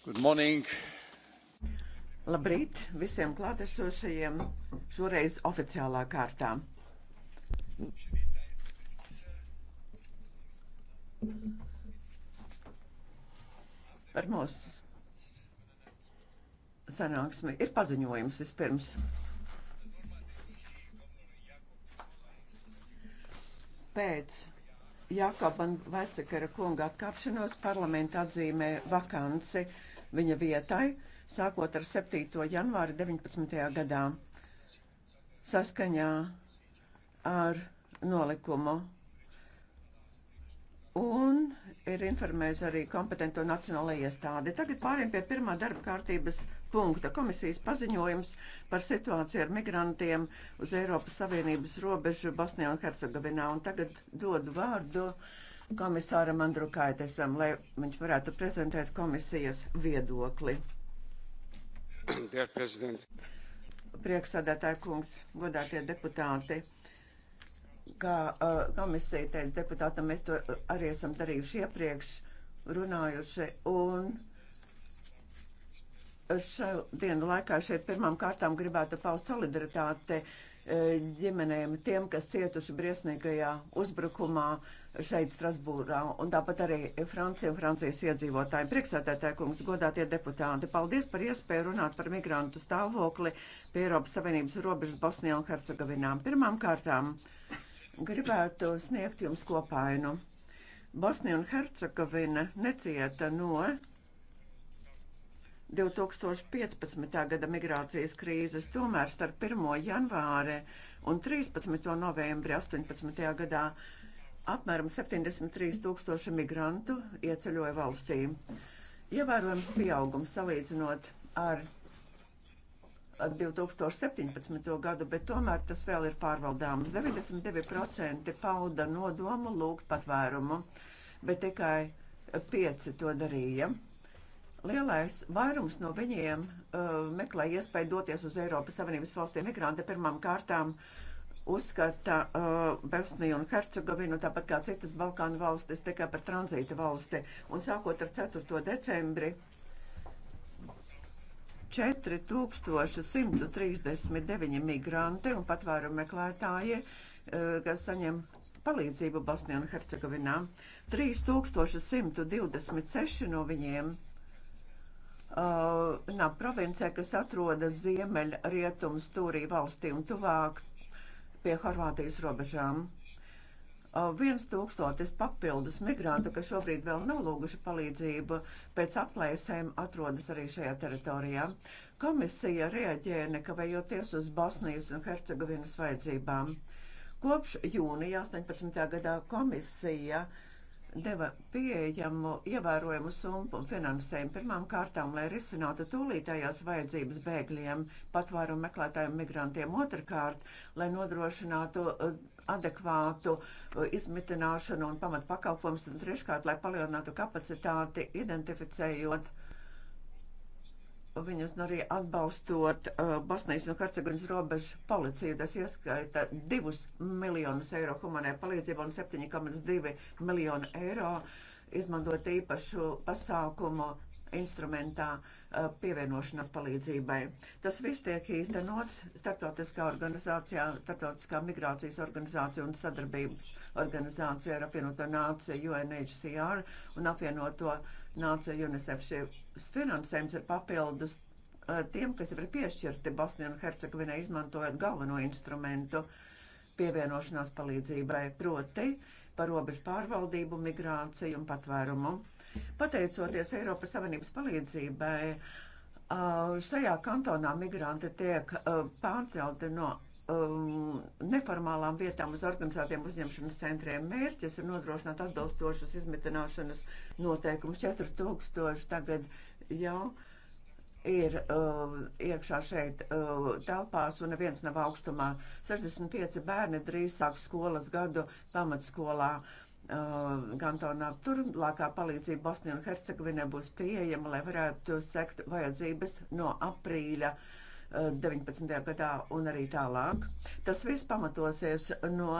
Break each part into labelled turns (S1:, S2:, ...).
S1: Good morning.
S2: Labrīt visiem klātesošajiem, šoreiz oficiālā kārtā. Par mūsu sanāksmi ir paziņojums vispirms. Pēc Jākoban Vecekara kunga atkāpšanos parlamenta atzīmē vakanci viņa vietai, sākot ar 7. janvāri 19. gadā, saskaņā ar nolikumu. Un ir informējis arī kompetento nacionālo iestādi. Tagad pāriem pie pirmā darba kārtības punkta komisijas paziņojums par situāciju ar migrantiem uz Eiropas Savienības robežu Bosnijā un Hercegovinā. Un tagad dodu vārdu uh, komisāram Andrukaitisam, lai viņš varētu prezentēt komisijas viedokli. Priekšsādātāja kungs, godātie deputāti, kā uh, komisija teica deputātam, mēs to arī esam darījuši iepriekš, runājuši, un šo dienu laikā šeit pirmām kārtām gribētu paust solidaritāti ģimenēm, tiem, kas cietuši briesmīgajā uzbrukumā uh, šeit, Strasbūrā, un tāpat arī Francijam, Francijas iedzīvotājiem. Priekšsēdētāji kungs, godātie deputāti, paldies par iespēju runāt par migrantu stāvokli pie Eiropas Savienības robežas Bosnijā un Hercegovinā. Pirmām kārtām gribētu sniegt jums kopainu. Bosnija un Hercegovina necieta no 2015. gada migrācijas krīzes, tomēr starp 1. janvāri un 13. novembri 18. gadā Apmēram 73 tūkstoši migrantu ieceļoja valstī. Ievērojams pieaugums salīdzinot ar 2017. gadu, bet tomēr tas vēl ir pārvaldāms. 92% pauda nodomu lūgt patvērumu, bet tikai 5 to darīja. Lielais vairums no viņiem uh, meklē iespēju doties uz Eiropas Savienības valstīm. Migranti pirmām kārtām uh, uzskata uh, Bosniju un Hercegovinu, tāpat kā citas Balkānu valstis, tikai par tranzīta valsti. Un sākot ar 4. decembri 4139 migranti un patvēru meklētāji, uh, kas saņem palīdzību Bosnijā un Hercegovinā. 3126 no viņiem uh, nav provincē, kas atrodas ziemeļ rietums Tūrī valstī un tuvāk pie Horvātijas robežām. Viens tūkstotis papildus migrantu, kas šobrīd vēl nav lūguši palīdzību, pēc aplēsēm atrodas arī šajā teritorijā. Komisija reaģēja nekavējoties uz Bosnijas un Hercegovinas vajadzībām. Kopš jūnija 18. gadā komisija uh, deva pieejamu ievērojumu summu un finansējumu pirmām kārtām, lai risinātu tūlītējās vajadzības bēgļiem, patvērumu meklētājiem, migrantiem otrkārt, lai nodrošinātu uh, adekvātu uh, izmitināšanu un pamatpakalpojumus, un treškārt, lai palielinātu kapacitāti, identificējot viņus arī atbalstot uh, Bosnijas un Hercegovinas robežu policiju. Tas ieskaita 2 miljonus eiro humanē palīdzību un 7,2 miljonu eiro izmantot īpašu pasākumu instrumentā uh, pievienošanās palīdzībai. Tas viss tiek īstenots starptautiskā organizācijā, starptautiskā migrācijas organizācija un sadarbības organizācija ar apvienoto nāciju UNHCR un apvienoto uh, nāca UNICEF. Šis finansējums ir papildus tiem, kas ir piešķirti Bosnijai un Hercegovinai, izmantojot galveno instrumentu pievienošanās palīdzībai, proti par robežu pārvaldību, migrāciju un patvērumu. Pateicoties Eiropas Savienības palīdzībai, šajā kantonā migranti tiek pārcelti no um, neformālām vietām uz organizētiem uzņemšanas centriem. Mērķis ir nodrošināt atbilstošas izmitināšanas noteikumus. 4000 tagad jau ir uh, iekšā šeit uh, telpās un neviens nav augstumā. 65 bērni drīz sāk skolas gadu pamatskolā. Uh, Gantonā turlākā palīdzība Bosnijai un Hercegovinai būs pieejama, lai varētu sekt vajadzības no aprīļa. Uh, 19. gadā un arī tālāk. Tas viss pamatosies no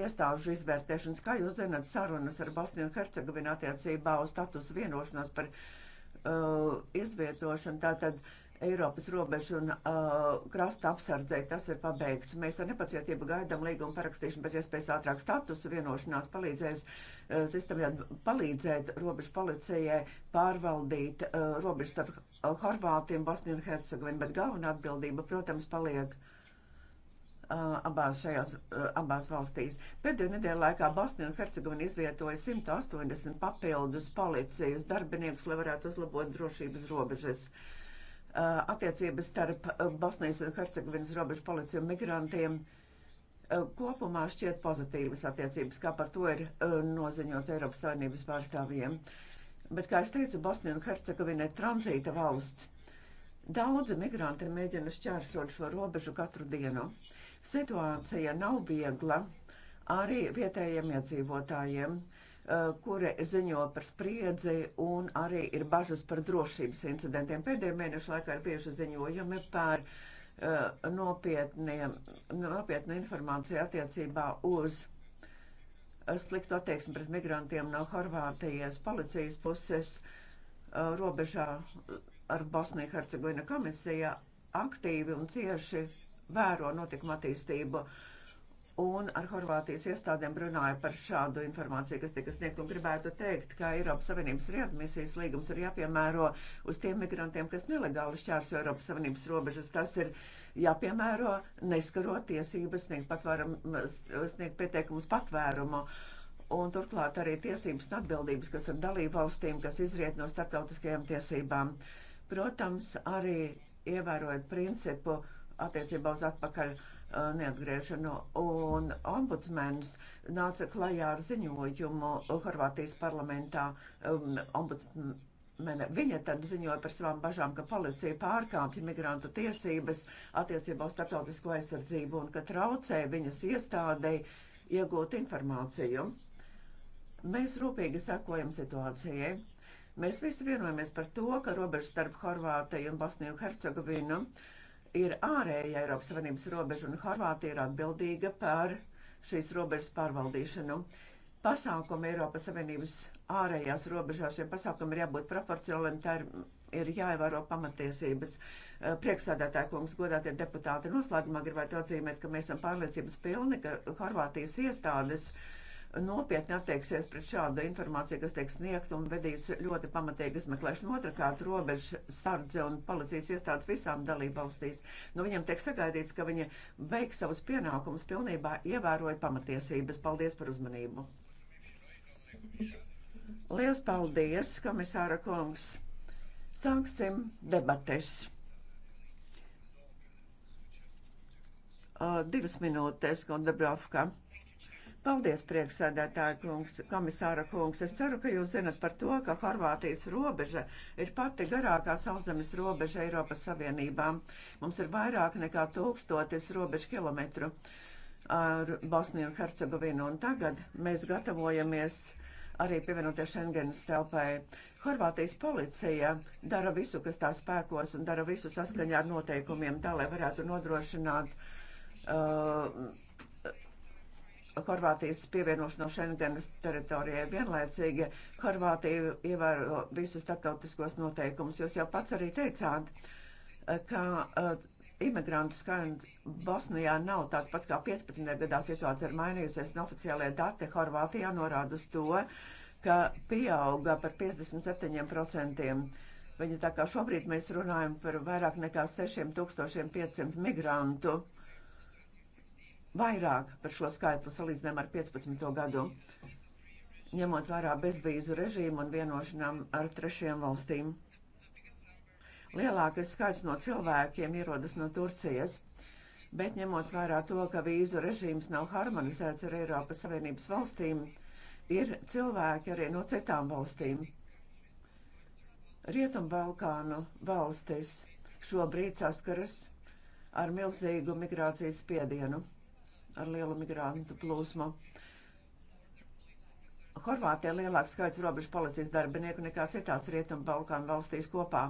S2: iestāžu izvērtēšanas. Kā jūs zināt, sarunas ar Bosniju un Hercegovinu attiecībā uz statusu vienošanos par uh, izvietošanu, tātad uh, Eiropas robežu un uh, krasta apsardzē tas ir pabeigts. Mēs ar nepacietību gaidām līgumu parakstīšanu pēc iespējas ātrāk statusu vienošanās palīdzēs uh, sistēmēt palīdzēt robežu policijai pārvaldīt uh, robežu starp uh, Horvātiem, Bosniju un Hercegovinu, bet galvenā atbildība, protams, paliek uh, abās šajās uh, abās valstīs. Pēdējā nedēļa laikā Bosnija un Hercegovina izvietoja 180 papildus policijas darbiniekus, lai varētu uzlabot drošības robežas. Uh, Eh, attiecības starp eh, Bosnijas un Hercegovinas robežu policiju un migrantiem. Eh, kopumā šķiet pozitīvas attiecības, kā par to ir noziņots Eiropas Savienības pārstāvjiem. Bet, kā es teicu, Bosnija un Hercegovina ir tranzīta valsts. Daudzi migranti mēģina šķērsot šo robežu katru dienu. Situācija nav viegla arī vietējiem iedzīvotājiem. Ja Eh, kuri ziņo par spriedzi un arī ir bažas par drošības incidentiem. Pēdējā mēneša laikā ir bieži ziņojumi par eh, nopietniem, nopietnu informāciju attiecībā uz eh, sliktu attieksmi pret migrantiem no Horvātijas policijas puses robežā ar Bosniju Hercegovina komisija aktīvi un cieši vēro notikuma attīstību. Uh, un ar Horvātijas iestādēm runāju par šādu informāciju, kas tika sniegt, un gribētu teikt, ka Eiropas Savienības readmisijas līgums ir jāpiemēro uz tiem migrantiem, kas nelegāli šķērso Eiropas Savienības robežas. Tas ir jāpiemēro neskarot tiesības sniegt, patvērum, sniegt pieteikumus patvērumu. Un turklāt arī tiesības un atbildības, kas ir dalību valstīm, kas izriet no starptautiskajām tiesībām. Protams, arī ievērojot principu attiecībā uz atpakaļ uh, Uh, neatgriešanu, un ombudsmenis nāca klajā ar ziņojumu Horvātijas parlamentā. Um, ombudsmene, viņa tad ziņoja par savām bažām, ka policija pārkāpja migrantu tiesības attiecībā uz starptautisko aizsardzību un ka traucē viņas iestādei iegūt informāciju. Mēs rūpīgi sekojam situācijai. Mēs visi vienojamies par to, ka robeža starp Horvātiju un Bosniju un Hercegovinu uh, ir ārēja Eiropas Savienības robeža, un Horvātija ir atbildīga par šīs robežas pārvaldīšanu. Pasākumi Eiropas Savienības ārējās robežās šiem pasākumiem ir jābūt proporcionāliem, tā ir, ir jāievēro pamatiesības. Eh, Priekšsādātāja kungs, godātie deputāti, noslēgumā gribētu atzīmēt, ka mēs esam pārliecības pilni, ka Horvātijas iestādes uh, nopietni attieksies pret šādu informāciju, kas tiek sniegta un vedīs ļoti pamatīgi izmeklēšanu. Otrakārt, robežu sardze un policijas iestādes visām dalībvalstīs. No nu, viņiem tiek sagaidīts, ka viņi veiks savus pienākumus pilnībā ievērojot pamatiesības. Paldies par uzmanību! Lielas paldies, komisāra kungs! Sāksim debates! Uh, divas minūtes, Gonda Brafka. Paldies, priekšsēdētāja kungs, komisāra kungs. Es ceru, ka jūs zinat par to, ka Horvātijas robeža ir pati garākā sauszemes robeža Eiropas Savienībā. Mums ir vairāk nekā tūkstotis robežu kilometru ar Bosniju un Hercegovinu, un tagad mēs gatavojamies arī pievienoties Schengenas telpai. Horvātijas policija dara visu, kas tā spēkos, un dara visu saskaņā ar noteikumiem, tā lai varētu nodrošināt. Uh, Horvātijas pievienošanos Schengenas teritorijai. Vienlaicīgi Horvātija ievēro visus starptautiskos noteikumus. Jūs jau pats arī teicāt, eh, ka eh, imigrantu skaits Bosnijā nav tāds pats kā 15. gadā situācija ir mainījusies, un oficiālie dati Horvātijā norāda uz to, ka pieauga par 57%. Viņa tā kā šobrīd mēs runājam par vairāk nekā 6500 migrantu vairāk par šo skaitli salīdzinām ar 15. gadu, ņemot vērā bezvīzu režīmu un vienošanām ar trešiem valstīm. Lielākais skaits no cilvēkiem ierodas no Turcijas, bet ņemot vērā to, ka vīzu režīms nav harmonizēts ar Eiropas Savienības valstīm, ir cilvēki arī no citām valstīm. Rietumbalkānu valstis šobrīd saskaras ar milzīgu migrācijas spiedienu ar lielu migrantu plūsmu. Horvātijā lielāks skaits robežu policijas darbinieku nekā citās Rietumu Balkānu valstīs kopā.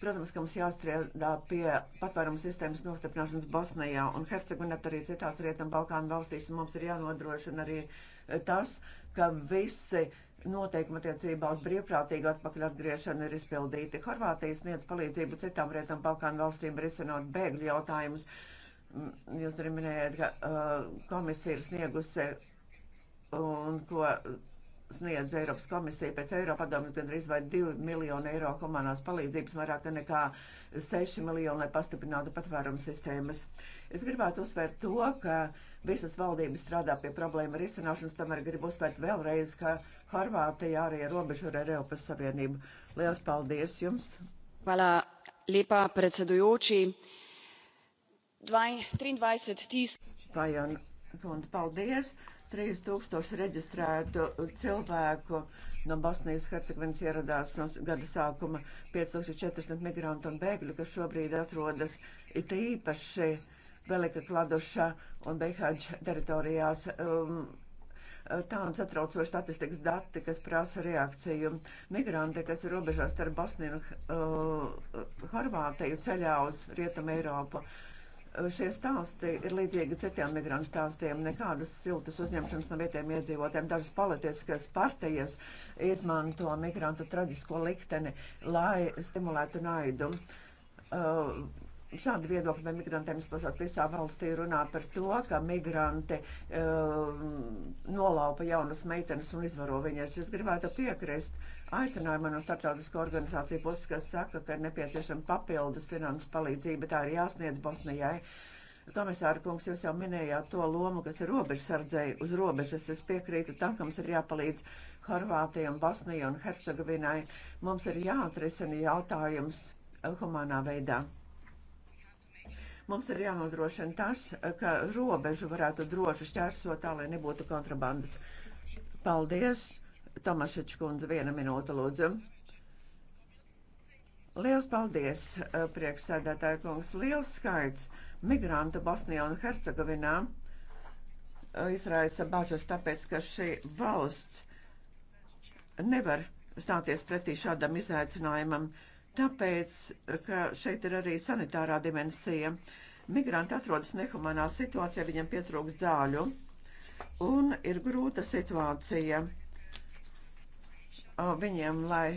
S2: Protams, ka mums jāstrādā pie patvērumu sistēmas nostiprināšanas Bosnijā un Hercegunā, arī citās Rietumu Balkānu valstīs, un mums ir jānodrošina arī tas, ka visi noteikumi attiecībā uz brīvprātīgu atpakaļ atgriešanu ir izpildīti. Horvātija sniedz palīdzību citām Rietumu Balkānu valstīm risinot bēgļu jautājumus. Mm, jūs arī minējāt, ka uh, komisija ir sniegusi un ko sniedz Eiropas komisija pēc Eiropadomas gandrīz vai 2 miljonu eiro humanās palīdzības, vairāk nekā 6 miljonu, lai pastiprinātu patvērumu sistēmas. Es gribētu uzsvērt to, ka visas valdības strādā pie problēma risināšanas, tomēr gribu uzsvērt vēlreiz, ka Horvātija arī ir robeža ar Eiropas Savienību. Lielas paldies jums! Hvala lepa predsedujoči. Pajon, kundze, paldies! 3000 reģistrētu cilvēku no Bosnijas Hercegovinas ieradās no gada sākuma 5400 migrantu un bēgļu, kas šobrīd atrodas it īpaši Velika Kladuša un Beihāģa teritorijās. Um, tā un satraucoši statistikas dati, kas prasa reakciju. Migranti, kas ir robežās starp Bosniju un uh, Horvātiju ceļā uz Rietumu Eiropu, šie stāsti ir līdzīgi citiem migrantu stāstiem. Nekādas siltas uzņemšanas no vietējiem iedzīvotājiem. Dažas politiskas partijas izmanto migrantu traģisko likteni, lai stimulētu naidu. Uh, šādi viedokļi par migrantiem izplatās visā valstī runā par to, ka migranti uh, nolaupa jaunas meitenes un izvaro viņas. Es gribētu piekrist aicinājumā no starptautisko organizāciju puses, kas saka, ka ir nepieciešama papildus finanses palīdzība, tā ir jāsniedz Bosnijai. Komisāra kungs, jūs jau minējāt to lomu, kas ir robežsardzei uz robežas. Es piekrītu tam, ka mums ir jāpalīdz Horvātijai un Bosnijai un Hercegovinai. Mums ir jāatrisina jautājums uh, humanā veidā. Mums ir jānodrošina tas, ka robežu varētu droši šķērsot tā, lai nebūtu kontrabandas. Paldies, Tomašiņš kundze, viena minūte lūdzu. Liels paldies, eh, priekšsēdētāja kungs. Liels skaits migrantu Bosnijā un Hercegovinā eh, izraisa bažas, tāpēc, ka šī valsts nevar stāties pretī šādam izaicinājumam. Uh, Tāpēc, ka šeit ir arī sanitārā dimensija. Migranti atrodas nehumanā situācijā, viņiem pietrūks zāļu un ir grūta situācija uh, viņiem, lai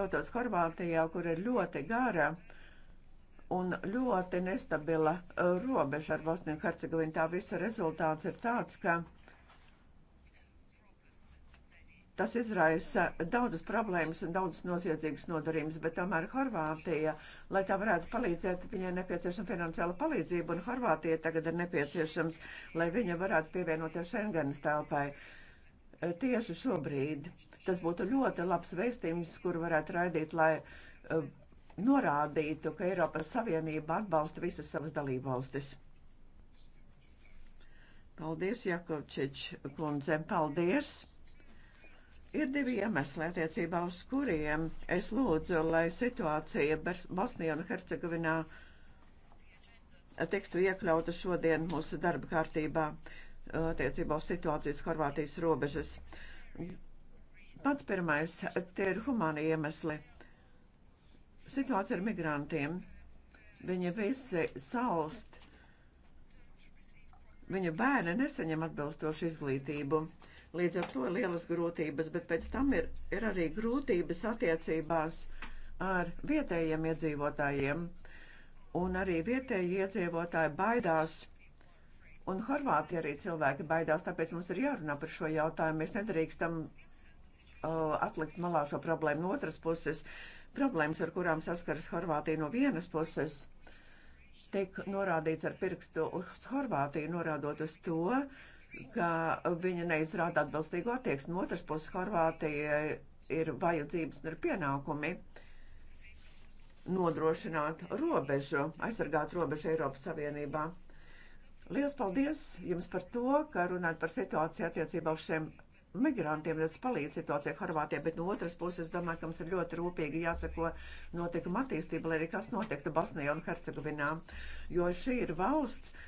S2: dotos Horvātijā, kur ir ļoti gara un ļoti nestabila uh, robeža ar Bosniju un Hercegovinu. Tā visa rezultāts ir tāds, ka Tas izraisa daudzas problēmas un daudzas noziedzīgas nodarījumus, bet tomēr Horvātija, lai tā varētu palīdzēt, viņai nepieciešama finansiāla palīdzība, un Horvātija tagad ir nepieciešams, lai viņa varētu pievienoties Schengenas telpai. E, tieši šobrīd tas būtu ļoti labs veistījums, kur varētu raidīt, lai uh, norādītu, ka Eiropas Savienība atbalsta visas savas dalībvalstis. Paldies, Jakovčič kundze, paldies! Ir divi iemesli attiecībā uz kuriem es lūdzu, lai situācija Bosnijā un Hercegovinā tiktu iekļauta šodien mūsu darba kārtībā uh, attiecībā uz situācijas Horvātijas robežas. Pats pirmais, tie ir humāni iemesli. Situācija ar migrantiem. Viņi visi salst. Viņu bērni nesaņem atbilstošu izglītību Līdz ar to ir lielas grūtības, bet pēc tam ir, ir arī grūtības attiecībās ar vietējiem iedzīvotājiem. Un arī vietējie iedzīvotāji baidās Un Horvātija arī cilvēki baidās, tāpēc mums ir jārunā par šo jautājumu. Mēs nedrīkstam uh, atlikt malā šo problēmu no otras puses. Problēmas, ar kurām saskaras Horvātija no vienas puses, tiek norādīts ar pirkstu uz Horvātiju, norādot uz to, ka viņa neizrāda atbilstīgu attieksmi. No otras puses, Horvātija ir vajadzības un ir pienākumi nodrošināt robežu, aizsargāt robežu Eiropas Savienībā. Lielas paldies jums par to, ka runājat par situāciju attiecībā uz šiem migrantiem, tas palīdz situācijai Horvātijā, bet no otras puses, es domāju, ka mums ir ļoti rūpīgi jāsako notikuma attīstība, lai arī kas notiektu Bosnijā un Hercegovinā, jo šī ir valsts, uh,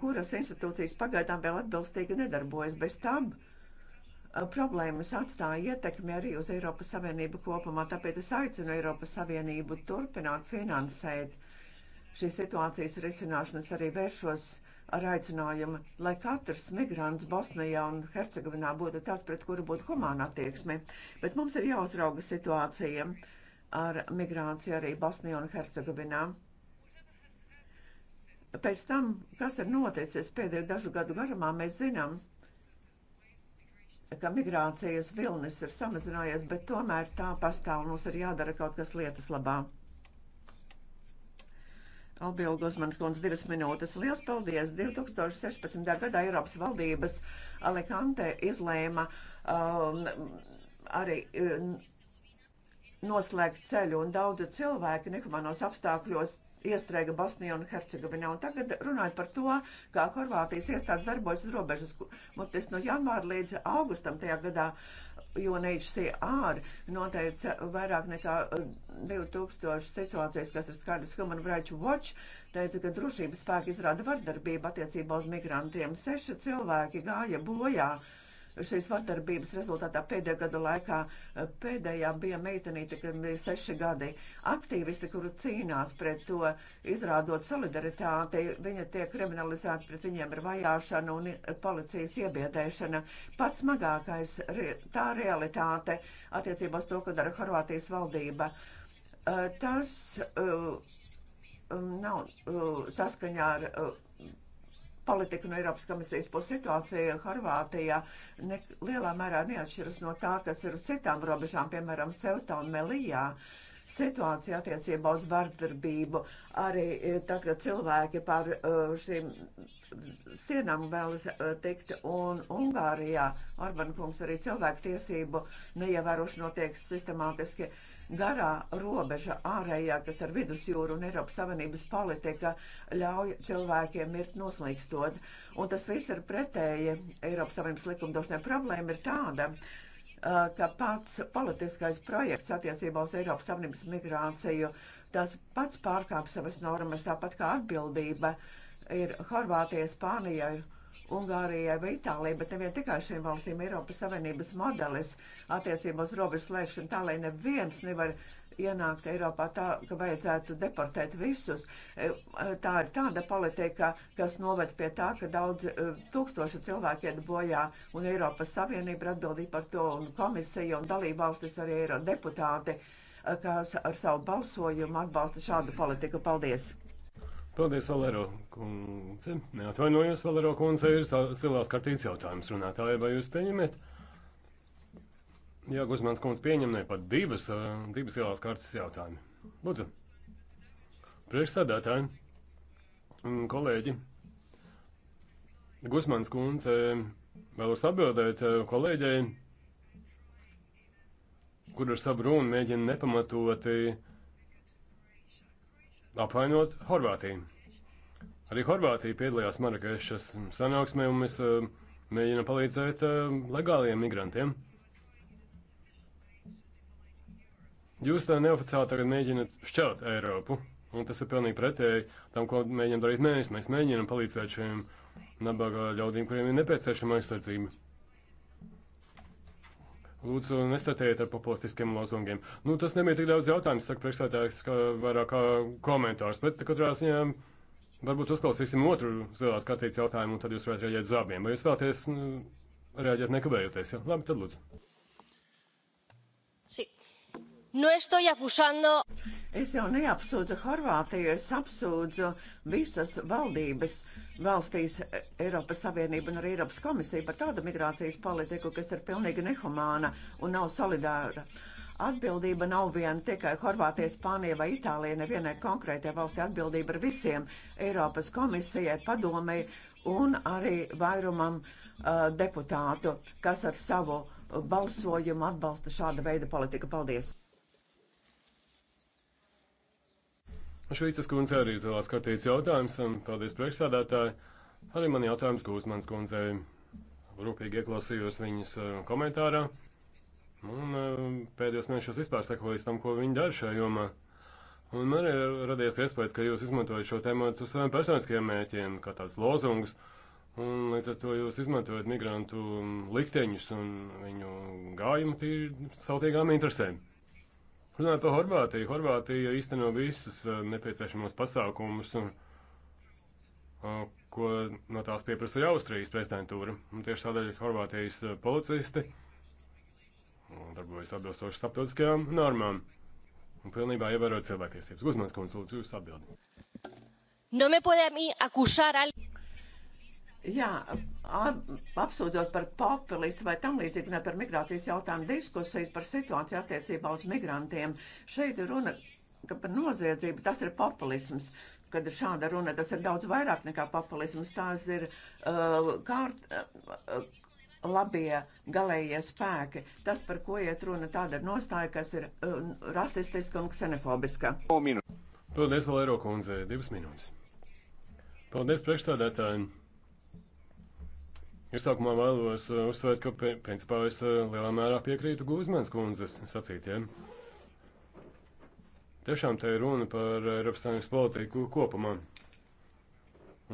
S2: kuras institūcijas pagaidām vēl atbilstīgi nedarbojas. Bez tam problēmas atstāja ietekmi arī uz Eiropas Savienību kopumā, tāpēc es aicinu Eiropas Savienību turpināt finansēt šīs situācijas risināšanas arī vēršos ar aicinājumu, lai katrs migrants Bosnijā un Hercegovinā būtu tāds, pret kuru būtu humāna attieksme. Bet mums ir jāuzrauga situācija ar migrāciju arī Bosnijā un Hercegovinā pēc tam, kas ir noticis pēdējo dažu gadu garumā, mēs zinām, ka migrācijas vilnis ir samazinājies, bet tomēr tā pastāv. Mums ir jādara kaut kas lietas labā. Albiela Guzmanis kundze, divas minūtes. Liels paldies! 2016. gadā Eiropas valdības Alicante izlēma um, arī um, noslēgt ceļu, un daudzi cilvēki nehumanos apstākļos iestrēga Bosnija un Hercegovina. Un tagad runājot par to, kā Horvātijas iestādes darbojas uz robežas, mutis no janvāra līdz augustam tajā gadā UNHCR noteica vairāk nekā 2000 uh, situācijas, kas ir skaidrs Human Rights Watch, teica, ka drošības spēki izrāda vardarbību attiecībā uz migrantiem. Seši cilvēki gāja bojā. Uh, šīs vardarbības rezultātā pēdējā gada laikā eh, pēdējā bija meitenīte, kad bija seši gadi. Aktīvisti, kuri cīnās pret to, izrādot solidaritāti, viņa tiek kriminalizēta, pret viņiem ir vajāšana un eh, policijas iebiedēšana. Pats smagākais tā realitāte attiecībā uz to, ko dara Horvātijas valdība. Eh, tas um, nav saskaņā ar politika no Eiropas komisijas puses situācija Horvātijā ne, lielā mērā neatšķiras no tā, kas ir uz citām robežām, piemēram, Ceuta un Melijā. Situācija attiecībā uz vardarbību arī e, tad, kad cilvēki pār e, šīm sienām vēlas e, tikt un Ungārijā, Orban kungs arī cilvēku tiesību neievērošana notiek sistemātiski. Uh, garā robeža ārējā, kas ar vidusjūru un Eiropas Savienības politika ļauj cilvēkiem mirt noslīkstot. Un tas viss ir pretēji Eiropas Savienības likumdošanai. Problēma ir tāda, ka pats politiskais projekts attiecībā uz Eiropas Savienības migrāciju, tas pats pārkāp savas normas, tāpat kā atbildība ir Horvātijai, Spānijai Ungārijai vai Itālijai, bet nevien tikai šīm valstīm Eiropas Savienības modelis attiecībos robežu slēgšanu tā, lai neviens nevar ienākt Eiropā tā, ka vajadzētu deportēt visus. E, e, tā ir tāda politika, kas noved pie tā, ka daudz e, tūkstoši cilvēki iet bojā, un Eiropas Savienība ir atbildīga par to, un komisija un dalībvalstis arī Eirodeputāti, kas ar savu balsojumu atbalsta šādu politiku. Paldies!
S3: Paldies, Valero kundze. Neatvainojos, Valero kundze, ir silās kartīts jautājums runātāja, vai jūs pieņemiet? Jā, Guzmans kundze pieņem ne pat divas, divas silās kartas jautājumi. Lūdzu. Priekšstādātāji, mm, kolēģi, Guzmans kundze vēlos atbildēt kolēģei, kur ar savu runu mēģina nepamatoti apvainot Horvātiju. Arī Horvātija piedalījās Marakešas sanāksmē, un mēs uh, mēģinām palīdzēt uh, legāliem migrantiem. Jūs tā neoficiāli tagad mēģināt šķelt Eiropu, un tas ir pilnīgi pretēji tam, ko mēģinām darīt mēs. Mēs mēģinām palīdzēt šiem nabaga ļaudīm, kuriem ir nepieciešama aizsardzība. Lūdzu, nestātiet ar populistiskiem lozungiem. Nu, tas nebija tik daudz jautājums, saka priekšstādājs, kā vairāk kā komentārs, bet katrā ziņā varbūt uzklausīsim otru zilās kārtīts jautājumu, un tad jūs varat rēģēt zābiem. Vai jūs vēlaties nu, rēģēt nekavējoties? Ja? Labi, tad lūdzu.
S2: Sí. No estoy acusando. Es jau neapsūdzu Horvātiju, es apsūdzu visas valdības valstīs e, Eiropas Savienību un arī Eiropas komisiju par tādu migrācijas politiku, kas ir pilnīgi nehumāna un nav solidāra. Atbildība nav viena tikai Horvātijai, Spānijai vai Itālijai, nevienai konkrētai valstī. Atbildība ir visiem Eiropas komisijai, padomei un arī vairumam uh, deputātu, kas ar savu balsojumu atbalsta šāda veida politiku. Paldies!
S3: Šveices kundze arī zilās kartītes jautājums, un paldies priekšsādātāji. Arī man jautājums Gūsmans kundzei. Rūpīgi ieklausījos viņas eh, komentārā, un eh, pēdējos mēnešos vispār sekoju tam, ko viņa dara šajā jomā. Un man ir radies iespējas, ka jūs izmantojat šo tēmu saviem personiskiem mēķiem, kā tāds lozungs. Un līdz ar to jūs izmantojat migrantu mm, likteņus un viņu gājumu tīri sautīgām interesēm. Runājot par Horvātiju, Horvātija īsteno visus eh, nepieciešamos pasākumus, un, eh, ko no tās pieprasa arī Austrijas prezidentūra. Un tieši tādēļ Horvātijas eh, policisti darbojas atbilstoši starptautiskajām normām un pilnībā ievērot cilvēktiesības. Guzmans konsultants, jūs atbildi.
S4: No me puede a mí
S2: acusar a alguien. Jā, apsūdzot par populistu vai tam līdzīgi, ne par migrācijas jautājumu diskusijas par situāciju attiecībā uz migrantiem. Šeit ir runa par noziedzību, tas ir populisms. Kad ir šāda runa, tas ir daudz vairāk nekā populisms. Tās ir uh, kārt, uh, uh, labie galējie spēki. Tas, par ko iet runa, tāda ir nostāja, kas ir uh, rasistiska
S3: un ksenofobiska. Paldies, Valero kundze, divas minūtes. Paldies priekšstādētājiem. Iesākumā vēlos uh, uzsvērt, ka principā es uh, lielā mērā piekrītu Guzmans kundzes sacītiem. Tiešām te ir runa par Eiropas Savienības politiku kopumā.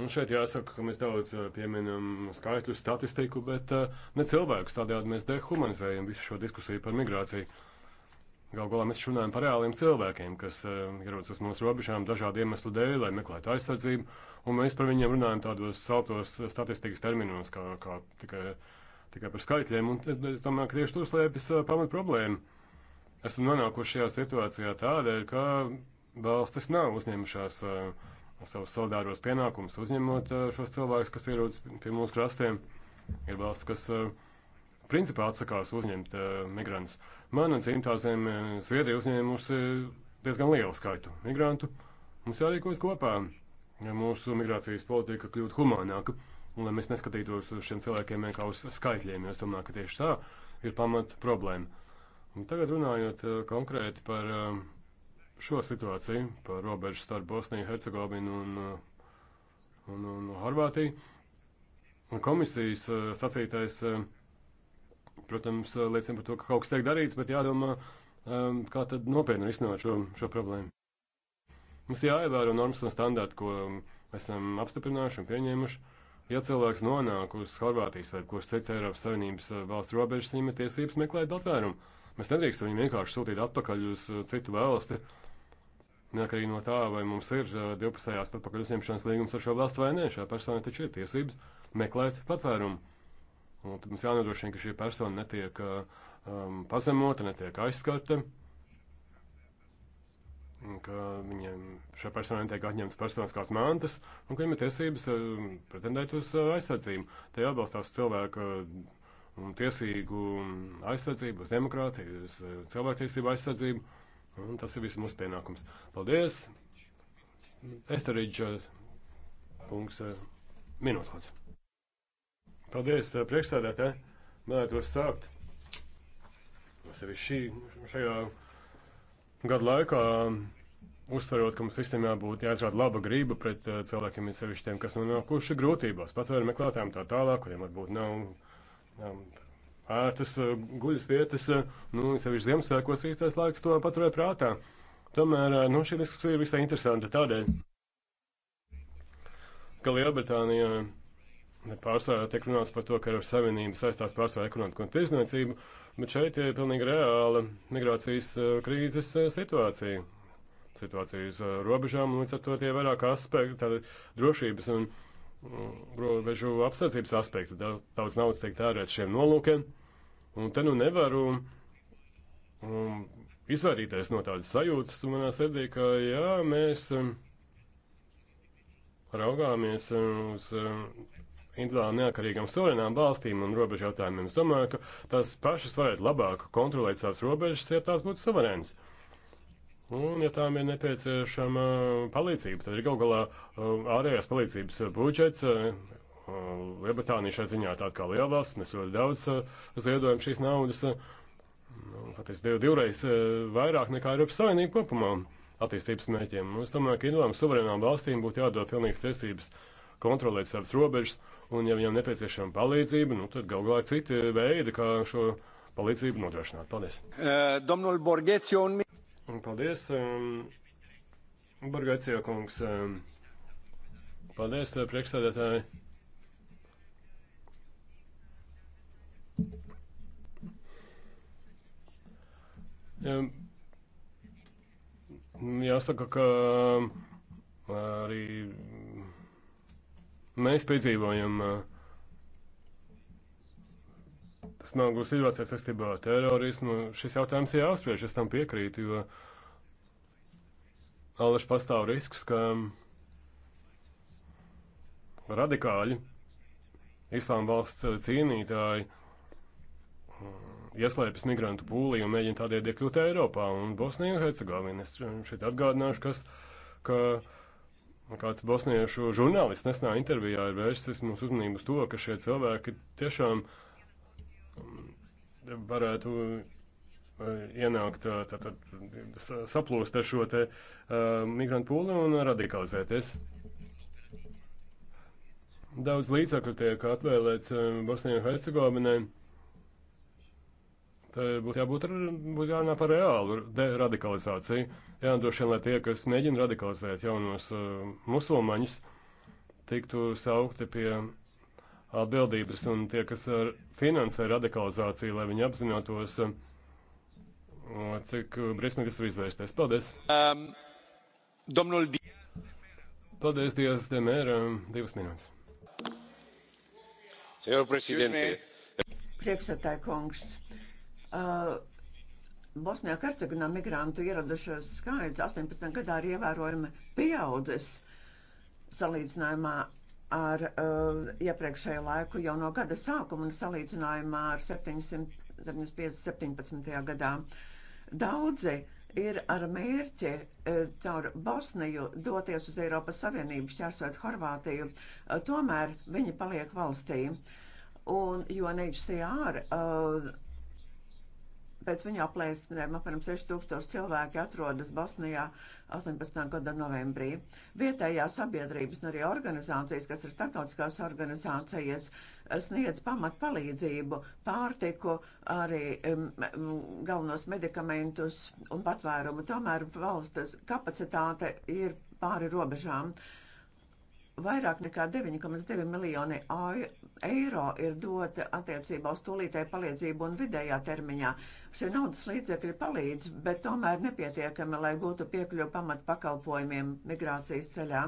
S3: Un šeit jāsaka, ka mēs daudz uh, pieminam skaitļu statistiku, bet ne cilvēkus tādējādi mēs dehumanizējam visu šo diskusiju par migrāciju. Galu galā mēs runājam par reāliem cilvēkiem, kas eh, ierodas uz mūsu robežām dažādu iemeslu dēļ, lai meklētu aizsardzību, un mēs par viņiem runājam tādos sautos eh, statistikas terminos, kā, kā tikai, tikai par skaitļiem, un es, es domāju, ka tieši tur slēpjas eh, pamat problēma esam nonākuši šajā situācijā tādēļ, ka valstis nav uzņēmušās uh, savus solidāros pienākumus, uzņemot uh, šos cilvēkus, kas ierodas pie mūsu krastiem. Ir valsts, kas uh, principā atsakās uzņemt uh, migrantus. Mana dzimtā zeme eh, Zviedrija uzņēmusi eh, diezgan lielu skaitu migrantu. Mums jārīkojas kopā, ja mūsu migrācijas politika kļūtu humānāka, un lai mēs neskatītos uz šiem cilvēkiem vienkārši uz skaitļiem, jo es domāju, ka tieši tā ir pamat problēma. Un tagad runājot eh, konkrēti par šo situāciju, par robežu starp Bosniju, Hercegovinu un, un, un Horvātiju, komisijas sacītais. Uh, protams, eh, liecina par to, ka kaut kas tiek darīts, bet jādomā, ehm, kā tad nopietni risināt šo, šo problēmu. Mums jāievēro normas un standarti, ko ehm, esam apstiprinājuši un pieņēmuši. Ja cilvēks nonāk uz Horvātijas vai kuras cits Eiropas Savienības eh, valsts robežas, viņam ir tiesības meklēt patvērumu. Mēs nedrīkstam viņu vienkārši sūtīt atpakaļ uz eh, citu valsti, neatkarīgi no tā, vai mums ir divpusējās atpakaļ uzņemšanas līgums ar šo valstu vai nē. Šā persona taču ir tiesības meklēt patvērumu. Un tad mums jānodrošina, ka šī persona netiek um, pazemota, netiek aizskarta, ka viņiem šai personai netiek atņemtas personiskās mantas, un ka viņiem ir tiesības um, pretendēt uz uh, aizsardzību. Te jābalstās cilvēku um, tiesīgu um, aizsardzību, uz demokrātiju, uz uh, cilvēktiesību aizsardzību, un tas ir viss mūsu pienākums. Paldies! Esteriģa uh, punkts uh, minūtes. Paldies, eh, priekšstādātē. Vēlētos sākt. Sevišķi šajā gadu laikā uzsverot, ka mums visiem jābūt jāizrāda laba grība pret uh, cilvēkiem, ir sevišķi tiem, kas nonākuši grūtībās, patvēru meklētājiem tā tālāk, kuriem varbūt nav um, ērtas uh, guļas vietas, uh, nu, sevišķi Ziemassvētkos īstais laiks to paturēt prātā. Tomēr, uh, nu, šī diskusija ir visai interesanta tādēļ, ka Lielbritānija Pārsvarā tiek runāts par to, ka ar savienību saistās pārsvarā ekonomika un tirzniecība, bet šeit ir pilnīgi reāla migrācijas e, krīzes e, situācija. Situācija uz e, robežām, līdz ar to tie vairāk aspekti, tāda drošības un mm, robežu apsardzības aspekti. Daudz naudas tiek tērēt šiem nolūkiem, un te nu nevaru um, izvairīties no tādas sajūtas manā sirdī, ka jā, mēs mm, raugāmies uz individuālām neatkarīgām suverenām valstīm un robežu jautājumiem. Es domāju, ka tās pašas varētu labāk kontrolēt savas robežas, ja tās būtu suverēnas. Un, ja tām ir nepieciešama palīdzība, tad ir gal galā um, ārējās palīdzības uh, budžets. Uh, uh, Lielbritānija šai ziņā tāda kā lielvalsts, mēs ļoti daudz ziedojam šīs naudas, nu, faktiski divreiz vairāk nekā Eiropas Savienība kopumā attīstības mērķiem. Es domāju, ka individuālām suverēnām valstīm būtu jādod pilnīgas tiesības uh, kontrolēt savas robežas, un ja viņam nepieciešama palīdzība, nu, tad gal galā ir citi veidi, kā šo palīdzību nodrošināt. Paldies! Eh, domnul Borgēcio un... Paldies, um, Borgēcio kungs. Um, paldies, uh, priekšsēdētāji. Ja, um, jāsaka, ka um, arī Mēs piedzīvojam tas nav gluži situācijā saistībā ar terorismu. Šis jautājums jāuzspriež, es tam piekrītu, jo Alaši pastāv risks, ka radikāļi, islāma valsts cīnītāji, ieslēpjas migrantu pūlī un mēģina tādēļ iekļūt Eiropā un Bosniju un Hercegovinu. Es šeit atgādināšu, kas, ka Kāds bosniešu žurnālists nesenā intervijā ir vērsis mūsu uzmanību uz to, ka šie cilvēki tiešām mm, varētu eh, ienākt, eh, tātad saplūst ar šo te uh, migrantu pūli un radikalizēties. Daudz līdzekļu tiek atvēlēts Bosnijai un Hercegovinai. Te būtu jābūt būtu jārunā par reālu radikalizāciju. Jānodrošina, lai tie, kas mēģina radikalizēt jaunos uh, musulmaņus, tiktu saukti pie atbildības, un tie, kas finansē radikalizāciju, lai viņi apzinātos, uh, cik uh, briesmīgi tas var izvērsties. Paldies! Um, domnul... Paldies, Dievs, Demēra, uh, divas minūtes. Priekšsētāji
S2: kungs. Uh, Bosnijā Hercegovinā migrantu ieradušos skaits 18 gadā ir ievērojami pieaudzis salīdzinājumā ar uh, iepriekšēju laiku jau no gada sākuma un salīdzinājumā ar 775. gadā. Daudzi ir ar mērķi uh, caur Bosniju doties uz Eiropas Savienību, šķērsot Horvātiju, uh, tomēr viņi paliek valstī. Un, jo NHCR uh, Pēc viņa aplēsinēm apmēram 6000 cilvēki atrodas Bosnijā 18. gada novembrī. Vietējās sabiedrības un arī organizācijas, kas ir starptautiskās organizācijas, sniedz pamat palīdzību, pārtiku, arī um, galvenos medikamentus un patvērumu. Tomēr valsts kapacitāte ir pāri robežām. Vairāk nekā 9,2 miljoni eiro ir dota attiecībā uz tūlītēju palīdzību un vidējā termiņā. Šie naudas līdzekļi palīdz, bet tomēr nepietiekami, lai gūtu piekļuvu pamatpakalpojumiem migrācijas ceļā.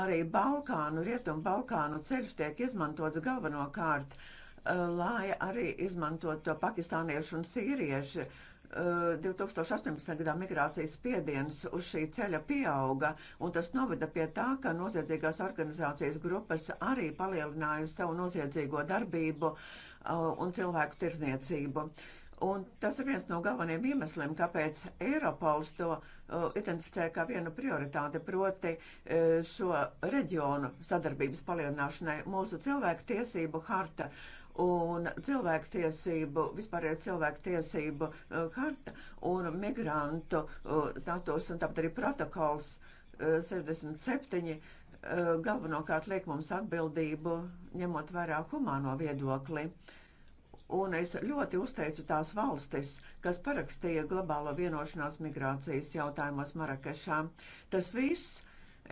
S2: Arī Balkānu, Rietumu Balkānu ceļš tiek izmantots galvenokārt, eh, lai arī izmantot to pakistāniešu un sīriešu 2018. Eh, gadā migrācijas spiediens uz šī ceļa pieauga, un tas noveda pie tā, ka noziedzīgās organizācijas grupas arī palielināja savu noziedzīgo darbību eh, un cilvēku tirzniecību. Un tas ir viens no galvenajiem iemesliem, kāpēc Eiropols to uh, identificē kā vienu prioritāti, proti uh, šo reģionu sadarbības palielināšanai. Mūsu cilvēku tiesību harta uh, un cilvēktiesību, vispārējo cilvēktiesību uh, harta un migrantu uh, status un tāpat arī protokols 67 uh, galvenokārt liek mums atbildību, ņemot vērā humāno viedokli. Un es ļoti uzteicu tās valstis, kas parakstīja globālo vienošanās migrācijas jautājumos Marakešā. Tas viss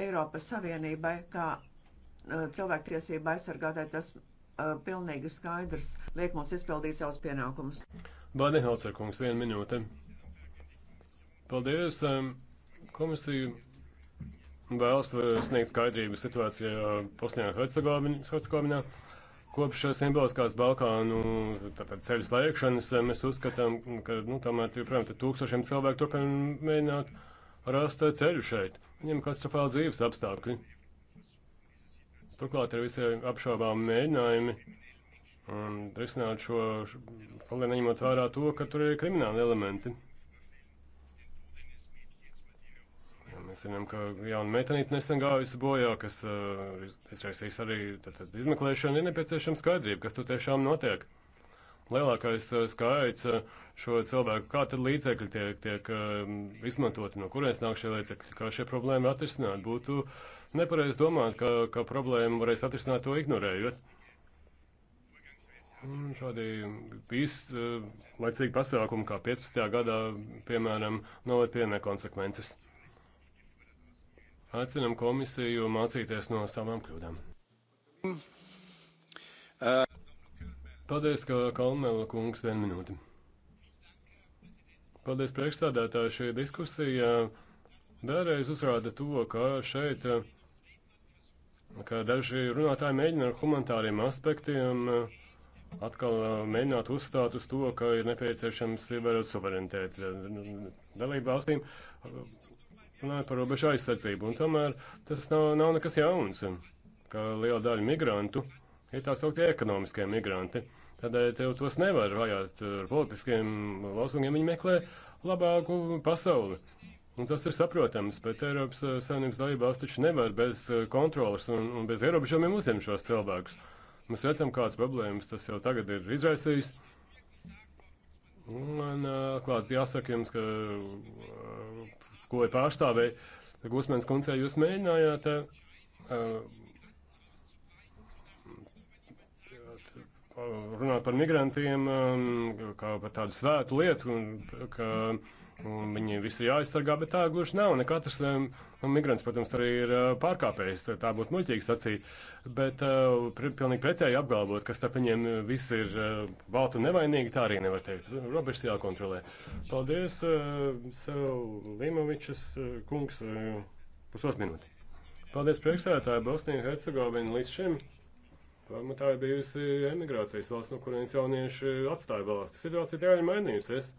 S2: Eiropas Savienībai, kā cilvēktiesība aizsargātāji, tas Eh, pilnīgi skaidrs, liek mums izpildīt savus pienākumus.
S3: Bādenhauser kungs, viena minūte. Paldies. Komisija vēlas eh, sniegt skaidrību situācijā eh, Bosnijā un Hercegovinā. Kopš simboliskās Balkānu ceļu slēgšanas mēs uzskatām, ka nu, tomēr, joprojām, tūkstošiem cilvēku turpina mēģināt rast ceļu šeit. Viņiem katastrofāli dzīves apstākļi. Turklāt ir visai apšaubām mēģinājumi um, risināt šo, šo problēmu, neņemot vērā to, ka tur ir krimināli elementi. Mēs zinām, ka jauna meitenīte nesen gājusi bojā, kas uh, izraisīs arī tad, tad izmeklēšanu, ir nepieciešama skaidrība, kas tur tiešām notiek. Lielākais uh, skaits uh, šo cilvēku, kā tad līdzekļi tiek, tiek uh, izmantoti, no kurienes nāk šie līdzekļi, kā šie problēma atrisināt, būtu uh, nepareizi domāt, ka, ka problēmu varēs atrisināt to ignorējot. Un mm, šādi īslaicīgi eh, pasākumi, kā 15. gadā, piemēram, novad pie nekonsekvences. Aicinam komisiju mācīties no savām kļūdām. Paldies, ka Kalmela kungs vienu minūti. Paldies priekšstādātāju. Šī diskusija vēlreiz uzrāda to, ka šeit uh, ka daži runātāji mēģina ar humanitāriem aspektiem eh, atkal eh, mēģināt uzstāt uz to, ka ir nepieciešams ievērot suverenitāti dalību valstīm, eh, runājot par robežu aizsardzību. Un tomēr tas nav, nav nekas jauns, ka liela daļa migrantu ir tā sauktie ekonomiskie migranti. Tādēļ tev tos nevar vajāt ar politiskiem lozungiem. Viņi meklē labāku pasauli. Un tas ir saprotams, bet Eiropas eh, Savienības dalībās taču nevar bez eh, kontrolas un, un bez ierobežojumiem uzņemt šos cilvēkus. Mēs redzam, kādas problēmas tas jau tagad ir izraisījis. Man eh, klāt jāsaka jums, ka ko ir pārstāvēji, Gusmēns kundzē, jūs mēģinājāt runāt par migrantiem, kā par tādu svētu lietu, un ka Un viņi visi ir jāaizsargā, bet tā gluži nav. Ne katrs um, migrants, protams, arī ir uh, pārkāpējis. Tā būtu muļķīgi sacīt. Bet uh, pr pilnīgi pretēji apgalvot, ka starp viņiem viss ir uh, balti un nevainīgi, tā arī nevar teikt. Robežas jākontrolē. Paldies, uh, sev Limovičs uh, kungs, uh, pusotru minūti. Paldies, priekšsēdētāji, Bosnija Hercegovina līdz šim. Pamatā ir bijusi emigrācijas valsts, no kurienes jaunieši atstāja valsts. Situācija tā ir mainījusies.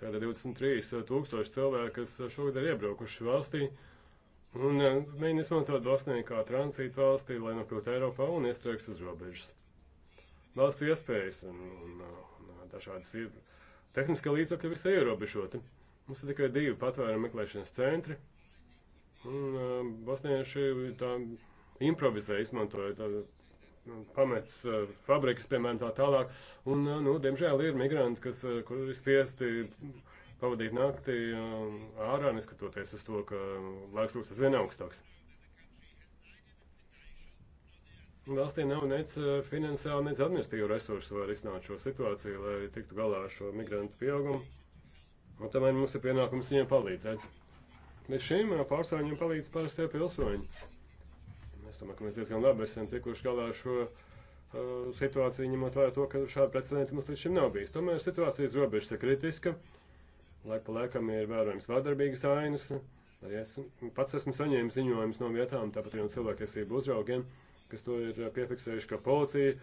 S3: Tāda 23 eh, tūkstoši cilvēki, kas eh, šogad ir iebraukuši valstī, un mēģina eh, izmantot Bosniju kā tranzītu valstī, lai nokļūtu Eiropā un iestrēgs uz robežas. Valsts iespējas un, un, un dažādas tehniskie līdzekļi visai ierobežoti. Mums ir tikai divi patvērumu meklēšanas centri, un bosnieši tā improvizē, izmantojot Nu, pamets eh, fabrikas, piemēram, tā tālāk. Un, eh, nu, diemžēl ir migranti, kas, eh, kur ir spiesti pavadīt nakti um, ārā, neskatoties uz to, ka laiks kļūst aizvien augstāks. Valstī nav nec finansiāli, nec administratīvu resursu, lai risinātu šo situāciju, lai tiktu galā ar šo migrantu pieaugumu. Un tomēr mums ir pienākums viņiem palīdzēt. Bet šim pārstāvjiem palīdz pārstāvju pilsoņi. Es domāju, ka mēs diezgan labi esam tikuši galā ar šo uh, situāciju, ņemot vērā to, ka šāda precedenta mums līdz šim nav bijis. Tomēr situācijas robežas ir kritiska. Laik pa laikam ir vērojams vārdarbīgas ainas. Arī es pats esmu saņēmis ziņojumus no vietām, tāpat arī no cilvēktiesību uzraugiem, kas to ir uh, piefiksējuši, ka policija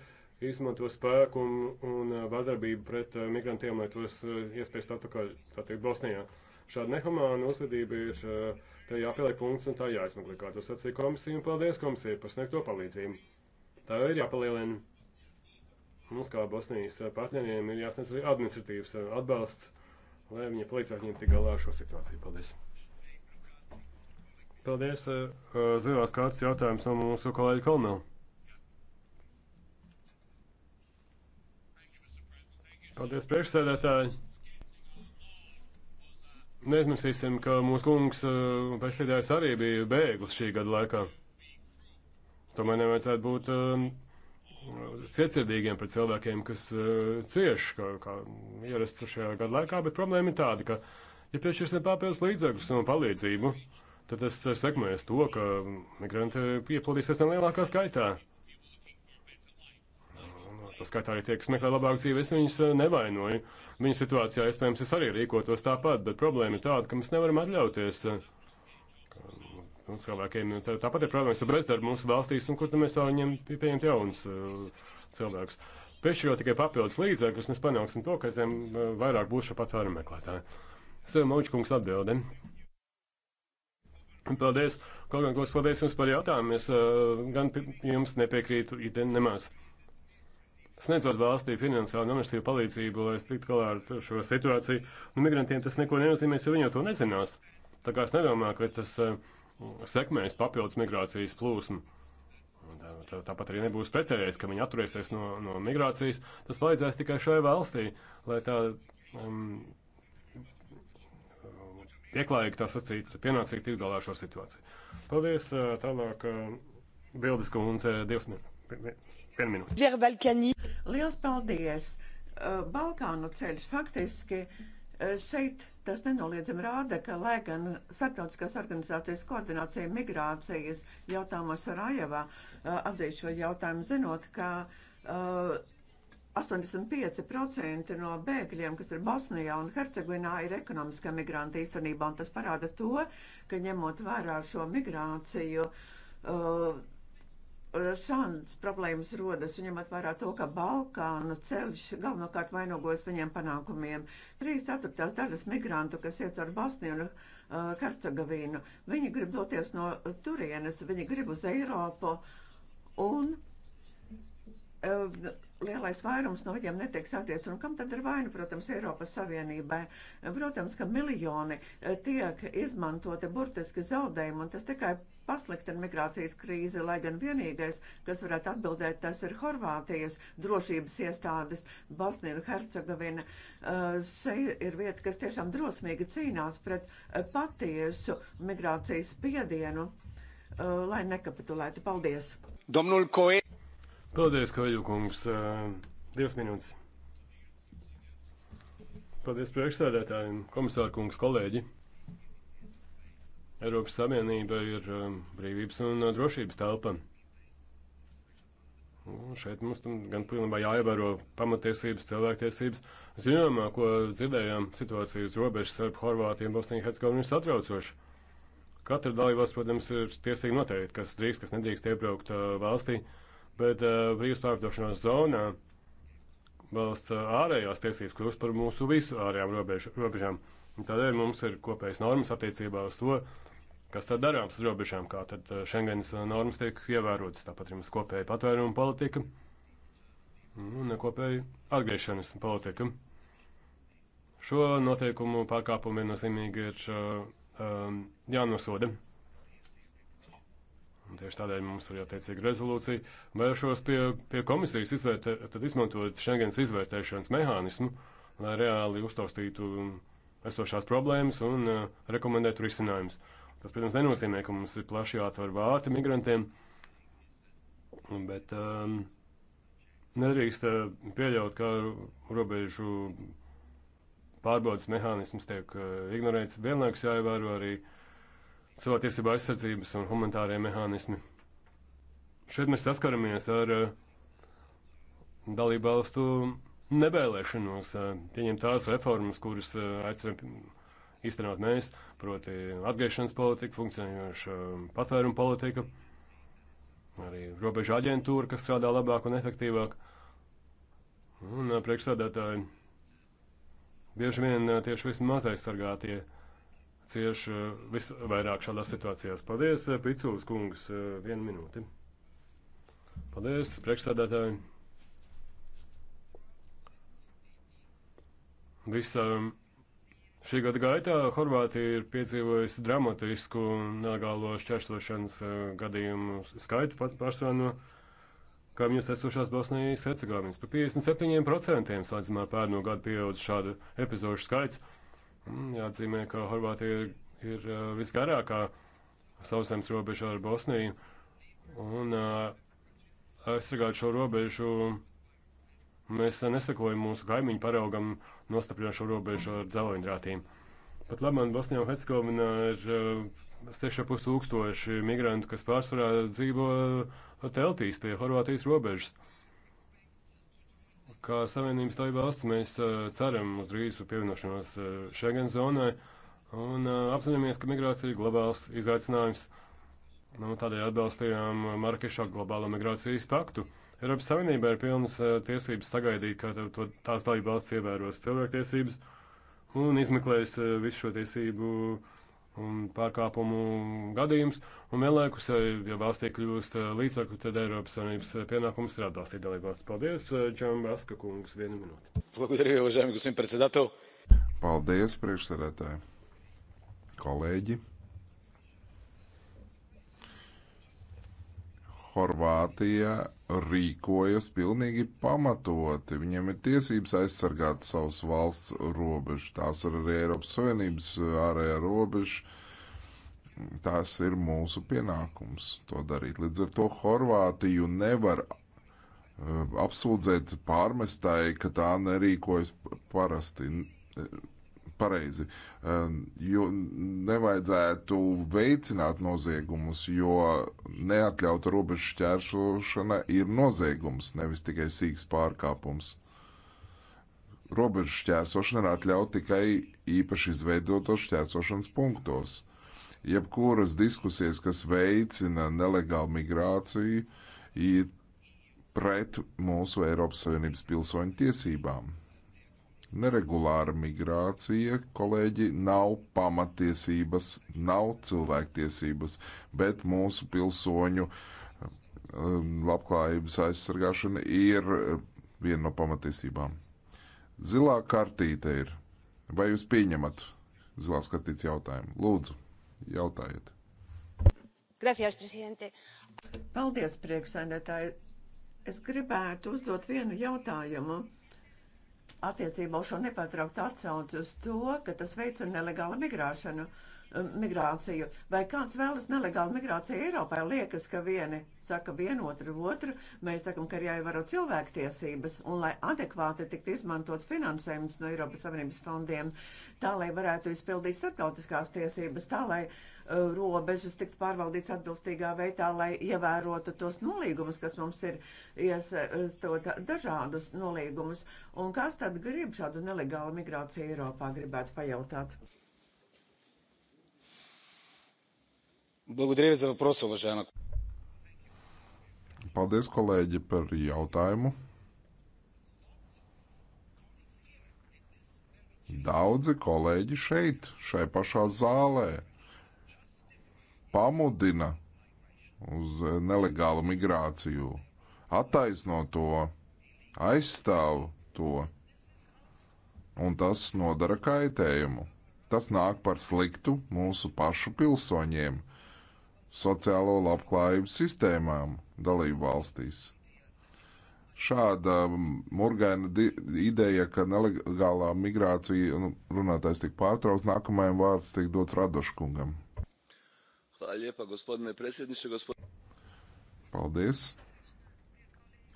S3: izmanto spēku un, un uh, vardarbību pret uh, migrantiem, lai tos iespējas atpakaļ, tā teikt, Bosnijā. Šāda nehumāna uzvedība ir uh, Te jāpieliek punkts un tā jāizmeklē, kā to sacīja komisija, un paldies komisijai par sniegto palīdzību. Tā ir jāpalielina. Mums kā Bosnijas partneriem ir jāsniedz arī administratīvs uh, atbalsts, lai viņi palīdzētu viņiem tik galā ar šo situāciju. Paldies! Paldies! Uh, uh, zilās kārtas jautājums no mūsu kolēģa Kalmela. Paldies, priekšsēdētāji! Neaizmirsīsim, ka mūsu kungs uh, Pēcīdājs arī bija bēglis šī gada laikā. Tomēr nevajadzētu būt uh, cietsirdīgiem pret cilvēkiem, kas uh, cieš, kā, kā ierasts šajā gada laikā, bet problēma ir tāda, ka, ja piešķirsim papildus līdzekļus un palīdzību, tad tas sekmēs to, ka migranti piepildīsies ar lielākā skaitā. Tas skaitā arī tie, kas meklē labāku dzīvi, es viņus nevainoju. Uh, Viņa situācijā iespējams es arī rīkotos tāpat, bet problēma ir tāda, ka mēs nevaram atļauties. Nu, cilvēkiem tā, tāpat ir problēmas ar bezdarbu mūsu valstīs, un kur tad mēs tā viņiem pieņemt jaunus uh, cilvēkus. Piešķirot tikai papildus līdzekļus, mēs panāksim to, ka aizvien uh, vairāk būs šo patvērumu meklētāju. Sev Maučkungs atbildi. Paldies, kaut gan kungs, paldies jums par jautājumu. Es uh, gan jums nepiekrītu, nemaz sniedzot valstī finansiālu un administratīvu palīdzību, lai tiktu galā ar šo situāciju. Nu, migrantiem tas neko nenozīmēs, jo viņi to nezinās. Tā kā es nedomāju, ka tas uh, sekmēs papildus migrācijas plūsmu. Tā, eh, tā, tāpat arī nebūs pretējais, ka viņi atturēsies no, no migrācijas. Tas palīdzēs tikai šai valstī, lai tā um, pieklājīgi tā sacīt, pienācīgi tikt galā ar šo situāciju. Paldies, eh, tālāk, Bildes kundze, divas minūtes. Vienu
S2: minūti. Liels paldies! Uh, Balkānu ceļš faktiski uh, šeit tas nenoliedzami rāda, ka, lai gan starptautiskās organizācijas koordinācija migrācijas jautājumos Rājevā uh, atzīst šo jautājumu, zinot, ka uh, 85% no bēgļiem, kas ir Bosnijā un Hercegovinā, ir ekonomiskā migranta īstenībā, un tas parāda to, ka ņemot vērā šo migrāciju, uh, šādas problēmas rodas, un ņemot vērā to, ka Balkānu ceļš galvenokārt vainagojas viņiem panākumiem. 3 ceturtās daļas migrantu, kas iet ar Bosniju un uh, Hercegovīnu, viņi grib doties no turienes, viņi grib uz Eiropu, un uh, lielais vairums no viņiem netiek saties. Un kam tad ir vaina, protams, Eiropas Savienībai? Protams, ka miljoni eh, tiek izmantoti burtiski zaudējumi, un tas tikai pasliktina migrācijas krīzi, lai gan vienīgais, kas varētu atbildēt, tas ir Horvātijas drošības iestādes, Bosnija un Hercegovina. Eh, Šeit ir vieta, kas tiešām drosmīgi cīnās pret eh, patiesu migrācijas spiedienu, lai nekapitulētu. Paldies!
S3: Domnul Koe. Paldies, Kaļu kungs. Divas minūtes. Paldies priekšsēdētājiem, komisāra kungs, kolēģi. Eiropas Savienība ir brīvības un drošības telpa. Un šeit mums gan pilnībā jāievēro pamatiesības, cilvēktiesības. Zināmā, ko dzirdējām, situācija uz robežas starp Horvātiju un Bosniju Hercegovinu ir satraucoša. Katra dalībās, protams, ir tiesīgi noteikti, kas drīkst, kas nedrīkst iebraukt valstī. Uh, Bet uh, eh, brīvas pārvietošanās zonā valsts eh, ārējās tiesības kļūst par mūsu visu ārējām robežu, robežām. Un tādēļ mums ir kopējas normas attiecībā uz to, kas tad darāms uz robežām, kā tad eh, Schengens normas tiek ievērotas. Tāpat ir mums kopēja patvēruma politika un kopēja atgriešanas politika. Šo noteikumu pārkāpumi nozīmīgi ir um, jānosoda. Un tieši tādēļ mums ir attiecīga rezolūcija. Vēršos pie, pie komisijas, izvērtē, tad izmantojot Schengens izvērtēšanas mehānismu, lai reāli uztaustītu esošās problēmas un uh, rekomendētu risinājumus. Tas, protams, nenozīmē, ka mums ir plaši jāatver vārti migrantiem, bet um, nedrīkst uh, pieļaut, ka robežu pārbaudas mehānisms tiek uh, ignorēts. Vienlaikus jāievēro arī uh, cilvēktiesība aizsardzības un humanitārie mehānismi. Šeit mēs saskaramies ar uh, dalību valstu nevēlēšanos uh, pieņemt tās reformas, kuras uh, eh, aicinām īstenot mēs, proti atgriešanas politika, funkcionējoša patvēruma politika, arī robeža aģentūra, kas strādā labāk un efektīvāk. Un priekšsādātāji bieži vien tieši vismaz aizsargātie. Ja cieš visvairāk šādās situācijās. Paldies, eh, Picūras kungs, eh, vienu minūti. Paldies, priekšsēdētāji. Visā um, šī gada gaitā Horvātija ir piedzīvojusi dramatisku nelegālo šķērsošanas eh, gadījumu skaitu pat personu kaimiņos esošās Bosnijas Hercegovinas. Par 57% slēdzamā pērno gadu pieaudz šāda epizodu skaits. Jāatzīmē, ka Horvātija ir, ir visgarākā sauszemes robeža ar Bosniju. Un aizsargāt šo robežu mēs nesakojam mūsu kaimiņu paraugam nostapļot šo robežu ar dzelzceļiem. Pat labāk Bosnijā un Hercegovinā ir 6,5 tūkstoši migrantu, kas pārsvarā dzīvo teltīs pie Horvātijas robežas. Kā Savienības dalība valsts mēs eh, ceram uz drīzu pievienošanos eh, Schengen zonai un eh, apzināmies, ka migrācija ir globāls izaicinājums. Nu, tādēļ atbalstījām Markešā globālo migrācijas paktu. Eiropas Savienībā ir pilnas tiesības sagaidīt, ka to, tās dalība valsts ievēros cilvēktiesības un izmeklēs visu šo tiesību uh, un pārkāpumu gadījums, un vienlaikus, eh, ja valstī kļūst eh, līdzsvaru, tad Eiropas Savienības eh, pienākums ir atbalstīt dalībvalsts. Paldies, Džam Vaska kungs, vienu minūti. Благодаря,
S5: уважаеми господин председател.
S4: Paldies, priekšsēdētāji. Kolēģi. Horvātija rīkojas pilnīgi pamatoti. Viņiem ir tiesības aizsargāt savus valsts robežu. Tās ir arī Eiropas Savienības ārējā robeža. Tās ir mūsu pienākums to darīt. Līdz ar to Horvātiju nevar eh, apsūdzēt pārmestai, ka tā nerīkojas parasti pareizi, ehm, jo nevajadzētu veicināt noziegumus, jo neatļauta robežu šķēršošana ir noziegums, nevis tikai sīks pārkāpums. Robežu šķērsošana ir atļauta tikai īpaši izveidotos šķērsošanas punktos. Jebkuras diskusijas, kas veicina nelegālu migrāciju, ir pret mūsu Eiropas Savienības pilsoņu tiesībām. Neregulāra migrācija, kolēģi, nav pamatiesības, nav cilvēktiesības, bet mūsu pilsoņu um, labklājības aizsargāšana ir viena no pamatiesībām. Zilā kartīte ir. Vai jūs pieņemat zilās kartītes jautājumu? Lūdzu, jautājiet.
S2: Gracias, presidente. Paldies, priekšsēdētāji. Es gribētu uzdot vienu jautājumu attiecībā uz šo nepārtrauktu atsauci uz to, ka tas veicina nelegālu migrāšanu. Uh, migrāciju. Vai kāds vēlas nelegālu migrāciju Eiropā? Liekas, ka vieni saka vienu otru otru, mēs sakam, ka ir jāievēro cilvēktiesības un lai adekvāti tikt izmantots finansējums no Eiropas Savienības fondiem, tā lai varētu izpildīt starptautiskās tiesības, tā lai uh, robežas tikt pārvaldīts atbilstīgā veidā, lai ievērotu tos nolīgumus, kas mums ir iestot dažādus nolīgumus. Un kas tad grib šādu nelegālu migrāciju Eiropā, gribētu pajautāt?
S3: Благодаря за въпроса, уважаема.
S4: Paldies, kolēģi, par jautājumu. Daudzi kolēģi šeit, šai pašā zālē, pamudina uz nelegālu migrāciju, attaisno to, aizstāv to, un tas nodara kaitējumu. Tas nāk par sliktu mūsu pašu pilsoņiem, sociālo labklājību sistēmām dalību valstīs. Šāda murgaina ideja, ka nelegālā migrācija, nu, runātais tik pārtrauc, nākamajam vārds tiek dots Radoškungam. Paldies,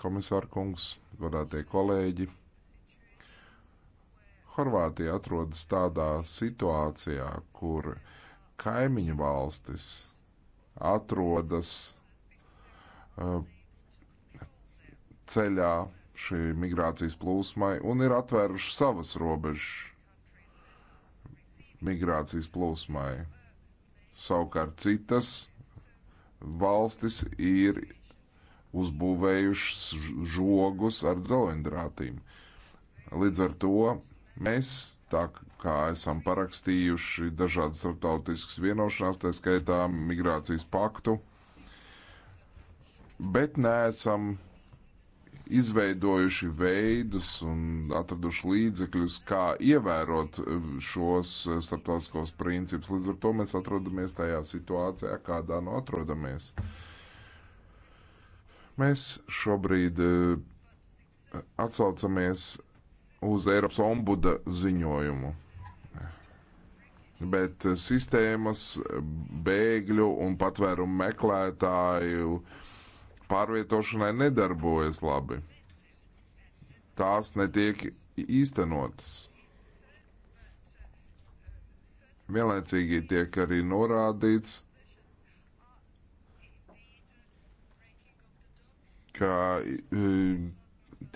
S4: komisārkungs, godātie kolēģi. Horvātija atrodas tādā situācijā, kur kaimiņu valstis atrodas eh, ceļā šī migrācijas plūsmai un ir atvēruši savas robežas migrācijas plūsmai. Savukārt citas valstis ir uzbūvējušas žogus ar dzelendrātīm. Līdz ar to mēs tā kā esam parakstījuši dažādas starptautiskas vienošanās, tā skaitā migrācijas paktu, bet neesam izveidojuši veidus un atraduši līdzekļus, kā ievērot šos starptautiskos principus. Līdz ar to mēs atrodamies tajā situācijā, kādā nu atrodamies. Mēs šobrīd eh, atsaucamies uz Eiropas ombuda ziņojumu. Bet eh, sistēmas, bēgļu un patvērumu meklētāju pārvietošanai nedarbojas labi. Tās netiek īstenotas. Vienlaicīgi tiek arī norādīts, ka eh,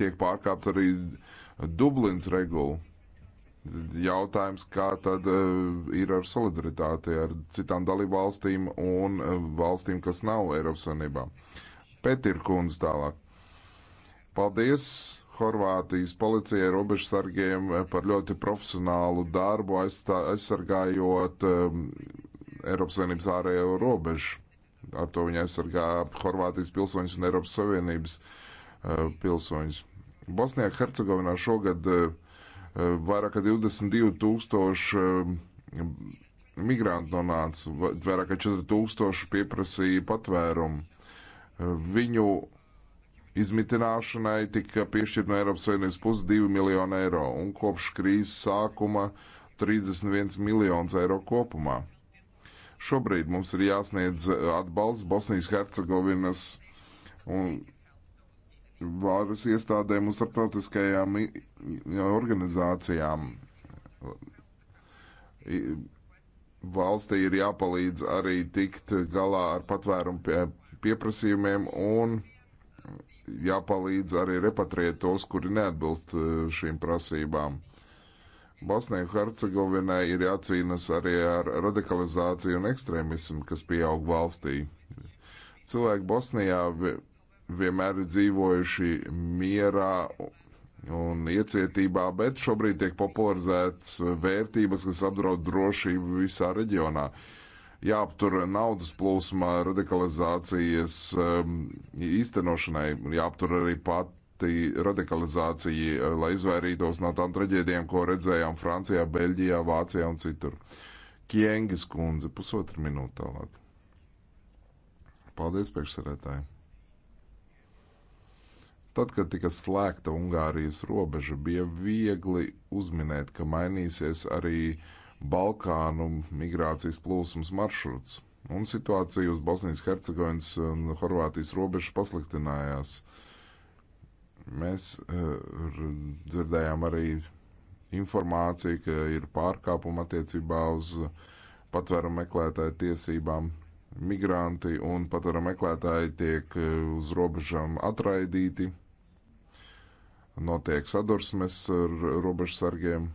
S4: tiek pārkāpt arī uh, Dublins regulu. Jautājums, kā tad eh, ir ar solidaritāti ar citām dalībvalstīm un eh, valstīm, kas nav Eiropas Savienībā. Petir kundze tālāk. Paldies Horvātijas policijai, robežsargiem eh, par ļoti profesionālu darbu aizstā, aizsargājot um, Eiropas Savienības ārējo robežu. Ar to viņi aizsargā Horvātijas pilsoņus un Eiropas Savienības uh, pilsoņus. Bosnijā Hercegovinā šogad eh, vairāk kā 22 tūkstoši eh, migrantu nonāca, vairāk kā 4 tūkstoši pieprasīja patvērumu. Eh, viņu izmitināšanai tika piešķirta no Eiropas Savienības puses 2 miljonu eiro, un kopš krīzes sākuma 31 miljonus eiro kopumā. Šobrīd mums ir jāsniedz atbalsts Bosnijas Hercegovinas un varas iestādēm un starptautiskajām organizācijām. Valstī ir jāpalīdz arī tikt galā ar patvērumu pie, pieprasījumiem un jāpalīdz arī repatriēt tos, kuri neatbilst e, šīm prasībām. Bosnijai Hercegovinai ir jācīnas arī ar radikalizāciju un ekstrēmismu, kas pieaug valstī. Cilvēki Bosnijā vienmēr ir dzīvojuši mierā un iecietībā, bet šobrīd tiek popularizētas vērtības, kas apdraud drošību visā reģionā. Jāaptur naudas plūsma radikalizācijas um, īstenošanai, jāaptur arī pati radikalizācija, lai izvairītos no tām traģēdijām, ko redzējām Francijā, Beļģijā, Vācijā un citur. Kienges kundze, pusotra minūte tālāk. Paldies, priekšsarētāji! Tad, kad tika slēgta Ungārijas robeža, bija viegli uzminēt, ka mainīsies arī Balkānu migrācijas plūsmas maršruts, un situācija uz Bosnijas Hercegovinas un Horvātijas robežas pasliktinājās. Mēs uh, dzirdējām arī informāciju, ka ir pārkāpuma attiecībā uz patvēru meklētāju tiesībām. Migranti un patvēru meklētāji tiek eh, uz robežām atraidīti notiek sadursmes ar robežsargiem.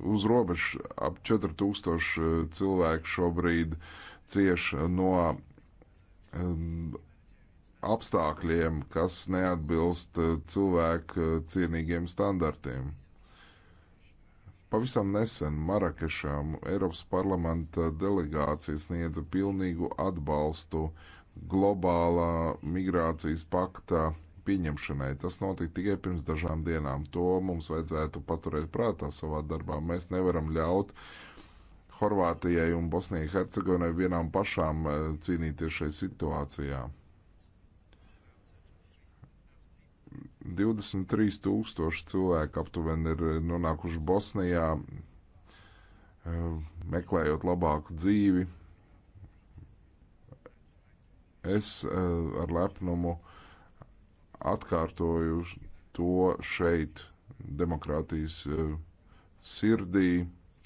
S4: Uz robežas ap 4000 eh, cilvēku šobrīd cieš no um, apstākļiem, kas neatbilst eh, cilvēku cienīgiem standartiem. Pavisam nesen Marakešā Eiropas parlamenta delegācija sniedza pilnīgu atbalstu globālā migrācijas paktā pieņemšanai. Tas notika tikai pirms dažām dienām. To mums vajadzētu paturēt prātā savā darbā. Mēs nevaram ļaut Horvātijai un Bosnijai Hercegovinai vienām pašām eh, cīnīties šai situācijā. 23 tūkstoši cilvēku aptuveni ir eh, nonākuši Bosnijā, eh, meklējot labāku dzīvi. Es ar lepnumu atkārtoju to šeit, demokrātijas e, sirdī,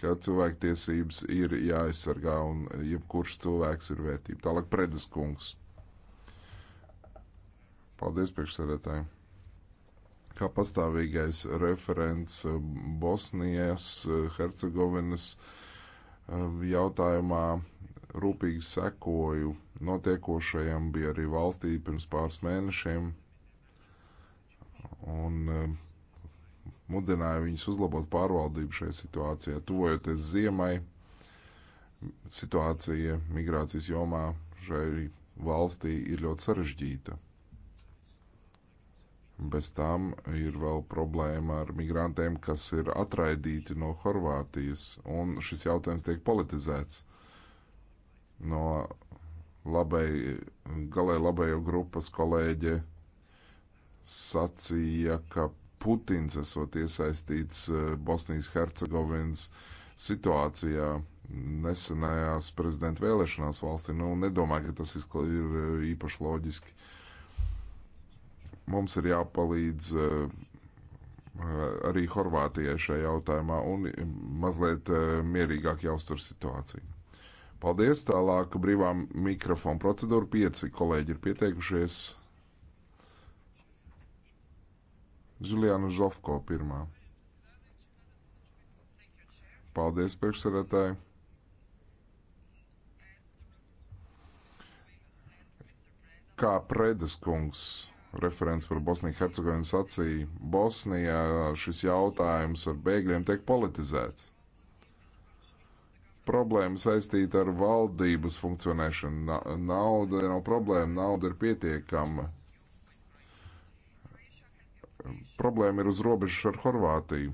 S4: ka cilvēktiesības ir jāaizsargā un jebkurš cilvēks ir vērtība. Tālāk Predes kungs. Paldies priekšsēdētājiem. Kā pastāvīgais referents e, Bosnijas, e, Hercegovinas jautājumā rūpīgi sekoju notiekošajam, bija arī valstī pirms pāris mēnešiem un um, mudināja viņus uzlabot pārvaldību šajā situācijā. Tuvojoties ziemai, situācija migrācijas jomā šai valstī ir ļoti sarežģīta. Bez tam ir vēl problēma ar migrantiem, kas ir atraidīti no Horvātijas, un šis jautājums tiek politizēts no labai, galēji labējo grupas kolēģe sacīja, ka Putins esot iesaistīts eh, Bosnijas Hercegovinas situācijā nesenajās prezidenta vēlēšanās valstī. Nu, nedomāju, ka tas ir eh, īpaši loģiski. Mums ir jāpalīdz eh, arī Horvātijai šajā jautājumā un mazliet mierīgāk jāuztur situāciju. Paldies! Tālāk brīvā mikrofona procedūra. Pieci kolēģi ir pieteikušies. Žiljānu Žofko pirmā. Paldies, priekšsarētāji! Kā Predes kungs referents par Bosniju Hercegovinu sacīja, Bosnijā šis jautājums ar bēgļiem tiek politizēts. Problēma saistīta ar valdības funkcionēšanu. Nauda nav problēma, nauda ir pietiekama problēma ir uz robežas ar Horvātiju.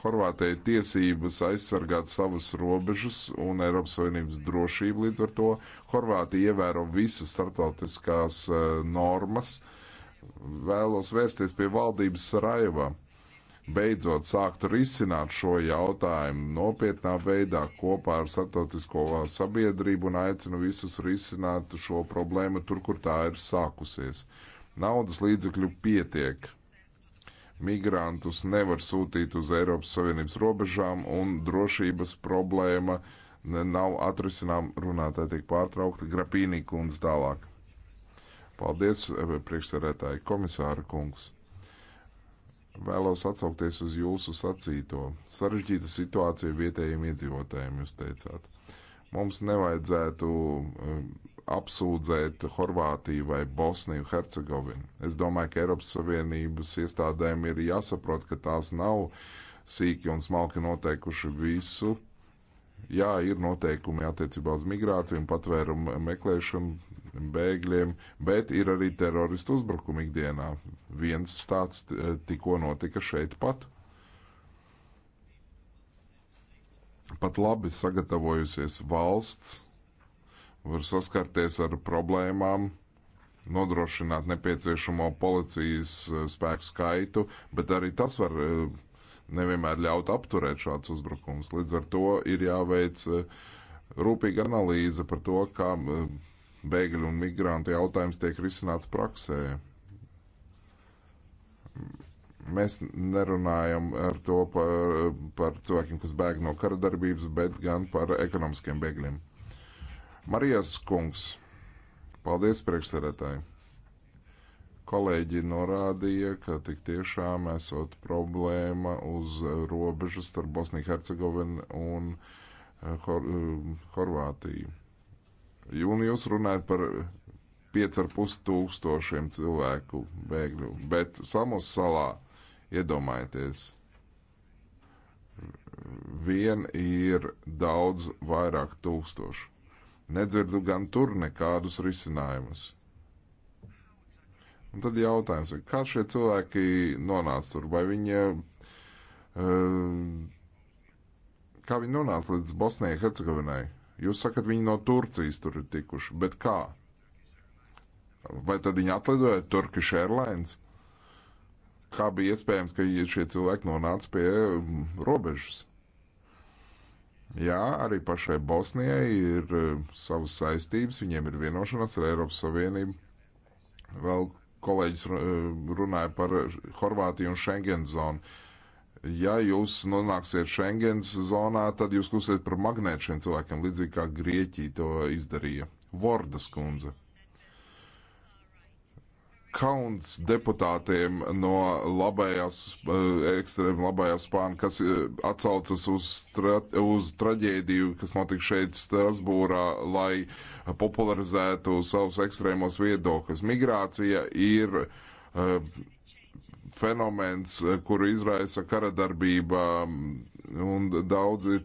S4: Horvātija ir tiesības aizsargāt savas robežas un Eiropas Savienības drošību. Līdz ar to Horvātija ievēro visas starptautiskās uh, normas. Vēlos vērsties pie valdības Sarajevā. Beidzot, sākt risināt šo jautājumu nopietnā veidā kopā ar starptautisko sabiedrību un aicinu visus risināt šo problēmu tur, kur tā ir sākusies. Uh, Naudas līdzekļu pietiek. Migrantus nevar sūtīt uz Eiropas Savienības robežām, un drošības problēma nav atrisinām. Runātāji tiek pārtraukti. Grapīnī kundze tālāk. Paldies, eh, priekšsarētāji komisāra kungs. Vēlos atsaukties uz jūsu sacīto. Sarežģīta situācija vietējiem iedzīvotājiem, jūs teicāt. Mums nevajadzētu um, apsūdzēt Horvātiju vai Bosniju Hercegovinu. Es domāju, ka Eiropas Savienības iestādēm ir jāsaprot, ka tās nav sīki un smalki noteikuši visu. Jā, ir noteikumi attiecībā uz migrāciju un patvērumu meklēšanu, bēgļiem, bet ir arī teroristu uzbrukumi ikdienā. Viens tāds tikko notika šeit pat. Pat labi sagatavojusies valsts var saskarties ar problēmām, nodrošināt nepieciešamo policijas eh, spēku skaitu, bet arī tas var eh, nevienmēr ļaut apturēt šāds uzbrukums. Līdz ar to ir jāveic eh, rūpīga analīze par to, kā bēgļu un migrantu jautājums tiek risināts praksē mēs nerunājam ar to par, par cilvēkiem, kas bēg no kara darbības, bet gan par ekonomiskiem bēgļiem. Marijas kungs, paldies priekšsēdētāji. Kolēģi norādīja, ka tik tiešām esot problēma uz robežas starp Bosniju Hercegovinu un eh, Hor eh, Horvātiju. Un jūs runājat par 5,5 tūkstošiem cilvēku bēgļu, bet Samos salā iedomājieties, vien ir daudz vairāk tūkstošu. Nedzirdu gan tur nekādus risinājumus. Un tad jautājums, kā šie cilvēki nonāca tur, vai viņi, eh, kā viņi nonāca līdz Bosnijai Hercegovinai? Jūs sakat, viņi no Turcijas tur ir tikuši, bet kā? Vai tad viņi atlidoja Turkish Airlines? Kā bija iespējams, ka šie cilvēki nonāca pie mm, robežas? Jā, arī pašai Bosnijai ir eh, savas saistības, viņiem ir vienošanās ar Eiropas Savienību. Vēl kolēģis eh, runāja par Horvātiju un Schengen zonu. Ja jūs nonāksiet Schengens zonā, tad jūs kļūsiet par magnētu šiem cilvēkiem, līdzīgi kā Grieķija to izdarīja. Vordas kundze kauns deputātiem no labējās, eh, ekstrēma labējās spāna, kas eh, atsaucas uz, tra, uz traģēdiju, kas notika šeit Strasbūrā, lai popularizētu savus ekstrēmos viedokļus. Migrācija ir uh, fenomens, kuru izraisa karadarbība un daudzi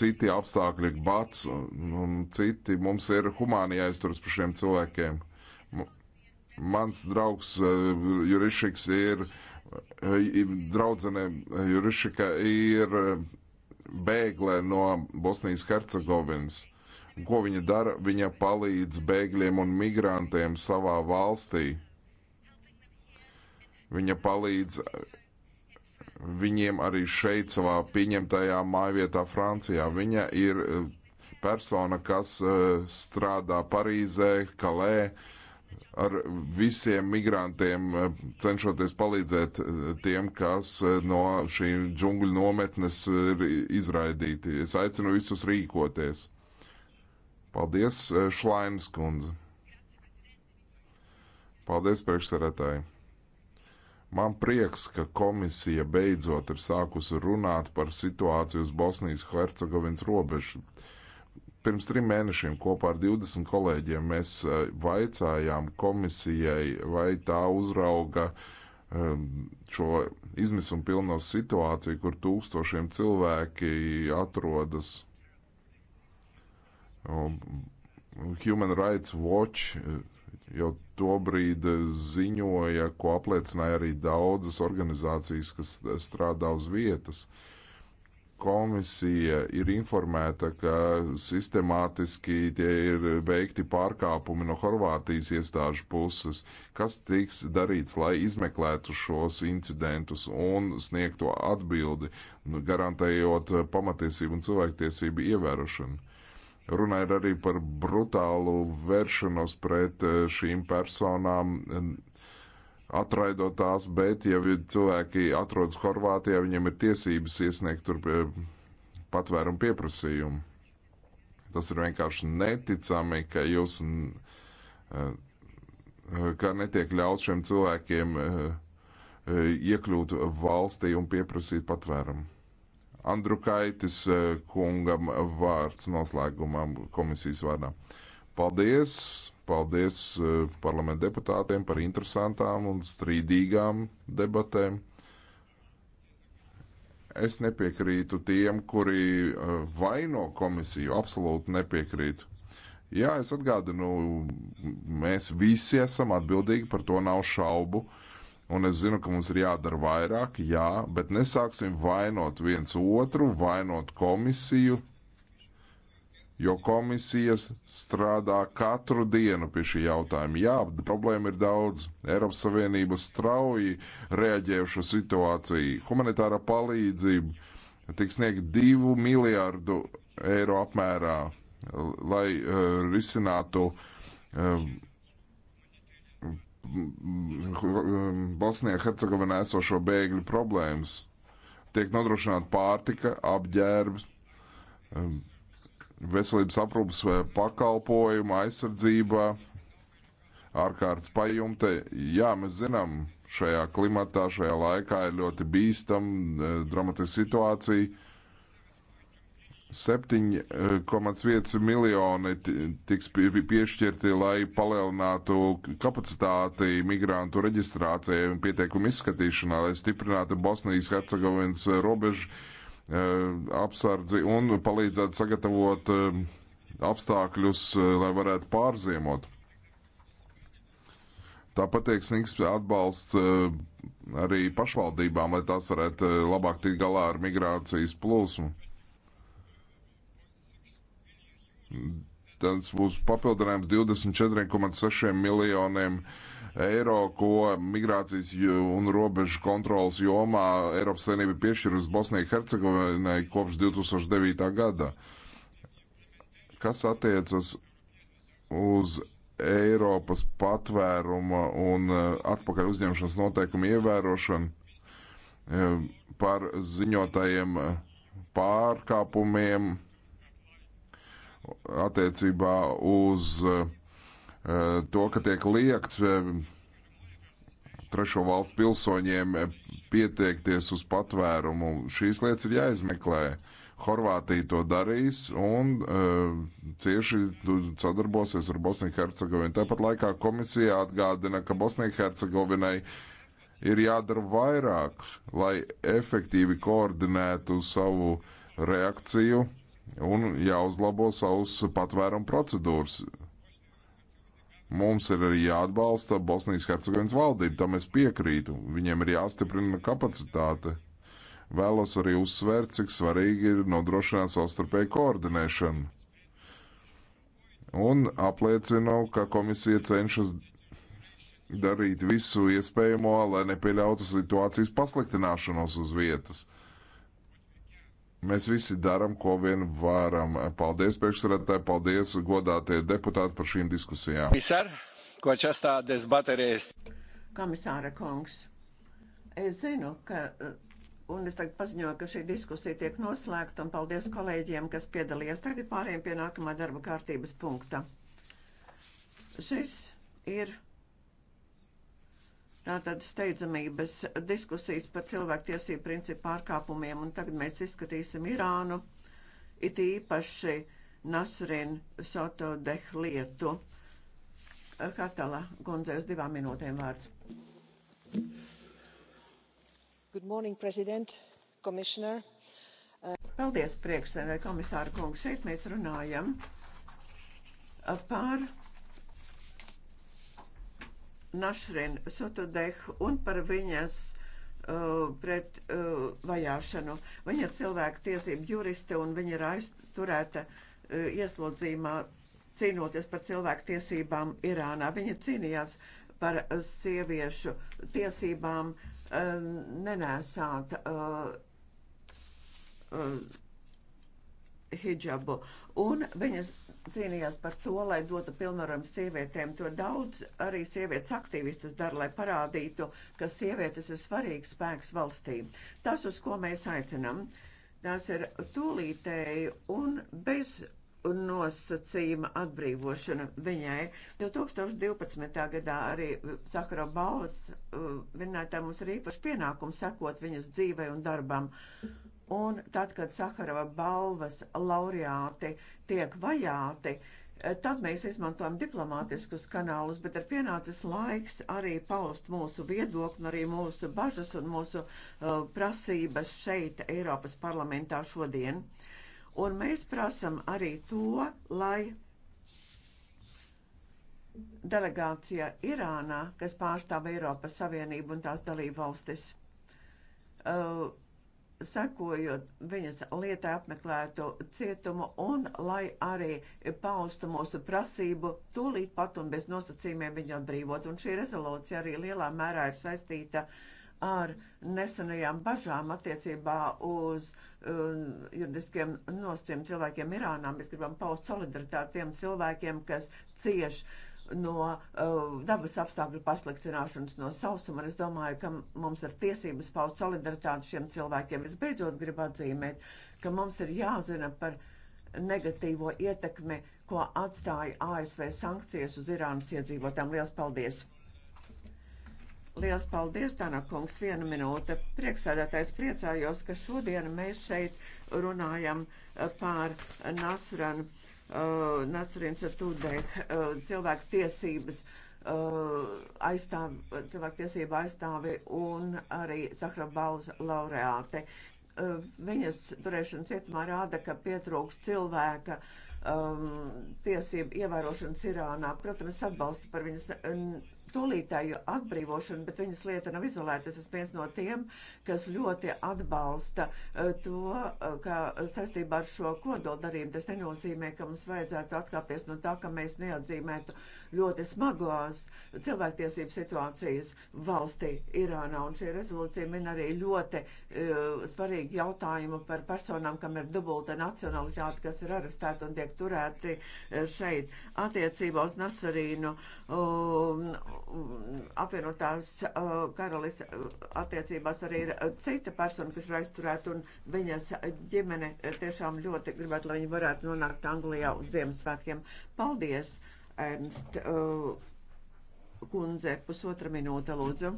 S4: citi apstākļi, bats un, un citi. Mums ir humāni jāizturas par šiem cilvēkiem. Mans draugs eh, Jurišiks ir, eh, draudzene eh, Jurišika ir bēglē no Bosnijas Hercegovinas. Ko viņa dara? Viņa palīdz bēgļiem un migrantiem savā valstī. Viņa palīdz viņiem arī šeit, savā pieņemtajā mājvietā Francijā. Viņa ir persona, kas strādā Parīzē, Kalē, uh, ar visiem migrantiem, eh, cenšoties palīdzēt eh, tiem, kas eh, no šī džungļu nometnes ir izraidīti. Es aicinu visus rīkoties. Paldies, Šlainas kundze. Paldies, priekšsarētāji. Man prieks, ka komisija beidzot ir sākusi runāt par situāciju uz Bosnijas-Hercegovinas robežu. Uh, Pirms trim mēnešiem kopā ar 20 kolēģiem mēs eh, vaicājām komisijai, vai tā uzrauga ehm, šo izmisumu pilno situāciju, kur tūkstošiem cilvēki atrodas. Human Rights Watch eh, jau tobrīd ziņoja, ko apliecināja arī daudzas organizācijas, kas strādā uz vietas. Uh, komisija ir informēta, ka sistemātiski tie ir veikti pārkāpumi no Horvātijas iestāžu puses. Kas tiks darīts, lai izmeklētu šos incidentus un sniegtu atbildi, nu, garantējot pamatiesību un cilvēktiesību ievērošanu? Runa ir arī par brutālu vēršanos pret šīm personām atraidot tās, bet ja cilvēki atrodas Horvātijā, viņiem ir tiesības iesniegt tur patvērumu pieprasījumu. Tas ir vienkārši neticami, ka jūs, eh, eh, ka netiek ļaut šiem cilvēkiem eh, iekļūt valstī un pieprasīt patvērumu. Andru Kaitis kungam vārds noslēgumam komisijas vārdā. Paldies! Paldies eh, parlamentu deputātiem par interesantām un strīdīgām debatēm. Es nepiekrītu tiem, kuri eh, vaino komisiju. Absolūti nepiekrītu. Jā, es atgādinu, mēs visi esam atbildīgi, par to nav šaubu. Un es zinu, ka mums ir jādara vairāk, jā, bet nesāksim vainot viens otru, vainot komisiju jo komisijas strādā katru dienu pie šī jautājuma. Jā, problēma ir daudz. Eiropas Savienība strauji reaģē uz šo situāciju. Humanitārā palīdzība tiks sniegt divu miljārdu eiro apmērā, lai uh, risinātu uh, Bosnijā, Hercegovinā esošo bēgļu problēmas. Tiek nodrošināta pārtika, apģērbs. Um, uh, veselības aprūpas eh, pakalpojuma aizsardzībā, ārkārtas pajumte. Jā, mēs zinām, šajā klimatā, šajā laikā ir ļoti bīstama, eh, dramatiska situācija. 7,5 eh, miljoni tiks piešķirti, lai palielinātu kapacitāti migrantu reģistrācijai un pieteikumu izskatīšanā, lai stiprinātu Bosnijas Hercegovinas robežu Eh, apsardzi un palīdzētu sagatavot eh, apstākļus, eh, lai varētu pārziemot. Tāpat tiek sniegts atbalsts arī pašvaldībām, lai tās varētu labāk tikt galā ar migrācijas plūsmu. Tas būs papildinājums 24,6 miljoniem eiro, ko migrācijas un robežu kontrolas jomā Eiropas Savienība piešķirusi Bosnijai Hercegovinai kopš 2009. gada. Kas attiecas uz Eiropas patvēruma un e, atpakaļ uzņemšanas noteikumu ievērošanu e, par ziņotajiem e, pārkāpumiem attiecībā uz eh, to, ka tiek liekts eh, trešo valstu pilsoņiem eh, pieteikties uz patvērumu. Šīs lietas ir jāizmeklē. Horvātija to darīs un uh, cieši sadarbosies ar Bosniju Hercegovinu. Tāpat laikā komisija atgādina, ka Bosnijai Hercegovinai ir jādara vairāk, lai efektīvi koordinētu savu reakciju uh, un jāuzlabo savus patvērumu procedūras. Mums ir arī jāatbalsta Bosnijas Hercegovinas valdība, tam es piekrītu. Viņiem ir jāstiprina kapacitāte. Vēlos arī uzsvērt, cik svarīgi ir nodrošināt savstarpēju koordinēšanu. Un apliecinu, ka komisija cenšas darīt visu iespējamo, lai nepieļautu situācijas pasliktināšanos uz vietas. Mēs visi darām, ko vien varam. Paldies, priekšsēdētāji, paldies, godātie deputāti par šīm diskusijām. Komisār, ko čestā dezbaterē esi?
S2: Komisāra kungs, es zinu, ka, un es tagad paziņoju, ka šī diskusija tiek noslēgta, un paldies kolēģiem, kas piedalījās. Tagad pārējiem pie nākamā darba kārtības punkta. Šis ir Tātad steidzamības diskusijas par cilvēktiesību principu pārkāpumiem, un tagad mēs izskatīsim Irānu, it īpaši Nasrin Soto dehlietu. Katala Gonzēs divām minūtēm vārds. Good morning, President, Commissioner. Paldies, priekšsēdē, komisāra kungs. Šeit mēs runājam par Našrin Sotudehu un par viņas uh, pret uh, vajāšanu. Viņa ir cilvēka tiesība juriste un viņa ir aizturēta uh, ieslodzījumā cīnoties par cilvēku tiesībām Irānā. Viņa cīnījās par sieviešu tiesībām um, nenēsāt uh, uh, hijabu. Un viņas cīnījās par to, lai dotu pilnvarojumu sievietēm. To daudz arī sievietes aktīvistas dara, lai parādītu, ka sievietes ir svarīgs spēks valstī. Tas, uz ko mēs aicinam, tās ir tūlītēji un bez nosacījuma atbrīvošana viņai. 2012. gadā arī Sakara balvas uh, vienētā mums ir īpaši pienākums sekot viņas dzīvei un darbam. Un tad, kad Saharova balvas laureāti tiek vajāti, tad mēs izmantojam diplomātiskus kanālus, bet ir pienācis laiks arī paust mūsu viedokli, arī mūsu bažas un mūsu uh, prasības šeit, Eiropas parlamentā šodien. Un mēs prasam arī to, lai delegācija Irānā, kas pārstāv Eiropas Savienību un tās dalību valstis, uh, sekojot viņas lietai apmeklētu cietumu un lai arī paustu mūsu prasību tūlīt pat un bez nosacījumiem viņu atbrīvot. Un šī rezolūcija arī lielā mērā ir saistīta ar nesenajām bažām attiecībā uz um, juridiskiem nosacījumiem cilvēkiem Irānā. Mēs gribam paust solidaritāti tiem cilvēkiem, kas cieši no uh, dabas apstākļu pasliktināšanas, no sausuma. Es domāju, ka mums ir tiesības paust solidaritāti šiem cilvēkiem. Es beidzot gribu atzīmēt, ka mums ir jāzina par negatīvo ietekmi, ko atstāja ASV sankcijas uz Irānas iedzīvotām. Lielas paldies! Lielas paldies, Tāna kungs, viena minūte. Priekšsēdētājs priecājos, ka šodien mēs šeit runājam uh, par Nasranu uh, Nasrins Tudeh, uh, cilvēku tiesības uh, aizstāv, cilvēku tiesība aizstāvi un arī Sahrabalas laureāte. Uh, viņas turēšana cietumā rāda, ka pietrūks cilvēka um, tiesību ievērošanas Irānā. Protams, atbalstu par viņas tūlītēju atbrīvošanu, bet viņas lieta nav izolēta. Es esmu viens no tiem, kas ļoti atbalsta eh, to, eh, ka saistībā ar šo kodoldarījumu tas nenozīmē, ka mums vajadzētu atkāpties no tā, ka mēs neatzīmētu uh, ļoti smagās cilvēktiesību situācijas valstī Irānā. Un šī rezolūcija min arī ļoti uh, eh, svarīgi jautājumu par personām, kam ir dubulta nacionalitāte, kas ir arestēti un tiek turēti uh, šeit. Attiecībā uz Nasarīnu uh, apvienotās uh, karalis uh, attiecībās arī ir cita persona, kas ir aizturēta un viņas ģimene tiešām ļoti gribētu, lai viņi varētu nonākt Anglijā uz Ziemassvētkiem. Paldies! Ernst uh, kundze, pusotra minūte, lūdzu.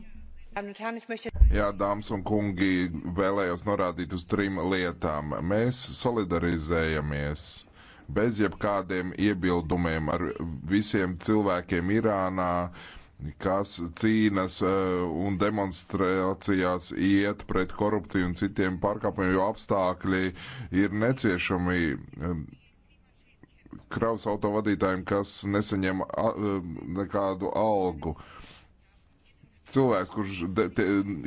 S4: Jā, dāmas un kungi, vēlējos norādīt uz trim lietām. Mēs solidarizējamies bez jebkādiem iebildumiem ar visiem cilvēkiem Irānā, kas cīnas uh, un demonstrācijās iet pret korupciju un citiem pārkāpumiem, jo apstākļi ir neciešami um, kravas autovadītājiem, kas nesaņem e, nekādu algu. Cilvēks, kurš de, te,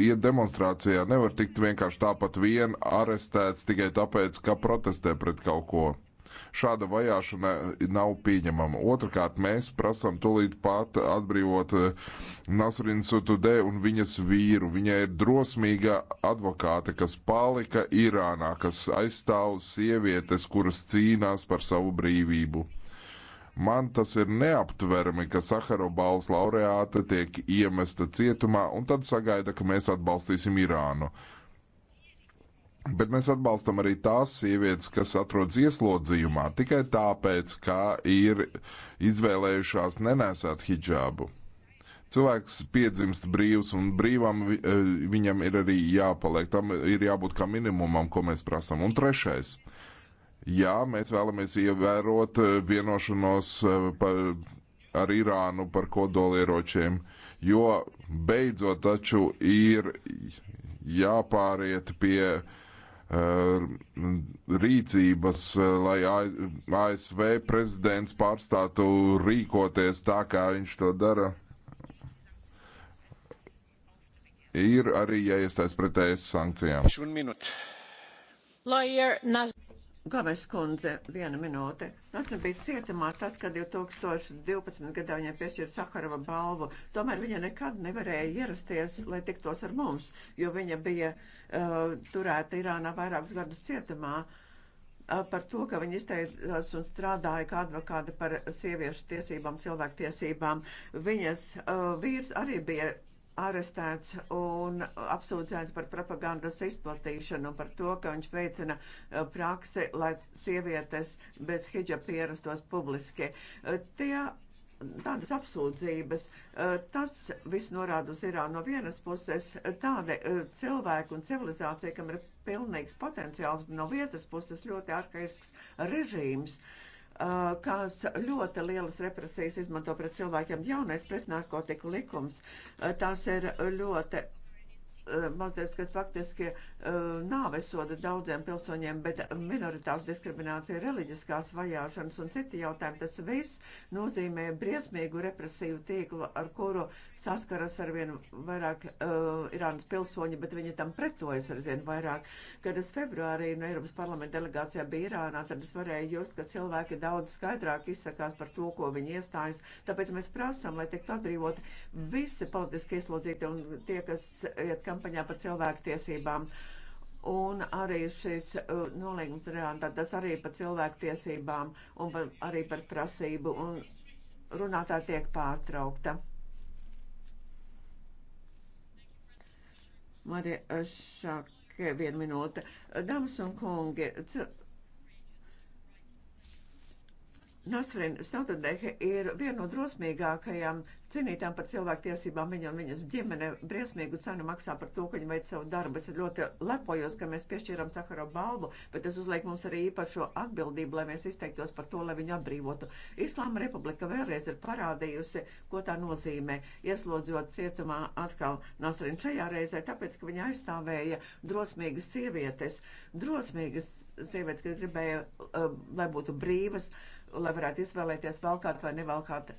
S4: iet demonstrācijā, nevar tikt vienkārši tāpat vien arestēts tikai tāpēc, ka protestē pret kaut ko. Šāda vajāšana nav pieņemama. Otrakārt, mēs prasām tūlīt pat atbrīvot eh, Nasrin Sutudē un viņas vīru. Viņa ir drosmīga advokāte, kas palika Irānā, kas aizstāv sievietes, kuras cīnās par savu brīvību. Man tas ir neaptverami, ka Sakaro balvas laureāte tiek iemesta cietumā un tad sagaida, ka mēs atbalstīsim Irānu. Bet mēs atbalstam arī tās sievietes, kas atrodas ieslodzījumā tikai tāpēc, ka ir izvēlējušās nenesāt hijābu. Cilvēks piedzimst brīvs un brīvam eh, viņam ir arī jāpaliek. Tam ir jābūt kā minimumam, ko mēs prasam. Un trešais. Jā, mēs vēlamies ievērot eh, vienošanos eh, par, ar Irānu par kodolieročiem, jo beidzot taču ir jāpāriet pie uh, Uh, rīcības, uh, lai ASV prezidents pārstātu rīkoties tā, kā viņš to dara. Ir arī jāiestājas pretējas e sankcijām.
S2: Lawyer Naz Gavais kundze, viena minūte. Nasna bija cietumā tad, kad 2012. gadā viņai piešķīra Saharova balvu. Tomēr viņa nekad nevarēja ierasties, lai tiktos ar mums, jo viņa bija uh, turēta Irānā vairākus gadus cietumā. Uh, par to, ka viņi izteicās un strādāja kā advokāti par sieviešu tiesībām, cilvēktiesībām. Viņas uh, vīrs arī bija arestēts un apsūdzēts par propagandas izplatīšanu, par to, ka viņš veicina uh, praksi, lai sievietes bez hijab ierastos publiski. Uh, tie tādas apsūdzības. Uh, tas viss norāda uz Irānu no vienas puses tāda cilvēka un civilizācija, kam ir pilnīgs potenciāls, no otras puses ļoti arhaisks režīms. Uh, Uh, kas ļoti lielas represijas izmanto pret cilvēkiem. Jaunais pretnarkotiku likums, uh, tas ir ļoti Eh, Malcēs, kas faktiski eh, nāvesoda daudziem pilsoņiem, bet minoritāšu diskriminācija, reliģiskās vajāšanas un citi jautājumi, tas viss nozīmē briesmīgu represīvu tīklu, ar kuru saskaras arvien vairāk uh, Irānas pilsoņi, bet viņi tam pretojas arvien vairāk. Kad es februārī no Eiropas parlamenta delegācijā biju Irānā, tad es varēju just, ka cilvēki daudz skaidrāk izsakās par to, ko viņi iestājas. Tāpēc mēs prasām, lai tiktu atbrīvoti visi politiski ieslodzīti un tie, kas iet kam kampaņā par cilvēktiesībām. Un arī šis uh, nolīgums reāli, tad tas arī par cilvēktiesībām un par, arī par prasību. Un runātāja tiek pārtraukta. Marija uh, Šāke, viena minūte. Uh, dāmas un kungi, Nasrin Satadehe ir viena no drosmīgākajām cīnītām par cilvēktiesībām, viņa un viņas ģimene briesmīgu cenu maksā par to, ka viņa veic savu darbu. Es ļoti lepojos, ka mēs piešķīram Sakaro balvu, bet tas uzliek mums arī īpašo atbildību, lai mēs izteiktos par to, lai viņu atbrīvotu. Islāma republika vēlreiz ir parādījusi, ko tā nozīmē, ieslodzot cietumā atkal Nasrin šajā reizē, tāpēc, ka viņa aizstāvēja drosmīgas sievietes, drosmīgas sievietes, kas gribēja, eh, lai būtu brīvas. Uh, lai varētu izvēlēties valkāt vai nevalkāt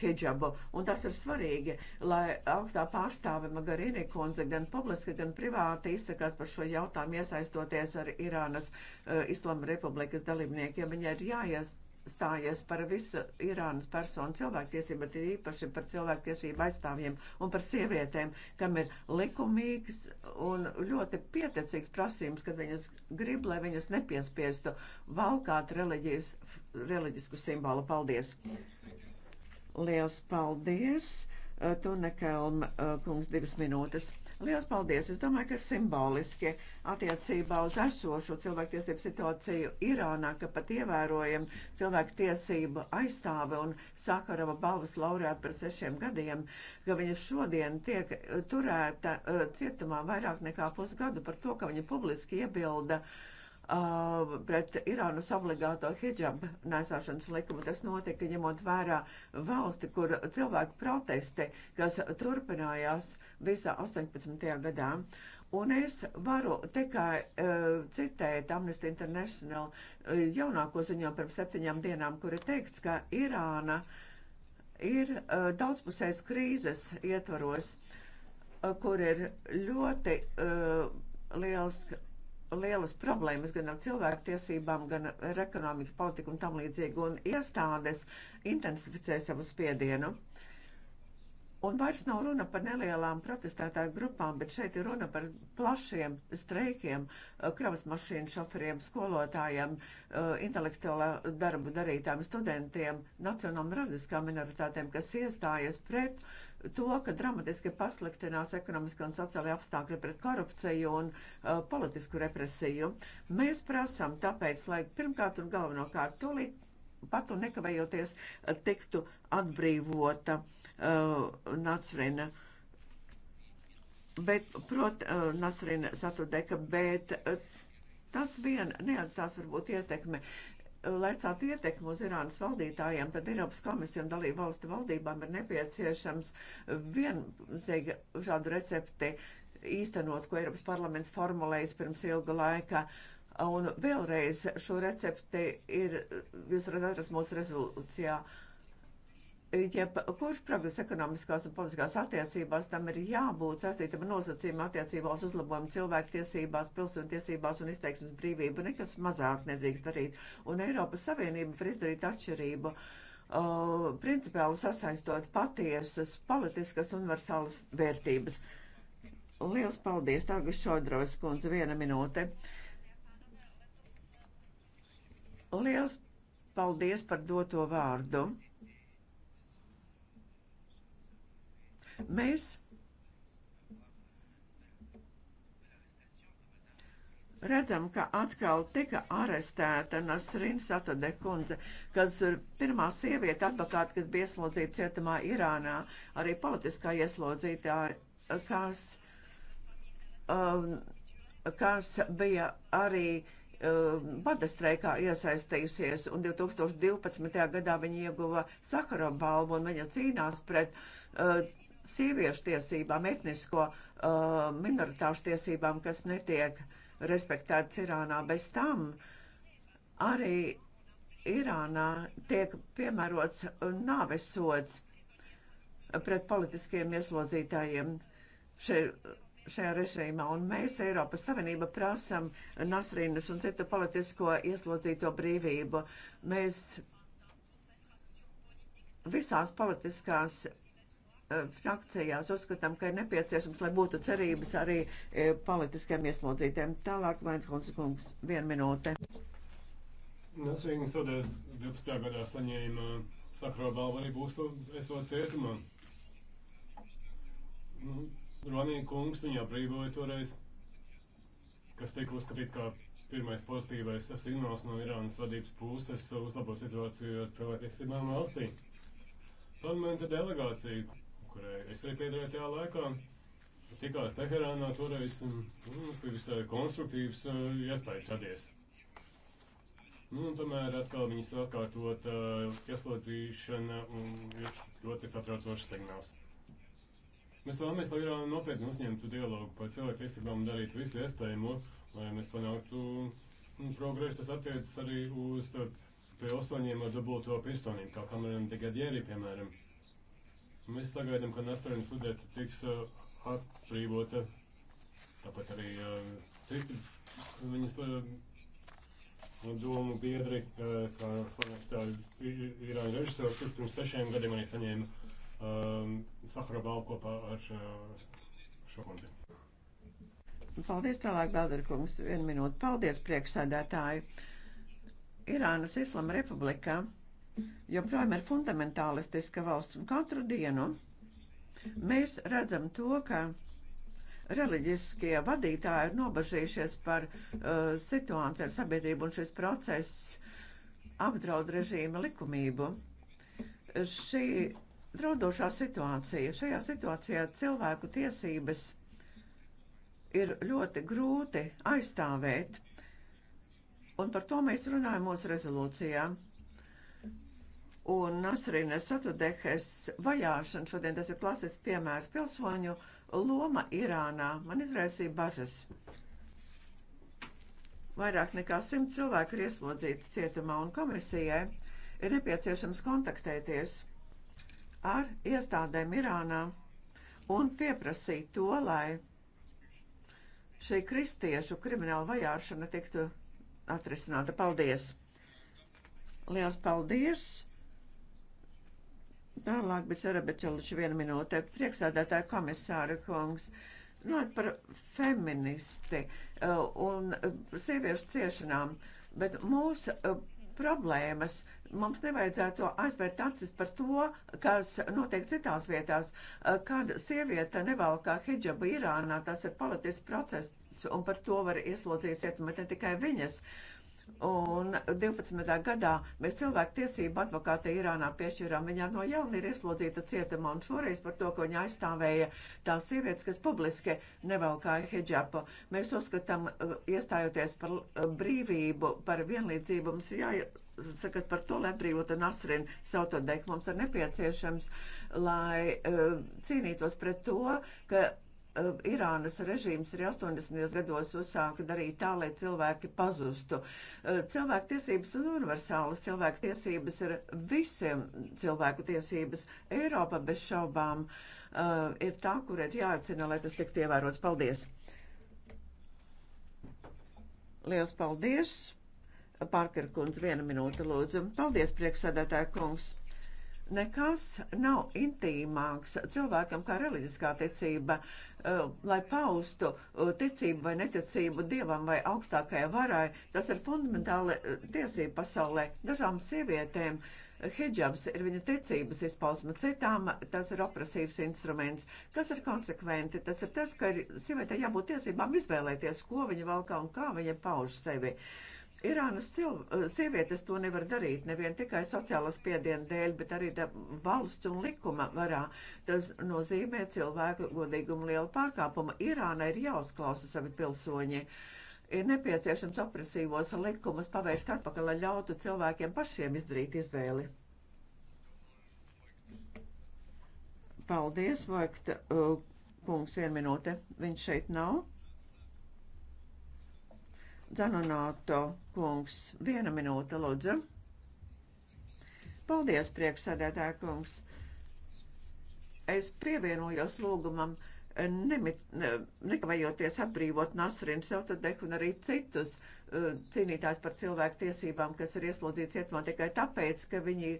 S2: hidžabu. Un tas ir svarīgi, lai augstā pārstāve Magarīni kundze gan publiski, gan privāti izsakās par šo jautājumu, iesaistoties ar Irānas uh, Islama republikas dalībniekiem. Viņai ir jāies stājies par visu Irānas personu cilvēktiesību, bet īpaši par cilvēktiesību aizstāvjiem un par sievietēm, kam ir likumīgs un ļoti pieticīgs prasījums, kad viņas grib, lai viņas nepiespiestu valkāt reliģijas, reliģisku simbolu. Paldies! Liels paldies! Tunekelm eh, kungs divas minūtes. Lielas paldies! Es domāju, ka ir simboliski attiecībā uz esošo cilvēktiesību situāciju Irānā, ka pat ievērojam cilvēktiesību aizstāve un Sakarava balvas laurēta par sešiem gadiem, ka viņa šodien tiek eh, turēta eh, cietumā vairāk nekā pusgadu par to, ka viņa publiski iebilda uh, uh, pret Irānas obligāto hijabu nesāšanas likumu. Tas notika ņemot vērā valsti, kur cilvēku protesti, kas turpinājās visā 18. gadā. Un es varu tikai uh, citēt Amnesty International uh, jaunāko ziņo pirms septiņām dienām, kur ir teikts, ka Irāna ir uh, daudzpusējas krīzes ietvaros, uh, kur ir ļoti uh, liels lielas problēmas gan ar cilvēktiesībām, gan ar ekonomiku, politiku un tam līdzīgi, un iestādes intensificē savu spiedienu. Un vairs nav runa par nelielām protestētāju grupām, bet šeit ir runa par plašiem streikiem, eh, kravas mašīnu šoferiem, skolotājiem, eh, intelektuālā darbu darītājiem, studentiem, nacionālām radiskām minoritātēm, kas iestājas pret uh, to, ka dramatiski pasliktinās ekonomiski un sociālai apstākļi pret korupciju un uh, politisku represiju. Mēs prasām tāpēc, lai pirmkārt un galvenokārt tūlīt pat un nekavējoties tiktu atbrīvota uh, Nacrina. Bet, prot, uh, Nasrina Satudeka, bet uh, tas vien neatstās varbūt ietekme uh, lai celtu ietekmi uz Irānas valdītājiem, tad Eiropas komisija un dalību valstu valdībām ir nepieciešams vienzīga šādu recepti īstenot, ko Eiropas parlaments formulējis pirms ilga laika. Un vēlreiz šo recepti ir, jūs redzat, atrast mūsu rezolūcijā. Uh, ja kurš progress ekonomiskās un politiskās attiecībās tam ir jābūt saistītam ar nosacījumu attiecībā uz uzlabojumu cilvēktiesībās, pilsontiesībās un izteiksmes brīvību, nekas mazāk nedrīkst darīt. Un Eiropas Savienība var izdarīt atšķirību, uh, principiāli sasaistot patiesas politiskas universālas vērtības. Liels paldies, Tāgas Šodrovas kundze, viena minūte. Liels paldies par doto vārdu. Mēs redzam, ka atkal tika arestēta Nasrin Satade kundze, kas pirmā sievieta advokāta, kas bija ieslodzīta cietumā Irānā, arī politiskā ieslodzītāja, kas, um, kas bija arī um, bada streikā iesaistījusies, un 2012. gadā viņa ieguva Sakaro balvu, un viņa cīnās pret uh, sieviešu tiesībām, etnisko uh, minoritāšu tiesībām, kas netiek respektētas Irānā. Bez tam arī Irānā tiek piemērots nāves sods pret politiskiem ieslodzītājiem še, šajā režīmā. Un mēs, Eiropas Savienība, prasam Nasrīnas un citu politisko ieslodzīto brīvību. Mēs visās politiskās Eh, frakcijās uzskatām, ka ir nepieciešams, lai būtu cerības arī eh, politiskiem ieslodzītiem. Tālāk, Vainskons kungs, viena minūte.
S3: Nasrīnas Sudē 12. gadā saņēma eh, Sakro balvu arī būs to esot cietumā. Nu, Ronija kungs viņu atbrīvoja toreiz, kas tika uzskatīts kā pirmais pozitīvais signāls no Irānas vadības puses uzlabot situāciju ar cilvēkiem valstī. Parlamenta delegācija kurai es arī piedarēju tajā laikā, tikās Teherānā toreiz, un nu, mums bija visai konstruktīvs uh, iespējas radies. Nu, un tomēr atkal viņas atkārtot uh, ieslodzīšana un ir ļoti satraucošs signāls. Mēs vēlamies, lai Irāna nopietni uzņemtu dialogu par cilvēku tiesībām un darītu visu iespējamo, lai mēs panāktu nu, progresu. Tas attiecas arī uz uh, pilsoņiem ar dubulto pirstonību, kā Kamerona Degadieri, piemēram. Mēs sagaidām, ka Nasarina studēta tiks uh, atbrīvota, tāpat arī uh, citi viņas uh, domu biedri, uh, kā slavenais tā īrāņu režisors, kurš pirms sešiem gadiem arī saņēma um, Sahrabālu kopā ar uh, šo kundzi.
S2: Paldies tālāk, Belderkungs, vienu minūti. Paldies, priekšsēdētāji. Irānas Islama Republikā joprojām ir fundamentālistiska valsts, un katru dienu mēs redzam to, ka reliģiskie vadītāji ir nobažījušies par uh, situāciju ar sabiedrību, un šis process apdraud režīma likumību. Šī draudošā situācija, šajā situācijā cilvēku tiesības ir ļoti grūti aizstāvēt, un par to mēs runājam mūsu rezolūcijām un Nasrinas Satudehes vajāšana šodien tas ir klasisks piemērs pilsoņu loma Irānā. Man izraisīja bažas. Vairāk nekā simt cilvēku ir ieslodzīti cietumā un komisijai ir nepieciešams kontaktēties ar iestādēm Irānā un pieprasīt to, lai šī kristiešu krimināla vajāšana tiktu atrisināta. Paldies! Liels paldies! tālāk, bet Sarabeķeluši vienu minūte. Priekšsādātāja komisāra kungs. Runāt par feministi uh, un uh, sieviešu ciešanām, bet mūsu uh, problēmas mums nevajadzētu aizvērt acis par to, kas notiek citās vietās. Kad sieviete nevalkā hijabu Irānā, tas ir politisks process, un par to var ieslodzīt cietumā ne tikai viņas. Uh, Un 12. gadā mēs cilvēku tiesību advokātei Irānā piešķirām. Viņa no jauna ir ieslodzīta cietumā, un šoreiz par to, ko viņa aizstāvēja tās sievietes, kas publiski nevalkāja hidžapu. Mēs uzskatām, uh, iestājoties par uh, brīvību, par vienlīdzību, mums ir jā sakat par to, lai atbrīvotu Nasrinu Sautodeku. Mums ir nepieciešams, lai uh, cīnītos pret to, ka Eh, Irānas režīms arī 80. gados uzsāka darīt tā, lai cilvēki pazustu. Eh, cilvēku tiesības ir universālas, cilvēku tiesības ir visiem cilvēku tiesības. Eiropa bez šaubām eh, ir tā, kur ir jāatcina, lai tas tiktu ievērots. Paldies! Liels paldies! Pārkar kundze, viena minūte lūdzu. Paldies, priekšsēdētāja kungs! Nekas nav intīmāks cilvēkam kā reliģiskā ticība, eh, lai paustu eh, ticību vai neticību dievam vai augstākajai varai. Tas ir fundamentāli eh, tiesība pasaulē. Dažām sievietēm hijabs ir viņa ticības izpausme, citām tas ir opresīvs instruments. Tas ir konsekventi, tas ir tas, ka sievietē jābūt tiesībām izvēlēties, ko viņa valkā un kā viņa pauž sevi. Uh, Irānas eh, sievietes to nevar darīt nevien tikai sociālā spiediena dēļ, bet arī valsts un likuma varā. Tas nozīmē cilvēku godīgumu lielu pārkāpumu. Irāna ir jāuzklausa savi pilsoņi. Ir nepieciešams opresīvos likumus pavērst atpakaļ, lai ļautu cilvēkiem pašiem izdarīt izvēli. Paldies, Vojkta eh, kungs, vien minūte. Viņš šeit nav. Zanonāto kungs, viena minūte, lūdzu. Paldies, priekšsēdētāja kungs. Es pievienojos lūgumam nemit, ne, nekavējoties atbrīvot Nasrinu Sevtadeku un arī citus uh, cīnītājs par cilvēku tiesībām, kas ir ieslodzīts cietumā tikai tāpēc, ka viņi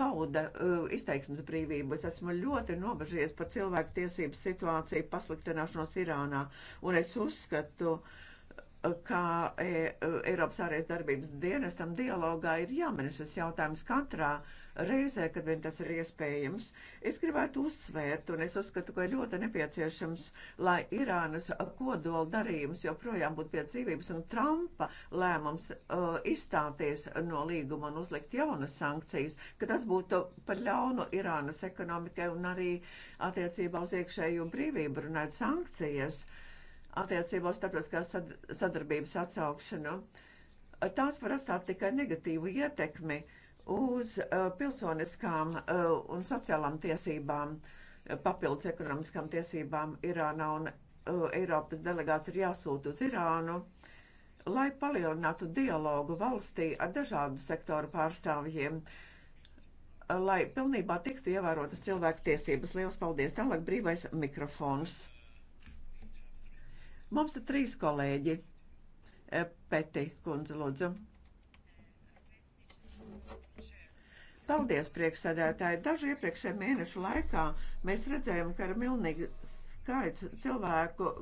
S2: pauda uh, izteiksmes brīvību. Es esmu ļoti nobežies par cilvēku tiesību situāciju pasliktināšanos Irānā, un es uzskatu, uh, kā e, Eiropas ārējas darbības dienestam dialogā ir jāmin šis jautājums katrā reizē, kad vien tas ir iespējams. Es gribētu uzsvērt, un es uzskatu, ka ir ļoti nepieciešams, lai Irānas kodola darījums joprojām būtu pie dzīvības, un Trumpa lēmums uh, izstāties no līguma un uzlikt jaunas sankcijas, ka tas būtu par ļaunu Irānas ekonomikai un arī attiecībā uz iekšējo brīvību runāt sankcijas. Uh, attiecībā uz starptautiskās sadarbības atsaukšanu. Tās var atstāt tikai negatīvu ietekmi uz uh, pilsoniskām uh, un sociālām tiesībām, papildus ekonomiskām tiesībām Irānā un uh, Eiropas delegāts ir jāsūta uz Irānu, lai palielinātu dialogu valstī ar dažādu sektoru pārstāvjiem lai pilnībā tiktu ievērotas cilvēku tiesības. Lielas paldies! Tālāk brīvais mikrofons. Mums ir trīs kolēģi. E, Peti, kundze, lūdzu. Paldies, priekšsēdētāji. Dažu iepriekšējā mēnešu laikā mēs redzējām, ka ir milnīgi skaits cilvēku,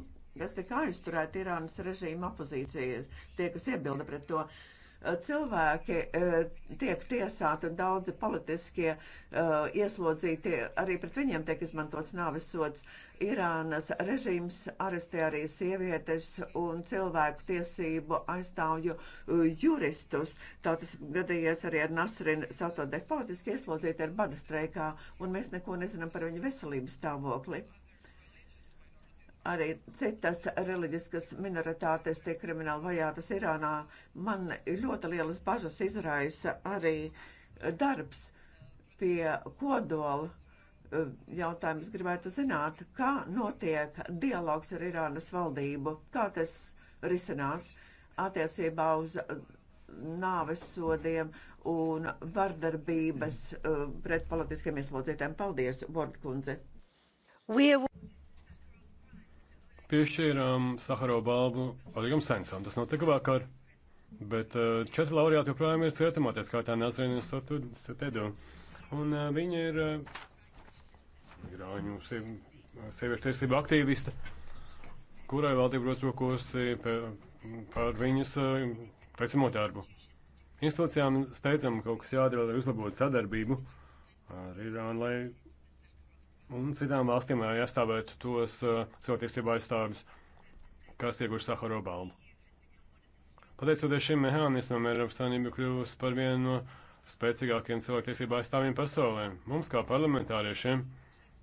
S2: kas tika aizturēti Irānas režīma opozīcija, tie, kas iebilda pret to. Uh, Eh, cilvēki eh, tiek tiesāti un daudzi politiskie eh, ieslodzītie, arī pret viņiem tiek izmantots nāves sods. Irānas režīms arestē arī sievietes un cilvēku tiesību aizstāvju juristus. Tā tas gadījies arī ar Nasrinu Satodeh politiski ieslodzīti ar bada streikā, un mēs neko nezinām par viņu veselības stāvokli arī citas reliģiskas minoritātes tiek krimināli vajātas Irānā. Man ļoti lielas bažas izraisa arī darbs pie kodola eh, jautājumus gribētu zināt, kā notiek dialogs ar Irānas valdību, kā tas risinās attiecībā uz eh, nāves sodiem un vardarbības eh, pret politiskiem ieslodzītēm. Paldies, Bordkundze!
S3: piešķīrām Saharo balvu Oļegam Sensam. Tas notika vakar, bet uh, četri laureāti joprojām ir cietumā, tā skaitā Nazarina Sotudu. Un uh, viņa ir uh, eh, Irāņu sieviešu tiesību aktīviste, kurai valdība rosrokosi par viņas teicamo darbu. Institūcijām steidzam kaut kas jādara, lai uzlabotu sadarbību ar Irānu, lai Un citām valstīm arī aizstāvēt tos uh, cilvēktiesību aizstāvjus, kas ieguši Sahara balvu. Pateicoties šim mehānismam, Eiropas Savienība kļūst par vienu no spēcīgākiem cilvēktiesību aizstāvjiem pasaulē. Mums, kā parlamentāriešiem,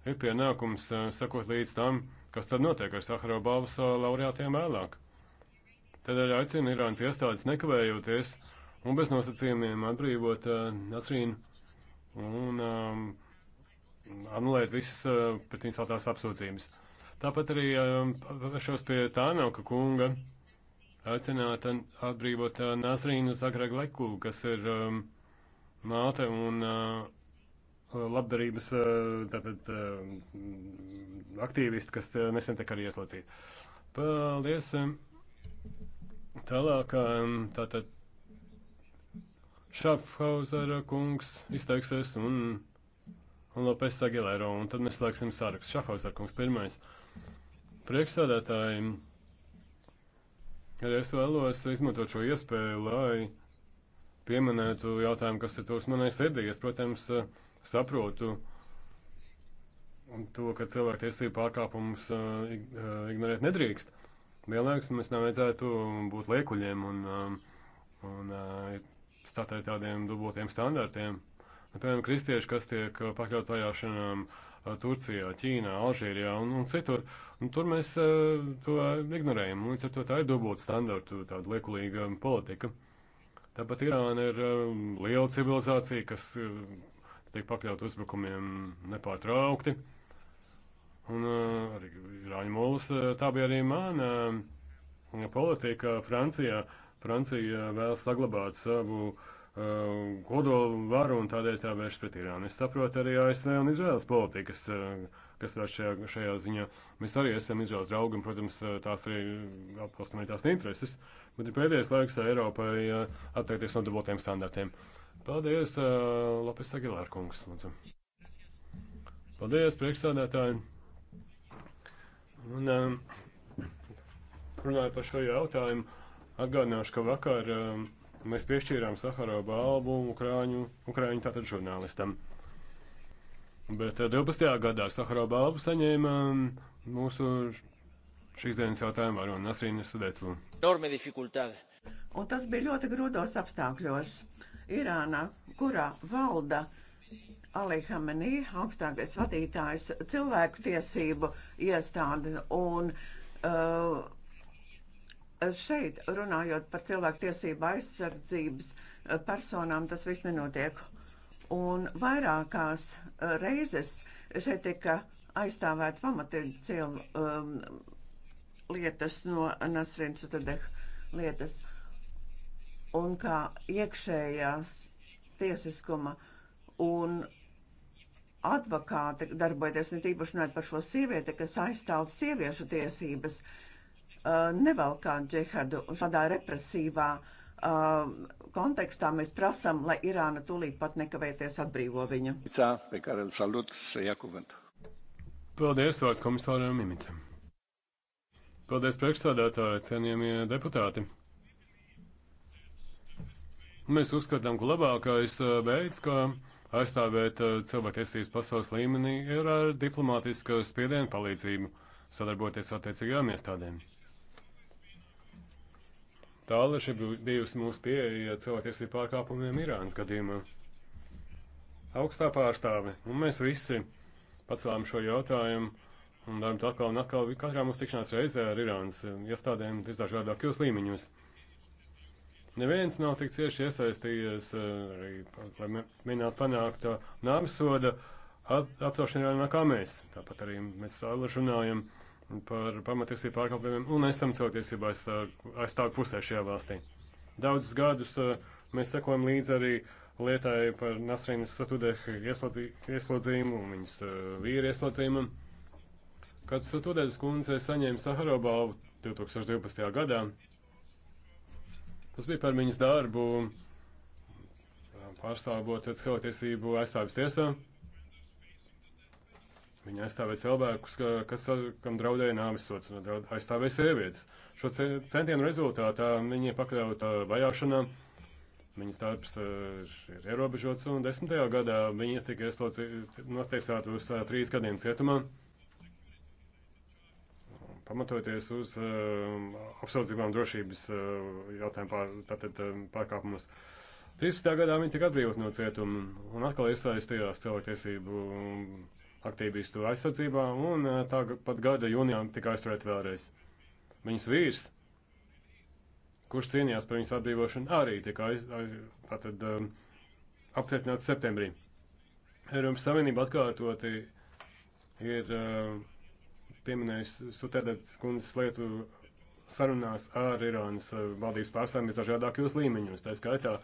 S3: ir pienākums uh, sekot līdz tam, kas tad notiek ar Sahara balvas uh, laureātiem vēlāk. Tādēļ aicinu Irānas iestādes nekavējoties un bez nosacījumiem atbrīvot uh, Nasrīnu un um, anulēt visas pret viņas celtās apsūdzības. Tāpat arī vēršos pie Tānauka kunga aicināt atbrīvot Nasrīnu Zagreg Leku, kas ir māte un labdarības tātad, aktīvisti, kas nesen tika arī ieslocīti. Paldies! Tālāk, tātad Šafhauzera kungs izteiksies un un Lopes Agilero, un tad mēs slēgsim sarakstu. Šafhausarkungs pirmais. Priekšsēdētāji, arī es vēlos izmantot šo iespēju, lai pieminētu jautājumu, kas ir tos manai sirdī. Es, protams, saprotu to, ka cilvēku tiesību pārkāpumus eh, eh, ignorēt nedrīkst. Vienlaikus mums nevajadzētu būt liekuļiem un, eh, un stātēt tādiem dubultiem standartiem. Piemēram, kristieši, kas tiek eh, pakļaut vajāšanām eh, Turcijā, Ķīnā, Alžīrijā un, un citur, un tur mēs eh, to ignorējam. Līdz ar to tā ir dubulta standarta, tāda liekulīga politika. Tāpat Irāna ir liela civilizācija, kas tiek pakļaut uzbrukumiem nepārtraukti. Un uh, arī Rāņa Mūlis, uh, tā bija arī mana uh, politika Francijā. Francija vēl saglabāt savu uh, Eh, kodolu varu un tādēļ tā vērš pret Irānu. Es saprotu arī ASV un Izraels politikas, kas var eh, šajā, šajā ziņā. Mēs arī esam Izraels draugi un, protams, eh, tās arī atbalstam arī tās intereses, bet ir pēdējais laiks Eiropai atteikties no dubultiem standartiem. Paldies, Lapis Agilār kungs, lūdzu. Paldies, priekšsādātāji. Un, um, runāju par šo jautājumu. Atgādināšu, ka vakar um, Mēs piešķīrām Saharā balvu Ukrāņu, Ukrāņu tātad žurnālistam. Bet 12. Eh, gadā Saharā balvu saņēma mūsu šīs dienas jautājuma varona Nasrīna Sudetu.
S2: Un tas bija ļoti grūtos apstākļos. Irānā, kurā valda Ali Hamenī, augstākais vadītājs cilvēku tiesību iestāde un uh, šeit, runājot par cilvēktiesību aizsardzības eh, personām, tas viss nenotiek. Un vairākās eh, reizes šeit tika aizstāvēt pamatīgi cilvē um, ehm, lietas no Nasrins Utadeh lietas. Un kā iekšējās tiesiskuma un advokāti darbojoties, ne tīpaši runāt par šo sievieti, kas aizstāv sieviešu tiesības. Uh, Uh, nevēl kā džihadu. Šādā represīvā uh, kontekstā mēs prasām, lai Irāna tūlīt pat nekavēties atbrīvo viņu.
S3: Paldies, vārds komisāram Mimicam. Paldies, priekšstādātāji, cienījamie deputāti. Mēs uzskatām, ka labākais uh, veids, kā aizstāvēt uh, cilvēktiesības pasaules līmenī, ir ar diplomātiskas spiedienu palīdzību, sadarboties attiecīgajām iestādēm. Tāla šī bijusi mūsu pieeja cilvēktiesību pārkāpumiem Irānas gadījumā. Augstā pārstāve, un mēs visi pacēlām šo jautājumu un darām to atkal un atkal katrā mūsu tikšanās reizē ar Irānas iestādēm visdažādākajos līmeņos. Neviens nav tik cieši iesaistījies, eh, arī, lai mēģinātu panākt nāvisoda atcelšanu Irānā kā mēs. Tāpat arī mēs runājam. Uh, par pamatiesību pārkāpumiem un esam cilvēktiesībā aizstāvu pusē šajā valstī. Daudzus gadus eh, mēs sekojam līdz arī lietai par Nasrīnas Satudehu ieslodzī, ieslodzījumu un viņas eh, vīru ieslodzījumu. Kad Satudehas kundze saņēma Saharobalvu 2012. gadā, tas bija par viņas darbu eh, pārstāvot cilvēktiesību aizstāvis tiesā. Viņa aizstāvēja cilvēkus, ka, kas, kam draudēja nāvisots un draud, aizstāvēja sievietes. Šo centienu rezultātā viņi pakļauta vajāšanā, viņas darbs eh, ir ierobežots un desmitajā gadā viņa tika notiesāta uz eh, trīs gadiem cietumā pamatoties uz uh, eh, apsaudzībām drošības uh, jautājumu pār, tātad, um, pārkāpumus. 13. gadā viņi tika atbrīvot no cietuma un atkal iesaistījās cilvēktiesību aktīvistu aizsardzībā, un eh, tāpat gada jūnijā tika aizturēta vēlreiz. Viņas vīrs, kurš cīnījās par viņas atbrīvošanu, arī tika aiz, aiz, tātad, um, apcietināts septembrī. Eiropas Savienība atkārtoti ir uh, um, pieminējusi Sutēdas kundzes lietu sarunās ar Irānas uh, valdības pārstāvjiem visdažādākajos līmeņos, tā skaitā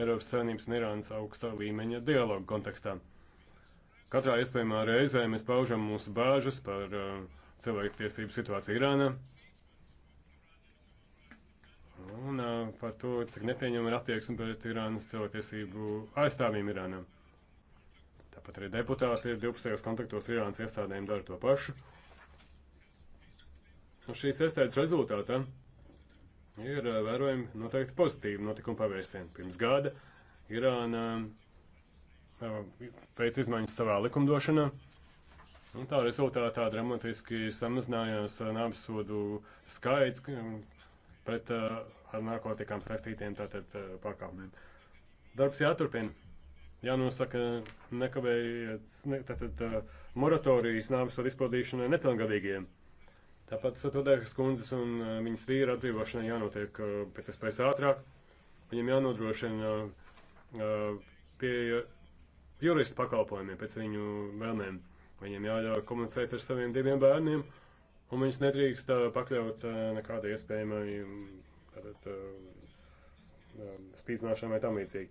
S3: Eiropas Savienības un Irānas augstā līmeņa dialogu kontekstā. Katrā iespējamā reizē mēs paužam mūsu bāžas par uh, cilvēktiesību situāciju Irānā. Un uh, par to, cik nepieņemama ir attieksme pret Irānas cilvēktiesību aizstāvjiem Irānā. Tāpat arī deputāti ir 12. kontaktos Irānas iestādēm dara to pašu. Un šīs iestādes rezultātā ir uh, vērojami noteikti pozitīvi notikumi pavērsieni. Pirms gada Irāna uh, veic izmaiņas savā likumdošanā. Un tā rezultātā dramatiski samazinājās nāvisodu skaits pret eh, ar narkotikām saistītiem tātad eh, pārkāpumiem. Darbs jāturpina. Jānosaka nekavējies, ne, tātad eh, moratorijas nāvisodu izpildīšanai nepilngadīgiem. Tāpat Satodēkas kundzes un viņas vīra atbrīvošanai jānotiek pēc iespējas ātrāk. Viņam jānodrošina pieeja juristu pakalpojumiem, pēc viņu vēlmēm. Viņiem jāļauj komunicēt ar saviem diviem bērniem, un viņus nedrīkst pakļaut nekādai iespējamai spīdzināšanai vai tam līdzīgi.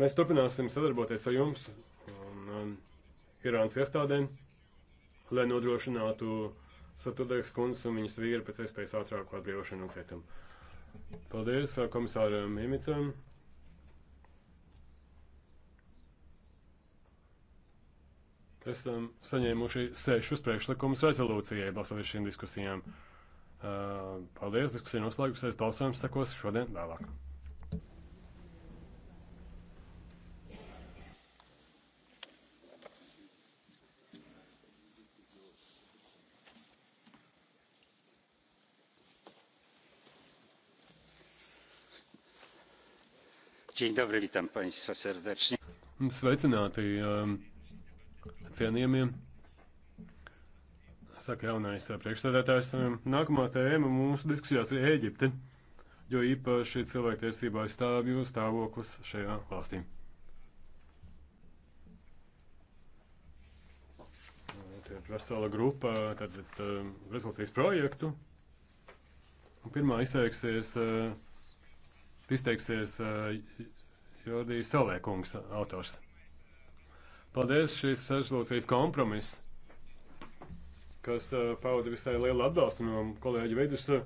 S3: Mēs turpināsim sadarboties ar jums un um, Irānas iestādēm, lai nodrošinātu Satudēks kundzes un viņas vīra pēc iespējas ātrāku atbrīvošanu no cietuma. Paldies komisāram Imicam! esam saņēmuši sešus priekšlikumus rezolūcijai, balsoties šīm diskusijām. Paldies, diskusija noslēgusies, balsojums sekos šodien vēlāk. Dzień dobry, witam Państwa serdecznie. Sveicināti. Um, cienījamie. Saka jaunais priekšstādētājs. Nākamā tēma mūsu diskusijās ir Ēģipte, jo īpaši cilvēktiesībā aizstāvju stāvoklis šajā valstī. Tie ir vesela grupa tātad, um, rezolūcijas projektu. Un pirmā izteiksies, uh, izteiksies uh, Jordijas Salēkungs autors. Paldies, šis rezolūcijas kompromiss, kas uh, pauda visai lielu atbalstu no kolēģa vidus, uh,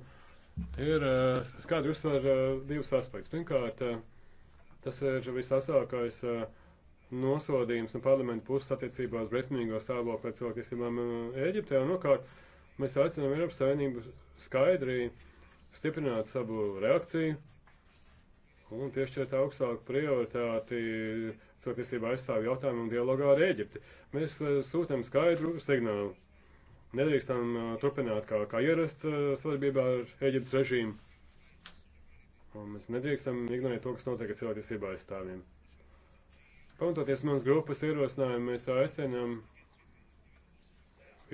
S3: ir uh, skaidri uzsver uh, divus aspektus. Pirmkārt, uh, tas ir visasākais. Uh, nosodījums no parlamenta puses attiecībā uz briesmīgo stāvokli pret cilvēktiesībām Ēģiptē. Un, otrkārt, mēs aicinām Eiropas Savienību skaidri stiprināt savu reakciju un piešķirt augstāku prioritāti cilvēktiesībā aizstāv jautājumu un dialogā ar Ēģipti. Mēs eh, sūtam skaidru signālu. Nedrīkstam eh, turpināt kā, kā ierasts eh, sadarbībā ar Ēģiptes režīmu. Un mēs nedrīkstam ignorēt to, kas notiek ar cilvēktiesībā aizstāvjiem. Pamatoties manas grupas ierosinājumu, mēs aicinām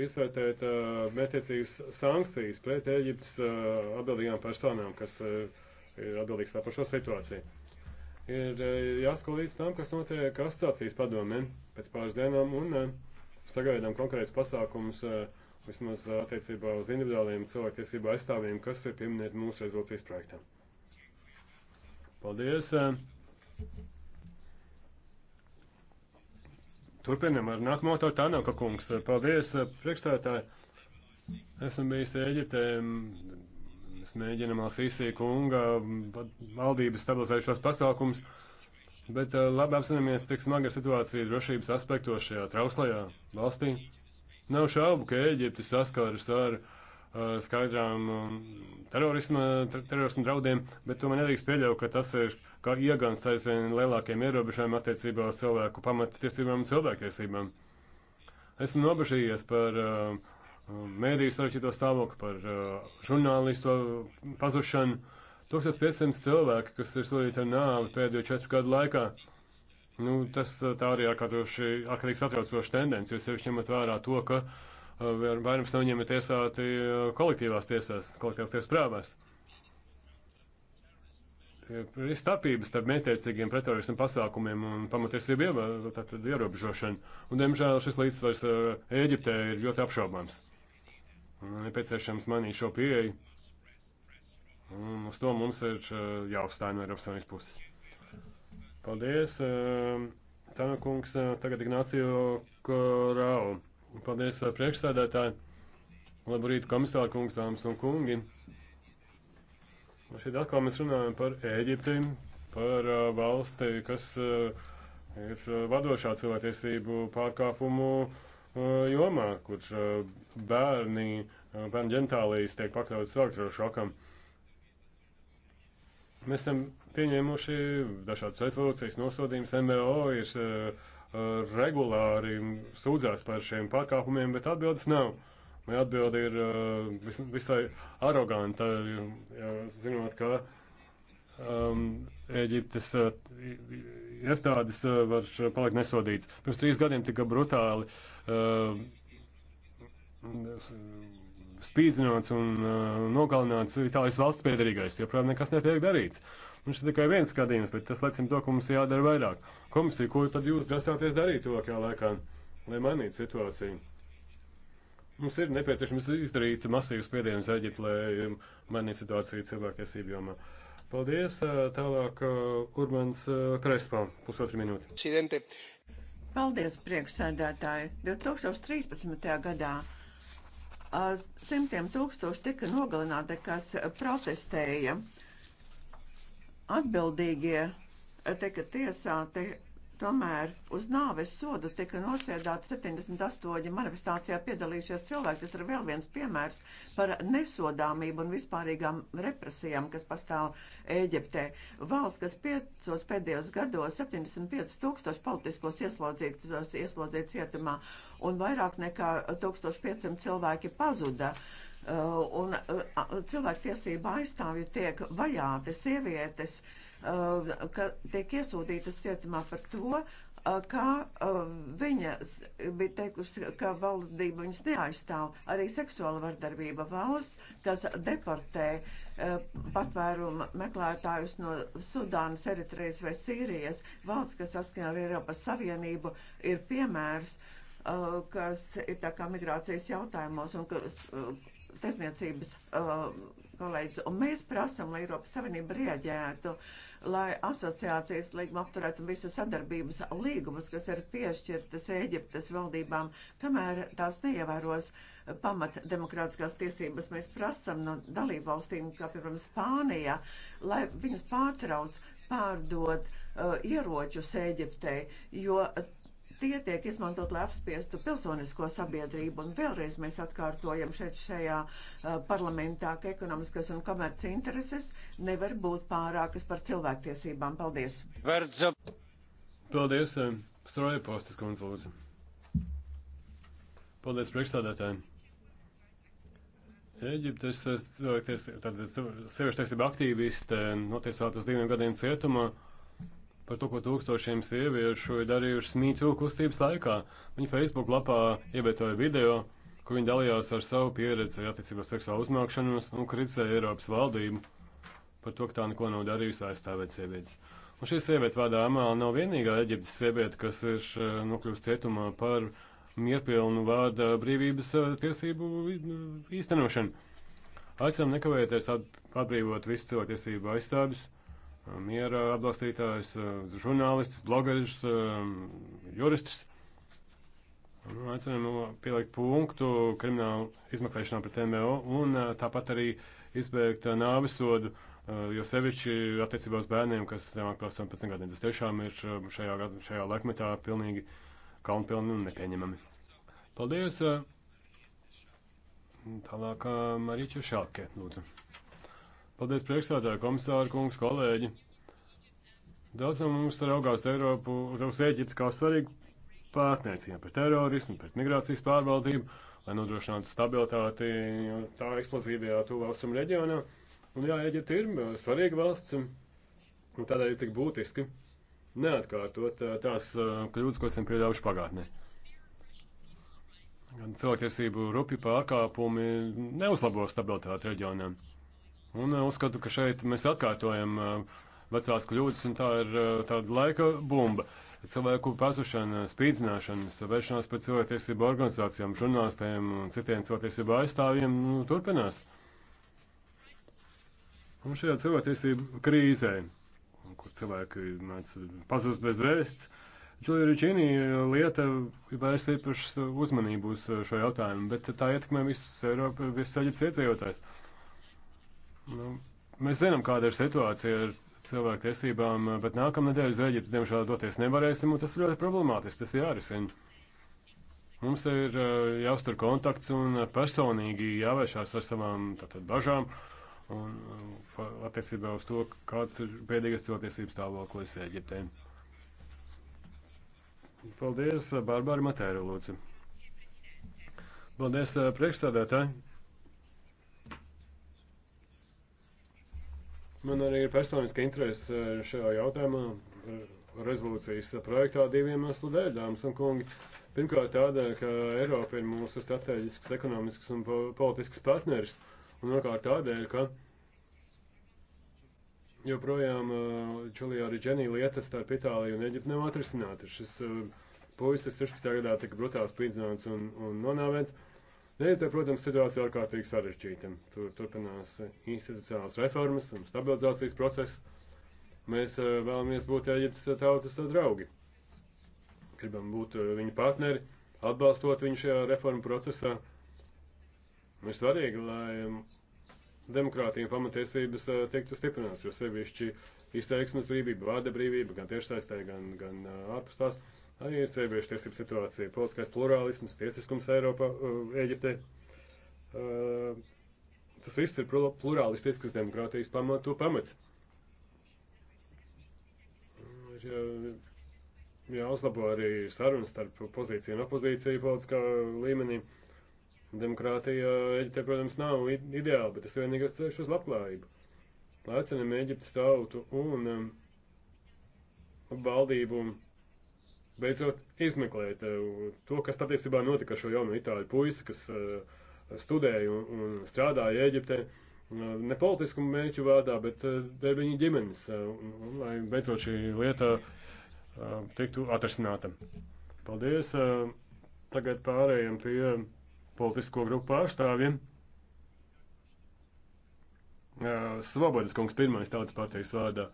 S3: izvērtēt uh, mētiecīgas sankcijas pret Eģiptes uh, atbildīgām personām, kas uh, ir atbildīgas tā par šo situāciju ir e, jāsako līdz tam, kas notiek asociācijas padomē pēc pāris dienām, un e, sagaidām konkrētus pasākumus e, vismaz attiecībā uz individuāliem cilvēktiesību aizstāvjiem, kas ir pieminēti mūsu rezolūcijas projektā. Paldies! Turpinam ar nākamo autoru Tānoka kungs. Paldies, priekšstādātāji! Esam bijis Eģiptē Mēs mēģinām Sīsī kunga valdības stabilizējušos pasākums, bet eh, labi apzināmies, cik smaga ir situācija drošības aspektos šajā trauslajā valstī. Nav šaubu, ka Ēģipte saskaras ar uh, skaidrām um, terorisma, ter terorisma draudiem, bet tomēr nedrīkst pieļaut, ka tas ir kā iegans aizvien lielākiem ierobežojumiem attiecībā uz cilvēku pamatiesībām un cilvēktiesībām. Esmu nobežījies par uh, mēdīju sarežģīto stāvokli, par uh, žurnālistu uh, pazušanu. 1500 cilvēki, kas ir slīdīti ar nāvi pēdējo četru gadu laikā, nu, tas uh, tā arī ārkārtīgi satraucoši tendence, jo sevišķi ņemot vērā to, ka uh, vairums no viņiem ir tiesāti uh, kolektīvās tiesās, kolektīvās tiesas prāvās. Ir starpības starp mētiecīgiem pretterorismu pasākumiem un pamatiesību ierobežošanu, un, diemžēl, šis līdzsvars uh, Ēģiptē ir ļoti apšaubāms nepieciešams mainīt šo pieeju. Un uz to mums ir eh, jāuzstāj no Eiropas Savienības puses. Paldies, eh, Tāna kungs, eh, tagad Ignācijo Korau. Paldies, priekšsēdētāji. Labrīt, komisāra kungs, dāmas un kungi. Šeit atkal mēs runājam par Ēģipti, par valsti, kas ir vadošā cilvēktiesību pārkāpumu uh, jomā, kur bērni, bērnu ģentālijas tiek pakļauts elektrošokam. Mēs esam pieņēmuši dažādas rezolūcijas, nosodījums. MVO ir uh, regulāri sūdzās par šiem pārkāpumiem, bet atbildes nav. Vai atbildi ir uh, vis, visai aroganta, uh, zinot, ka um, Eģiptes iestādes var palikt nesodīts. Pirms trīs gadiem tika brutāli uh, spīdzināts un uh, nogalināts Itālijas valsts piedarīgais, joprojām nekas netiek darīts. Viņš ir tikai viens gadījums, bet tas liecina to, ka mums jādara vairāk. Komisija, ko tad jūs grasāties darīt tuvākajā laikā, lai mainītu situāciju? Mums ir nepieciešams izdarīt masīvus spiedienus Eģiptē, lai mainītu situāciju cilvēktiesību jomā. Uh, Paldies. Tālāk Urbans Krespā. Pusotru minūti. Presidente.
S2: Paldies, priekšsēdētāji. 2013. gadā simtiem tūkstoši tika nogalināti, kas protestēja. Atbildīgie tika tiesāti Tomēr uz nāves sodu tika nosēdāti 78 manifestācijā piedalījušies cilvēki. Tas ir vēl viens piemērs par nesodāmību un vispārīgām represijām, kas pastāv Ēģiptē. Valsts, kas piecos pēdējos gados 75 tūkstoši politiskos ieslodzītos ieslodzīt cietumā un vairāk nekā 1500 cilvēki pazuda. Uh, un uh, cilvēktiesība aizstāvji tiek vajāti sievietes. Uh, Uh, ka tiek iesūtītas cietumā par to, uh, kā uh, viņa bija teikusi, ka valdība viņas neaizstāv. Arī seksuāla vardarbība valsts, kas deportē patvērumu meklētājus no Sudānas, Eritrejas vai Sīrijas, valsts, kas saskaņā ar Eiropas Savienību ir piemērs, kas ir tā kā migrācijas jautājumos un kas tiesniecības kolēģis. Un mēs prasam, lai Eiropas Savienība rieģētu. Uh, lai asociācijas līguma apturētu visas sadarbības līgumus, kas ir piešķirtas Ēģiptes valdībām, kamēr tās neievēros pamat demokrātiskās tiesības. Mēs prasam no dalību valstīm, kā piemēram Spānija, lai viņas pārtrauc pārdot uh, ieročus Ēģiptei, jo Tie tiek izmantot, lai apspiestu pilsonisko sabiedrību, un vēlreiz mēs atkārtojam šeit šajā uh, parlamentā, ka ekonomiskas un komerci intereses nevar būt pārākas par cilvēktiesībām. Paldies!
S3: Verdzu. Paldies, Stroja Postas kundze, lūdzu. Paldies priekšstādātājiem. Eģiptes cilvēktiesība aktīvisti notiesāt uz diviem gadiem cietumā par to, ko tūkstošiem sieviešu ir darījušas mītū kustības laikā. Viņa Facebook lapā ievietoja video, kur viņa dalījās ar savu pieredzi attiecībā seksuālu uzmākšanos un kritizēja Eiropas valdību par to, ka tā neko nav darījusi aizstāvēt sievietes. Un šī sieviete vārdā Amāla nav vienīgā Eģiptes sieviete, kas ir eh, nokļuvusi cietumā par mierpilnu vārda brīvības eh, tiesību īstenošanu. Aicinām nekavējoties atbrīvot visus cilvēktiesību aizstāvis miera atbalstītājus, eh, žurnālistus, blogerus, eh, juristus. Aicinām pielikt punktu kriminālu izmeklēšanā pret MBO un eh, tāpat arī izbēgt nāvisodu, jo sevišķi attiecībā uz bērniem, kas zemāk par 18 gadiem. Tas tiešām ir šajā, gadu, šajā laikmetā pilnīgi kaunpilni un nepieņemami. Paldies! Tālāk Marīķa Šalke, lūdzu. Paldies priekšsādātāju komisāru kungs, kolēģi. Daudz no mums raugās Eiropu, uz Eģiptu kā svarīgu pārtniecību par terorismu, pret migrācijas pārvaldību, lai nodrošinātu stabilitāti tā eksplozīvajā tuvāsam reģionā. Un jā, Eģipte ir uh, svarīga valsts, un tādēļ ir tik būtiski neatkārtot uh, tās uh, kļūdas, ko esam pieļāvuši pagātnē. Gan cilvēktiesību rupju pārkāpumi neuzlabo stabilitāti reģionam. Un eh, uzskatu, ka šeit mēs atkārtojam eh, vecās kļūdas, un tā ir eh, tāda laika bumba. Cilvēku pazušana, spīdzināšanas, vēršanās pēc cilvēktiesību organizācijām, žurnālistiem un citiem cilvēktiesību aizstāvjiem nu, turpinās. Un šajā cilvēktiesību krīzē, kur cilvēki mēdz pazust bez vēsts, Džulija Ričīnī lieta vairs īpašas uzmanību uz šo jautājumu, bet tā ietekmē visus Eiropas, visus Eģiptes iedzīvotājus. Nu, mēs zinām, kāda ir situācija ar cilvēku tiesībām, bet nākamnedēļ uz Eģiptu, diemžēl, doties nevarēsim, un tas ir ļoti problemātiski. Tas jārisina. Mums ir eh, jāuztur kontakts un personīgi jāvēršās ar savām tātad, bažām un attiecībā uz to, kāds ir pēdējais cilvēktiesības stāvoklis Eģiptē. Paldies, Bārbāra Matēra, lūdzu. Paldies, eh, priekšstādētāji! Man arī ir personiska interese eh, šajā jautājumā eh, rezolūcijas projektā diviem iemeslu dēļ, dāmas un kungi. Pirmkārt, tādēļ, ka Eiropa ir mūsu strateģisks, ekonomisks un politisks partneris, un otrkārt tādēļ, ka joprojām Čulijā eh, arī Dženija lietas starp Itāliju un Eģiptu nav atrisināta. Šis puisis 16. gadā tika brutāli spīdzināts un, un nonāvēts. Eģiptē, protams, situācija ir ārkārtīgi sarežģīta. Tur turpinās institucionālas reformas un stabilizācijas process. Mēs eh, vēlamies būt Eģiptes tautas draugi. Gribam būt eh, viņu partneri, atbalstot viņu šajā reformu procesā. Ir svarīgi, lai mm, demokrātija un pamatiesības eh, tiktu stiprināts, jo sevišķi izteiksmes brīvība, vārda brīvība, gan tiešsaistē, gan, gan ārpus tās. Uh, arī sieviešu tiesību situācija, politiskais plurālisms, tiesiskums Eiropā, Ēģiptē. Eh, eh, tas viss ir plurālistiskas demokrātijas pamatu pamats. Ir jā, eh, jāuzlabo arī sarunas starp pozīciju un opozīciju politiskā līmenī. Demokrātija Eģiptē, protams, nav ideāla, bet tas vienīgais ceļš uz labklājību. Aicinam Eģiptes tautu un um, valdību beidzot izmeklēt eh, to, kas patiesībā notika ar šo jauno itāļu puisi, kas eh, studēja un strādāja Eģiptē. Eh, ne politisku mērķu vārdā, bet dēļ viņa ģimenes, un, lai beidzot šī lieta tiktu atrasināta. Paldies! Tagad pārējiem pie politisko grupu pārstāvjiem. Svobodas kungs pirmais tautas partijas vārdā.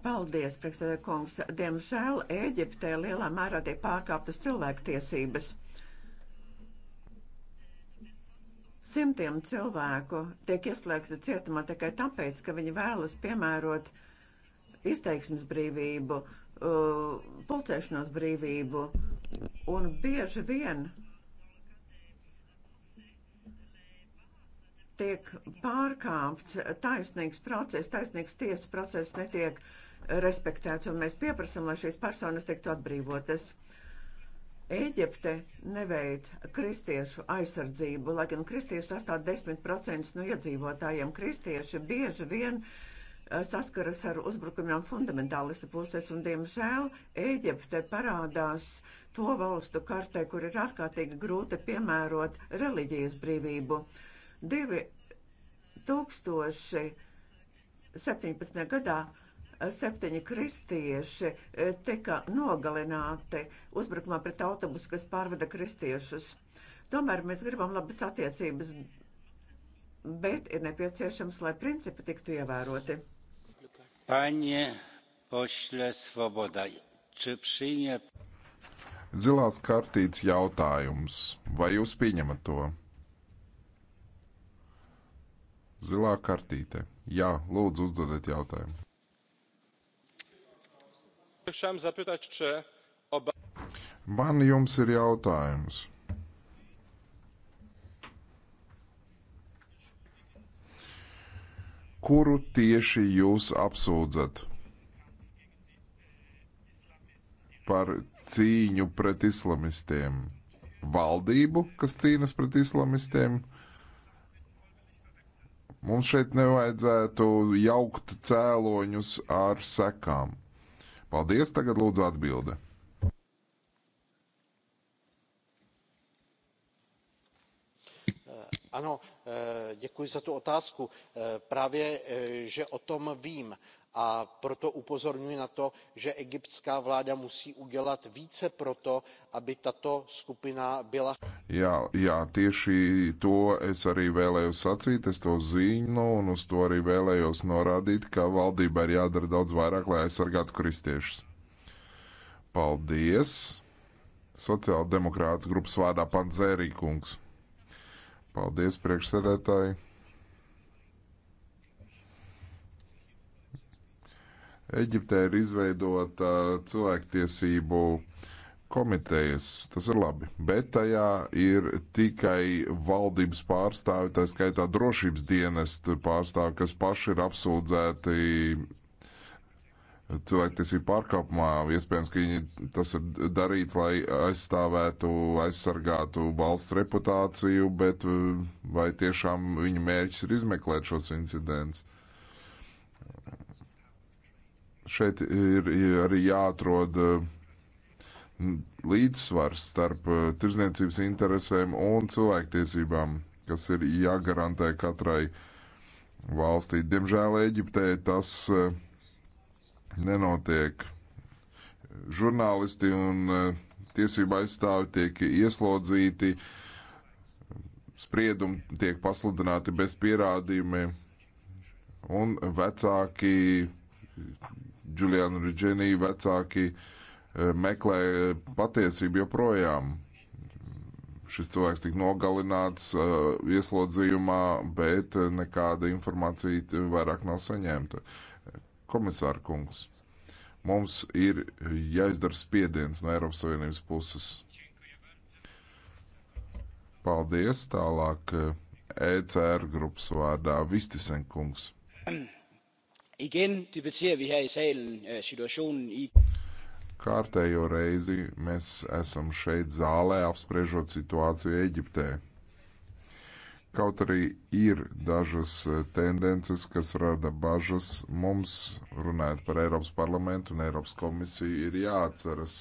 S2: Paldies, priekšsēdē kungs. Diemžēl Ēģiptē lielā mērā tiek pārkāptas cilvēktiesības. Simtiem cilvēku tiek ieslēgti cietumā tikai tāpēc, ka viņi vēlas piemērot izteiksmes brīvību, uh, pulcēšanās brīvību, un bieži vien tiek pārkāpts taisnīgs process, taisnīgs tiesas process netiek uh, respektēts, un mēs pieprasam, lai šīs personas tiktu atbrīvotas. Ēģipte neveic kristiešu aizsardzību, lai gan kristieši sastāv 10% no iedzīvotājiem. Kristieši bieži vien eh, saskaras ar uzbrukumiem fundamentālistu puses, un diemžēl Ēģipte parādās to valstu kartē, kur ir ārkārtīgi grūti piemērot reliģijas brīvību. 2017. gadā septiņi kristieši e, tika nogalināti uzbrukumā pret autobusu, kas pārvada kristiešus. Tomēr mēs gribam labas attiecības, bet ir nepieciešams, lai principi tiktu ievēroti. Paņē pošļa svobodai. Či pšīņē?
S4: Zilās kartītes jautājums. Vai jūs pieņemat to? Zilā kartīte. Jā, lūdzu, uzdodiet jautājumu.
S6: Chciałem zapytać, czy oba...
S4: Man jums ir jautājums. Kuru tieši jūs apsūdzat par cīņu pret islamistiem? Valdību, kas cīnas pret islamistiem? Mums šeit nevajadzētu jaukt cēloņus ar sekām. Paldies, tagad lūdzu atbildi.
S6: ano eh, děkuji za tu otázku. Eh, právě eh, že o tom vím a proto upozorňuji na to že egyptská vláda musí udělat více pro to aby tato skupina byla.
S4: Jā, jā, tieši to es arī vēlējos sacīt, es to zinu un uz to arī vēlējos norādīt, ka valdībai ir jādara daudz vairāk, lai aizsargātu kristiešus. Paldies! Sociāldemokrāta grupas vārdā Pandzērī kungs. Paldies, priekšsēdētāji! Eģiptē ir izveidota cilvēktiesību komitejas, tas ir labi, bet tajā ir tikai valdības pārstāvi, tā skaitā drošības dienestu pārstāvi, kas paši ir apsūdzēti cilvēktiesību pārkāpumā. Iespējams, ka viņi tas ir darīts, lai aizstāvētu, aizsargātu valsts reputāciju, bet vai tiešām viņu mērķis ir izmeklēt šos incidents? Šeit ir arī jāatrod eh, līdzsvars starp eh, tirzniecības interesēm un cilvēktiesībām, kas ir jāgarantē katrai valstī. Diemžēl Eģiptē tas eh, nenotiek. Žurnālisti un tiesība aizstāvi tiek ieslodzīti, spriedumi tiek pasludināti bez pierādījumiem, un vecāki Giuliano Rigenī vecāki e, meklē patiesību joprojām. Šis cilvēks tika nogalināts, e, ieslodzījumā, bet nekāda informācija vairāk nav saņemta. Komisāra kungs, mums ir jāizdara spiediens no Eiropas Savienības puses. Paldies, tālāk ECR e grupas vārdā Vistisenkungs.
S7: kungs. Igen debatterer vi her i salen øh, situationen
S8: i
S4: Kārtējo reizi mēs esam šeit zālē apspriežot situāciju Eģiptē. Kaut arī ir dažas e, tendences, kas rada bažas, mums, runājot par Eiropas parlamentu un Eiropas komisiju, ir jāatceras,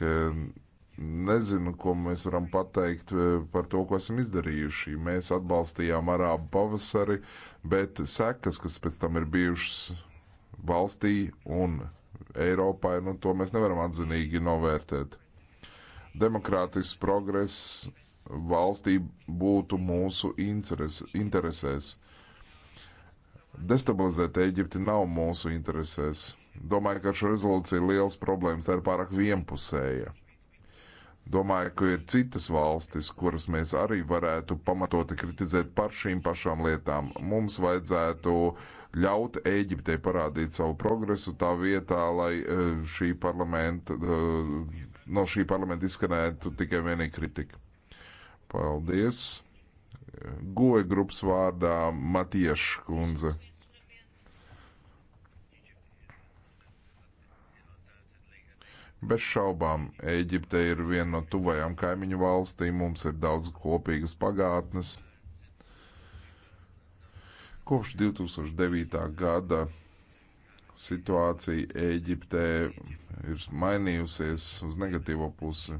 S4: ka Nezinu, ko mēs varam pateikt eh, par to, ko esam izdarījuši. Mēs atbalstījām arābu pavasari, bet sekas, kas pēc tam ir bijušas valstī un Eiropā, nu, to mēs nevaram atzinīgi novērtēt. Demokrātisks progress valstī būtu mūsu interes, interesēs. Destabilizēt Eģipti nav mūsu interesēs. Domāju, ka ar šo rezolūciju ir liels problēmas, tā ir pārāk vienpusēja. Domāju, ka ir citas valstis, kuras mēs arī varētu pamatoti kritizēt par šīm pašām lietām. Mums vajadzētu ļaut Ēģiptei parādīt savu progresu tā vietā, lai eh, šī parlamenta, eh, no šī parlamenta izskanētu tikai vienīgi kritika. Paldies! Goja grupas vārdā Matieša kundze. Bez šaubām, Eģipte ir viena no tuvajām kaimiņu valstīm, mums ir daudz kopīgas pagātnes. Kopš 2009. gada situācija Eģiptē ir mainījusies uz negatīvo pusi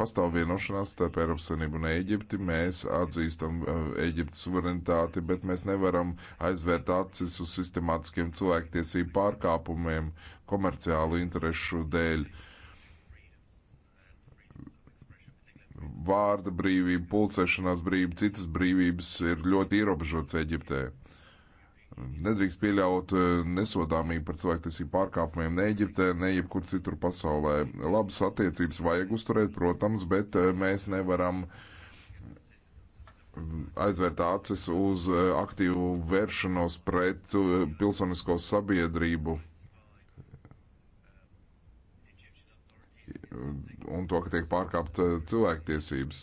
S4: pastāv vienošanās starp Eiropas Savienību un Eģipti. Mēs atzīstam Eģiptes uh, suverenitāti, bet mēs nevaram aizvērt acis uz sistemātiskiem cilvēktiesību pārkāpumiem komerciālu interesu dēļ. Vārda brīvība, pulcēšanās brīvība, citas brīvības ir ļoti ierobežotas Eģiptē. Nedrīkst pieļaut eh, nesodāmību par cilvēktiesību pārkāpumiem ne Eģiptē, ne jebkur citur pasaulē. Labas attiecības vajag uzturēt, protams, bet eh, mēs nevaram mm, aizvērt acis uz eh, aktīvu vēršanos pret pilsonisko sabiedrību. un to, ka tiek pārkāpta cilvēktiesības.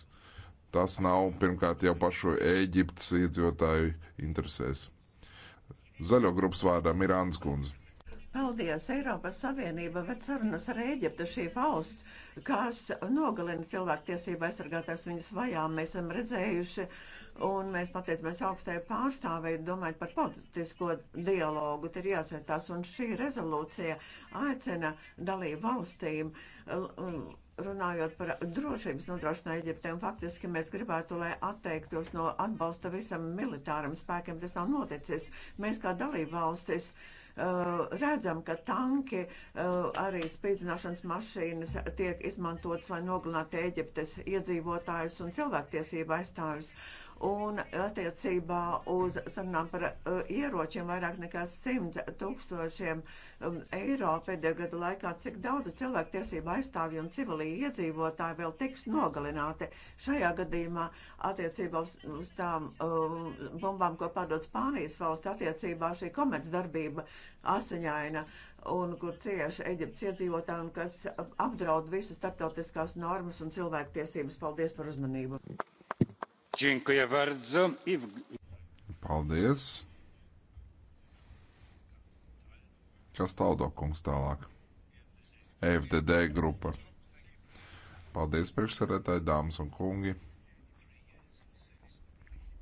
S4: Tas nav pirmkārt jau pašu Eģiptes iedzīvotāju interesēs. Zaļo grupas vārdā Mirāns Kundze.
S2: Paldies! Eiropas Savienība ved sarunas ar Ēģiptu šī valsts, kas nogalina cilvēktiesību aizsargātājs viņas vajām. Mēs esam redzējuši un mēs pateicamies augstajai pārstāvēji, domājot par politisko dialogu, te ir jāsaistās, un šī rezolūcija aicina dalību valstīm runājot par drošības nodrošinājumu Eģiptē, un faktiski mēs gribētu, lai atteiktos no atbalsta visam militāram spēkiem, tas nav noticis. Mēs kā dalībvalstis uh, redzam, ka tanki, uh, arī spīdzināšanas mašīnas tiek izmantotas, lai nogalinātu Eģiptes iedzīvotājus un cilvēktiesību aizstāvjus un attiecībā uz sarunām par uh, ieročiem vairāk nekā 100 tūkstošiem um, eiro pēdējo gadu laikā, cik daudz cilvēktiesību aizstāvju un civilī iedzīvotāji vēl tiks nogalināti šajā gadījumā attiecībā uz, uz tām um, bombām, ko pārdod Spānijas valsts attiecībā šī komercdarbība asiņaina. Uh, un kur cieši Eģiptes iedzīvotāji, un kas apdraud visas starptautiskās normas un cilvēktiesības. Paldies par uzmanību!
S4: Paldies! Kas tālāk, kungs, tālāk? FDD grupa. Paldies, priekšsarētāji, dāmas un kungi.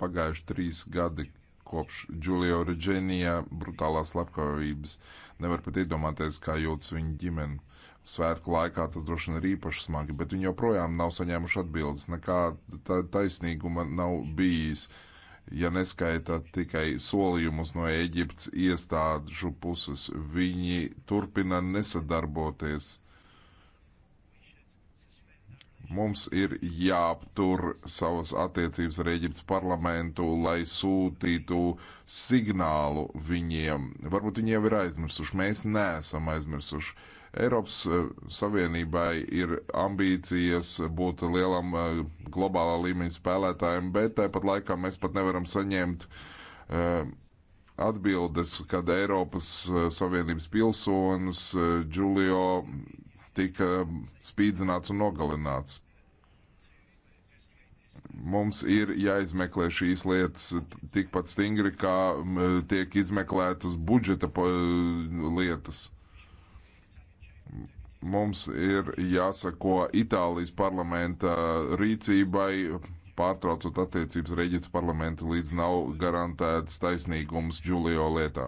S4: Pagājuši trīs gadi kopš Giulio Reģēnija brutālās slepkavības. Nevar pat iedomāties, kā jūtas viņa ģimene. Svētku laikā tas droši vien ir īpaši smagi, bet viņi joprojām nav saņēmuši atbildes. Nekā taisnīguma nav bijis, ja neskaita tikai solījumus no Eģiptes iestādžu puses. Viņi turpina nesadarboties mums ir jāaptur savas attiecības ar Eģiptes parlamentu, lai sūtītu signālu viņiem. Varbūt viņi jau ir aizmirsuši, mēs neesam aizmirsuši. Eiropas eh, Savienībai ir ambīcijas būt lielam eh, globālā līmeņa spēlētājiem, bet tāpat laikā mēs pat nevaram saņemt eh, atbildes, kad Eiropas Savienības pilsonis Giulio tika spīdzināts un nogalināts. Mums ir jāizmeklē šīs lietas tikpat stingri, kā tiek izmeklētas budžeta lietas mums ir jāsako Itālijas parlamenta rīcībai, pārtraucot attiecības ar Eģiptes parlamentu, līdz nav garantēts taisnīgums Džulio lietā.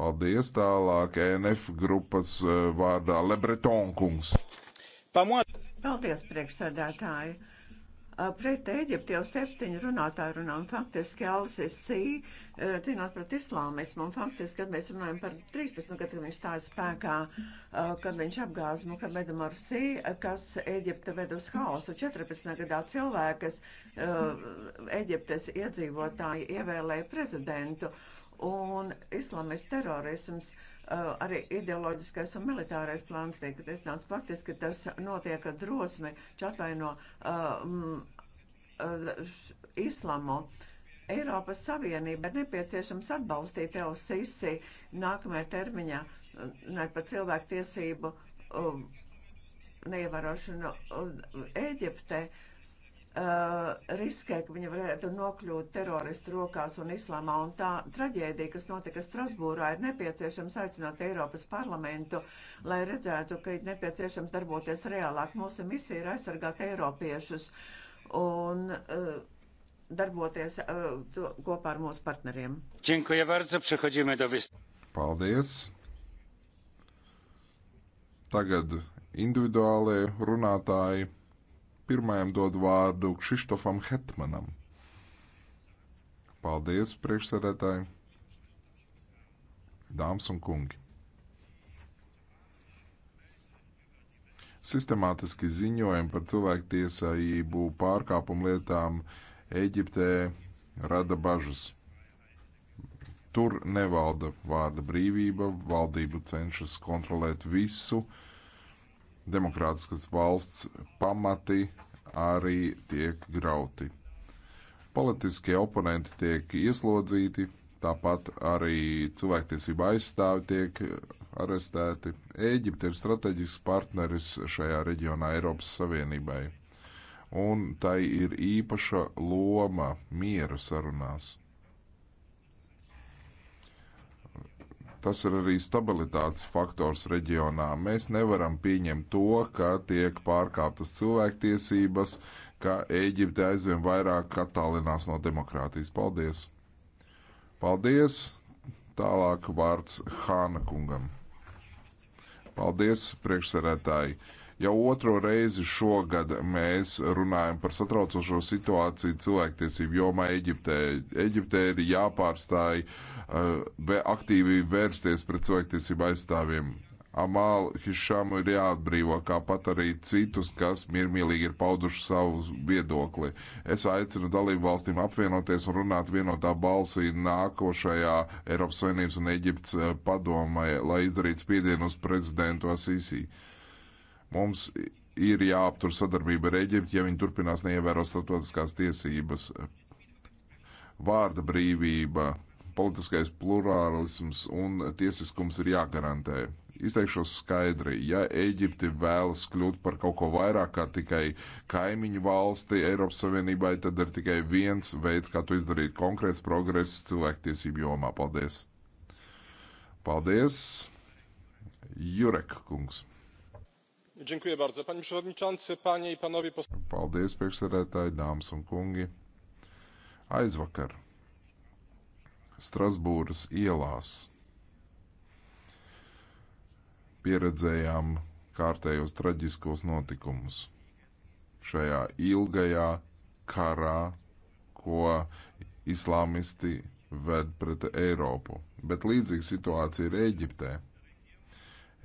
S4: Paldies tālāk ENF grupas eh, vārdā Lebreton kungs.
S2: Paldies, priekšsēdētāji! Uh, pret Ēģipti jau septiņi runātāji runā, un faktiski Al-Sisi uh, cīnās pret islāmismu, un faktiski, kad mēs runājam par 13 gadu, kad viņš stāja spēkā, uh, kad viņš apgāza Muhamedu Marsī, kas Ēģipte ved uz haosu, 14 gadā cilvēkas Ēģiptes iedzīvotāji ievēlēja prezidentu, un islāmis terorisms. Uh, arī ideoloģiskais un militārais plāns tiek risināts. Faktiski tas notiek ar drosmi, čatvaino um, islamu. Eiropas Savienība ir nepieciešams atbalstīt EOSISI nākamajā termiņā ne par cilvēku tiesību um, neievarošanu Ēģiptē. Uh, Eh, riskē, ka viņa varētu nokļūt teroristu rokās un islamā. Un tā traģēdija, kas notika Strasbūrā, ir nepieciešams aicināt Eiropas parlamentu, lai redzētu, ka ir nepieciešams darboties reālāk. Mūsu misija ir aizsargāt eiropiešus un uh, darboties uh, to, kopā ar mūsu partneriem.
S4: Paldies! Tagad individuālie runātāji pirmajam dod vārdu Kšištofam Hetmanam. Paldies, priekšsēdētāji, dāmas un kungi. Sistemātiski ziņojumi par cilvēktiesību pārkāpumu lietām Eģiptē rada bažas. Tur nevalda vārda brīvība, valdība cenšas kontrolēt visu, uh, demokrātiskas valsts pamati arī tiek grauti. Politiskie oponenti tiek ieslodzīti, tāpat arī cilvēktiesība aizstāvi tiek arestēti. Ēģipte ir strateģisks partneris šajā reģionā Eiropas Savienībai, un tai ir īpaša loma miera sarunās. Tas ir arī stabilitātes faktors reģionā. Mēs nevaram pieņemt to, ka tiek pārkāptas cilvēktiesības, ka Ēģipte aizvien vairāk attālinās no demokrātijas. Paldies! Paldies! Tālāk vārds Hāna kungam. Paldies, priekšsarētāji! Jau otro reizi šogad mēs runājam par satraucošo situāciju cilvēktiesību jomā Eģiptē. Eģiptē ir jāpārstāj uh, aktīvi vērsties pret cilvēktiesību aizstāvjiem. Amal Hišamu ir jāatbrīvo, kāpat arī citus, kas miermīlīgi ir pauduši savu viedokli. Es aicinu dalību valstīm apvienoties un runāt vienotā balsī nākošajā Eiropas Savienības un Eģiptes eh, padomai, lai izdarītu spiedienu uz prezidentu Asīsiju. Mums ir jāaptur sadarbība ar Eģipti, ja viņi turpinās neievērot starptautiskās tiesības. Vārda brīvība, politiskais plurālisms un tiesiskums ir jāgarantē. Izteikšos skaidri, ja Eģipte vēlas kļūt par kaut ko vairāk kā tikai kaimiņu valsti Eiropas Savienībai, tad ir tikai viens veids, kā to izdarīt konkrēts progress cilvēktiesību jomā. Paldies! Paldies! Jurek kungs!
S3: Paldies,
S4: priekšsēdētāji, dāmas un kungi. Aizvakar Strasbūras ielās pieredzējām kārtējos traģiskos notikumus šajā ilgajā karā, ko islāmisti ved pret Eiropu. Bet līdzīga situācija ir Eģiptē.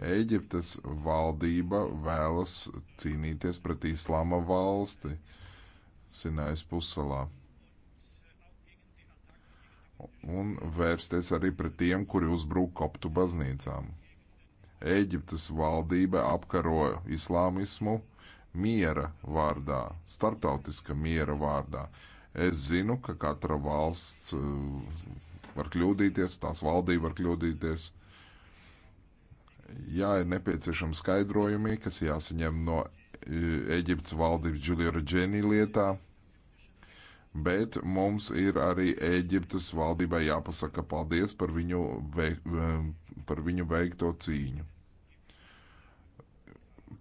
S4: Eģiptes valdība vēlas cīnīties pret islāma valsti Sinājas pusalā un vērsties arī pret tiem, kuri uzbrūk koptu baznīcām. Eģiptes valdība apkaro islāmismu miera vārdā, starptautiska miera vārdā. Es zinu, ka katra valsts uh, var kļūdīties, tās valdība var kļūdīties Jā, ir nepieciešami skaidrojumi, kas jāsaņem no e, Eģiptes valdības Džulija Rodžēnī lietā, bet mums ir arī Eģiptes valdībai jāpasaka paldies par viņu, veik, e, par viņu veikto cīņu.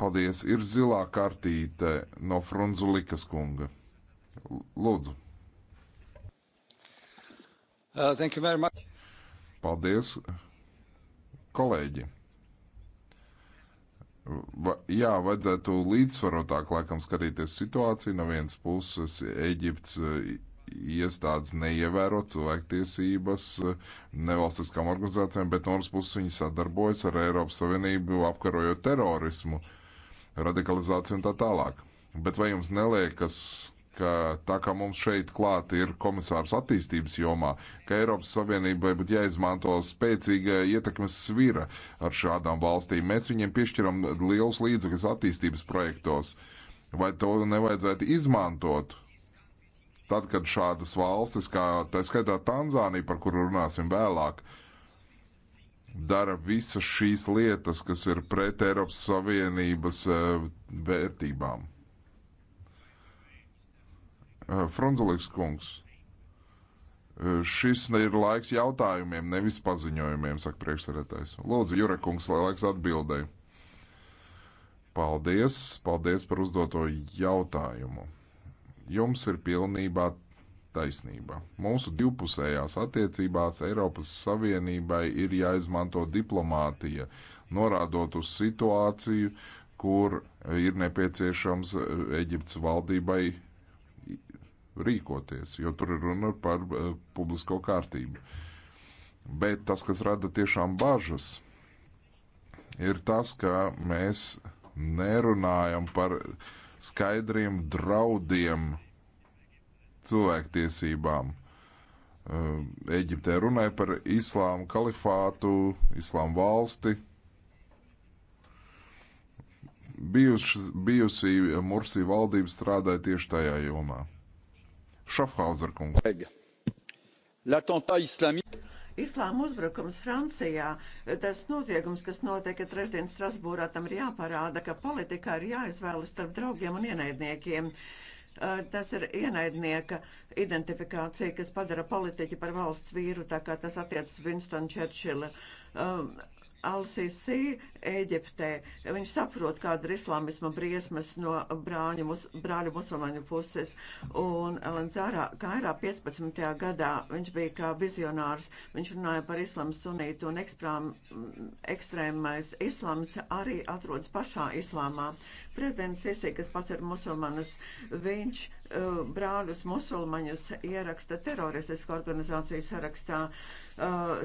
S4: Paldies, ir zilā kartīte no Frunzulikas kunga. Lūdzu.
S3: Uh, thank you very much.
S4: Paldies, kolēģi. Jā, vajadzētu līdzsvarotāk laikam skatīties situāciju. No vienas puses Eģipts iestādes neievēro cilvēktiesības nevalstiskām organizācijām, bet no otras puses viņi sadarbojas ar Eiropas Savienību apkarojot terorismu, radikalizāciju un tā tālāk. Bet vai jums neliekas, ka tā kā mums šeit klāt ir komisārs attīstības jomā, ka Eiropas Savienībai būtu jāizmanto spēcīga ietekmes svira ar šādām valstīm. Mēs viņiem piešķiram liels līdzekļus attīstības projektos. Vai to nevajadzētu izmantot? Tad, kad šādas valstis, kā tā skaitā Tanzānija, par kuru runāsim vēlāk, dara visas šīs lietas, kas ir pret Eiropas Savienības eh, vērtībām. Eh, Fronzulīks kungs, eh, šis ir laiks jautājumiem, nevis paziņojumiem, saka priekšsarētājs. Lūdzu, Jurekungs, lai laiks atbildēji. Paldies, paldies par uzdoto jautājumu. Jums ir pilnībā taisnība. Mūsu divpusējās attiecībās Eiropas Savienībai ir jāizmanto diplomātija, norādot uz situāciju, kur ir nepieciešams eh, Eģiptes valdībai rīkoties, jo tur ir runa par uh, publisko kārtību. Bet tas, kas rada tiešām bažas, ir tas, ka mēs nerunājam par skaidriem draudiem cilvēktiesībām. Uh, Eģiptē runāja par islāmu kalifātu, islāmu valsti. Bijuši, bijusi Mursī valdība strādāja tieši tajā jomā. Šofhauser kungs.
S2: Islāma uzbrukums Francijā, tas noziegums, kas notika trešdien Strasbūrā, tam ir jāparāda, ka politikā ir jāizvēlas starp draugiem un ienaidniekiem. Tas ir ienaidnieka identifikācija, kas padara politiķi par valsts vīru, tā kā tas attiecas Winston Churchill. Um, LCC Ēģiptē. Viņš saprot, kāda ir islāmisma briesmas no brāļu, mus, brāļu musulmaņu puses. Un Lanzārā Kairā 15. gadā viņš bija kā vizionārs. Viņš runāja par islāmu sunītu un eksprām, ekstrēmais islāms arī atrodas pašā islāmā. Prezidents Sisi, kas pats ir musulmanis, viņš uh, brāļus musulmaņus ieraksta teroristisku organizāciju sarakstā uh,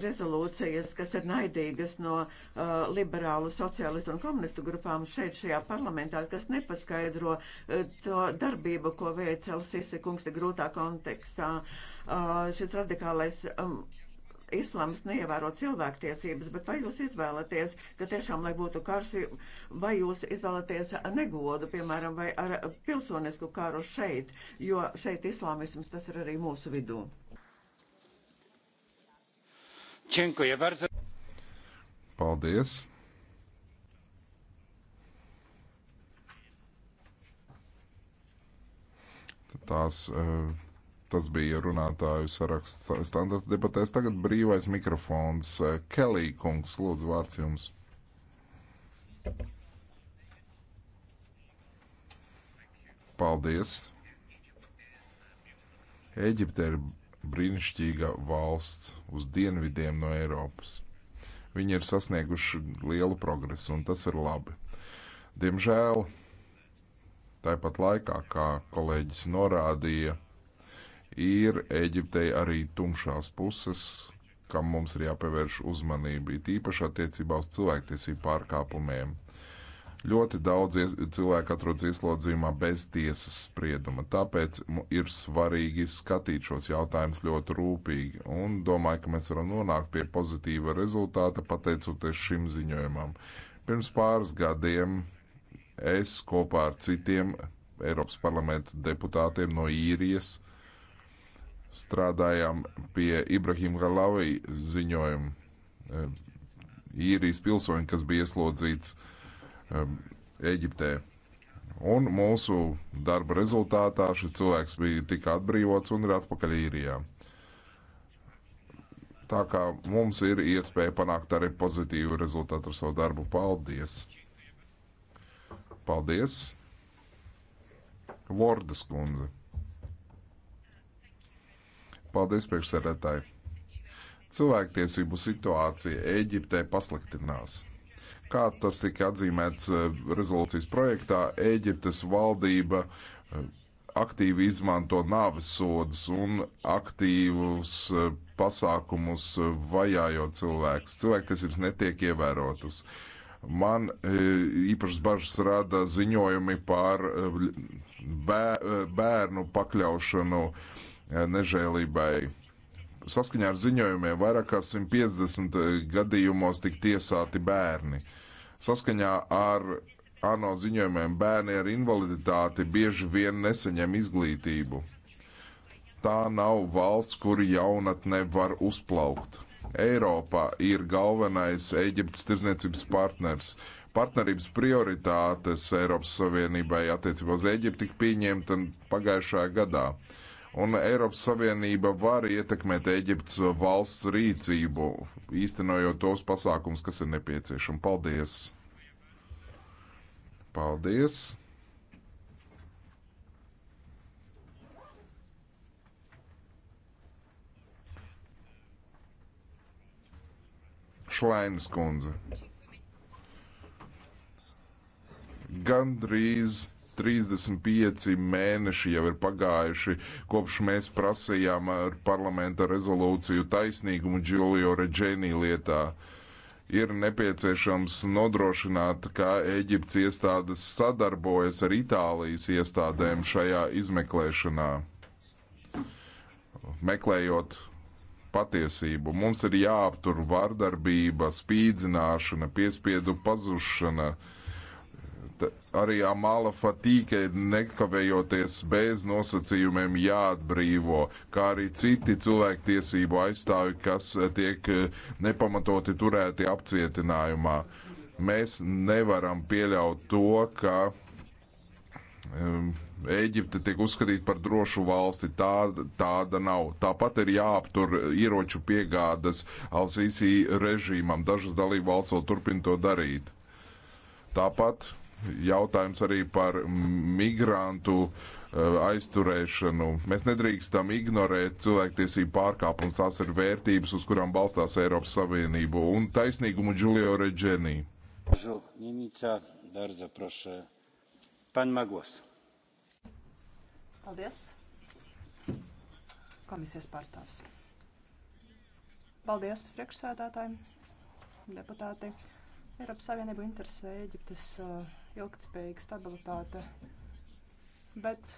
S2: rezolūcijas, kas ir naidīgas no uh, liberālu radikālu sociālistu un komunistu grupām šeit, šajā parlamentā, kas nepaskaidro eh, to darbību, ko veic Elsise kungs te grūtā kontekstā. Eh, šis radikālais um, islāms neievēro cilvēktiesības, bet vai jūs izvēlaties, ka tiešām, lai būtu karš, vai jūs izvēlaties negodu, piemēram, vai ar pilsonisku karu šeit, jo šeit islāmisms tas ir arī mūsu vidū?
S4: Paldies! Tās, eh, tas bija runātāju saraksts standarta debatēs. Tagad brīvais mikrofons. Eh, Kelī kungs, lūdzu, vārds jums. Paldies! Eģipte ir brīnišķīga valsts uz dienvidiem no Eiropas. Viņi ir sasnieguši lielu progresu, un tas ir labi. Diemžēl Tāpat laikā, kā kolēģis norādīja, ir Eģiptei arī tumšās puses, kam mums ir jāpievērš uzmanība, it īpaši attiecībā uz cilvēktiesību pārkāpumiem. Ļoti daudz cilvēku atrodas ieslodzījumā bez tiesas sprieduma, tāpēc ir svarīgi skatīt šos jautājumus ļoti rūpīgi un domāju, ka mēs varam nonākt pie pozitīva rezultāta pateicoties šim ziņojumam. Pirms pāris gadiem Es kopā ar citiem Eiropas parlamenta deputātiem no īrijas strādājām pie Ibrahima Galavī ziņojuma. Eh, īrijas pilsoņi, kas bija ieslodzīts eh, Eģiptē. Un mūsu darba rezultātā šis cilvēks bija tik atbrīvots un ir atpakaļ īrijā. Tā kā mums ir iespēja panākt arī pozitīvu rezultātu ar savu darbu. Paldies! Paldies! Vordas kundze. Paldies, priekšsēdētāji. Cilvēktiesību situācija Eģiptē pasliktinās. Kā tas tika atzīmēts eh, rezolūcijas projektā, Eģiptes valdība eh, aktīvi izmanto nāves sodus un aktīvus eh, pasākumus vajājot cilvēkus. Cilvēktiesības netiek ievērotas. Uh, Man e, īpašas bažas rada ziņojumi par e, e, bērnu pakļaušanu nežēlībai. Saskaņā ar ziņojumiem vairāk kā 150 gadījumos tika tiesāti bērni. Saskaņā ar ANO ziņojumiem bērni ar invaliditāti bieži vien nesaņem izglītību. Tā nav valsts, kur jaunatne var uzplaukt. Eiropā ir galvenais Eģiptes tirzniecības partners. Partnerības prioritātes Eiropas Savienībai attiecībā uz Eģipti tika pieņemta pagājušajā gadā un Eiropas Savienība var ietekmēt Eģiptes valsts rīcību, īstenojot tos pasākums, kas ir nepieciešami. Paldies! Paldies! Šlainas kundze. Gandrīz 35 mēneši jau ir pagājuši, kopš mēs prasījām ar parlamenta rezolūciju taisnīgumu Giulio Reģēnī lietā. Ir nepieciešams nodrošināt, ka Eģiptes iestādes sadarbojas ar Itālijas iestādēm šajā izmeklēšanā, meklējot patiesību. Mums ir jāaptur vardarbība, spīdzināšana, piespiedu pazušana. Arī Amāla Fatīka ir nekavējoties bez nosacījumiem jāatbrīvo, kā arī citi cilvēktiesību aizstāvi, kas eh, tiek eh, nepamatoti turēti apcietinājumā. Mēs nevaram pieļaut to, ka Ēģipte tiek uzskatīta par drošu valsti, tā, tāda nav. Tāpat ir jāaptur ieroču piegādas Alsīsī režīmam, dažas dalību valsts vēl turpina to darīt. Tāpat jautājums arī par migrantu e, aizturēšanu. Mēs nedrīkstam ignorēt cilvēktiesību pārkāpumus. Tās ir vērtības, uz kurām balstās Eiropas Savienību un taisnīgumu Giulio Reģenī.
S6: Pan ma głos.
S7: Paldies. Komisijas pārstāvs. Paldies priekšsēdētājiem, deputāti. Eiropas Savienību interesē Eģiptes uh, ilgtspējīga stabilitāte, bet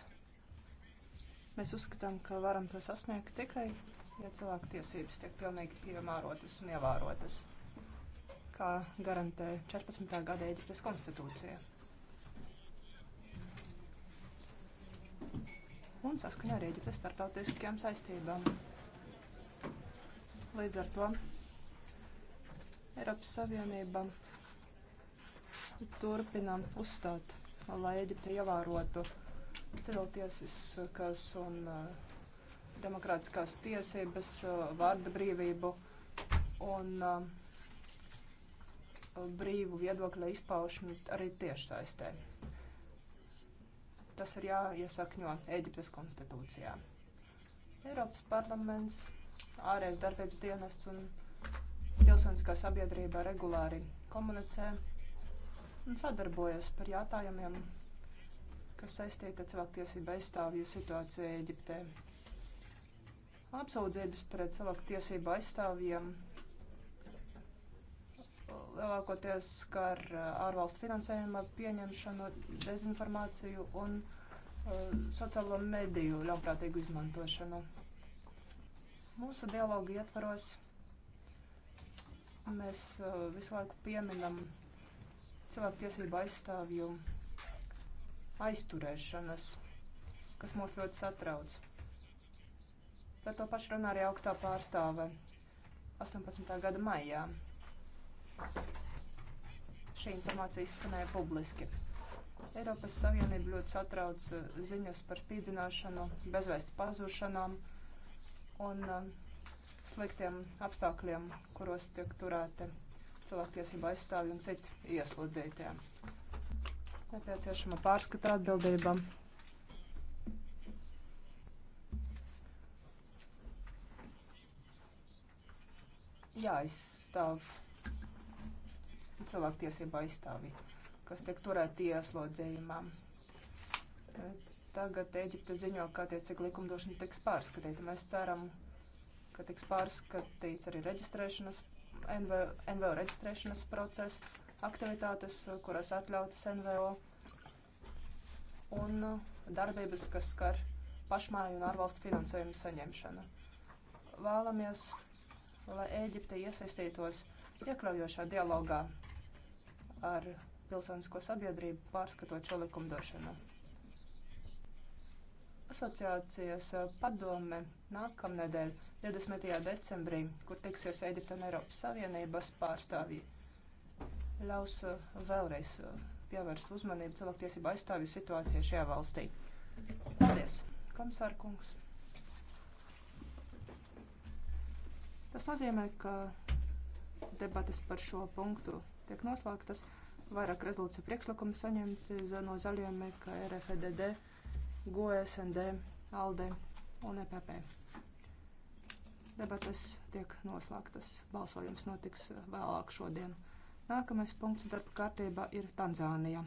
S7: mēs uzskatām, ka varam to sasniegt tikai, ja cilvēku tiesības tiek pilnīgi piemērotas un ievērotas, kā garantē 14. gada Eģiptes konstitūcija. un saskaņā ar Eģiptes starptautiskajām saistībām. Līdz ar to Eiropas Savienība turpina uzstāt, lai Eģipte ievērotu civiltiesiskas un eh, demokrātiskās tiesības, eh, vārda brīvību un eh, brīvu viedokļa izpaušanu arī tiešsaistē. Tas ir jāiesakņo Eģiptes konstitūcijā. Eiropas parlaments, ārējais darbības dienests un pilsoniskā sabiedrība regulāri komunicē un sadarbojas par jātājumiem, kas saistīta cilvēktiesība aizstāvju situāciju Eģiptē. Apsūdzības pret cilvēktiesību aizstāvjiem lielākoties skar uh, ārvalstu finansējuma pieņemšanu, dezinformāciju un uh, sociālo mediju ļaunprātīgu izmantošanu. Mūsu dialogu ietvaros mēs uh, visu laiku pieminam cilvēktiesību aizstāvju aizturēšanas, kas mūs ļoti satrauc. Par to pašu runā arī augstā pārstāve 18. gada maijā. Šī informācija izskanēja publiski. Eiropas Savienība ļoti satrauc eh, ziņas par spīdzināšanu, bezvēstu pazušanām un eh, sliktiem apstākļiem, kuros tiek turēti cilvēktiesība aizstāvji un citi ieslodzītie. Nepieciešama pārskata atbildība. Jāizstāv cilvēktiesība aizstāvi, kas tiek turēti ieslodzījumā. Tagad Eģipte ziņo, ka attiecīgi likumdošana tiks pārskatīta. Mēs ceram, ka tiks pārskatīts arī reģistrēšanas, NVO, NVO reģistrēšanas process, aktivitātes, kurās atļautas NVO, un uh, darbības, kas skar pašmāju un ārvalstu finansējumu saņemšanu. Vēlamies, lai Eģipte iesaistītos iekļaujošā dialogā ar pilsonisko sabiedrību, pārskatot šo likumdošanu. Asociācijas eh, padome nākamnedēļ, 20. decembrī, kur tiksies Eģipta un Eiropas Savienības pārstāvji, ļaus eh, vēlreiz eh, pievērst uzmanību cilvēktiesību aizstāvju situācijai šajā valstī. Paldies, komisārkungs! Tas nozīmē, ka debatas par šo punktu tiek noslēgtas. Vairāk rezolūciju priekšlikumu saņemti no zaļiem, kā RFDD, GOSND, e, ALDE un EPP. Debates tiek noslēgtas. Balsojums notiks eh, vēlāk šodien. Nākamais punkts darba kārtībā ir Tanzānija.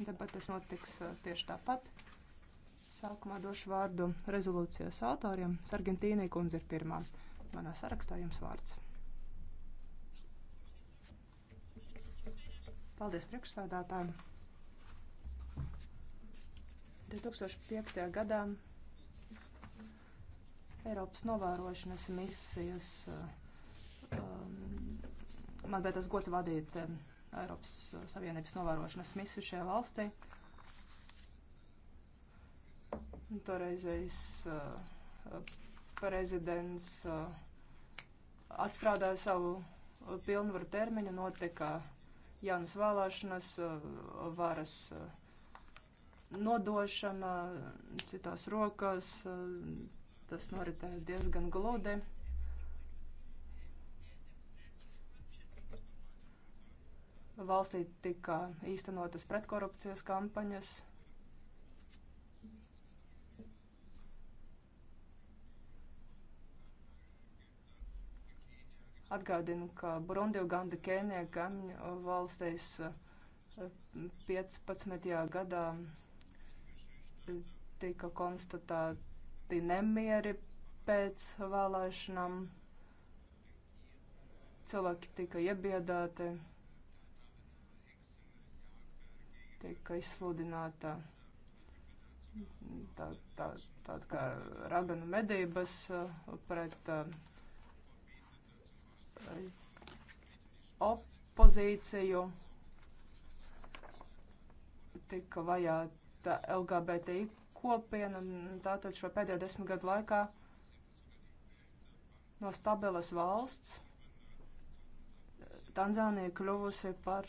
S7: Debates notiks eh, tieši tāpat. Sākumā došu vārdu rezolūcijas autoriem. Sargentīnī kundze ir pirmā. Manā sarakstā jums vārds. Paldies priekšstādātājiem. 2005. gadā Eiropas novērošanas misijas uh, um, man bija tas gods vadīt um, Eiropas Savienības novērošanas misiju šajā valstī. Toreizējais uh, prezidents uh, atstrādāja savu pilnvaru termiņu, notika uh, jaunas vēlēšanas, eh, varas eh, nodošana citās rokās. Eh, tas noritēja diezgan gludi. Valstī tika īstenotas pretkorupcijas kampaņas. Atgādinu, ka Burundi, Uganda, Kenija, Kaimiņu valstīs 15. Eh, gadā eh, tika konstatēti nemieri pēc vēlēšanām. Cilvēki tika iebiedāti, tika izsludināta tā, tā, tāda kā raganu medības eh, pret uh, opozīciju. Tika vajāta LGBTI kopiena, un tātad šo pēdējo desmit gadu laikā no stabilas valsts Tanzānija kļuvusi par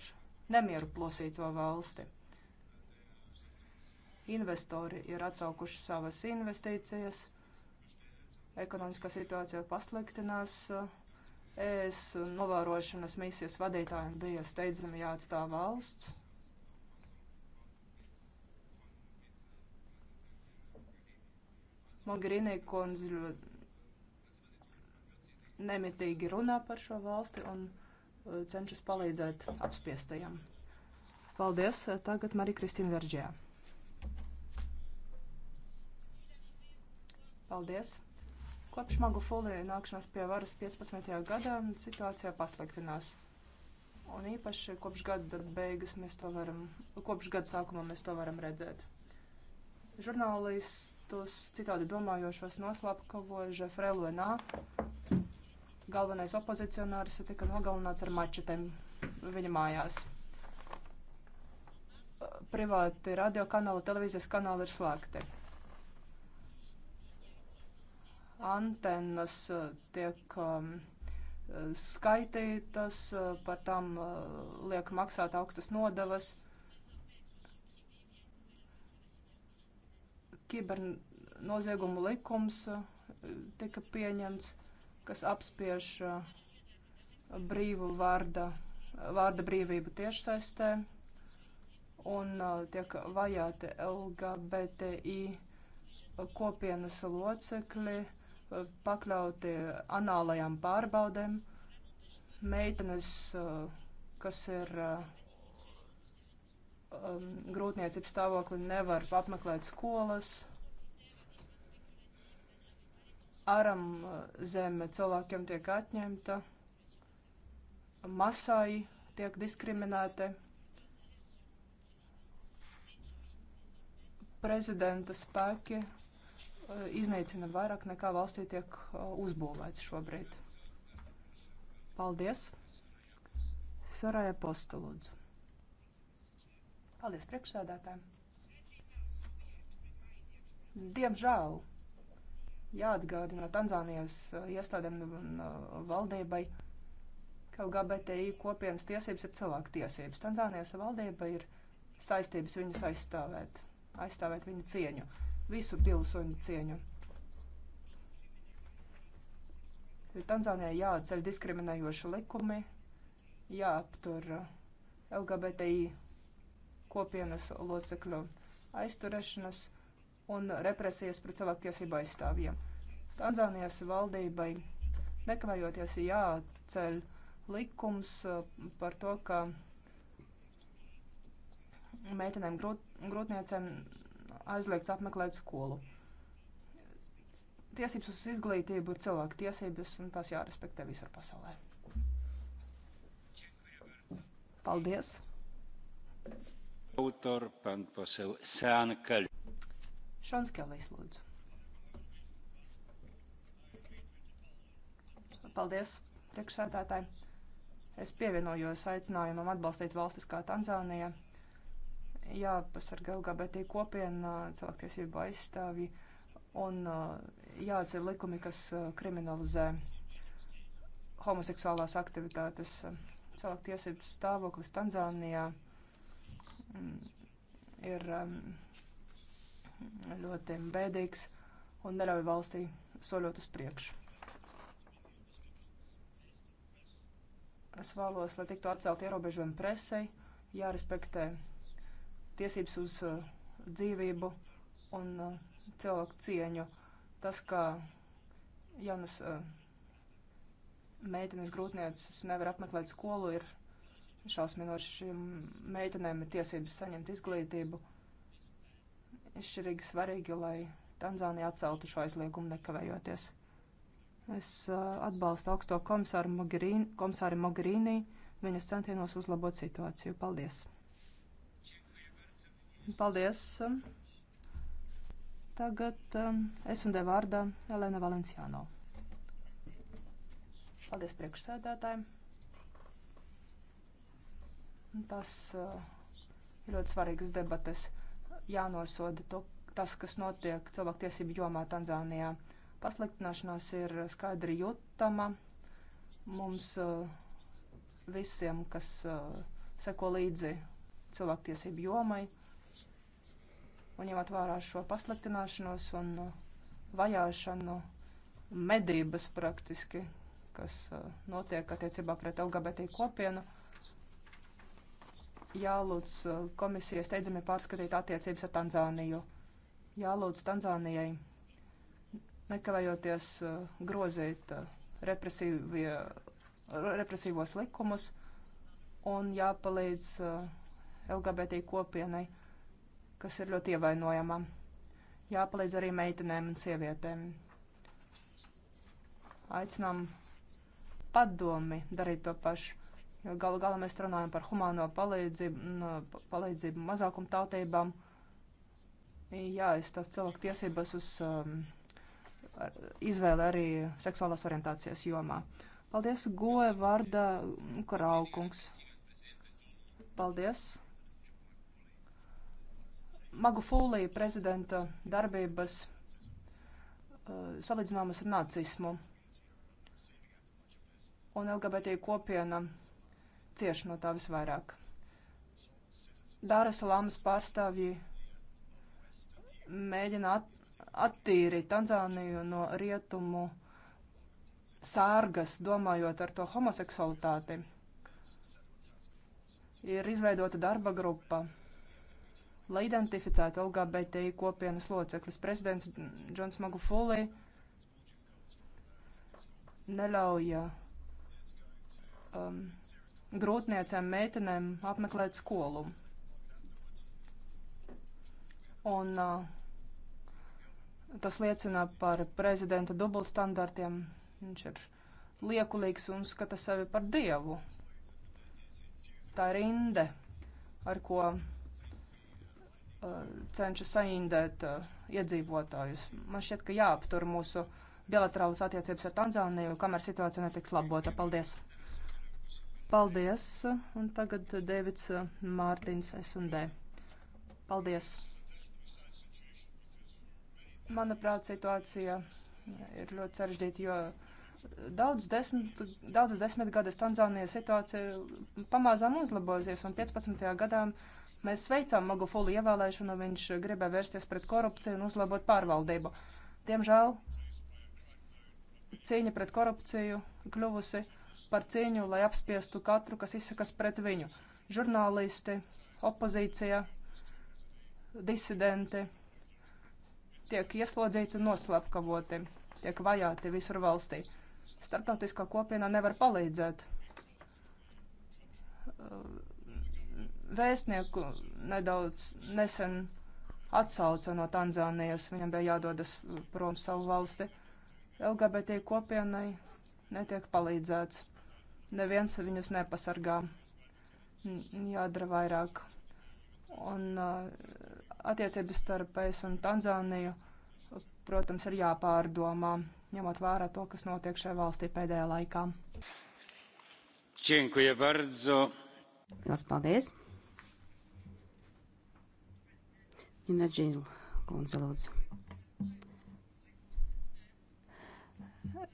S7: nemieru plosīto valsti. Investori ir atsaukuši savas investīcijas, ekonomiskā situācija pasliktinās. Uh, Es novērošanas misijas vadītājiem bija steidzami jāatstāv valsts. Mogherini kundze ļoti nemitīgi runā par šo valsti un uh, cenšas palīdzēt apspiestajiem. Paldies! Uh, tagad Marija Kristīna Verģijā. Paldies! Kopš Magufulī nākšanās pie varas 15. gadā situācija pasliktinās. Un īpaši kopš gada beigas mēs to varam, kopš gada sākuma mēs to varam redzēt. Žurnālistus citādi domājošos noslapkavo Žefre Luenā. Galvenais opozicionāris tika nogalināts ar mačetēm viņa mājās privāti radiokanāli, televīzijas kanāli ir slēgti antenas eh, tiek ehm, eh, skaitītas, eh, par tām liek maksāt augstas nodevas. Kibernoziegumu likums tika pieņemts, kas apspiež brīvu vārda, vārda brīvību tiešsaistē un tiek vajāti LGBTI kopienas locekļi pakļauti anālajām pārbaudēm. Meitenes, eh, kas ir eh, um, grūtniecības stāvokli, nevar apmeklēt skolas. Aram eh, zeme cilvēkiem tiek atņemta, masai tiek diskriminēti. Prezidenta spēki Eh, iznīcina vairāk nekā valstī tiek eh, uzbūvēts šobrīd. Paldies! Sarāja Posta, lūdzu. Paldies priekšsēdētājiem! Diemžēl jāatgādina Tanzānijas eh, iestādēm un valdībai, ka LGBTI kopienas tiesības ir cilvēku tiesības. Tanzānijas valdība ir saistības viņus aizstāvēt, aizstāvēt viņu cieņu visu pilsoņu cieņu. Tanzānijai jāatceļ diskriminējoši likumi, jāaptur LGBTI kopienas locekļu aizturēšanas un represijas pret cilvēktiesību aizstāvjiem. Tanzānijas valdībai nekavējoties jāceļ likums uh, par to, ka meitenēm grūt, grūtniecēm aizliegts apmeklēt skolu. Tiesības uz izglītību ir cilvēku tiesības, un tās jārespektē visur pasaulē. Paldies!
S3: Autor, pan
S8: posel Sēna Kaļ.
S7: Šons Kelvijs, lūdzu. Paldies, priekšsēdētāji. Es pievienojos aicinājumam atbalstīt valstis kā Tanzānija jāpasargā LGBT kopiena, cilvēktiesība aizstāvji un jāatcer likumi, kas kriminalizē homoseksuālās aktivitātes. Cilvēktiesību stāvoklis Tanzānijā mm, ir ļoti bēdīgs un neļauj valstī soļot uz priekšu. Es vēlos, lai tiktu atcelti ierobežojumi presei, jārespektē tiesības uz eh, dzīvību un eh, cilvēku cieņu. Tas, kā jaunas eh, meitenes grūtniecis nevar apmeklēt skolu, ir šausminoši. Šīm meitenēm ir tiesības saņemt izglītību. Izšķirīgi svarīgi, lai Tanzānija atceltu šo aizliegumu nekavējoties. Es atbalstu augsto komisāru Mogherini, komisāri Mogherini viņas centienos uzlabot situāciju. Paldies! Paldies! Tagad es un tev vārdā Elena Valenciāno. Paldies priekšsēdētājiem. Tas uh, ir ļoti svarīgas debates. Jānosoda to, tas, kas notiek cilvēktiesību jomā Tanzānijā. Pasliktināšanās ir skaidri jūtama. Mums uh, visiem, kas uh, seko līdzi cilvēktiesību jomai, un ņemot vērā šo pasliktināšanos un uh, vajāšanu, medības praktiski, kas uh, notiek attiecībā pret LGBT kopienu, jālūdz uh, komisijai steidzami pārskatīt attiecības ar Tanzāniju. Jālūdz Tanzānijai nekavējoties grozīt represīvos likumus un jāpalīdz LGBT kopienai kas ir ļoti ievainojama. Jāpalīdz arī meitenēm un sievietēm. Aicinām padomi darīt to pašu, jo galu galā mēs runājam par humāno palīdzību, palīdzību mazākumu tautībām. Jāizstāv cilvēku tiesības uz um, izvēli arī seksuālās orientācijas jomā. Paldies, Goe, Varda, Koraukungs. Paldies! Magufulī prezidenta darbības uh, salīdzināmas ar nacismu. Un LGBT kopiena cieši no tā visvairāk. Dāra Salāmas pārstāvji mēģina at attīrīt Tanzāniju no rietumu sārgas, domājot ar to homoseksualitāti. Ir izveidota darba grupa lai identificētu LGBTI kopienas loceklis. Prezidents Džons Magufuli neļauj um, grūtniecēm meitenēm apmeklēt skolu. Un uh, tas liecina par prezidenta dubultstandartiem. Viņš ir liekulīgs un skata sevi par dievu. Tā ir inde, ar ko Eh, cenšas saindēt eh, iedzīvotājus. Man šķiet, ka jāaptur mūsu bilaterālas attiecības ar Tanzāniju, kamēr situācija netiks labota. Paldies! Paldies! Un tagad Dēvids eh, Mārtiņs S&D. Paldies! Manuprāt, situācija ir ļoti sarežģīta, jo daudz desmit, daudzas desmitgades Tanzānijas situācija ir pamazām uzlabojusies, un 15. gadā uh, Mēs sveicām Magufuli ievēlēšanu, viņš eh, gribēja vērsties pret korupciju un uzlabot pārvaldību. Diemžēl cīņa pret korupciju kļuvusi par cīņu, lai apspiestu katru, kas izsakas pret viņu. Žurnālisti, opozīcija, disidenti tiek ieslodzīti un noslapkavoti, tiek vajāti visur valstī. Startautiskā kopiena nevar palīdzēt eh, vēstnieku nedaudz nesen atsauca no Tanzānijas, viņam bija jādodas prom savu valsti. LGBT kopienai netiek palīdzēts. Neviens viņus nepasargā. Jādara vairāk. Un uh, attiecības starp es un Tanzāniju, protams, ir jāpārdomā, ņemot vērā to, kas notiek šajā valstī pēdējā laikā.
S3: Činkuja bardzo.
S6: Jūs paldies! Inaģīnu kundze lūdzu.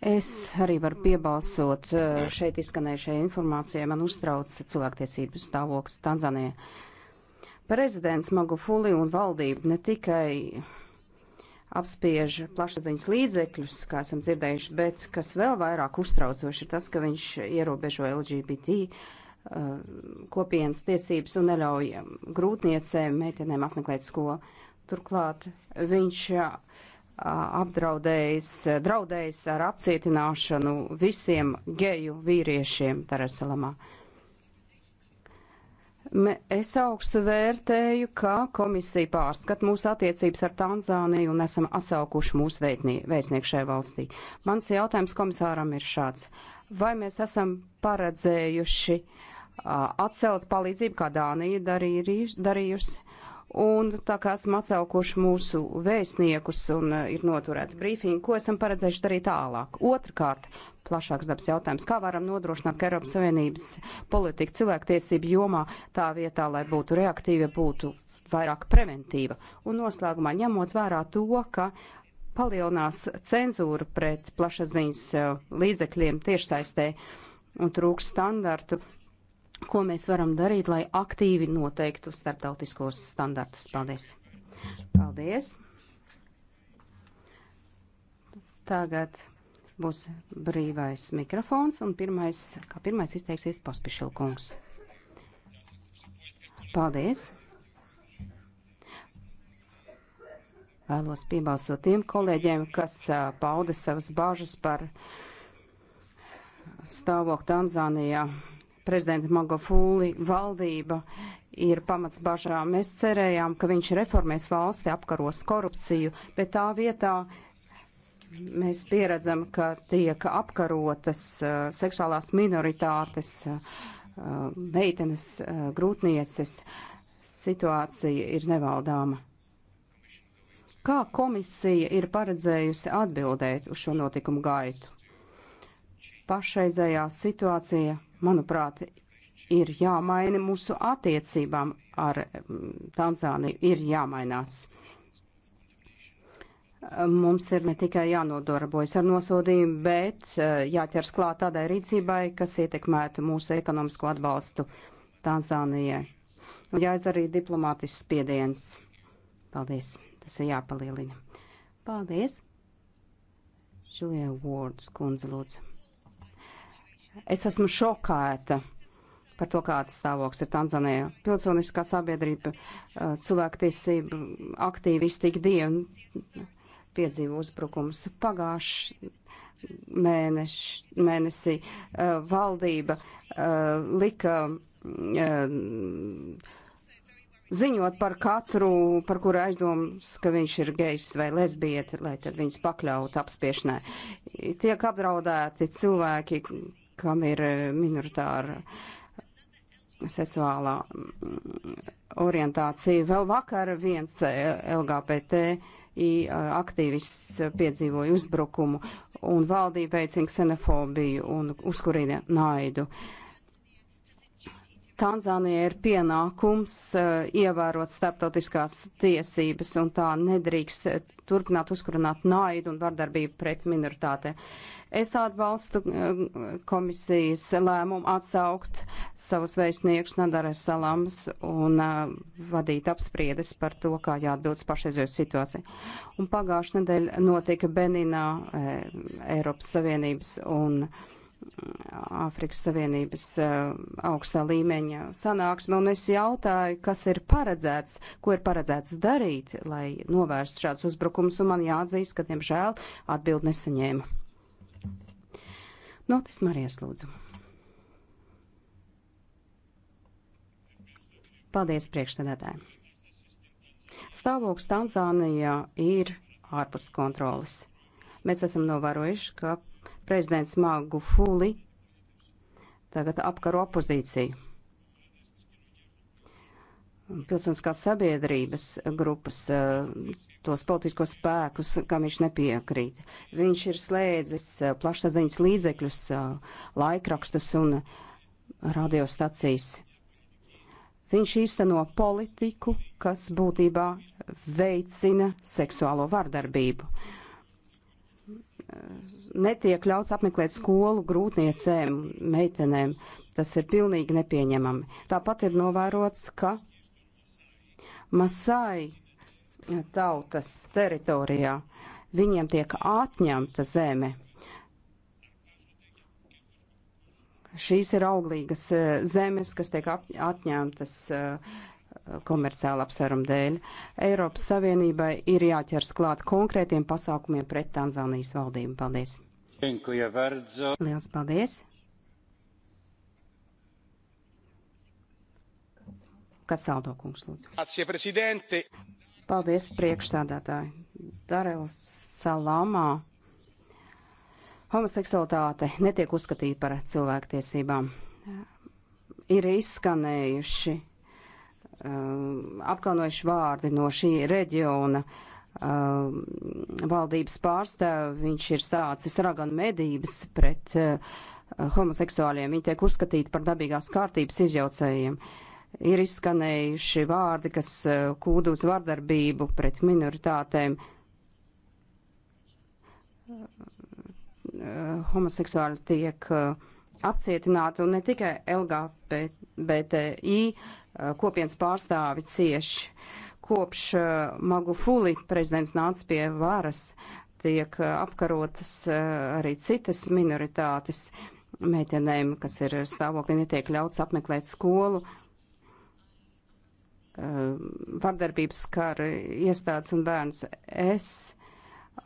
S6: Es arī varu piebalsot eh, šeit izskanējušajai informācijai. Man uztrauc cilvēktiesību stāvoklis Tanzānijā. Prezidents Magufuli un valdība ne tikai apspiež plašsaziņas līdzekļus, kā esam dzirdējuši, bet kas vēl vairāk uztraucoši ir tas, ka viņš ierobežo LGBT Eh, kopienas tiesības un neļauj grūtniecēm meitenēm apmeklēt skolu. Turklāt viņš eh, apdraudējis, eh, draudējis ar apcietināšanu visiem geju vīriešiem Tarasalamā. Es augstu vērtēju, ka komisija pārskat mūsu attiecības ar Tanzāniju un esam atsaukuši mūsu vēstnieku šajā valstī. Mans jautājums komisāram ir šāds. Vai mēs esam paredzējuši uh, atcelt palīdzību, kā Dānija darījusi. Un tā kā esam atsaukuši mūsu vēstniekus un uh, ir noturēta brīfinga, ko esam paredzējuši darīt tālāk. Otrakārt, plašāks dabas jautājums, kā varam nodrošināt, ka Eiropas Savienības politika cilvēktiesību jomā tā vietā, lai būtu reaktīva, būtu vairāk preventīva. Un noslēgumā ņemot vērā to, ka palielinās cenzūra pret plašaziņas uh, līdzekļiem tiešsaistē un trūks standartu ko mēs varam darīt, lai aktīvi noteiktu starptautiskos standartus. Paldies! Paldies! Tagad būs brīvais mikrofons un pirmais, kā pirmais izteiksies Pospišil kungs. Paldies! Vēlos piebalsot tiem kolēģiem, kas pauda savas bāžas par stāvokli Tanzānijā prezidenta Magafūli valdība ir pamats bažām. Mēs cerējām, ka viņš reformēs valsti, apkaros korupciju, bet tā vietā mēs pieredzam, ka tiek apkarotas uh, seksuālās minoritātes, uh, uh meitenes, uh, grūtnieces. Situācija ir nevaldāma. Kā komisija ir paredzējusi atbildēt uz šo notikumu gaitu? Pašreizējā situācija, manuprāt, ir jāmaina mūsu attiecībām ar mm, Tanzāniju, ir jāmainās. Mums ir ne tikai jānodarbojas ar nosodījumu, bet eh, jāķers klāt tādai rīcībai, kas ietekmētu mūsu ekonomisko atbalstu Tanzānijai. Un jāizdara arī diplomātisks spiediens. Paldies, tas ir jāpalielina. Paldies. Julia Wards, kundze, lūdzu. Es esmu šokēta par to, kāds stāvoklis ir Tanzanijā. Pilsoniskā sabiedrība, eh, cilvēktiesība, aktīvisti tik dienu piedzīvo uzbrukums. Pagājuši mēneš, mēnesī eh, valdība eh, lika ziņot par katru, par kuru aizdomas, ka viņš ir gejs vai lesbieta, lai tad viņus pakļautu apspiešanai. Tiek apdraudēti cilvēki, kam ir eh, minoritāra mm, seksuālā mm, orientācija. Vēl vakar viens eh, LGBT eh, aktīvists piedzīvoja uzbrukumu un valdība veicina ksenofobiju un uzkurina naidu. Uh, Tanzānija ir pienākums uh, ievērot starptautiskās tiesības, un tā nedrīkst eh, turpināt uzkurināt naidu un vardarbību pret minoritātēm. Es atbalstu uh, komisijas lēmumu atsaukt savus vēstniekus Nadaras Salamas un uh, vadīt apspriedes par to, kā jāatbilst pašreizējos situācijai. Un pagājušajā nedēļā notika Beninā eh, Eiropas Savienības un eh, Āfrikas Savienības augstā līmeņa sanāksme, un es jautāju, kas ir paredzēts, ko ir paredzēts darīt, lai novērstu šādus uzbrukumus, un man jāatzīst, ka, diemžēl, atbild nesaņēma. Notis Marijas lūdzu. Paldies priekšstādātājiem. Stāvoklis Tanzānijā ir ārpus kontrolas. Mēs esam novērojuši, ka Prezidents Magu Fuli tagad apkaro opozīciju. Pilsoniskās sabiedrības grupas, eh, tos politiskos spēkus, kam viņš nepiekrīt. Viņš ir slēdzis eh, plašsaziņas līdzekļus, eh, laikrakstus un radiostacijas. Viņš īsteno politiku, kas būtībā veicina seksuālo vardarbību netiek ļauts apmeklēt skolu grūtniecēm, meitenēm. Tas ir pilnīgi nepieņemami. Tāpat ir novērots, ka Masai tautas teritorijā viņiem tiek atņemta zeme. Šīs ir auglīgas e, zemes, kas tiek atņemtas e, komerciāla apsvēruma dēļ. Eiropas Savienībai ir jāķers klāt konkrētiem pasākumiem pret Tanzānijas valdību. Paldies!
S3: Liels
S6: paldies! Kas tāldo kungs,
S3: lūdzu?
S6: Paldies, priekšsādātāji. Darēls Salamā homoseksualitāte netiek uzskatīta par cilvēktiesībām. Ir izskanējuši um, apkaunojuši vārdi no šī reģiona. Uh, Um, valdības pārstāvi, viņš ir sācis raganu medības pret uh, homoseksuāliem. Viņi tiek uzskatīti par dabīgās kārtības izjaucējiem. Ir izskanējuši vārdi, kas uh, kūd uz vardarbību pret minoritātēm.
S8: Uh,
S6: Homoseksuāli tiek apcietināti un ne tikai LGBTI kopienas pārstāvi cieši. Kopš eh, Magufuli prezidents nāca pie varas, tiek eh, apkarotas eh, arī citas minoritātes meitenēm, kas ir stāvokļi, netiek ļauts apmeklēt skolu. Vardarbības kara iestādes un bērns. Es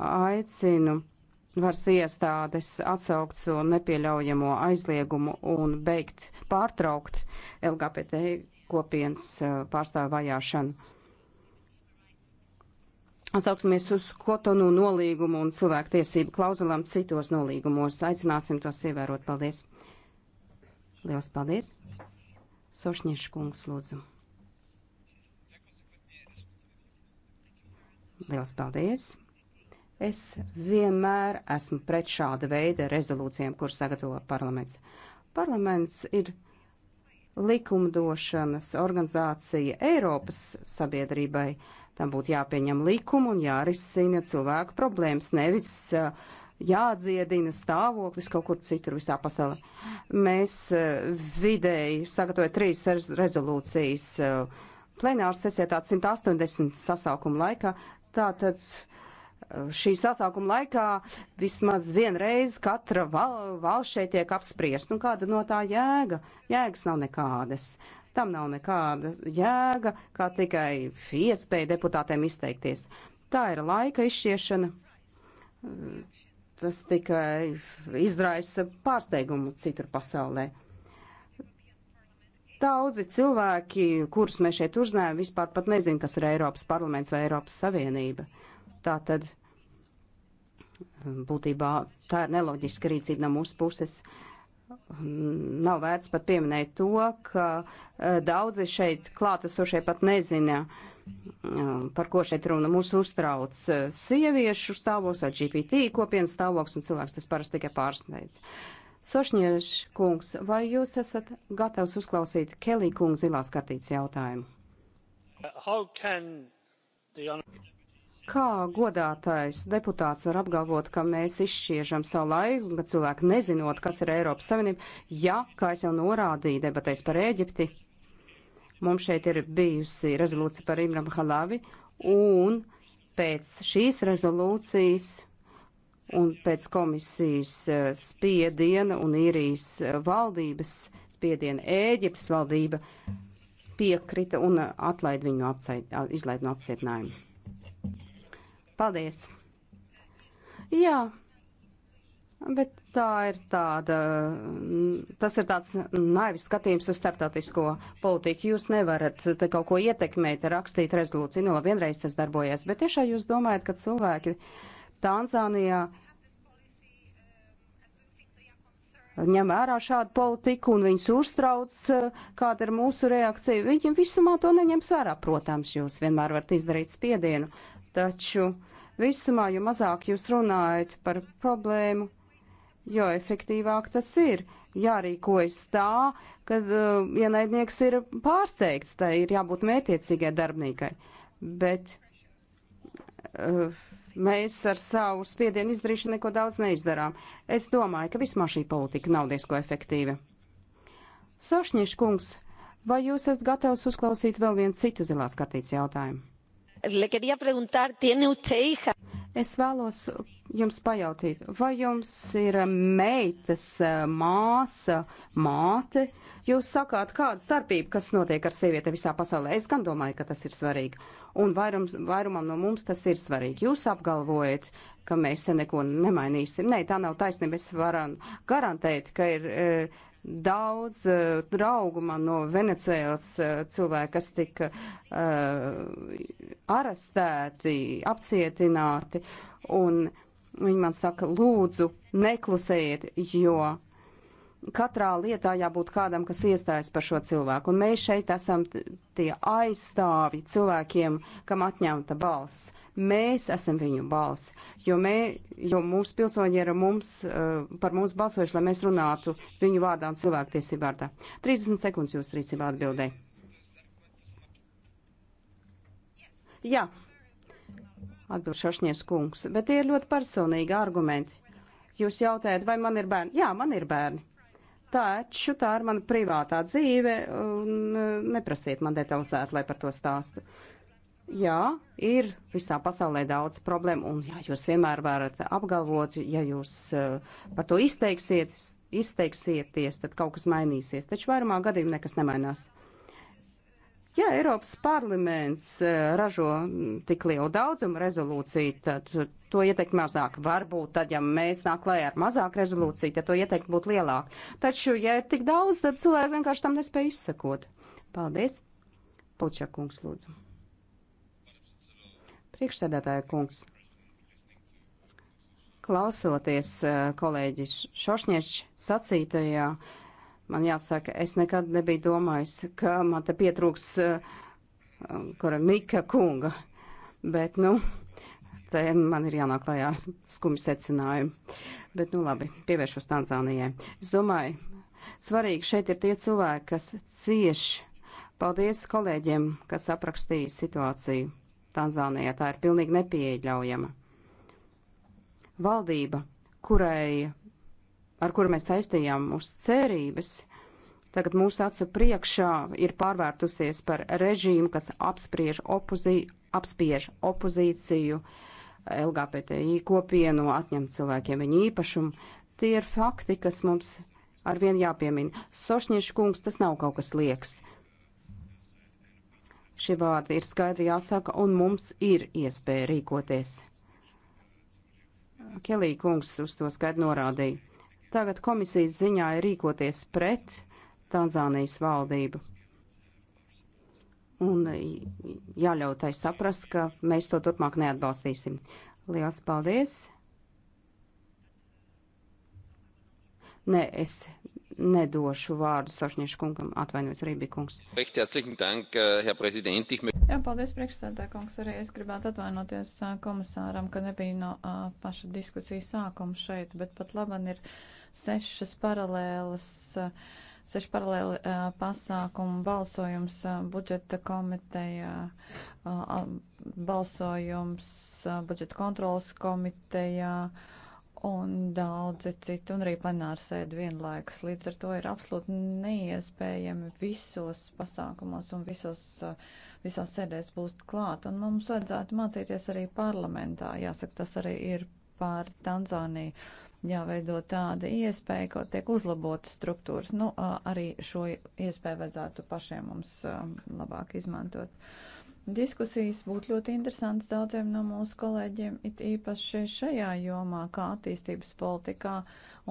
S6: aicinu varas iestādes atsaukt šo nepieļaujamo aizliegumu un beigt pārtraukt LGBT kopienas pārstāvu vajāšanu. Atsauksimies uz Kotonu nolīgumu un cilvēktiesību klauzulām citos nolīgumos. Aicināsim tos ievērot. Paldies! Lielas paldies! Sošņiešu kungs, lūdzu! Lielas paldies! Es vienmēr esmu pret šāda veida rezolūcijām, kur sagatavo parlaments. Parlaments ir likumdošanas organizācija Eiropas sabiedrībai Tam būtu jāpieņem likumu un jārisina cilvēku problēmas, nevis uh, jādziedina stāvoklis kaut kur citur visā pasaulē. Mēs uh, vidēji sagatavojam trīs rezolūcijas uh, plenāras sesijā, tāds 180 sasaukuma laikā. Tātad uh, šī sasaukuma laikā vismaz vienreiz katra val, valsts šeit tiek apspriest. Nu, kāda no tā jēga? Jēgas nav nekādas. Tam nav nekāda jēga, kā tikai iespēja deputātiem izteikties. Tā ir laika izšķiešana. Tas tikai izraisa pārsteigumu citur pasaulē. Daudzi cilvēki, kurus mēs šeit uzzinājām, vispār pat nezin, kas ir Eiropas parlaments vai Eiropas Savienība. Tā tad būtībā tā ir neloģiska rīcība no mūsu puses. Uh, Nav vērts pat pieminēt to, ka eh, daudzi šeit klātesošie pat nezina, eh, par ko šeit runa. Mūs uztrauc eh, sieviešu stāvoklis vai GPT kopienas stāvoklis, un cilvēks tas parasti tikai pārsniedz. Sošņieši kungs, vai jūs esat gatavs uzklausīt Kelī kungu zilās kartītes jautājumu? Kā godātais deputāts var apgalvot, ka mēs izšķiežam savu laiku, ka cilvēki nezinot, kas ir Eiropas Savienība, ja, kā es jau norādīju debatēs par Ēģipti, mums šeit ir bijusi rezolūcija par Imram Halavi, un pēc šīs rezolūcijas un pēc komisijas e, spiediena un īrijas e, valdības spiediena Ēģiptes valdība piekrita un atlaid viņu no apceit, izlaid no apcietinājuma. Paldies! Jā, bet tā ir tāda, tas ir tāds naivis skatījums uz starptautisko politiku. Jūs nevarat te kaut ko ietekmēt, rakstīt rezolūciju, nu labi, vienreiz tas darbojas, bet tiešām jūs domājat, ka cilvēki Tanzānijā ņem vērā šādu politiku un viņus uztrauc, kāda ir mūsu reakcija. Viņiem visumā to neņems vērā. Protams, jūs vienmēr varat izdarīt spiedienu Taču visumā, jo mazāk jūs runājat par problēmu, jo efektīvāk tas ir. Jārīkojas tā, kad uh, ienaidnieks ir pārsteigts, tai ir jābūt mētiecīgai darbnīkai. Bet uh, mēs ar savu spiedienu izdarīšanu neko daudz neizdarām. Es domāju, ka vismaz šī politika nav diezko efektīva. Sošņieškungs, vai jūs esat gatavs uzklausīt vēl vienu citu zilās kartītes jautājumu? Es vēlos jums pajautīt, vai jums ir meitas, māsa, māte? Jūs sakāt, kāda starpība, kas notiek ar sievieti visā pasaulē? Es gan domāju, ka tas ir svarīgi. Un vairums, vairumam no mums tas ir svarīgi. Jūs apgalvojat, ka mēs te neko nemainīsim. Nē, tā nav taisnība. Es varu garantēt, ka ir. E, daudz uh, eh, draugu man no Venecijas uh, eh, cilvēku, kas tika uh, arestēti, apcietināti, un viņi man saka, lūdzu, neklusējiet, jo katrā lietā jābūt kādam, kas iestājas par šo cilvēku. Un mēs šeit esam tie aizstāvi cilvēkiem, kam atņemta balss. Mēs esam viņu balss, jo, mē, jo mūsu pilsoņi ir mums, eh, par mums balsojuši, lai mēs runātu viņu vārdā un cilvēktiesību vārdā. 30 sekundes jūs rīcībā atbildēja. Jā, atbild Šašņies kungs, bet tie ir ļoti personīgi argumenti. Jūs jautājat, vai man ir bērni? Jā, man ir bērni taču tā ir mana privātā dzīve, un e, neprasiet man detalizēt, lai par to stāstu. Jā, ir visā pasaulē daudz problēmu, un jā, jūs vienmēr varat apgalvot, ja jūs uh, par to izteiksiet, izteiksieties, tad kaut kas mainīsies, taču vairumā gadījumā nekas nemainās. Ja Eiropas parlaments eh, ražo mm, tik lielu daudzumu rezolūciju, tad to ietekmi mazāk. Varbūt tad, ja mēs nāk klājā ar mazāku rezolūciju, tad to ietekmi būtu lielāk. Taču, ja ir tik daudz, tad cilvēki vienkārši tam nespēja izsakot. Paldies. Pučakungs, lūdzu. Priekšsēdētāja kungs. Klausoties eh, kolēģis Šošņieši sacītajā, Man jāsaka, es nekad nebiju domājis, ka man te pietrūks eh, kura Mika kunga, bet, nu, te man ir jānāk klajā skumji secinājumi. Bet, nu, labi, pievēršos Tanzānijai. Es domāju, svarīgi šeit ir tie cilvēki, kas cieši. Paldies kolēģiem, kas aprakstīja situāciju Tanzānijā. Tā ir pilnīgi nepieļaujama. Valdība, kurai ar kuru mēs saistījām mūsu cerības, tagad mūsu acu priekšā ir pārvērtusies par režīmu, kas apspriež opozī, apspiež opozīciju, LGBTI kopienu, atņem cilvēkiem viņu īpašumu. Tie ir fakti, kas mums arvien jāpiemina. Sošņiešu kungs, tas nav kaut kas lieks. Šie vārdi ir skaidri jāsaka, un mums ir iespēja rīkoties. Kelī kungs uz to skaidri norādīja. Tagad komisijas ziņā ir rīkoties pret Tanzānijas valdību. Un jāļauj tai saprast, ka mēs to turpmāk neatbalstīsim. Lielas paldies! Nē, ne, es nedošu vārdu Sošņiešu kungam, atvainojos Rībī kungs.
S5: Äh, Jā, paldies priekšsēdē, kungs. Arī es gribētu atvainoties komisāram, ka nebija no paša diskusijas sākuma šeit, bet pat laban ir. Uh, sešas paralēlas, eh, seši paralēli eh, pasākumu balsojums eh, budžeta komiteja, balsojums budžeta kontrolas komiteja un daudzi citi, un arī plenārsēdi vienlaikus. Līdz ar to ir absolūti neiespējami visos pasākumos un visos, visās sēdēs būt klāt. Un mums vajadzētu mācīties arī parlamentā. Jāsaka, tas arī ir par Tanzāniju jāveido tāda iespēja, ko tiek uzlabotas struktūras. Nu, arī šo iespēju vajadzētu pašiem mums labāk izmantot. Diskusijas būtu ļoti interesants daudziem no mūsu kolēģiem, it īpaši šajā jomā, kā attīstības politikā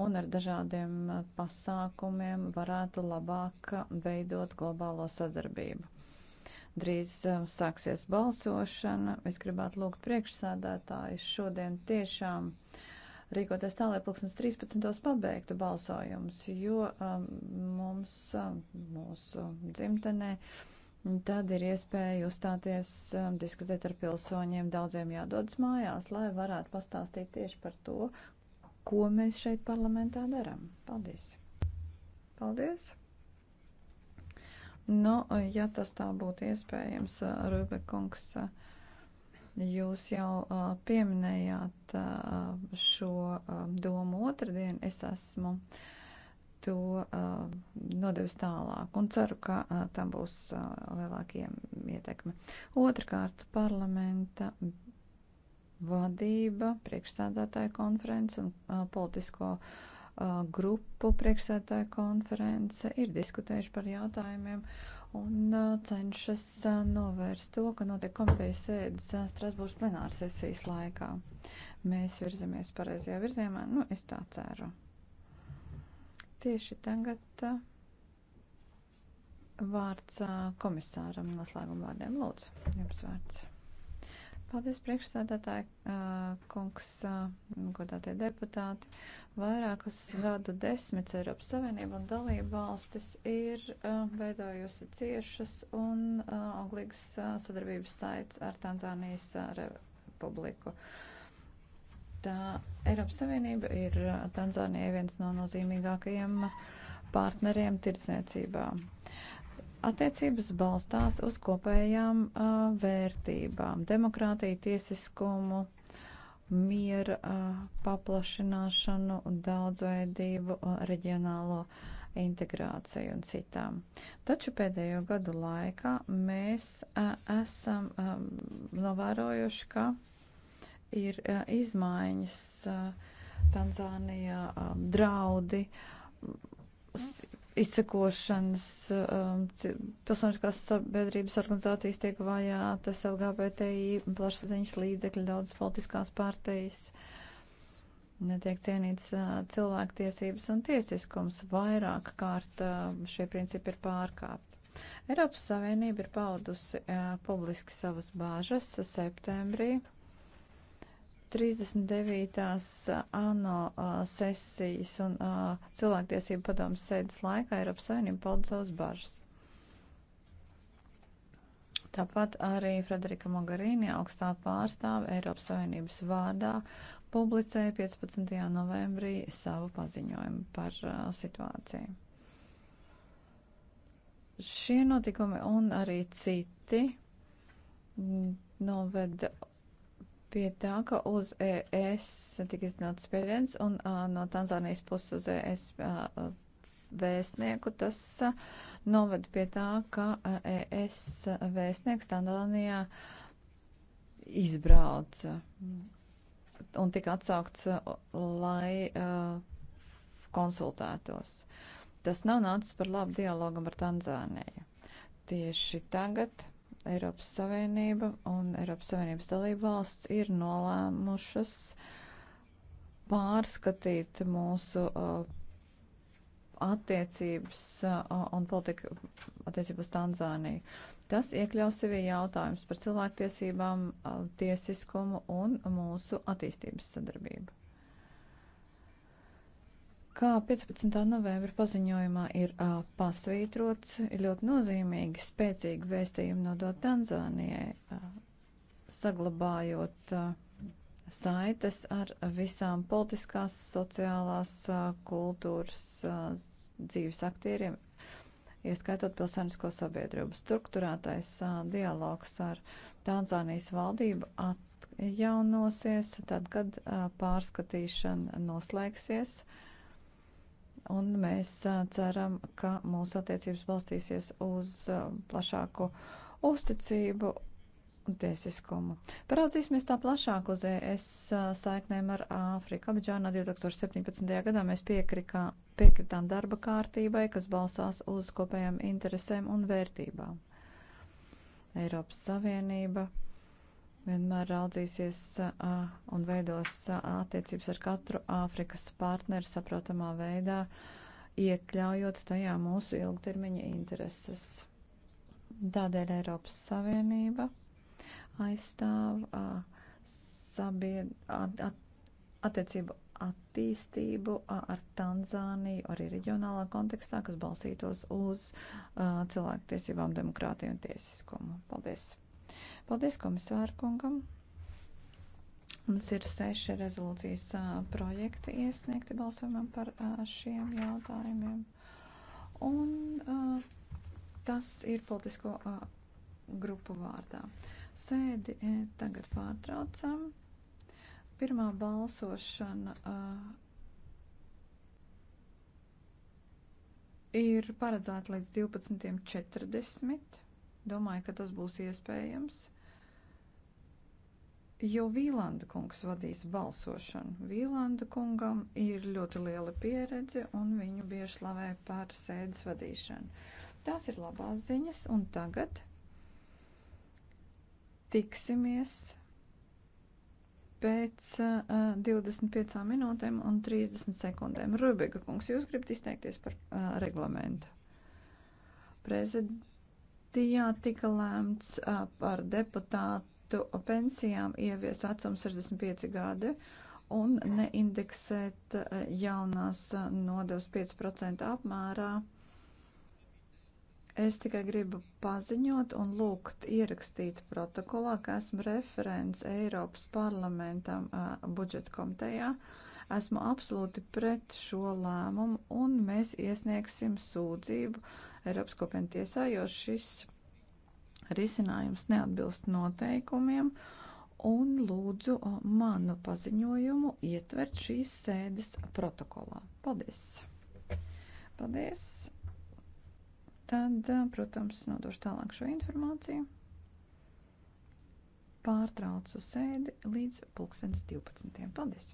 S5: un ar dažādiem pasākumiem varētu labāk veidot globālo sadarbību. Drīz sāksies balsošana. Es gribētu lūgt priekšsādātājus šodien tiešām uh, rīkoties tā, lai pulkstens 13. pabeigtu balsojumus, jo um, mums, um, mūsu dzimtenē, tad ir iespēja uzstāties, um, diskutēt ar pilsoņiem, daudziem jādodas mājās, lai varētu pastāstīt tieši par to, ko mēs šeit parlamentā darām. Paldies! Paldies! Nu, ja tas tā būtu iespējams, uh, Rūbekungs. Uh, Jūs jau uh, pieminējāt uh, šo uh, domu otrdien. Es esmu to uh, nodevis tālāk un ceru, ka uh, tam būs uh, lielākie ietekme. Otrakārt, parlamenta vadība, priekšstādātāja konference un uh, politisko uh, grupu priekšstādātāja konference ir diskutējuši par jautājumiem. Uh, un uh, cenšas uh, novērst to, ka notiek komitejas sēdes uh, Strasbūras plenāras sesijas laikā. Mēs virzamies pareizajā virzienā, nu, es tā ceru. Tieši tagad vārds komisāram noslēguma vārdiem. Lūdzu, jums vārds. Paldies, priekšsēdētāji, kungs, godātie deputāti. Vairākus gadu desmitus Eiropas Savienība un dalība valstis ir veidojusi ciešas un auglīgas sadarbības saites ar Tanzānijas republiku. Tā Eiropas Savienība ir Tanzānijai viens no nozīmīgākajiem partneriem tirdzniecībā. Attiecības balstās uz kopējām uh, vērtībām - demokrātiju, tiesiskumu, miera paplašināšanu, daudzveidību, reģionālo integrāciju un citām. Taču pēdējo gadu laikā mēs esam novērojuši, ka ir izmaiņas Tanzānijā, draudi izsekošanas, um, pilsoniskās sabiedrības organizācijas tiek vajātas, LGBTI plašsaziņas līdzekļi, daudz politiskās pārtejas, netiek cienīts uh, cilvēktiesības un tiesiskums. Vairāk kārt uh, šie principi ir pārkāpti. Eiropas Savienība ir paudusi uh, publiski savas bāžas septembrī 39. ANO sesijas un cilvēktiesību padomas sēdes laikā Eiropas Savienība pauda savas bažas. Tāpat arī Frederika Mogherini, augstā pārstāve Eiropas Savienības vārdā, publicēja 15. novembrī savu paziņojumu par uh, situāciju. Šie notikumi un arī citi noveda pie tā, ka uz ES tika izdināts spiediens un uh, no Tanzānijas puses uz ES uh, vēstnieku, tas uh, noved pie tā, ka uh, ES vēstnieks Tanzānijā izbrauca un tika atsaukts, uh, lai uh, konsultētos. Tas nav nācis par labu dialogam ar Tanzāniju. Tieši tagad Eiropas Savienība un Eiropas Savienības dalība valsts ir nolēmušas pārskatīt mūsu uh, attiecības uh, un politika attiecības Tanzāniju. Tas iekļaus sevī jautājums par cilvēktiesībām, uh, tiesiskumu un mūsu attīstības sadarbību kā 15. novembra paziņojumā ir uh, pasvītrots, ir ļoti nozīmīgi spēcīgi vēstījumi nodot Tanzānijai, uh, saglabājot uh, saites ar visām politiskās, sociālās, uh, kultūras uh, dzīves aktieriem, ieskaitot pilsonisko sabiedrību. Struktūrētais uh, dialogs ar Tanzānijas valdību atjaunosies tad, kad uh, pārskatīšana noslēgsies. Uh, un mēs ceram, ka mūsu attiecības balstīsies uz plašāku uzticību un tiesiskumu. Paraudzīsimies tā plašāk uz ES saiknēm ar Āfriku. Abidžānā 2017. gadā mēs piekrikā, piekritām darba kārtībai, kas balsās uz kopējām interesēm un vērtībām. Eiropas Savienība vienmēr raudzīsies un veidos attiecības ar katru Āfrikas partneri saprotamā veidā, iekļaujot tajā mūsu ilgtermiņa intereses. Tādēļ Eiropas Savienība aizstāv sabied, at, at, attiecību attīstību ar Tanzāniju arī reģionālā kontekstā, kas balstītos uz uh, cilvēku tiesībām, demokrātiju un tiesiskumu. Paldies! Paldies komisāru kungam. Mums ir seši rezolūcijas projekti iesniegti balsojumam par šiem jautājumiem. Un tas ir politisko grupu vārdā. Sēdi tagad pārtraucam. Pirmā balsošana ir paredzēta līdz 12.40. Domāju, ka tas būs iespējams jo Vīlanda kungs vadīs balsošanu. Vīlanda kungam ir ļoti liela pieredze un viņu bieži slavē par sēdes vadīšanu. Tās ir labās ziņas un tagad tiksimies pēc uh, 25 minūtēm un 30 sekundēm. Rubiga kungs, jūs gribat izteikties par uh, reglamentu? Prezidijā tika lēmts uh, par deputātu liktu pensijām ieviest vecumu 65 gadi un neindeksēt eh, jaunās eh, nodevs 5% apmērā. Es tikai gribu paziņot un lūgt ierakstīt protokolā, ka esmu referents Eiropas parlamentam eh, budžeta komitejā. Esmu absolūti pret šo lēmumu un mēs iesniegsim sūdzību Eiropas kopienu tiesā, jo šis risinājums neatbilst noteikumiem un lūdzu manu paziņojumu ietvert šīs sēdes protokolā. Paldies! Paldies! Tad, eh, protams, nodošu tālāk šo informāciju. Pārtraucu sēdi līdz pulkstens 12. Paldies!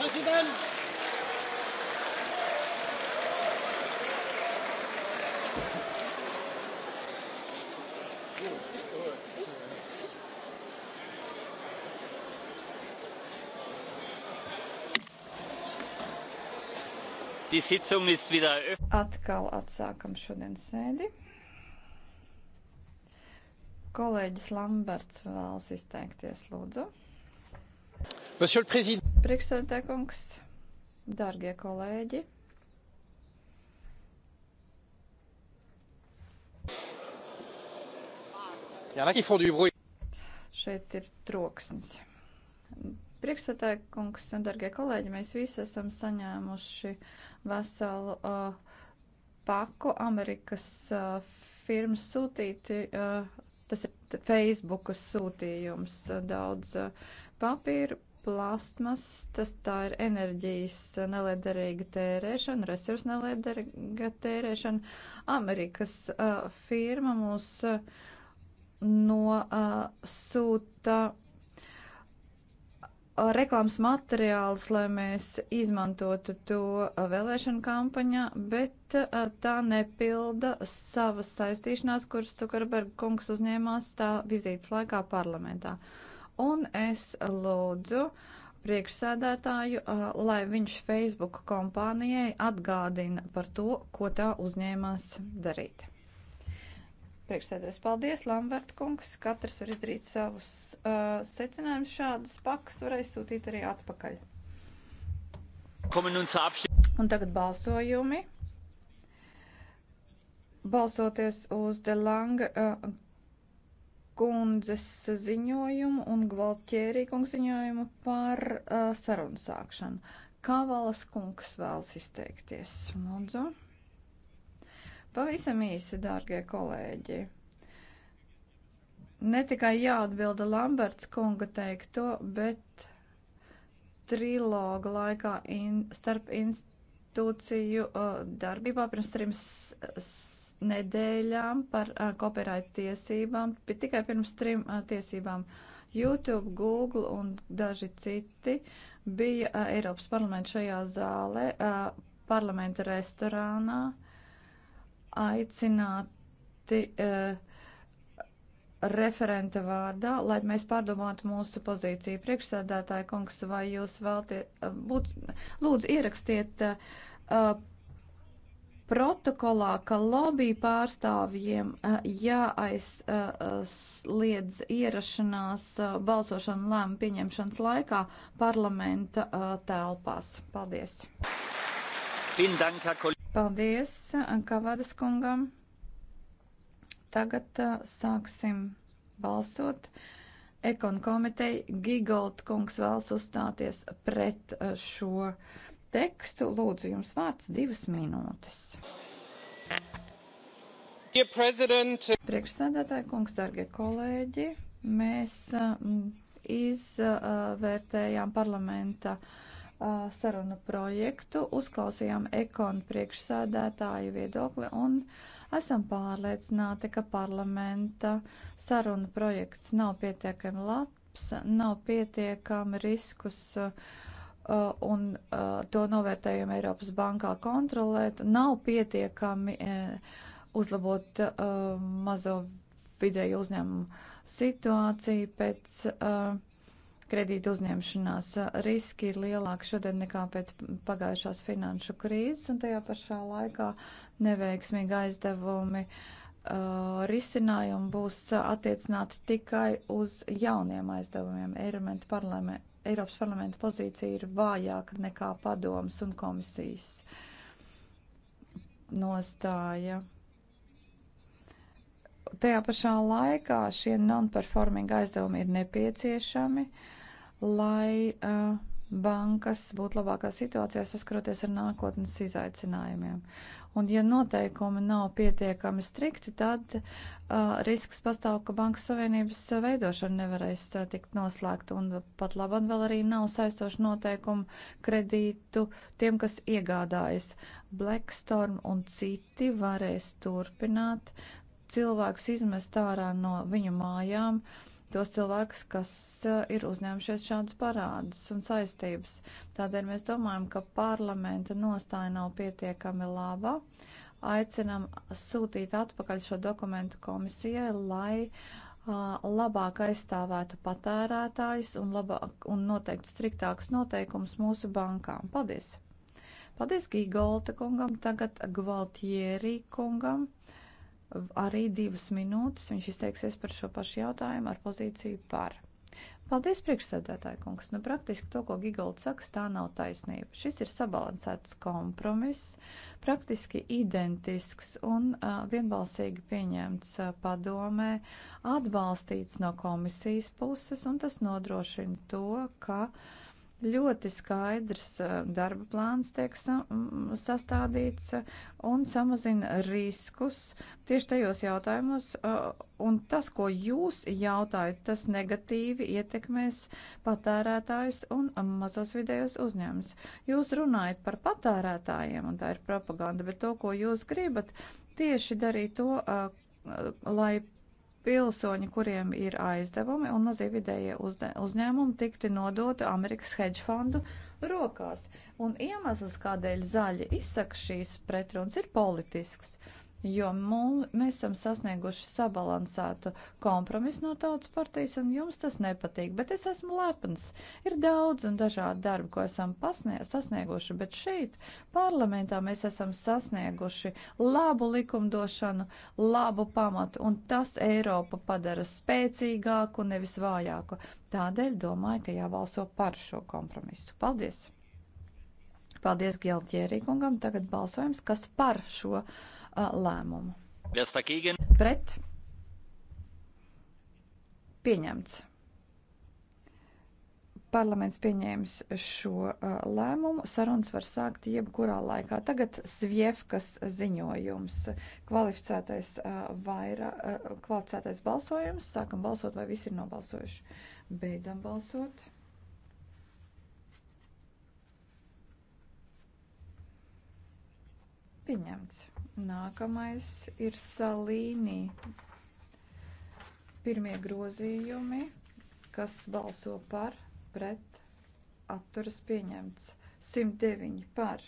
S6: präsident!
S5: Atkal atsākam šodien sēdi. Kolēģis Lamberts vēlas izteikties, lūdzu. Priekšsēdētāj kungs, dārgie kolēģi. Šeit ir troksnis. Priekšsētāji kungs, darbie kolēģi, mēs visi esam saņēmuši veselu uh, paku Amerikas uh, firmas sūtīti, uh, tas ir Facebooka sūtījums, uh, daudz uh, papīru plastmas, tas tā ir enerģijas neliederīga tērēšana, resursu neliederīga tērēšana. Amerikas uh, firma mūs uh, nosūta uh, reklāmas materiāls, lai mēs izmantotu to uh, vēlēšanu kampaņā, bet uh, tā nepilda savas saistīšanās, kuras Zuckerberg kungs uzņēmās tā vizītes laikā parlamentā. Uh, Un es lūdzu priekšsēdētāju, eh, lai viņš Facebook kompānijai atgādina par to, ko tā uzņēmās darīt. Priekšsēdēs paldies, Lambert kungs. Katrs var izdarīt savus uh, secinājumus. Šādas pakas var aizsūtīt arī atpakaļ. Un tagad balsojumi. Balsoties uz Delanga uh, eh, kundzes ziņojumu un Gvaltjērī kungs ziņojumu par uh, sarunu sākšanu. Kavalas kungs vēlas izteikties. Lūdzu. Pavisam īsi, dārgie kolēģi. Ne tikai jāatbilda Lamberts kunga teikto, bet triloga laikā in, starp institūciju uh, darbībā pirms trim nedēļām par uh, copyright tiesībām, bet tikai pirms trim uh, tiesībām. YouTube, Google un daži citi bija uh, Eiropas parlamenta šajā zālē, uh, parlamenta restorānā aicināti uh, referenta vārdā, lai mēs pārdomātu mūsu pozīciju. Priekšsēdētāja kungs, vai jūs vēlties, būt, lūdzu ierakstiet uh, protokolā, ka lobby pārstāvjiem eh, jāaizliedz ierašanās eh, balsošana lēma pieņemšanas laikā parlamenta eh, telpās. Paldies! Paldies Kavadas kungam. Tagad sāksim balsot. Ekon komiteja Gigold kungs vēlas uzstāties pret šo tekstu. Lūdzu, jums vārds divas minūtes. Priekšsēdētāji kungs, dargie kolēģi, mēs izvērtējām parlamenta sarunu projektu, uzklausījām ekonu priekšsēdētāju viedokli un esam pārliecināti, ka parlamenta sarunu projekts nav pietiekami labs, nav pietiekami riskus uh, Uh, un uh, to novērtējumu Eiropas bankā kontrolēt, nav pietiekami uh, uzlabot mazo vidēju uzņēmumu situāciju pēc kredīta uzņemšanās. Riski ir lielāki šodien nekā pēc pagājušās finanšu krīzes, un tajā pašā laikā neveiksmīgi aizdevumi uh, risinājumi būs attiecināti tikai uz jauniem aizdevumiem. Eiromentu parlamentā Eiropas parlamenta pozīcija ir vājāka nekā padomas un komisijas nostāja. Tajā pašā laikā šie non-performing aizdevumi ir nepieciešami, lai uh, bankas būtu labākā situācijā saskaroties ar nākotnes izaicinājumiem. Uh, Un, ja noteikumi nav pietiekami strikti, tad uh, risks pastāv, ka Bankas Savienības veidošana nevarēs uh, tikt noslēgta. Un pat labam vēl arī nav saistošu noteikumu kredītu tiem, kas iegādājas. Blackstorm un citi varēs turpināt cilvēkus izmest ārā no viņu mājām. Uh, tos cilvēkus, kas eh, ir uzņēmušies šādus parādus un saistības. Tādēļ mēs domājam, ka parlamenta nostāja nav pietiekami laba. Aicinam sūtīt atpakaļ šo dokumentu komisijai, lai uh, labāk aizstāvētu patērētājus un, labāk, un noteikti striktākus noteikumus mūsu bankām. Paldies! Paldies Gīgolta kungam, tagad Gvaltjērī kungam. Uh, arī divas minūtes viņš izteiksies par šo pašu jautājumu ar pozīciju par. Paldies, priekšsēdētāji kungs. Nu, praktiski to, ko Gigolds saka, tā nav taisnība. Šis ir sabalansēts kompromiss, praktiski identisks un uh, vienbalsīgi pieņemts uh, padomē, atbalstīts no komisijas puses, un tas nodrošina to, ka uh, Ļoti skaidrs darba plāns tiek sastādīts un samazina riskus tieši tajos jautājumos, un tas, ko jūs jautājat, tas negatīvi ietekmēs patērētājus un mazos vidējos uzņēmumus. Jūs runājat par patērētājiem, un tā ir propaganda, bet to, ko jūs gribat, tieši darīt to, lai pilsoņi, kuriem ir aizdevumi un mazie vidējie uzņēmumi, tikti nodoti Amerikas hedge fondu rokās. Un iemesls, kādēļ zaļi izsaka šīs pretrunas, ir politisks jo mū, mēs esam sasnieguši sabalansētu kompromisu no tautas partijas, un jums tas nepatīk, bet es esmu lepns. Ir daudz un dažādi darbi, ko esam pasnie, sasnieguši, bet šeit parlamentā mēs esam sasnieguši labu likumdošanu, labu pamatu, un tas Eiropu padara spēcīgāku, nevis vājāku. Tādēļ domāju, ka jābalso par šo kompromisu. Paldies! Paldies Gjeltjērīkungam. Tagad balsojums, kas par šo kompromisu lēmumu. Pret. Pieņemts. Parlaments pieņēmis šo lēmumu. Sarunas var sākt jebkurā laikā. Tagad Sviefkas ziņojums. Kvalificētais, vaira, kvalificētais balsojums. Sākam balsot, vai visi ir nobalsojuši. Beidzam balsot. Pieņemts. Nākamais ir salīnī. Pirmie grozījumi, kas balso par, pret, atturas pieņemts. 109 par,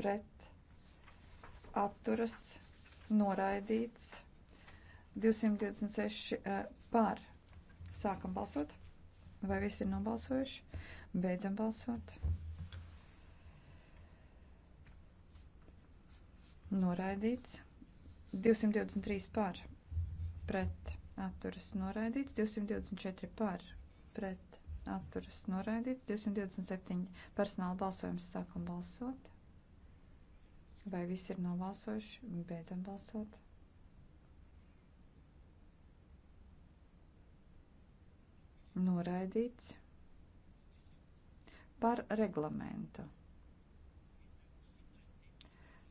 S5: pret, atturas noraidīts. 226 eh, par. Sākam balsot. Vai visi ir nobalsojuši? Beidzam balsot. noraidīts. 223 par, pret, atturas noraidīts. 224 par, pret, atturas noraidīts. 227 personāla balsojums sākam balsot. Vai visi ir nobalsojuši? Beidzam balsot. Noraidīts par reglamentu.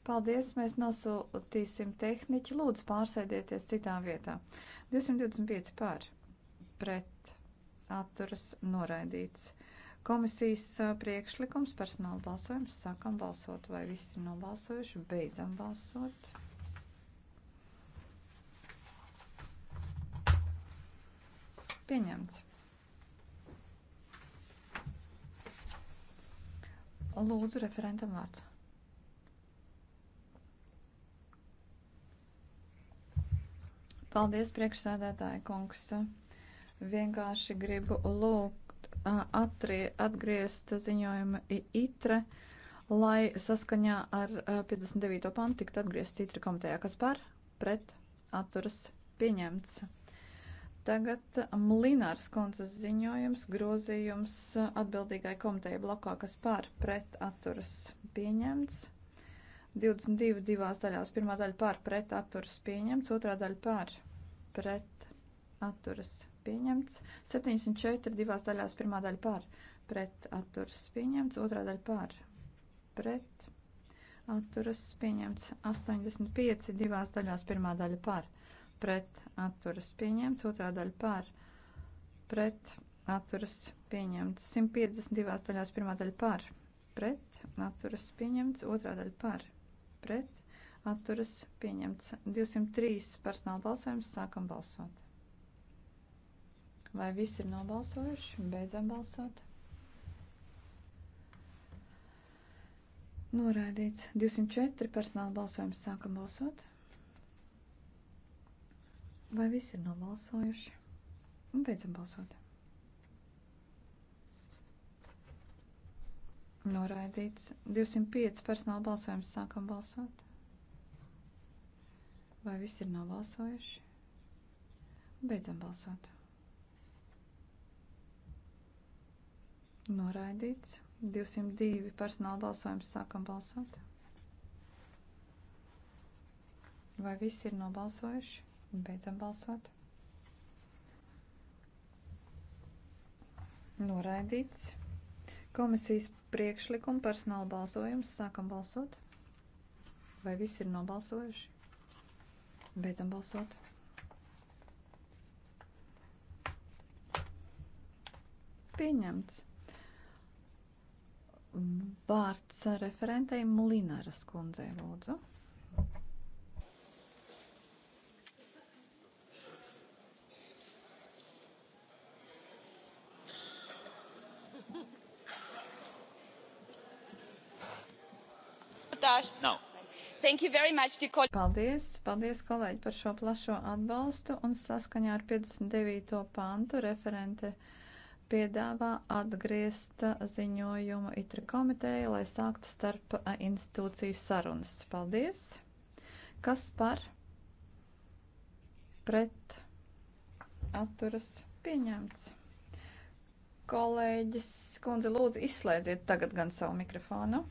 S5: Paldies, mēs nosūtīsim tehniķi. Lūdzu, pārsēdieties citā vietā. 225 par, pret, atturas, noraidīts. Komisijas priekšlikums, personāla balsojums, sākam balsot, vai visi ir nobalsojuši, beidzam balsot. Pieņemts. Lūdzu, referentam vārds. Paldies, priekšsēdētāja kungs. Vienkārši gribu lūgt atrie, atgriezt ziņojuma itre, lai saskaņā ar 59. pantu tiktu atgriezt citri komitejā, kas par, pret, atturas pieņemts. Tagad Mlinārs kundzes ziņojums, grozījums atbildīgai komitejai blokā, kas par, pret, atturas pieņemts. 22 divās daļās. Pirmā daļa par pret atturas pieņemts, otrā daļa par pret atturas pieņemts. 74 divās daļās. Pirmā daļa par pret atturas pieņemts, otrā daļa par pret atturas pieņemts. 85 divās daļās. Pirmā daļa par pret atturas pieņemts, otrā daļa par pret atturas pieņemts. 152 daļās. Pirmā daļa par pret atturas pieņemts, otrā daļa par pret pret, atturas pieņemts. 203 personāla balsojums, sākam balsot. Vai visi ir nobalsojuši? Beidzam balsot. Noraidīts. 204 personāla balsojums, sākam balsot. Vai visi ir nobalsojuši? Un beidzam balsot. Noraidīts. 205 personāla balsojums. Sākam balsot. Vai visi ir nobalsojuši? Beidzam balsot. Noraidīts. 202 personāla balsojums. Sākam balsot. Vai visi ir nobalsojuši? Beidzam balsot. Noraidīts. Komisijas priekšlikuma personāla balsojums. Sākam balsot. Vai visi ir nobalsojuši? Beidzam balsot. Pieņemts. Vārds referentei Linaras kundzei lūdzu. Paldies, paldies kolēģi par šo plašo atbalstu un saskaņā ar 59. pantu referente piedāvā atgriezt ziņojumu ITRA komiteja, lai sāktu starp institūciju sarunas. Paldies! Kas par? Pret? Atturas pieņemts. Kolēģis, kundze, lūdzu, izslēdziet tagad gan savu mikrofonu.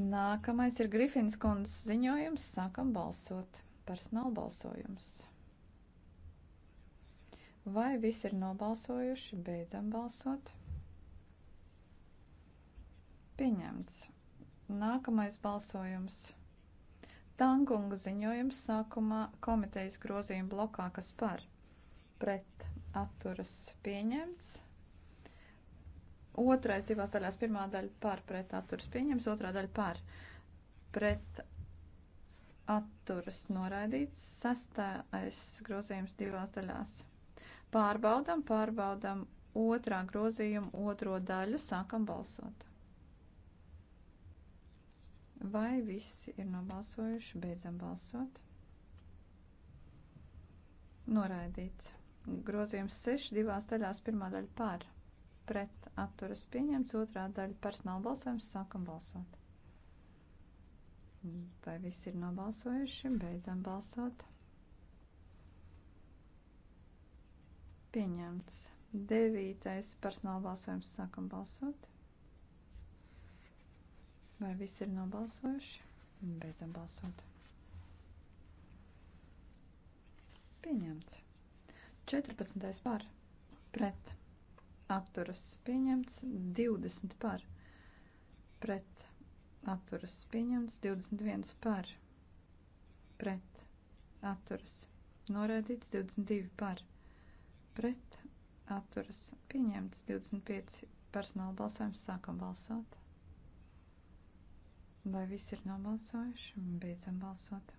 S5: Nākamais ir Grifins kundzes ziņojums. Sākam balsot. Personāla balsojums. Vai visi ir nobalsojuši? Beidzam balsot. Pieņemts. Nākamais balsojums. Tangunga ziņojums sākumā komitejas grozījuma blokā, kas par pret atturas pieņemts. Otrais divās daļās, pirmā daļa par pret atturas pieņems, otrā daļa par pret atturas noraidīts, sastais grozījums divās daļās. Pārbaudam, pārbaudam otrā grozījuma otro daļu, sākam balsot. Vai visi ir nobalsojuši? Beidzam balsot. Noraidīts. Grozījums 6 divās daļās, pirmā daļa par, pret, atturas pieņemts. Otrā daļa personāla balsojums. Sākam balsot. Vai viss ir nobalsojuši? Beidzam balsot. Pieņemts. Devītais personāla balsojums. Sākam balsot. Vai viss ir nobalsojuši? Beidzam balsot. Pieņemts. 14. par pret atturas pieņemts 20 par pret atturas pieņemts 21 par pret atturas noraidīts 22 par pret atturas pieņemts 25 personāla balsojums sākam balsot vai visi ir nobalsojuši beidzam balsot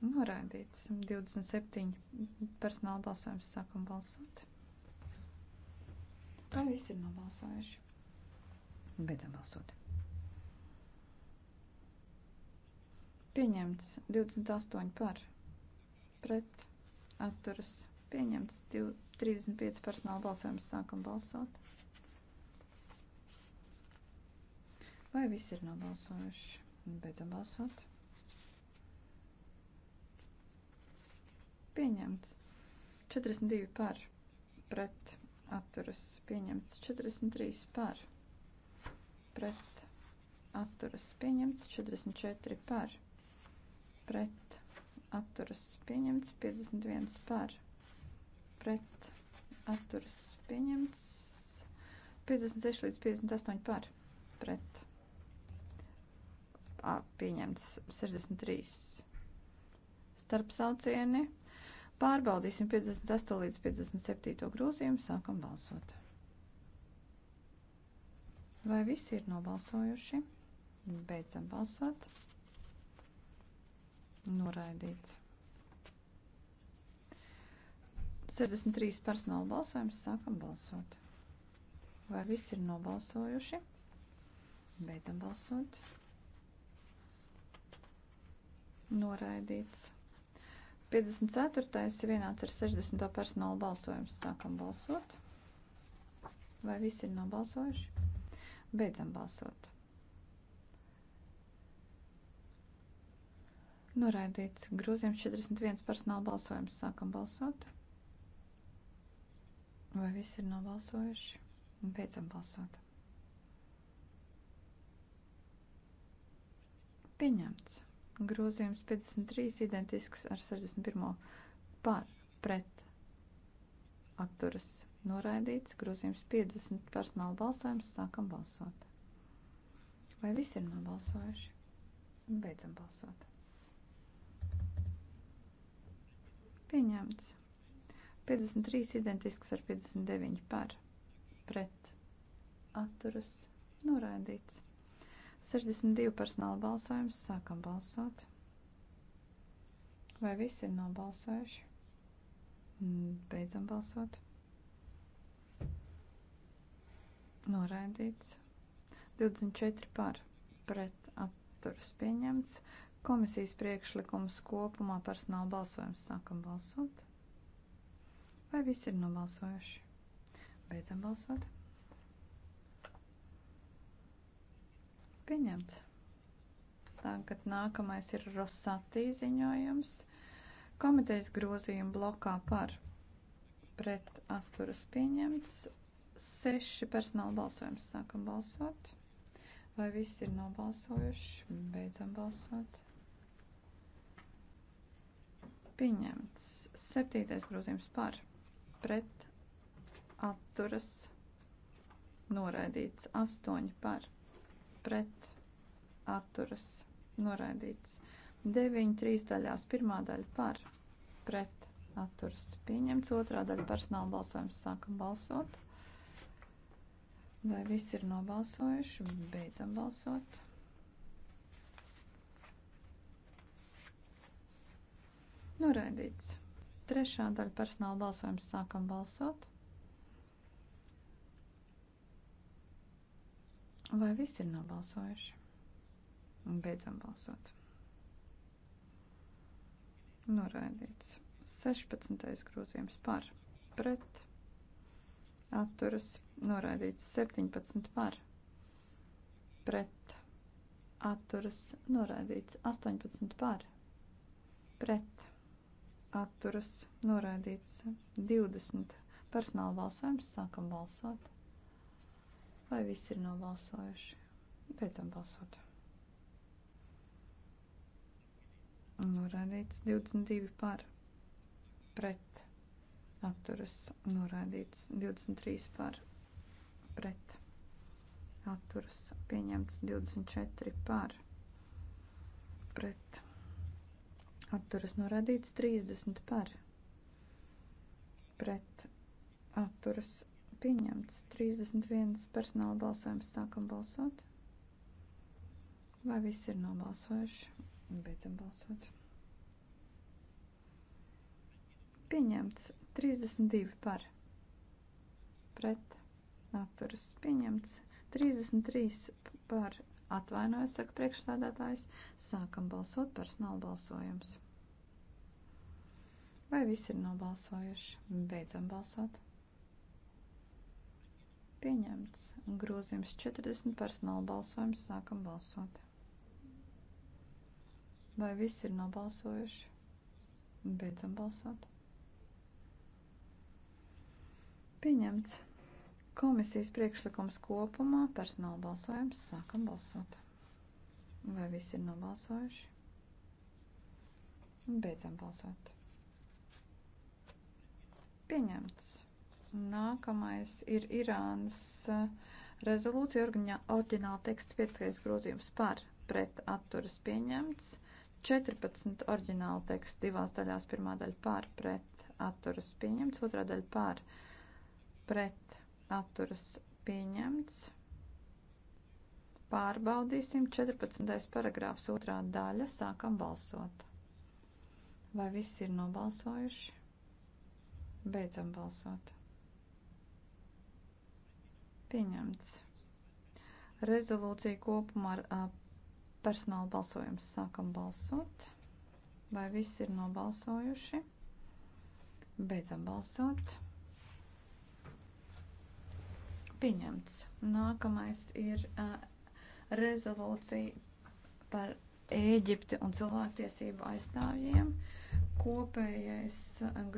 S5: Noraidīts 27 personāla balsojums. Sākam balsot. Vai visi ir nobalsojuši? Beidzam balsot. Pieņemts 28 par, pret, atturas. Pieņemts 2, 35 personāla balsojums. Sākam balsot. Vai visi ir nobalsojuši? Beidzam balsot. pieņemts. 42 par pret atturas pieņemts. 43 par pret atturas pieņemts. 44 par pret atturas pieņemts. 51 par pret atturas pieņemts. 56 līdz 58 par pret pieņemts 63 starpsaucieni Pārbaudīsim 58 līdz 57 grozījumu, sākam balsot. Vai visi ir nobalsojuši? Beidzam balsot. Noraidīts. 63 personāla balsojums, sākam balsot. Vai visi ir nobalsojuši? Beidzam balsot. Noraidīts. 54. vienāds ar 60. personāla balsojums. Sākam balsot. Vai visi ir nobalsojuši? Beidzam balsot. Noraidīts grozījums 41 personāla balsojums. Sākam balsot. Vai visi ir nobalsojuši? Beidzam balsot. Pieņemts. Grozījums 53 identisks ar 61. par pret atturas noraidīts. Grozījums 50 personāla balsojums. Sākam balsot. Vai visi ir nobalsojuši? Beidzam balsot. Pieņemts. 53 identisks ar 59 par pret atturas noraidīts. 62 personāla balsojums. Sākam balsot. Vai visi ir nobalsojuši? Beidzam balsot. Noraidīts. 24 par pret atturas pieņemts. Komisijas priekšlikums kopumā personāla balsojums. Sākam balsot. Vai visi ir nobalsojuši? Beidzam balsot. Pieņemts. Tagad nākamais ir Rosatī ziņojums. Komitejas grozījuma blokā par pret atturas pieņemts. Seši personāla balsojums sākam balsot. Vai viss ir nobalsojuši? Beidzam balsot. Pieņemts. Septītais grozījums par pret atturas noraidīts. Astoņi par pret pret atturas noraidīts. 9, 3 daļās pirmā daļa par pret atturas pieņemts, otrā daļa personāla balsojums sākam balsot. Vai viss ir nobalsojuši? Beidzam balsot. Noraidīts. Trešā daļa personāla balsojums sākam balsot. Vai viss ir nobalsojuši? Un beidzam balsot. Noraidīts. 16. grozījums par, pret, atturas, noraidīts 17 par, pret, atturas, noraidīts 18 par, pret, atturas, noraidīts 20. Personāla balsojums sākam balsot. Vai viss ir nobalsojuši? Beidzam balsot. Norādīts 22 par. Pret. Atturas. Norādīts 23 par. Pret. Atturas. Pieņemts 24 par. Pret. Atturas. Norādīts 30 par. Pret. Atturas pieņemts. 31 personāla balsojums sākam balsot. Vai viss ir nobalsojuši? Beidzam balsot. Pieņemts 32 par. Pret. Atturas. Pieņemts 33 par. Atvainojos, saka priekšstādātājs. Sākam balsot personāla balsojums. Vai viss ir nobalsojuši? Beidzam balsot. Pieņemts. Grozījums 40 personāla balsojums. Sākam balsot. Vai viss ir nobalsojuši? Beidzam balsot. Pieņemts. Komisijas priekšlikums kopumā personāla balsojums. Sākam balsot. Vai viss ir nobalsojuši? Beidzam balsot. Pieņemts. Nākamais ir Irānas eh, rezolūcija, orģināla teksts, 5. grozījums par pret atturas pieņemts, 14 orģināla teksts divās daļās, pirmā daļa par pret atturas pieņemts, otrā daļa par pret atturas pieņemts. Pārbaudīsim 14. paragrāfs otrā daļa, sākam balsot. Vai visi ir nobalsojuši? Beidzam balsot. Pieņemts. Rezolūcija kopumā ar uh, personāla balsojumu sākam balsot. Vai visi ir nobalsojuši? Beidzam balsot. Pieņemts. Nākamais ir uh, rezolūcija par Ēģipti un cilvēktiesību aizstāvjiem. Kopējais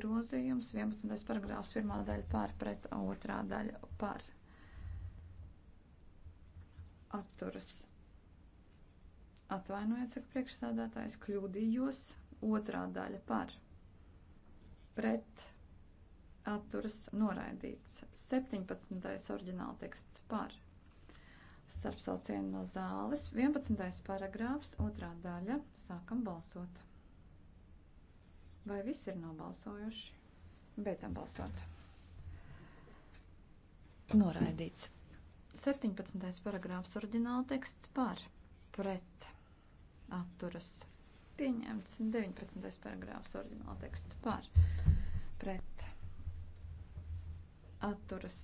S5: grozījums 11. paragrāfs pirmā daļa pār pret otrā daļa par atturas. Atvainojiet, saka priekšsādātājs, kļūdījos. Otrā daļa par. Pret atturas noraidīts. 17. oriģināla teksts par. Starpsaucienu no zāles. 11. paragrāfs, otrā daļa. Sākam balsot. Vai visi ir nobalsojuši? Beidzam balsot. Noraidīts. Mm. 17. paragrāfs oriģināla teksts par pret atturas pieņemts. 19. paragrāfs oriģināla teksts par pret atturas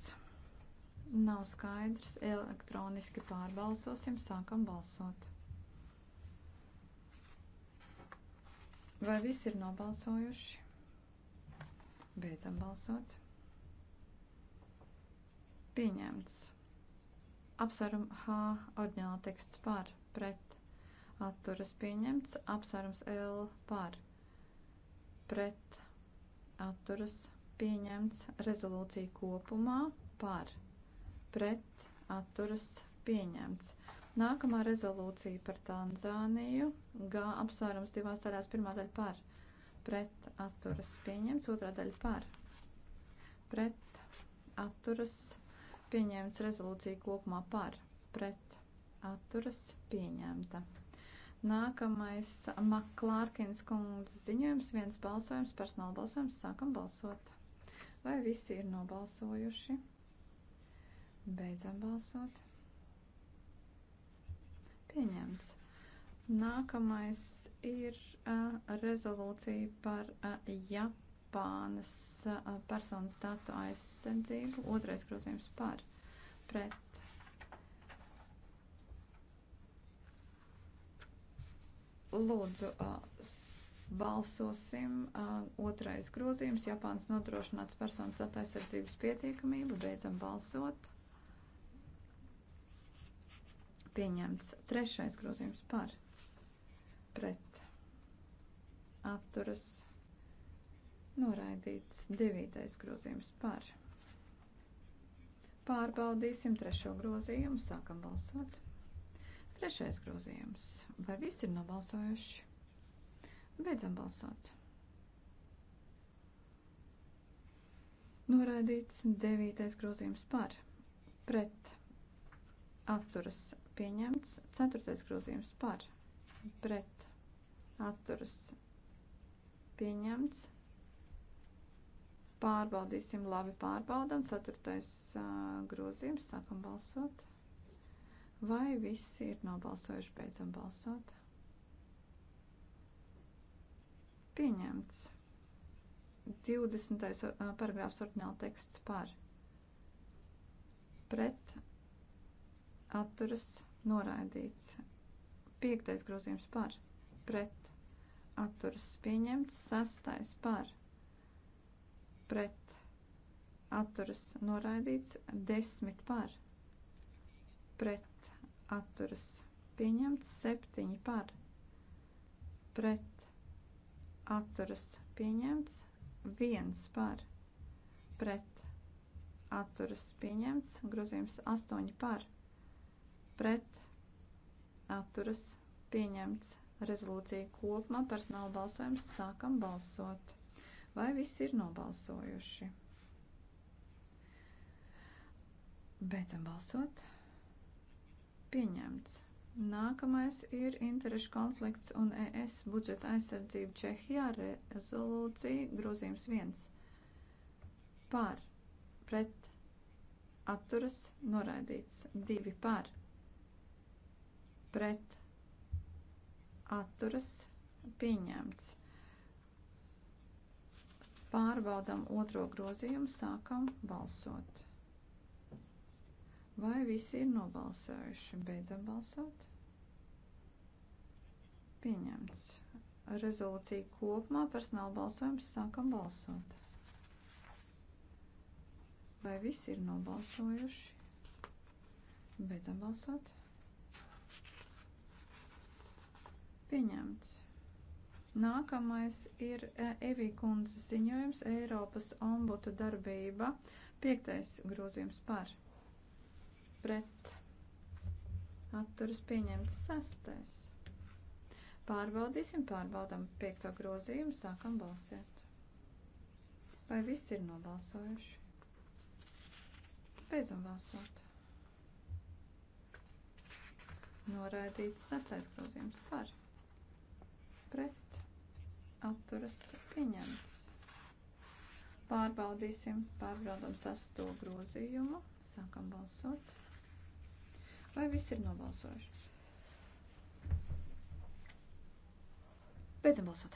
S5: nav skaidrs. Elektroniski pārbalsosim, sākam balsot. Vai visi ir nobalsojuši? Beidzam balsot. Pieņemts. Apsvērumu H ordināla teksts par pret atturas pieņemts. Apsvērums L par pret atturas pieņemts. Rezolūcija kopumā par pret atturas pieņemts. Nākamā rezolūcija par Tanzāniju. G apsvērums divās daļās. Pirmā daļa par pret atturas pieņemts. Otrā daļa par pret atturas pieņemts Pieņemts rezolūcija kopumā par, pret, atturas pieņemta. Nākamais Maklārkins kundzes ziņojums, viens balsojums, personāla balsojums, sākam balsot. Vai visi ir nobalsojuši? Beidzam balsot. Pieņemts. Nākamais ir uh, rezolūcija par uh, Japānu Japānas personas datu aizsardzību. Otrais grozījums par pret. Lūdzu, balsosim. Otrais grozījums. Japānas nodrošināts personas datu aizsardzības pietiekamību. Beidzam balsot. Pieņemts trešais grozījums par pret. Apturas Noraidīts devītais grozījums par. Pārbaudīsim trešo grozījumu, sākam balsot. Trešais grozījums. Vai visi ir nobalsojuši? Beidzam balsot. Noraidīts devītais grozījums par. Pret. Atturas pieņemts. Ceturtais grozījums par. Pret. Atturas pieņemts. Pārbaudīsim, labi pārbaudam. Ceturtais grozījums, sākam balsot. Vai visi ir nobalsojuši, beidzam balsot? Pieņemts. 20. paragrāfs ordināla teksts par pret atturas noraidīts. 5. grozījums par pret atturas pieņemts. 6. par pret atturas noraidīts, 10 par pret atturas pieņemts, 7 par pret atturas pieņemts, 1 par pret atturas pieņemts, grozījums 8 par pret atturas pieņemts, rezolūcija kopumā personāla balsojums sākam balsot. Vai viss ir nobalsojuši? Beidzam balsot. Pieņemts. Nākamais ir interešu konflikts un ES budžeta aizsardzība Čehijā rezolūcija grozījums 1. Pār, pret, atturas, noraidīts. 2 pār, pret, atturas, pieņemts. Pārbaudam otro grozījumu, sākam balsot. Vai visi ir nobalsojuši? Beidzam balsot. Pieņemts. Rezolūcija kopumā personāla balsojums sākam balsot. Vai visi ir nobalsojuši? Beidzam balsot. Pieņemts. Nākamais ir e, Evī kundzes ziņojums Eiropas ombudu darbība. Piektais grozījums par. Pret. Atturas pieņemts sastais. Pārbaudīsim, pārbaudam piekto grozījumu, sākam balsēt. Vai viss ir nobalsojuši? Beidzam balsot. Noraidīts sastais grozījums par. Pret atturas pieņemts. Pārbaudīsim, pārbaudam sesto grozījumu, sākam balsot. Vai viss ir nobalsojuši? Beidzam balsot.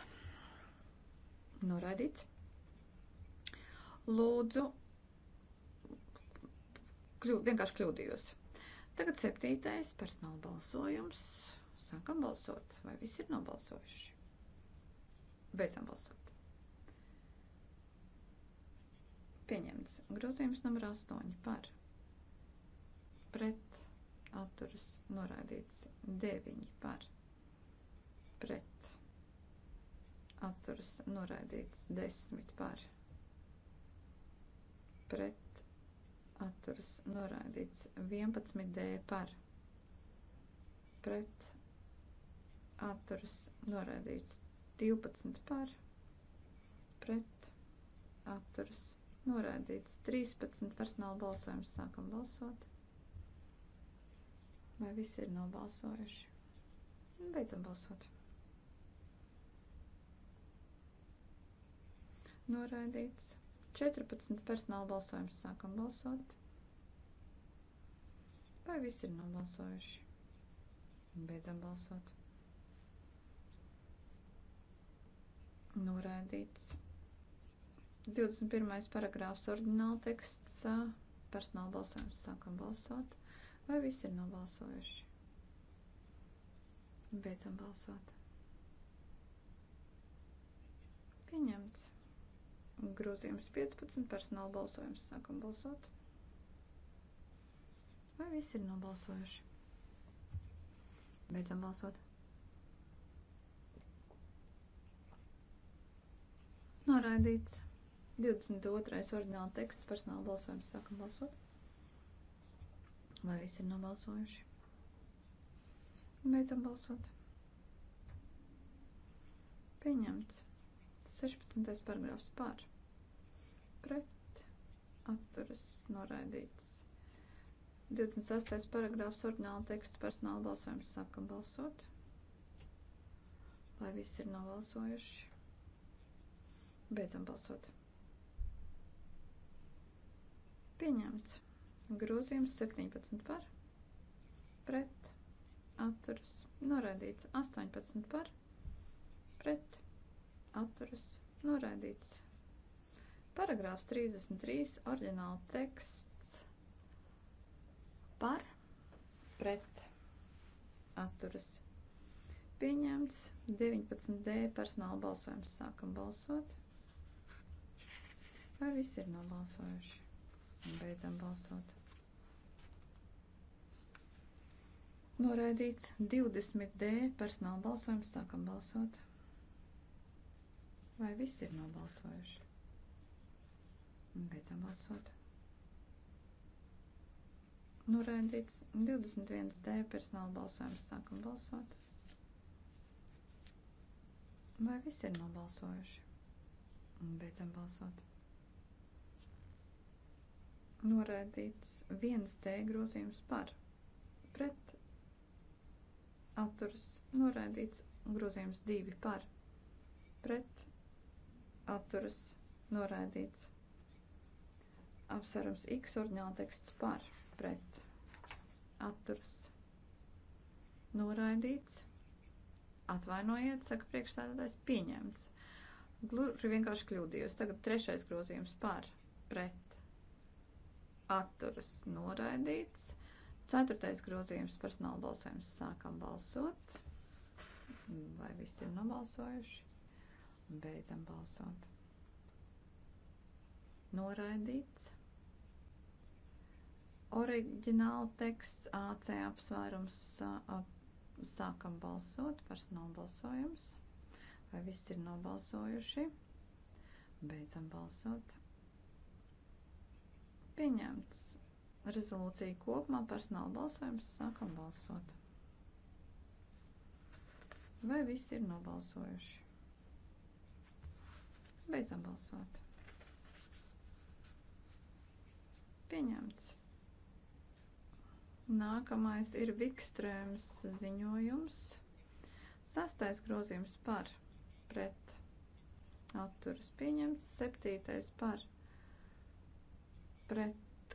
S5: Noraidīts. Lūdzu, kļū, vienkārši kļūdījos. Tagad septītais personāla balsojums. Sākam balsot, vai visi ir nobalsojuši? Beidzam balsot. Pieņemts. Grozījums numur 8 par. Pret atturas noraidīts 9 par. Pret atturas noraidīts 10 par. Pret atturas noraidīts 11 d par. Pret atturas noraidīts 12 par pret atturas noraidīts. 13 personāla balsojums sākam balsot. Vai visi ir nobalsojuši? Beidzam balsot. Noraidīts. 14 personāla balsojums sākam balsot. Vai visi ir nobalsojuši? Beidzam balsot. Noraidīts. 21. paragrāfs ordināla teksts. Personāla balsojums sākam balsot. Vai visi ir nobalsojuši? Beidzam balsot. Pieņemts. Grozījums 15. Personāla balsojums sākam balsot. Vai visi ir nobalsojuši? Beidzam balsot. Noraidīts. 22. ordināla teksts personāla balsojums. Sākam balsot. Vai visi ir nobalsojuši? Beidzam balsot. Pieņemts. 16. paragrāfs pār. Pret. Atturas noraidīts. 28. paragrāfs ordināla teksts personāla balsojums. Sākam balsot. Vai visi ir nobalsojuši? Beidzam balsot. Pieņemts. Grozījums 17 par. Pret. Atturas. Noraidīts. 18 par. Pret. Atturas. Noraidīts. Paragrāfs 33. Orģināla teksts. Par. Pret. Atturas. Pieņemts. 19D personāla balsojums. Sākam balsot. Vai viss ir nobalsojuši? Beidzam balsot. Noraidīts 20D personāla balsojums. Sākam balsot. Vai viss ir nobalsojuši? Beidzam balsot. Noraidīts 21D personāla balsojums. Sākam balsot. Vai viss ir nobalsojuši? Beidzam balsot noraidīts 1D grozījums par pret atturas noraidīts grozījums 2 par pret atturas noraidīts apsvērums x orģināla teksts par pret atturas noraidīts atvainojiet, saka priekšstādātājs pieņemts. Gluži vienkārši kļūdījos. Tagad trešais grozījums par pret atturas noraidīts. Ceturtais grozījums personāla balsojums. Sākam balsot. Vai visi ir nobalsojuši? Beidzam balsot. Noraidīts. Oriģināla teksts AC apsvērums. Sākam balsot. Personāla balsojums. Vai visi ir nobalsojuši? Beidzam balsot. Pieņemts. Rezolūcija kopumā personāla balsojums. Sākam balsot. Vai visi ir nobalsojuši? Beidzam balsot. Pieņemts. Nākamais ir Vikstrēms ziņojums. Sastais grozījums par pret atturas pieņemts, septītais par pret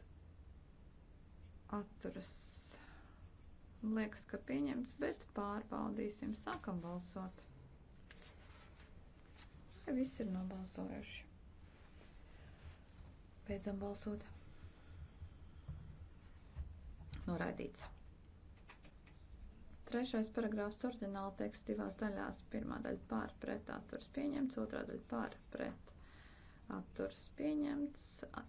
S5: atturas. Liekas, ka pieņemts, bet pārbaudīsim. Sākam balsot. Viss ir nobalsojuši. Beidzam balsot. Noraidīts. Trešais paragrāfs ordināla teksts divās daļās. Pirmā daļa pār pret atturas pieņemts, otrā daļa pār pret Atturs pieņemts.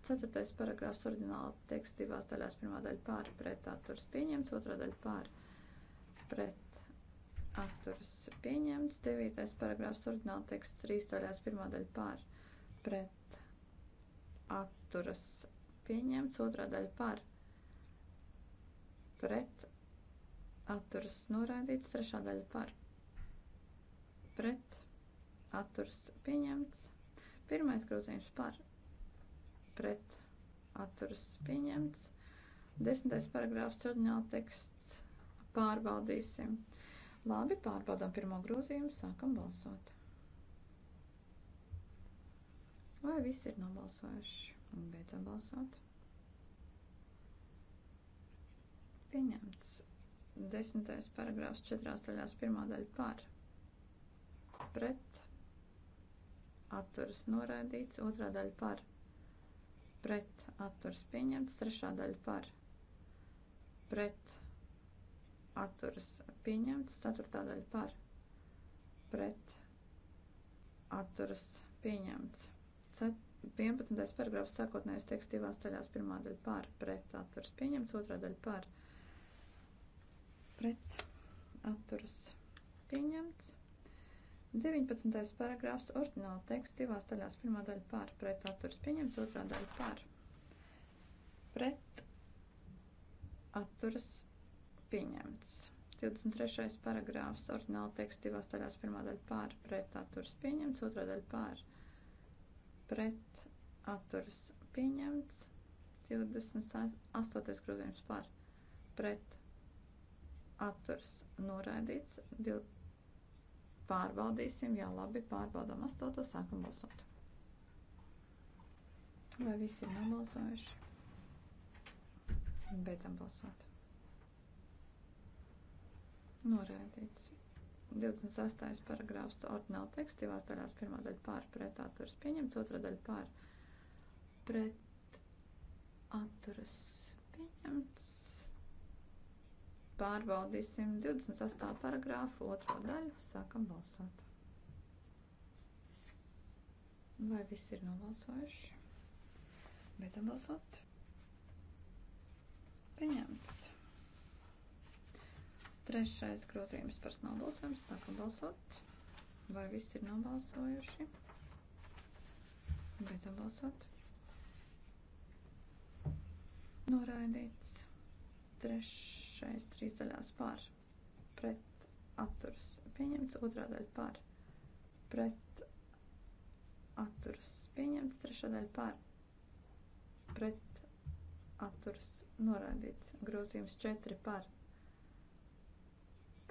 S5: Ceturtais paragrāfs ordināla teksta divās daļās. Pirmā daļa pār pret atturs pieņemts, otrā daļa pār pret atturs pieņemts. Devītais paragrāfs ordināla teksts trīs daļās. Pirmā daļa pār pret atturs pieņemts, otrā daļa pār pret atturs noraidīts, trešā daļa pār pret atturs pieņemts. Pirmais grozījums par pret atturas pieņemts. Desmitais paragrāfs ordināla teksts pārbaudīsim. Labi, pārbaudām pirmo grozījumu, sākam balsot. Vai visi ir nobalsojuši? Un beidzam balsot. Pieņemts. Desmitais paragrāfs četrās daļās pirmā daļa par pret atturas noraidīts, otrā daļa par pret atturas pieņemts, trešā daļa par pret atturas pieņemts, ceturtā daļa par pret atturas pieņemts. Cet 11. paragrāfs sākotnējais teksts divās daļās, pirmā daļa par pret atturas pieņemts, otrā daļa par pret atturas pieņemts. 19. paragrāfs ordināla teksts divās daļās. Pirmā daļa pār pret atturas pieņemts, otrā daļa pār pret atturas pieņemts. 23. paragrāfs ordināla teksts divās daļās. Pirmā daļa pār pret atturas pieņemts, otrā daļa pār pret atturas pieņemts. 28. grozījums pār pret atturas noraidīts. 20 Pārbaudīsim, jā, labi, pārbaudām astoto, sākam balsot. Vai visi ir nobalsojuši? Beidzam balsot. Norēdīts. 28. paragrāfs ordināla teksts, divās daļās pirmā daļa pār pret atturas pieņemts, otrā daļa pār pret atturas pieņemts. Pārbaudīsim 28. paragrāfu otro daļu. Sākam balsot. Vai viss ir nobalsojuši? Beidzam balsot. Pieņemts. Trešais grozījums par nobalsojumu. Sākam balsot. Vai viss ir nobalsojuši? Beidzam balsot. Noraidīts. Trešais Trešais trīs daļās par pret atturas pieņemts. Otrā daļa par pret atturas pieņemts. Trešā daļa par pret atturas noraidīts. Grozījums 4 par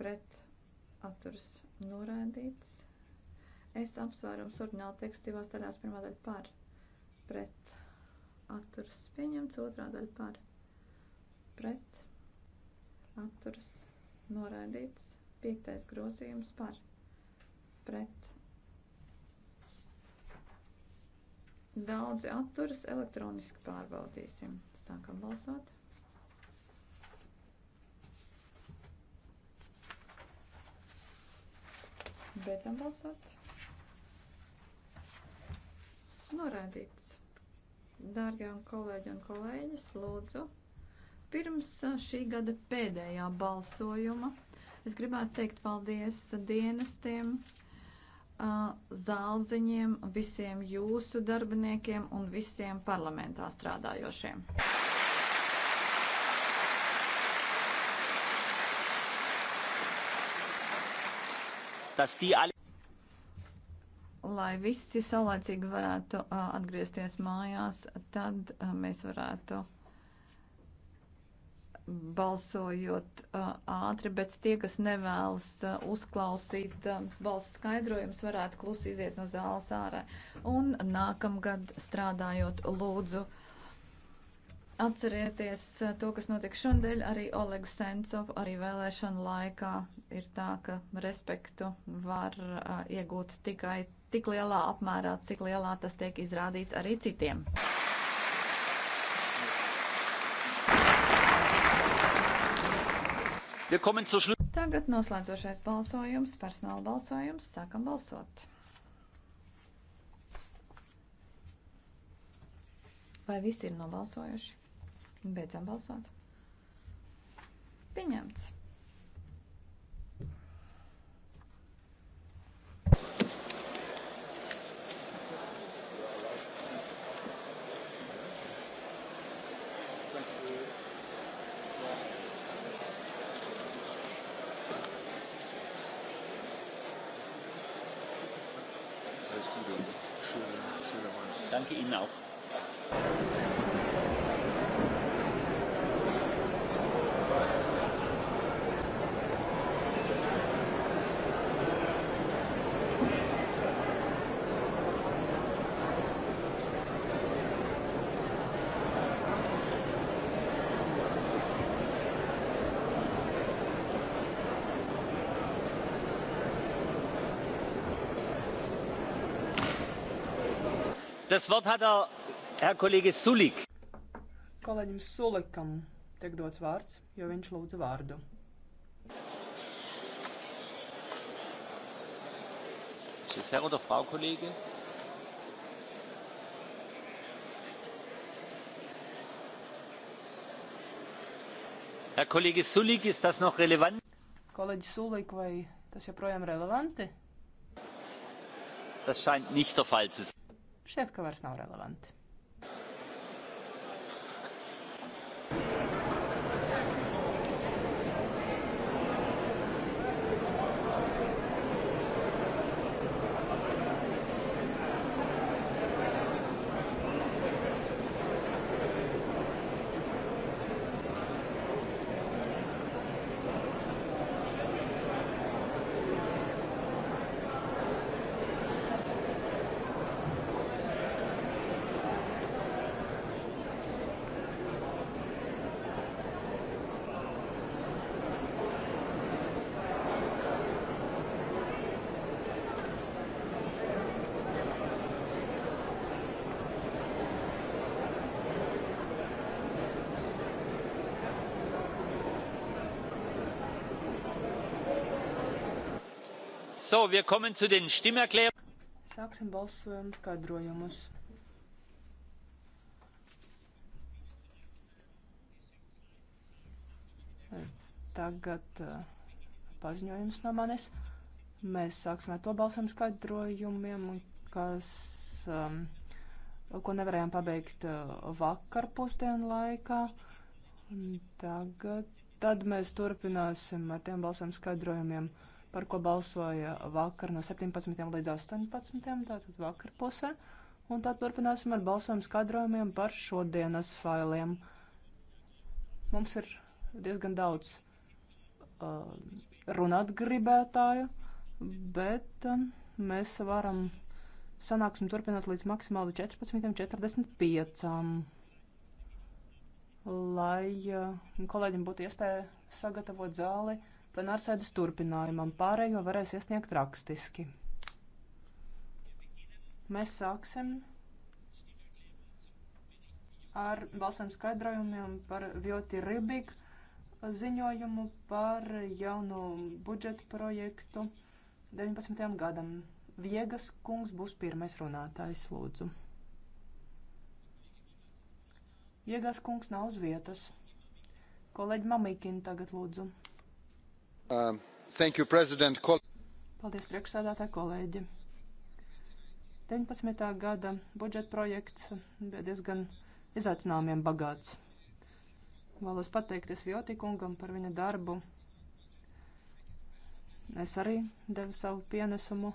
S5: pret atturas noraidīts. Es apsvērums ordināli tekstu divās daļās pirmā daļa par pret atturas pieņemts. Otrā daļa par pret atturas noraidīts. Piektais grozījums par pret. Daudzi atturas elektroniski pārbaudīsim. Sākam balsot. Beidzam balsot. Noraidīts. Dārgie un kolēģi un kolēģis, lūdzu, Pirms šī gada pēdējā balsojuma es gribētu teikt paldies dienestiem, zālziņiem, visiem jūsu darbiniekiem un visiem parlamentā strādājošiem. Lai visi saulēcīgi varētu atgriezties mājās, tad mēs varētu balsojot uh, ātri, bet tie, kas nevēlas uh, uzklausīt uh, balss skaidrojums, varētu klusi iziet no zāles ārā. Un nākamgad strādājot lūdzu. Atcerieties to, kas notiek šodien, arī Olegu Sencovu, arī vēlēšanu laikā ir tā, ka respektu var uh, iegūt tikai tik lielā apmērā, cik lielā tas tiek izrādīts arī citiem. Tagad noslēdzošais balsojums, personāla balsojums, sākam balsot. Vai visi ir nobalsojuši? Beidzam balsot. Pieņemts.
S8: Das Wort hat er, Herr Kollege Sulik.
S7: Kolēģim Sulikam tiek dots vārds, jo viņš lūdza vārdu.
S5: Ist es Herr oder Frau Kollege?
S8: Herr Kollege Sulik, ist das noch relevant?
S7: Kolēģi Sulik, vai tas joprojām relevanti?
S8: Das scheint nicht der Fall zu sein
S7: šķiet, ka vairs nav relevanti.
S3: So, wir kommen zu den Stimmerklärungen.
S7: Sāksim balsojumu skaidrojumus. Tagad uh, paziņojums no manis. Mēs sāksim ar to balsojumu skaidrojumiem, kas, um, ko nevarējām pabeigt uh, vakar pusdienu laikā. Tagad tad mēs turpināsim ar tiem balsojumu skaidrojumiem. Uh, par ko balsoja vakar no 17. līdz 18. tātad vakar pusē. Un tad turpināsim ar balsojumu skaidrojumiem par šodienas failiem. Mums ir diezgan daudz uh, runāt gribētāju, bet um, mēs varam sanāksim turpināt līdz maksimāli 14.45 lai uh, kolēģiem būtu iespēja sagatavot zāli plenārsēdes turpinājumam. Pārējo varēs iesniegt rakstiski. Mēs sāksim ar balsām skaidrojumiem par Vioti Ribik ziņojumu par jauno budžetu projektu 19. gadam. Viegas kungs būs pirmais runātājs, lūdzu. Viegas kungs nav uz vietas. Kolēģi Mamikina tagad lūdzu.
S3: Um, thank you, President. Kol
S7: Paldies, priekšsēdētāji, kolēģi. 19. gada budžeta projekts bija diezgan izaicinājumiem bagāts. Vēlos pateikties Viotikungam par viņa darbu. Es arī devu savu pienesumu,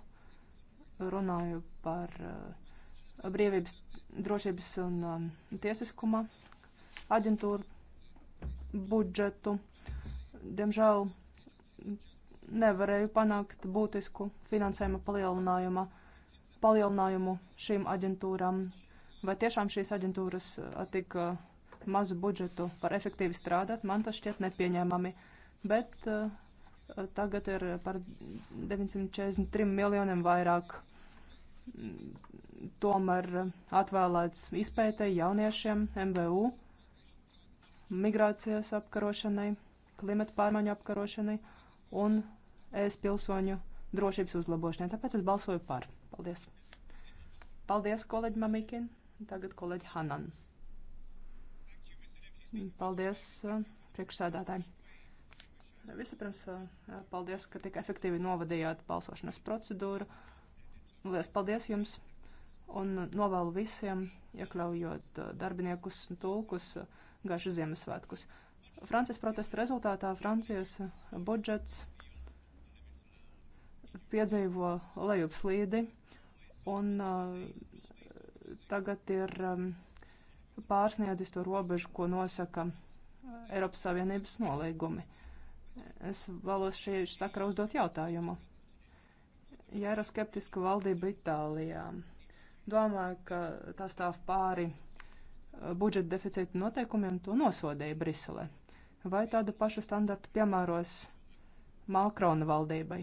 S7: runāju par uh, brīvības, drošības un um, tiesiskuma aģentūru budžetu. Diemžēl nevarēju panākt būtisku finansējuma palielinājumu, palielinājumu šīm aģentūrām. Vai tiešām šīs aģentūras uh, tik uh, mazu budžetu var efektīvi strādāt, man tas šķiet nepieņēmami. Bet uh, tagad ir par 943 miljoniem vairāk mm, tomēr atvēlēts izpētei jauniešiem, MVU, migrācijas apkarošanai, klimata pārmaiņu apkarošanai. Uh, un es pilsoņu drošības uzlabošanai. Tāpēc es balsoju par. Paldies! Paldies, kolēģi Mamikin! Tagad kolēģi Hanan. Paldies eh, priekšsēdētājiem! Vispirms, eh, paldies, ka tik efektīvi novadījāt balsošanas procedūru. Lielas paldies jums! Un novēlu visiem, iekļaujot eh, darbiniekus un tulkus, gaišu Ziemassvētkus. Francijas protesta rezultātā Francijas budžets piedzīvo lejupslīdi un uh, tagad ir um, pārsniedzis to robežu, ko nosaka Eiropas Savienības nolīgumi. Es vēlos šī sakra uzdot jautājumu. Ja ir skeptiska valdība Itālijā, domāju, ka tā stāv pāri uh, budžeta deficīta noteikumiem, to nosodīja Brisele vai tādu pašu standartu piemēros Malkrona valdībai,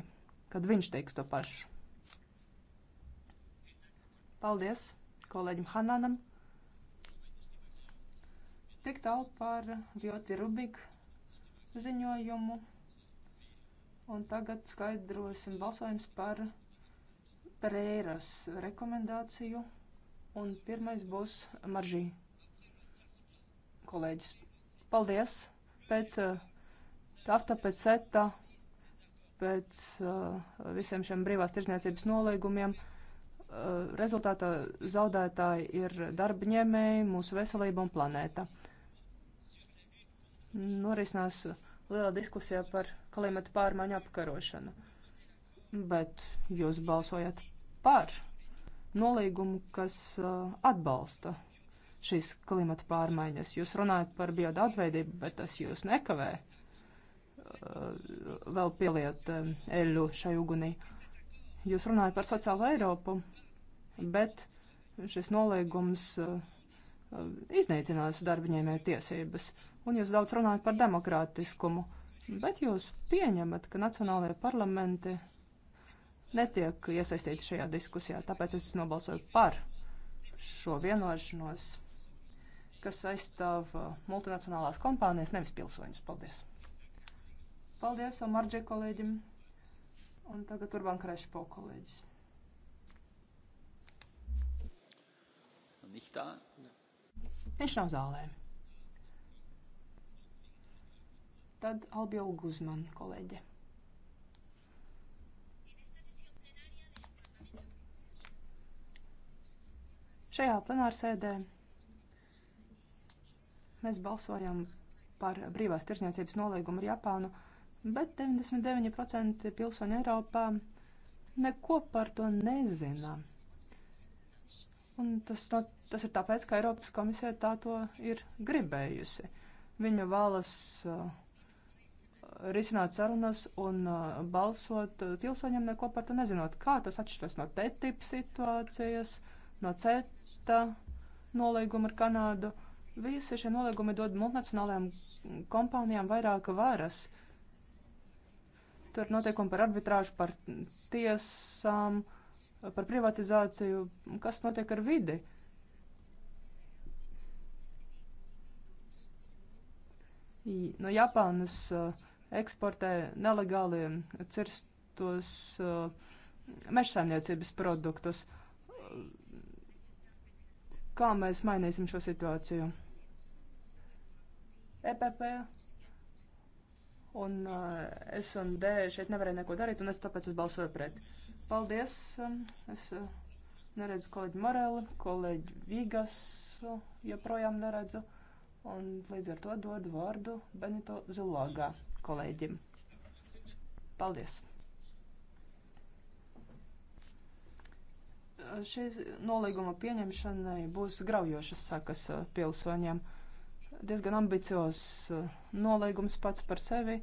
S7: kad viņš teiks to pašu. Paldies kolēģim Hananam. Tik tālu par Vjoti Rubik ziņojumu. Un tagad skaidrosim balsojums par Pereiras rekomendāciju. Un pirmais būs Maržī kolēģis. Paldies! pēc eh, tafta, pēc seta, pēc eh, visiem šiem brīvās tirzniecības nolīgumiem. Eh, rezultātā zaudētāji ir darba ņēmēji, mūsu veselība un planēta. Norisinās liela diskusija par klimata pārmaiņu apkarošanu. Bet jūs balsojat par nolīgumu, kas atbalsta šīs klimata pārmaiņas. Jūs runājat par biodaudzveidību, bet tas jūs nekavē uh, vēl pieliet um, eļu šai ugunī. Jūs runājat par sociālo Eiropu, bet šis nolīgums uh, iznīcinās darbiņēmēju tiesības. Un jūs daudz runājat par demokrātiskumu, bet jūs pieņemat, ka nacionālajie parlamenti netiek iesaistīti šajā diskusijā, tāpēc es nobalsoju par šo vienošanos kas aizstāv uh, multinacionālās kompānijas, nevis pilsoņus. Paldies! Paldies Omarģē kolēģim! Un tagad Urban Krešpo kolēģis. Nicht da? Viņš nav zālē. Tad Albiela Guzmana kolēģe. Šajā plenārsēdē Mēs balsojam par brīvās tirsniecības nolīgumu ar Japānu, bet 99% pilsoņu Eiropā neko par to nezina. Un tas, no, tas ir tāpēc, ka Eiropas komisija tā to ir gribējusi. Viņa vēlas uh, risināt sarunas un uh, balsot uh, pilsoņiem neko par to nezinot. Kā tas atšķiras no TTIP situācijas, no CETA nolīguma ar Kanādu? Uh, Visi šie noliegumi dod multinacionālajām kompānijām vairāk varas. Tur ir noteikumi par arbitrāžu, par tiesām, par privatizāciju, kas notiek ar vidi. No Japānas uh, eksportē nelegāli cirstos uh, mežsaimniecības produktus. Uh, kā mēs mainīsim šo situāciju? EPP un uh, eh, SD šeit nevarēja neko darīt, un es tāpēc es balsoju pret. Paldies! Um, es uh, neredzu kolēģi Moreli, kolēģi Vigas uh, joprojām neredzu, un līdz ar to dodu vārdu Benito Zilvāgā kolēģim. Paldies! Šī nolīguma pieņemšanai būs graujošas sakas pilsoņiem. Uh, diezgan ambiciozs uh, nolīgums pats par sevi,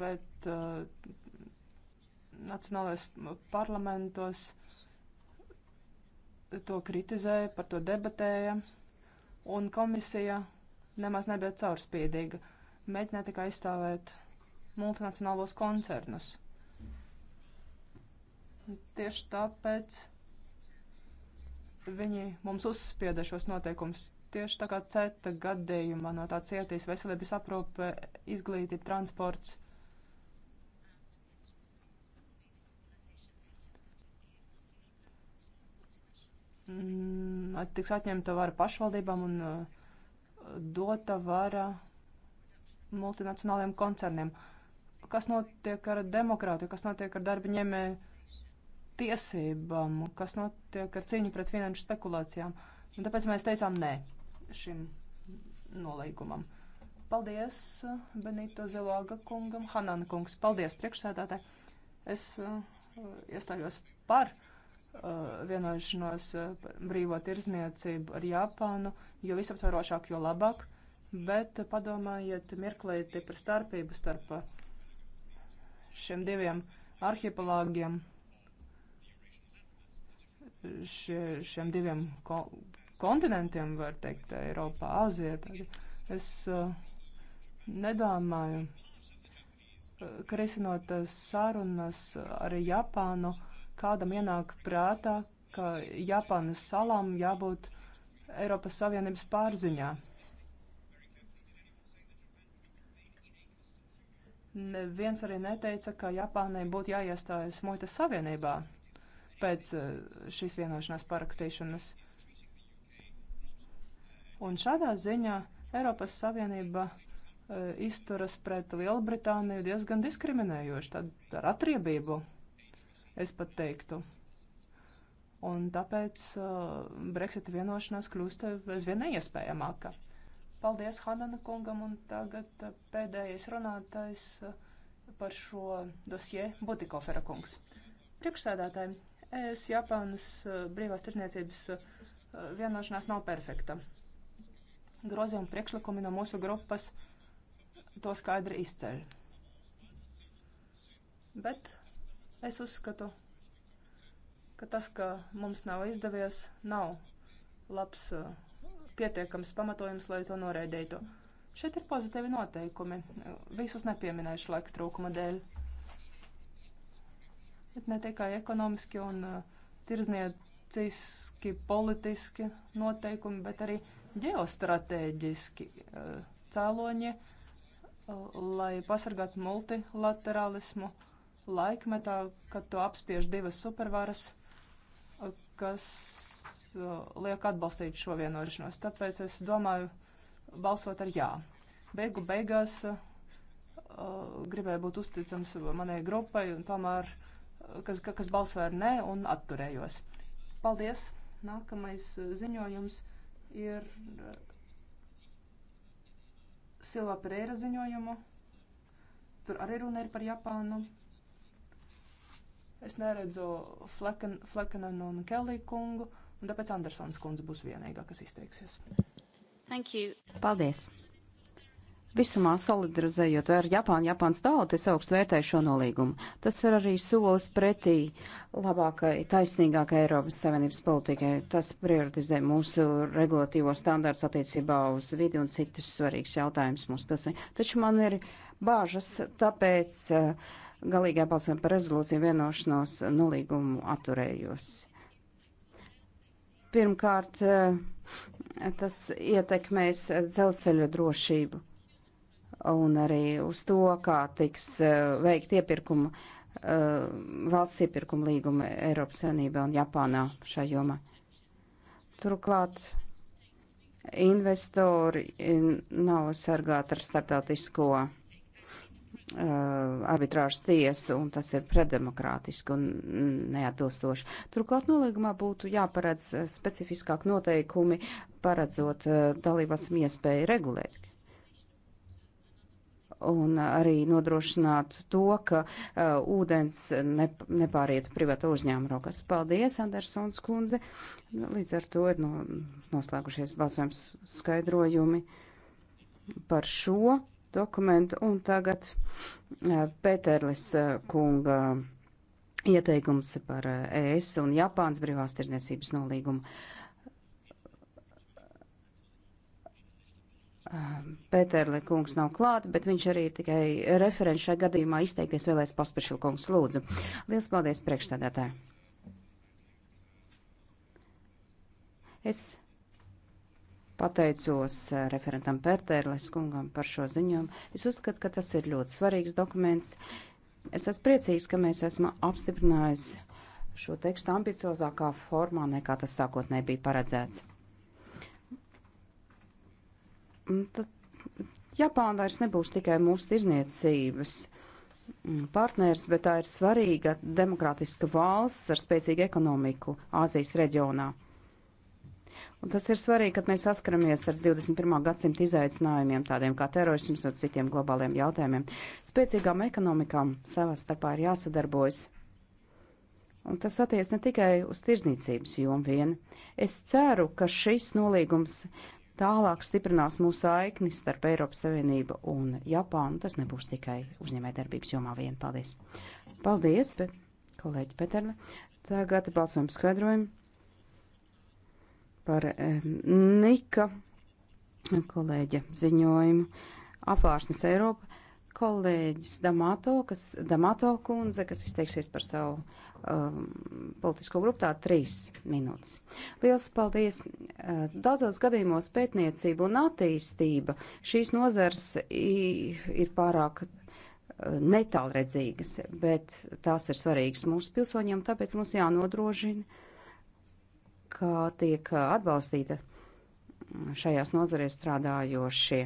S7: bet uh, nacionālais parlamentos to kritizēja, par to debatēja, un komisija nemaz nebija caurspīdīga. Mēģināja tikai aizstāvēt multinacionālos koncernus. Tieši tāpēc viņi mums uzspieda šos noteikumus Tieši tā kā CETA gadījumā no tā cietīs veselības aprūpe, izglītība, transports. Mm, tiks atņemta vara pašvaldībām un uh, dota vara multinacionāliem koncerniem. Kas notiek ar demokrātiju, kas notiek ar darba ņēmēju tiesībām, kas notiek ar cīņu pret finanšu spekulācijām? Un tāpēc mēs teicām nē šim nolīgumam. Paldies eh, Benito Ziloga kungam, Hanana kungs. Paldies priekšsēdētē. Es uh, iestājos par uh, vienošanos par brīvo tirzniecību ar Japānu, jo visaptvarošāk, jo labāk. Bet padomājiet mirklīti par starpību starp šiem diviem arhipelāgiem, šie, šiem diviem ko kontinentiem, var teikt, Eiropā, Āzijā. Es uh, nedomāju, eh, ka risinot eh, sarunas ar Japānu, kādam ienāk prātā, ka Japānas salām jābūt Eiropas Savienības pārziņā. Neviens arī neteica, ka Japānai būtu jāiestājas muitas savienībā pēc šīs vienošanās parakstīšanas. Uh, Un šādā ziņā Eiropas Savienība e, izturas pret Lielbritāniju diezgan diskriminējoši, tad ar atriebību, es pat teiktu. Un tāpēc uh, e, Brexita vienošanās kļūst aizvien neiespējamāka. Paldies Hanana kungam, un tagad e, pēdējais runātais par šo dosie Butikofera kungs. Priekšsēdētāji, es Japānas brīvās tirniecības vienošanās nav perfekta Grozījuma priekšlikumi no mūsu grupas to skaidri izceļ. Bet es uzskatu, ka tas, ka mums nav izdevies, nav labs, uh, pietiekams pamatojums, lai to noraidītu. Šeit ir pozitīvi noteikumi. Visus nepieminēšu laika trūkuma dēļ. Bet ne tikai ekonomiski un uh, tirzniecīski, politiski noteikumi, bet arī uh, ģeostrateģiski e, cēloņi, e, lai pasargātu multilaterālismu laikmetā, kad to apspiež divas supervaras, e, kas liek atbalstīt šo vienošanos. Tāpēc es domāju, balsot ar jā. Beigu beigās gribēju būt uzticams manai grupai, un tomēr, kas, kas balsoja ar nē, un atturējos. Paldies! Nākamais ziņojums ir Silva Pereira ziņojumu. Tur arī runa ir par Japānu. Es neredzu Fleken, Flekenen un Kelly kungu, un tāpēc Andersons kundze būs vienīgā, kas
S6: izteiksies. Thank you. Paldies. Visumā solidarizējot ar Japānu, Japānas tautu, es augstu vērtēju šo nolīgumu. Tas ir arī solis pretī labākai, taisnīgākai Eiropas Savienības politikai. Tas prioritizē mūsu regulatīvo standārts attiecībā uz vidi un citus svarīgus jautājumus mūsu pilsēņu. Taču man ir bāžas, tāpēc eh, galīgā balsojuma par rezolūciju vienošanos nolīgumu atturējos. Pirmkārt, eh, tas ietekmēs dzelzceļa drošību un arī uz to, kā tiks eh, veikt iepirkuma, eh, valsts iepirkuma līguma Eiropas Savienībā un Japānā šajā jomā. Turklāt investori nav sargāti ar starptautisko uh, arbitrāžu tiesu, un tas ir predemokrātiski un neatbilstoši. Turklāt nolīgumā būtu jāparedz specifiskāk noteikumi, paredzot uh, dalībvalstīm iespēju regulēt un arī nodrošināt to, ka uh, ūdens nep nepāriet privāta uzņēmuma rokās. Paldies, Andersons kundze. Līdz ar to ir no, noslēgušies balsojums skaidrojumi par šo dokumentu. Un tagad uh, Pēterlis uh, kunga ieteikums par uh, ES un Japānas brīvās tirdzniecības nolīgumu. Uh, Pēterle kungs nav klāt, bet viņš arī ir tikai referents šajā gadījumā izteikties vēlēs paspešļu kungs lūdzu. Liels paldies priekšsēdētāji. Es pateicos eh, referentam Pērtērles kungam par šo ziņojumu. Es uzskatu, ka tas ir ļoti svarīgs dokuments. Es esmu priecīgs, ka mēs esam apstiprinājusi šo tekstu ambiciozākā formā, nekā tas sākotnēji bija paredzēts. Mm, tad Japāna vairs nebūs tikai mūsu tirzniecības mm, partners, bet tā ir svarīga demokrātiska valsts ar spēcīgu ekonomiku Āzijas reģionā. Un tas ir svarīgi, kad mēs saskaramies ar 21. gadsimta izaicinājumiem, tādiem kā terorisms un citiem globāliem jautājumiem. Spēcīgām ekonomikām savā starpā ir jāsadarbojas. Un tas attiec ne tikai uz tirzniecības jomu vien. Es ceru, ka šis nolīgums tālāk stiprinās mūsu saikni starp Eiropas Savienību un Japānu. Tas nebūs tikai uzņēmējdarbības jomā vien. Paldies! Paldies, bet, kolēģi Peterle. Tagad balsojam skaidrojumu par eh, Nika kolēģa ziņojumu. Apvārsnes Eiropa kolēģis Damato, kas, Damato kundze, kas izteiksies par savu Um, politisko grupu, tā trīs minūtes. Lielas paldies! Uh, daudzos gadījumos pētniecība un attīstība šīs nozars ir pārāk uh, netālredzīgas, bet tās ir svarīgas mūsu pilsoņiem, tāpēc mums jānodrošina, kā tiek atbalstīta šajās nozarēs strādājošie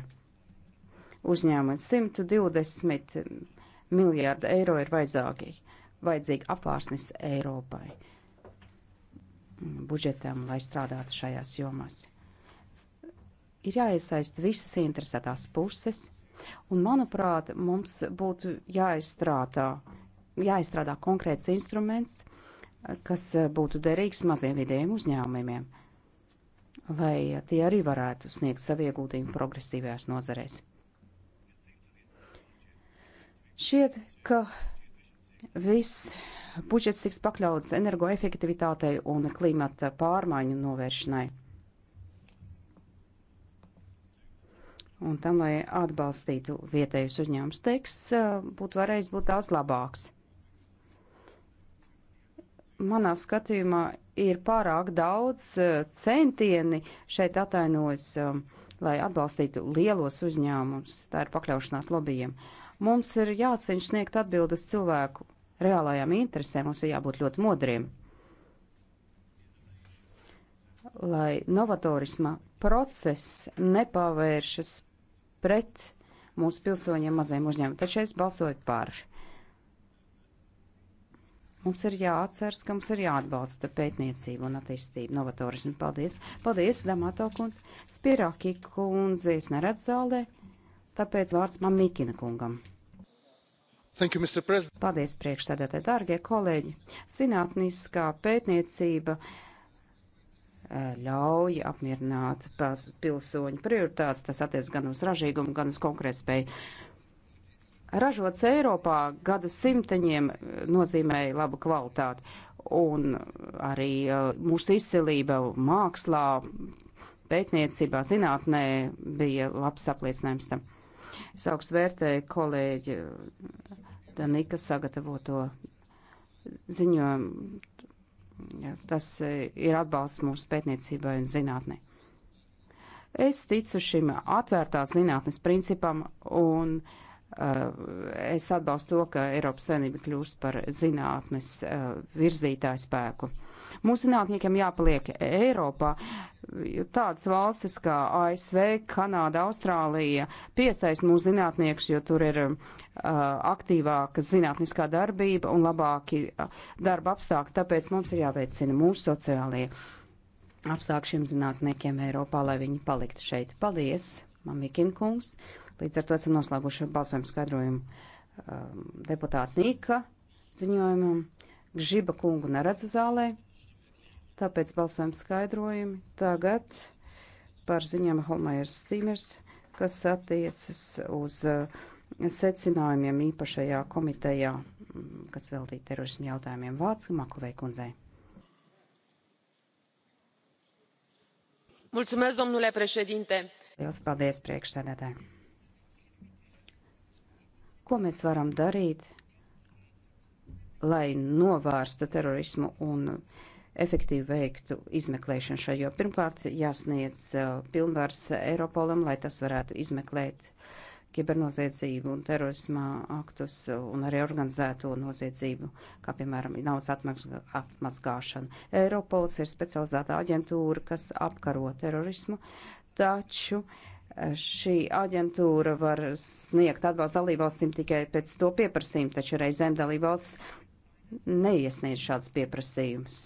S6: uzņēmumi. 120 miljārdi eiro ir vajadzīgi vajadzīga apvārsnes Eiropai mm, budžetam, lai strādātu šajās jomās. Ir jāiesaist visas interesētās puses, un, manuprāt, mums būtu jāizstrādā, jāizstrādā konkrēts instruments, kas būtu derīgs maziem vidējiem uzņēmumiem, lai tie arī varētu sniegt savu ieguldījumu progresīvajās nozarēs. Šķiet, ka Viss budžets tiks pakļauts energoefektivitātei un klimata pārmaiņu novēršanai. Un tam, lai atbalstītu vietējus uzņēmums, teksts eh, būtu varējis būt daudz labāks. Manā skatījumā ir pārāk daudz eh, centieni šeit atainojas, eh, lai atbalstītu lielos uzņēmumus. Tā ir pakļaušanās lobbyiem. Mums ir jāceņš sniegt atbildus cilvēku reālajām interesēm, mums ir jābūt ļoti modriem. Lai novatorisma process nepavēršas pret mūsu pilsoņiem mazajiem uzņēmumiem. Taču es balsoju par. Mums ir jāatceras, ka mums ir jāatbalsta pētniecība un attīstība, novatorismu. Paldies! Paldies, Damato kundze! Spirāki kundze, es neredzu zālē, tāpēc vārds man Mikina kungam. Paldies, priekšsēdētāji, dārgie kolēģi! Zinātniskā pētniecība eh, ļauj apmierināt pilsoņu prioritātes, tas attiec gan uz ražīgumu, gan uz konkrētspēju. Ražots Eiropā gadu simteņiem eh, nozīmēja labu kvalitāti, un arī eh, mūsu izcilība mākslā, pētniecībā, zinātnē bija labs apliecinājums tam. Es augstu vērtēju kolēģi Danika sagatavoto ziņojumu. Tas ir atbalsts mūsu pētniecībai un zinātnē. Es ticu šim atvērtās zinātnes principam un uh, es atbalstu to, ka Eiropas Savienība kļūst par zinātnes uh, virzītāju spēku. Mūsu zinātniekiem jāpaliek Eiropā. Tādas valstis kā ASV, Kanāda, Austrālija piesaist mūsu zinātniekus, jo tur ir uh, aktīvāka zinātniskā darbība un labāki darba apstākļi. Tāpēc mums ir jāveicina mūsu sociālie apstākļi šiem zinātniekiem Eiropā, lai viņi paliktu šeit. Paldies, Mamikin kungs! Līdz ar to esam noslēguši balsojumu skaidrojumu deputāta Nīka ziņojumam. Gžiba kungu neredzu zālē tāpēc balsojam skaidrojumi. Tagad par ziņām Holmajers Stīmers, kas attiecas uz uh, secinājumiem īpašajā komitejā, mm, kas veltīja terorismu jautājumiem Vācu Makovei kundzei.
S1: Mulțumesc, domnule președinte.
S6: Liels paldies, priekšsēdētāji. Ko mēs varam darīt, lai novērstu terorismu un uh, efektīvi veiktu izmeklēšanu šajā, jo pirmkārt jāsniedz uh, pilnvars Eiropolam, lai tas varētu izmeklēt kibernoziedzību un terorismā aktus un arī organizēto noziedzību, kā piemēram naudas atmazgā, atmazgāšana. Eiropols ir specializēta aģentūra, kas apkaro terorismu, taču uh, šī aģentūra var sniegt atbalstu dalībvalstīm tikai pēc to pieprasījuma, taču reizēm dalībvalsts neiesniedz šādas pieprasījumus.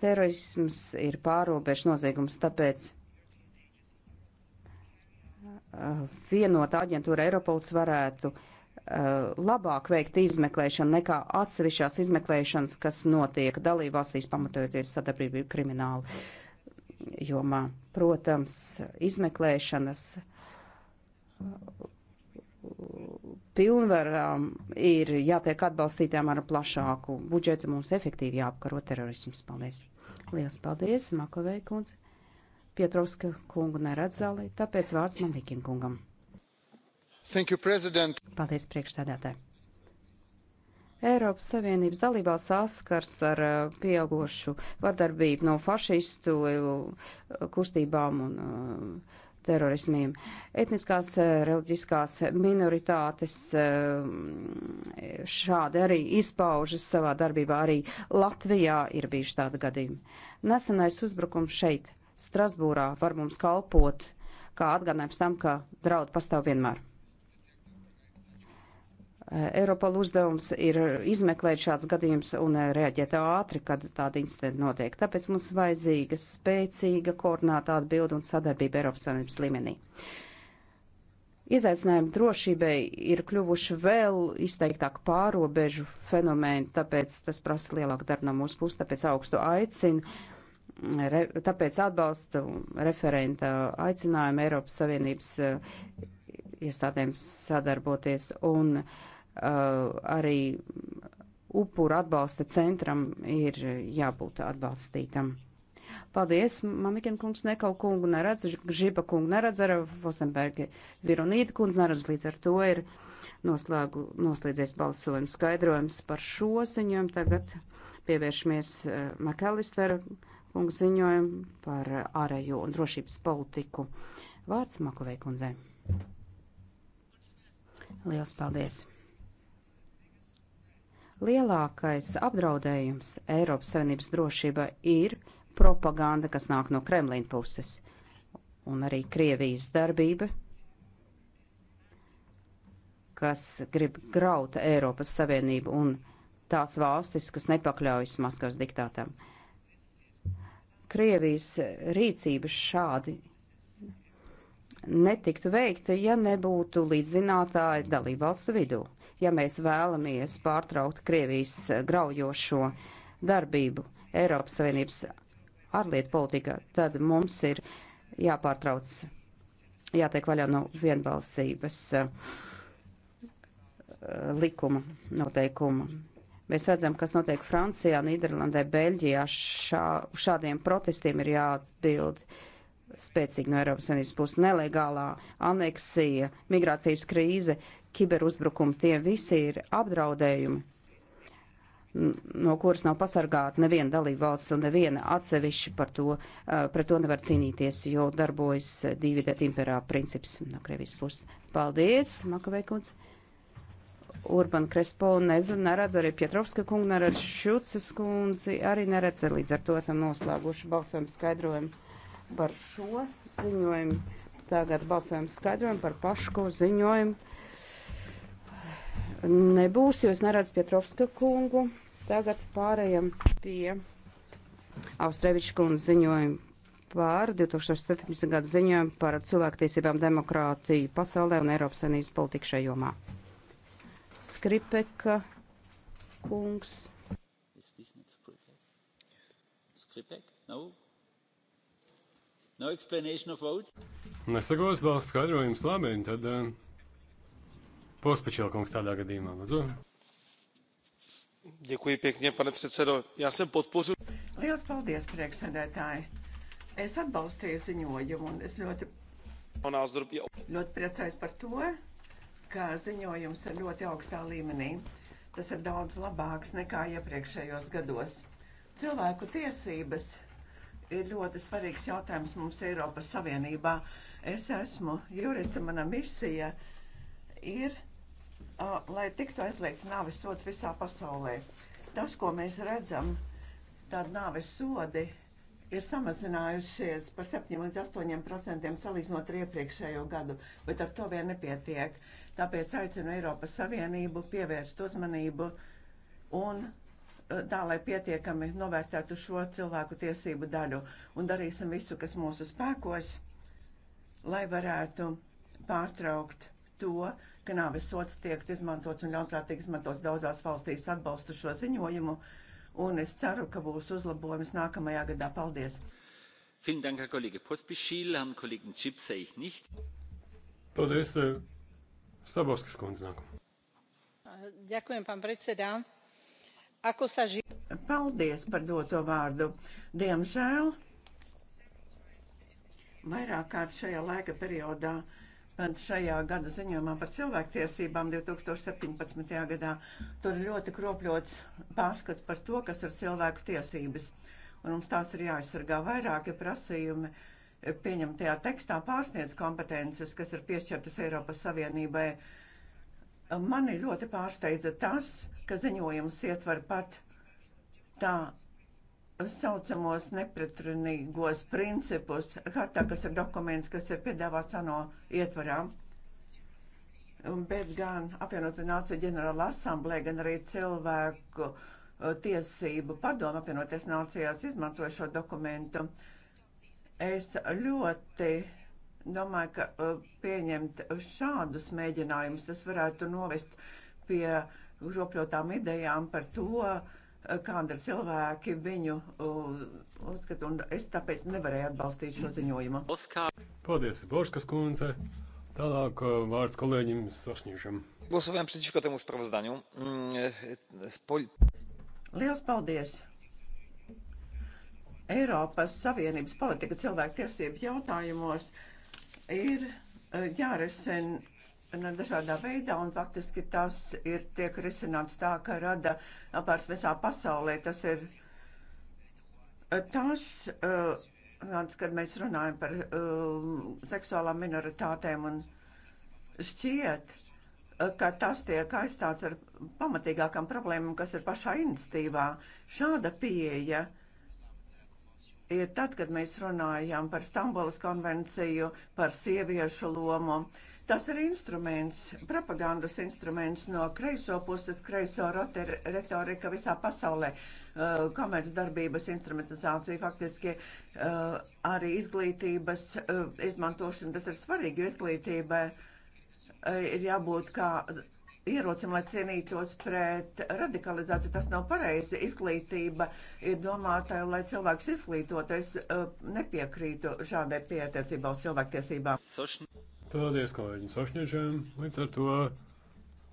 S6: Terorisms ir pārobežu noziegums, tāpēc eh, vienota aģentūra Eiropols varētu eh, labāk veikt izmeklēšanu nekā atsevišķās izmeklēšanas, kas notiek dalībvalstīs pamatojoties sadarbību kriminālu jomā. Protams, izmeklēšanas pilnvarām ir jātiek atbalstītām ar plašāku budžetu. Mums efektīvi jāapkaro terorisms. Paldies! Lielas paldies, Makovei kundze! Pietrovska kungu neredz zālē, tāpēc vārds man Vikim kungam.
S3: Thank you, President!
S6: Paldies, priekšsēdētāji! Eiropas Savienības dalībās saskars ar uh, pieaugošu vardarbību no fašistu uh, kustībām un uh, terorismiem. Etniskās, eh, reliģiskās minoritātes eh, šādi arī izpaužas savā darbībā. Arī Latvijā ir bijuši tādi gadījumi. Nesenais uzbrukums šeit, Strasbūrā, var mums kalpot kā atgādinājums tam, ka draudi pastāv vienmēr. Eiropola uzdevums ir izmeklēt šāds gadījums un eh, reaģēt ātri, kad tādi incidenti notiek. Tāpēc mums vajadzīga spēcīga koordināta atbilda un sadarbība Eiropas Savienības līmenī. Izaicinājumi drošībai ir kļuvuši vēl izteiktāk pārobežu fenomeni, tāpēc tas prasa lielāku darbu no mūsu puses, tāpēc augstu aicinu. Re, tāpēc atbalstu referenta aicinājumu Eiropas Savienības eh, iestādēm sadarboties un uh, Uh, arī upuru atbalsta centram ir jābūt atbalstītam. Paldies, Mamikin kungs nekau kungu neredz, Žiba kungu neredz, ar Vosenbergi Vironīti kungs neredz, līdz ar to ir noslēgu, noslēdzies balsojums skaidrojums par šo ziņojumu. Tagad pievēršamies uh, Makalisteru kungu ziņojumu par ārējo un drošības politiku. Vārds Makovei kundzei. Liels paldies! Lielākais apdraudējums Eiropas Savienības drošība ir propaganda, kas nāk no Kremlina puses, un arī Krievijas darbība, kas grib graut Eiropas Savienību un tās valstis, kas nepakļaujas Maskavas diktātam. Krievijas rīcības šādi netiktu veikta, ja nebūtu līdzzinātāji dalībvalstu vidū ja mēs vēlamies pārtraukt Krievijas eh, graujošo darbību Eiropas Savienības ārlietu politikā, tad mums ir jāpārtrauc, jātiek vaļā no vienbalsības eh, likuma noteikuma. Mēs redzam, kas notiek Francijā, Nīderlandē, Beļģijā. Šā, šādiem protestiem ir jāatbild spēcīgi no Eiropas Savienības puses. Nelegālā aneksija, migrācijas krīze, kiberuzbrukumi. Tie visi ir apdraudējumi, no kuras nav pasargāta neviena dalībvalsts un neviena atsevišķi par to, eh, pret to nevar cīnīties, jo darbojas eh, divi det imperā princips no Krievijas puses. Paldies, Makaveikuns! Urban Krespo nezinu, neredz arī Pietrovska kungu, neredz Šucis kundzi, arī neredz, līdz ar to esam noslēguši balsojumu skaidrojumu par šo ziņojumu. Tagad balsojumu skaidrojumu par pašu ziņojumu nebūs, jo es neredzu Pietrovska kungu. Tagad pārējam pie Austrēviča kundzes ziņojuma par 2017. gada ziņojumu par cilvēktiesībām demokrātiju pasaulē un Eiropas Savienības politiku šajā jomā. Skripeka
S3: kungs. Skripek? No? No explanation of vote? Nesakos balsts skaidrojums labi, tad. Uh... Pospečilkungs tādā gadījumā, lūdzu. Ďakujem pekne, pane predsedo. Ja sem podporu.
S2: Liels paldies, priekšsēdētāji. Es atbalstīju ziņojumu un es ļoti,
S4: ļoti
S2: priecājos par to, ka ziņojums ir ļoti augstā līmenī. Tas ir daudz labāks nekā iepriekšējos gados. Cilvēku tiesības ir ļoti svarīgs jautājums mums Eiropas Savienībā. Es esmu jurists un mana misija ir lai tiktu aizliegts nāves sods visā pasaulē. Tas, ko mēs redzam, tad nāves sodi ir samazinājušies par 7 līdz 8 procentiem salīdzinot ar iepriekšējo gadu, bet ar to vien nepietiek. Tāpēc aicinu Eiropas Savienību pievērst uzmanību un e, tā, lai pietiekami novērtētu šo cilvēku tiesību daļu un darīsim visu, kas mūsu spēkos, lai varētu pārtraukt to, ka nāves sots tiek izmantots un ļaunprātīgi izmantots daudzās valstīs atbalstu šo ziņojumu, un es ceru, ka būs uzlabojums nākamajā gadā. Paldies!
S3: Paldies, eh, Sabovskis kundze nākamā.
S2: Ďakujem, pán predseda. Ako sa ži... Paldies par doto vārdu. Diemžēl vairāk kārt šajā laika periodā uh, šajā gada ziņojumā par cilvēktiesībām 2017. gadā. Tur ir ļoti kropļots pārskats par to, kas ir cilvēku tiesības. Un mums tās ir jāaizsargā vairāki prasījumi. Eh, pieņemtajā tekstā pārsniedz kompetences, kas ir piešķirtas Eiropas Savienībai. Mani ļoti pārsteidza tas, ka ziņojums ietver pat tā saucamos nepretrunīgos principus hartā, kas ir dokuments, kas ir piedāvāts ANO ietvarā, bet gan apvienotu nāciju ģenerāla asamblē, gan arī cilvēku uh, tiesību padomu apvienoties nācijās izmantoja šo dokumentu. Es ļoti domāju, ka uh, pieņemt šādus mēģinājumus, tas varētu novest pie ropļotām idejām par to, uh, Eh, kāda ir cilvēki viņu eh, uzskata, un es
S3: tāpēc nevarēju atbalstīt šo ziņojumu. Paldies, Borškas kundze! Tālāk eh, vārds kolēģim Sašņīšam. Głosowałem przeciwko temu sprawozdaniu. Mm, pol...
S2: Liels paldies! Eiropas Savienības politika cilvēku tiesību jautājumos ir jārisina no nu, dažādā veidā, un faktiski tas ir tiek risināts tā, ka rada apārs visā pasaulē. Tas ir tas, eh, tāds, kad mēs runājam par eh, seksuālām minoritātēm, un šķiet, eh, ka tas tiek aizstāts ar pamatīgākām problēmām, kas ir pašā inicitīvā. Šāda pieeja ir tad, kad mēs runājam par Stambulas konvenciju, par sieviešu lomu. Uh, Tas ir instruments, propagandas instruments no kreiso puses, kreiso retorika visā pasaulē, uh, komercdarbības instrumentalizācija faktiski uh, arī izglītības uh, izmantošana. Tas ir svarīgi, jo izglītībai uh, ir jābūt kā ierocim, lai cienītos pret radikalizāciju. Tas nav pareizi. Izglītība ir domāta, lai cilvēks izglītoties. Uh, nepiekrītu šādai pieteicībā uz cilvēktiesībām.
S3: Paldies kolēģim Sošņežam. Līdz ar to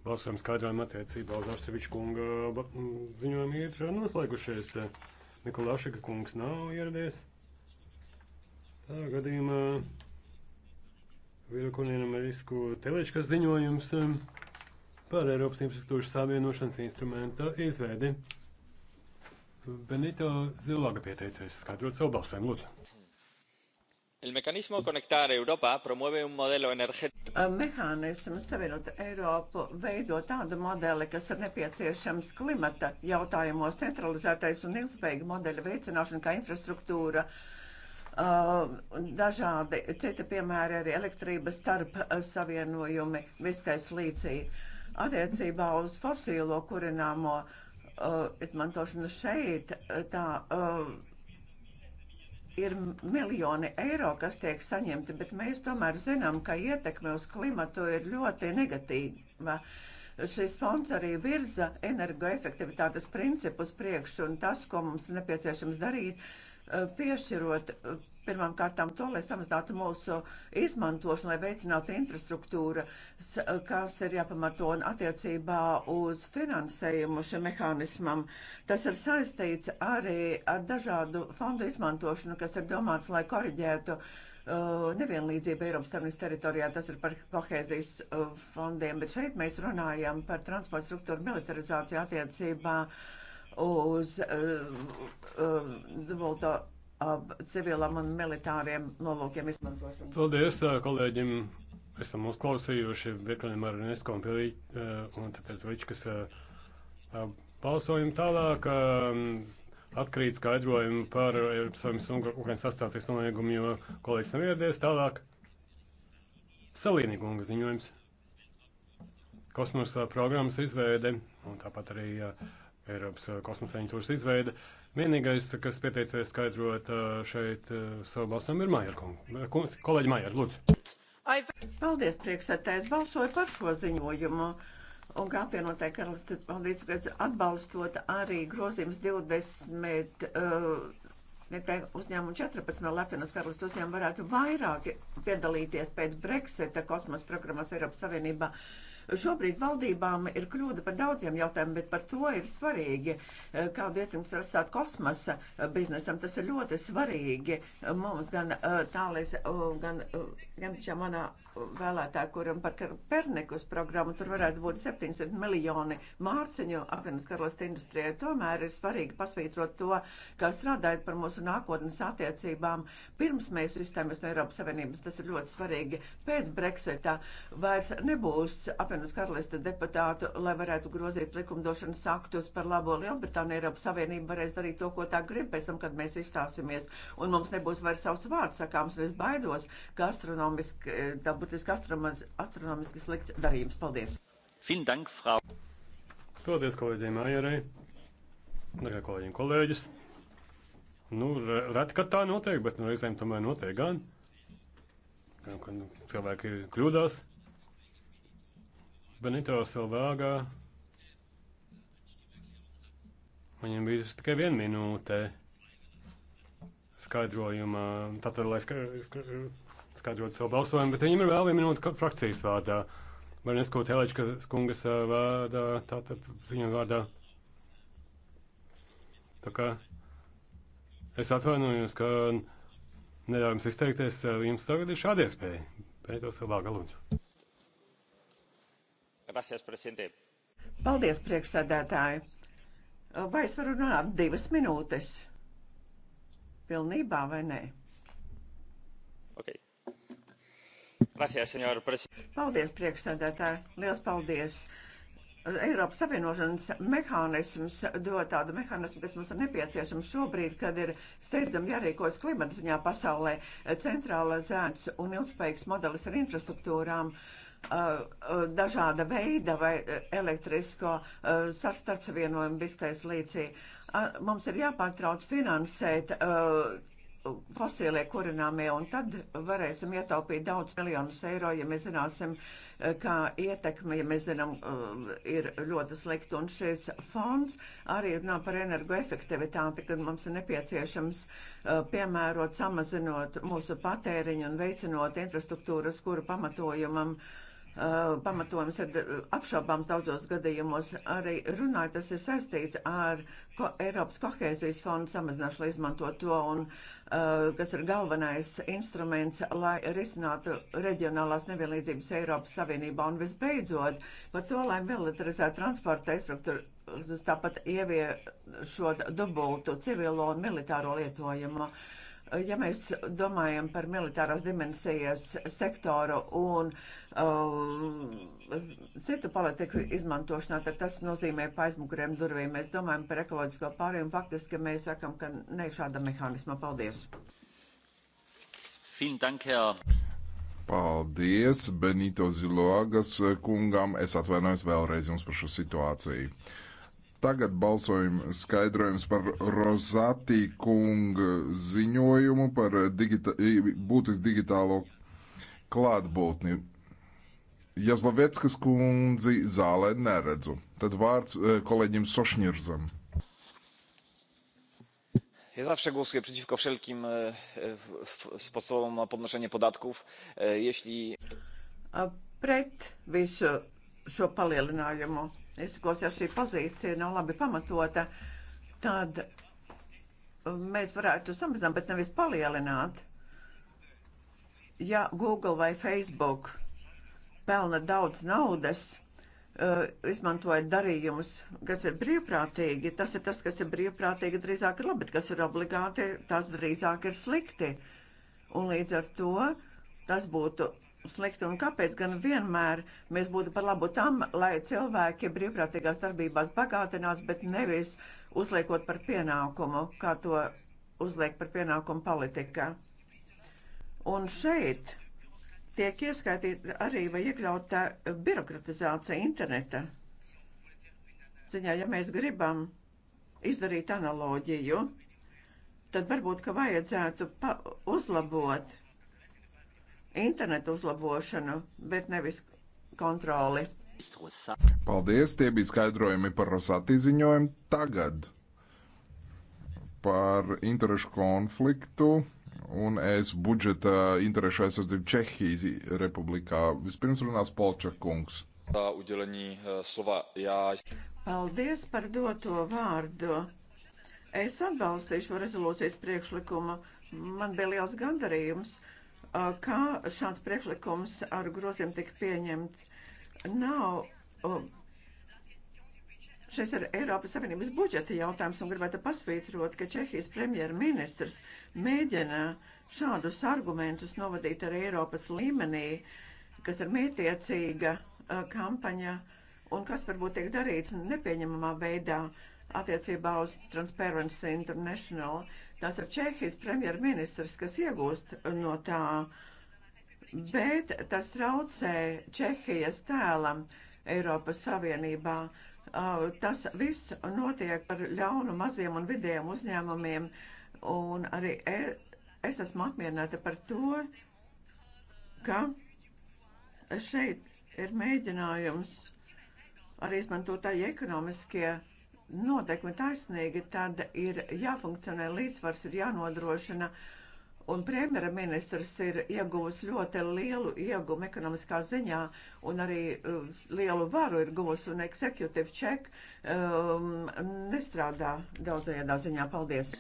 S3: balsojums skaidrām attiecībā uz Austriviču kunga mm, ziņojumu ir noslēgušies. Nikolāšika kungs nav ieradies. Tā gadījumā Virakunienam ir risku teleškas ziņojums mm, par Eiropas infrastruktūras savienošanas instrumenta izveidi. Benito Zilaga pieteicies skatrot savu balsojumu. Lūdzu.
S6: El mecanismo Conectar Europa promueve un modelo enerģētiski.
S2: Mehānisms Savienot Eiropu veido tādu modeli, kas ir nepieciešams klimata jautājumos, centralizētais un ilgspējīga modeļa veicināšana kā infrastruktūra. Uh, dažādi citi piemēri arī elektrības starp savienojumi, viskais līdzī. Attiecībā uz fosīlo kurināmo uh, izmantošanu šeit tā. Uh, ir miljoni eiro, kas tiek saņemti, bet mēs tomēr zinām, ka ietekme uz klimatu ir ļoti negatīva. Šis fonds arī virza energoefektivitātes principus priekšu un tas, ko mums nepieciešams darīt, eh, piešķirot Pirmām kārtām to, lai samazinātu mūsu izmantošanu, lai veicinātu infrastruktūra, kas ir jāpamato un attiecībā uz finansējumu šim mehānismam. Tas ir saistīts arī ar dažādu fondu izmantošanu, kas ir domāts, lai koriģētu uh, nevienlīdzību Eiropas Savienības teritorijā. Tas ir par kohēzijas uh, fondiem, bet šeit mēs runājam par transporta struktūru militarizāciju attiecībā uz uh, uh, dubulto. Uh, civilam un militāriem nolūkiem izmantosim.
S3: Paldies kolēģim! Esam uzklausījuši virkni ar UNESCO un, Pilī, un tāpēc Vičkas balsojumu tālāk. Atkrīt skaidrojumu par Eiropas Savienības un Ukrainas sastāvsies noliegumu, jo kolēģis nav ieradies tālāk. Salīni kunga ziņojums. Kosmosa programmas izveide un tāpat arī Eiropas kosmosa aģentūras izveide. Vienīgais, kas pieteicies skaidrot šeit savu balsojumu, ir Maija kungs. Kolēģi Maija, lūdzu. Paldies, priekšsētājs.
S2: Balsoju par šo ziņojumu. Un kā apvienotāja karaliste, paldies, ka atbalstot arī grozījums 20. Uh, uzņēmumu 14 no Latvijas karalistas uzņēmumu varētu vairāk piedalīties pēc Brexita kosmosa programmas Eiropas Savienībā. Uh, Šobrīd valdībām ir kļūda par daudziem jautājumiem, bet par to ir svarīgi, eh, kādu ietekmi var atstāt kosmosa eh, biznesam. Tas ir ļoti svarīgi mums gan eh, tālēs, gan, gan šajā manā vēlētāju, kuram par Pernikus programmu tur varētu būt 700 miljoni mārciņu apvienas karalistu industrijai. Tomēr ir svarīgi pasvītrot to, kā strādājot par mūsu nākotnes attiecībām. Pirms mēs izstājamies no Eiropas Savienības, tas ir ļoti svarīgi. Pēc Brexitā vairs nebūs apvienas karalista deputātu, lai varētu grozīt likumdošanas aktus par labo Lielbritāniju. Eiropas Savienība varēs darīt to, ko tā grib pēc tam, kad mēs izstāsimies. Un mums nebūs vairs savs vārds sakāms, un es baidos, ka astronomiski eh, tā būs burtiski
S3: astronomiski slikts darījums. Paldies! Dank, frau. Paldies kolēģiem Mājerai, darbie kolēģi un kolēģis. Nu, reti, kad tā notiek, bet nu, reizēm tomēr notiek gan. Kad nu, cilvēki kļūdās. Benito Silvāgā viņam bija tikai viena minūte skaidrojuma. Tātad, lai skaidrotu skaidrot savu balsojumu, bet viņam ir vēl viena minūte frakcijas vārdā. Varnesko Telečka skungas vārdā, tātad ziņam vārdā. Tā kā es atvainojos, ka neļauj jums izteikties, jums tagad ir šāda iespēja. Pēc to savu vārdu lūdzu. Gracias, presidente.
S2: Paldies, priekšsēdētāji. Vai es varu runāt divas minūtes? Pilnībā vai nē?
S5: Okay. Paldies,
S2: priekšsēdētāji! Lielas paldies! Eiropas Savienošanas mehānisms dod tādu mehānismu, kas mums ir nepieciešams šobrīd, kad ir steidzami jārīkojas klimata ziņā pasaulē. Centralizēts un ilgspējīgs modelis ar infrastruktūrām, uh, uh, dažāda veida vai uh, elektrisko starpsavienojumu biskais līdzī. Mums ir jāpārtrauc finansēt fosilie kurināmie, un tad varēsim ietaupīt daudz miljonus eiro, ja mēs zināsim, eh, kā ietekme, ja mēs zinām, eh, ir ļoti slikta. Un šis fonds arī runā par energoefektivitāti, kad mums ir nepieciešams eh, piemērot, samazinot mūsu patēriņu un veicinot infrastruktūras, kuru pamatojumam uh, Eh, pamatojums ir eh, apšaubāms daudzos gadījumos. Arī runāja, tas ir saistīts ar ko Eiropas kohēzijas fondu samazināšanu izmanto to, un, uh, kas ir galvenais instruments, lai risinātu reģionālās nevienlīdzības Eiropas Savienībā. Un visbeidzot, par to, lai militarizētu transporta instruktūru, tāpat ieviešot dubultu civilo un militāro lietojumu. Uh, Ja mēs domājam par militārās dimensijas sektoru un uh, citu politiku izmantošanā, tad tas nozīmē pa aizmuguriem durvīm. Mēs domājam par ekoloģisko pārējumu. Faktiski mēs sakam, ka ne šāda mehānisma. Paldies!
S4: Paldies Benito Ziloagas kungam. Es atvainojos vēlreiz jums par šo situāciju. Tagad balsojam skaidrojums par Rozatī kunga ziņojumu par digita būtisku digitālo klātbūtni. Jazlovieckas kundzi zālē neredzu. Tad vārds e, kolēģim Sošņirzam.
S3: Ja zawsze głosuję przeciwko wszelkim e, e,
S7: sposobom na podnoszenie podatków. Jeśli...
S2: Pret visu šo palielinājumu izsakos, ja šī pozīcija nav labi pamatota, tad mēs varētu samazināt, bet nevis palielināt. Ja Google vai Facebook pelna daudz naudas, eh, izmantojot darījumus, kas ir brīvprātīgi, tas ir tas, kas ir brīvprātīgi, drīzāk ir labi, bet kas ir obligāti, tas drīzāk ir slikti. Un līdz ar to tas būtu slikti un kāpēc gan vienmēr mēs būtu par labu tam, lai cilvēki brīvprātīgās darbībās bagātinās, bet nevis uzliekot par pienākumu, kā to uzliek par pienākumu politikā. Un šeit tiek ieskaitīta arī vai iekļauta birokratizācija interneta ziņā, ja mēs gribam izdarīt analoģiju, tad varbūt, ka vajadzētu uzlabot internetu uzlabošanu, bet nevis kontroli.
S4: Paldies, tie bija skaidrojumi par Rosati ziņojumu. Tagad par interešu konfliktu un es budžeta interešu aizsardzību Čehijas republikā. Vispirms runās Polčakungs. Eh,
S2: Paldies par doto vārdu. Es atbalstīšu rezolūcijas priekšlikumu. Man bija liels gandarījums kā šāds priekšlikums ar groziem tika pieņemts, nav. Šis ir Eiropas Savienības budžeta jautājums un gribētu pasvītrot, ka Čehijas premjerministrs mēģina šādus argumentus novadīt ar Eiropas līmenī, kas ir mētiecīga kampaņa un kas varbūt tiek darīts nepieņemamā veidā attiecībā uz Transparency International. Uh, Tas ir Čehijas premjerministrs, kas iegūst no tā, bet tas traucē Čehijas tēlam Eiropas Savienībā. Tas viss notiek par ļaunu maziem un vidējiem uzņēmumiem, un arī e, es esmu apmierināta par to, ka šeit ir mēģinājums arī izmantotāji ekonomiskie noteikumi taisnīgi, tad ir jāfunkcionē līdzsvars, ir jānodrošina. Un premjera ministrs ir ieguvis ļoti lielu iegumu ekonomiskā ziņā un arī uh, lielu varu ir guvis un executive check um, nestrādā daudzajā ziņā. Paldies!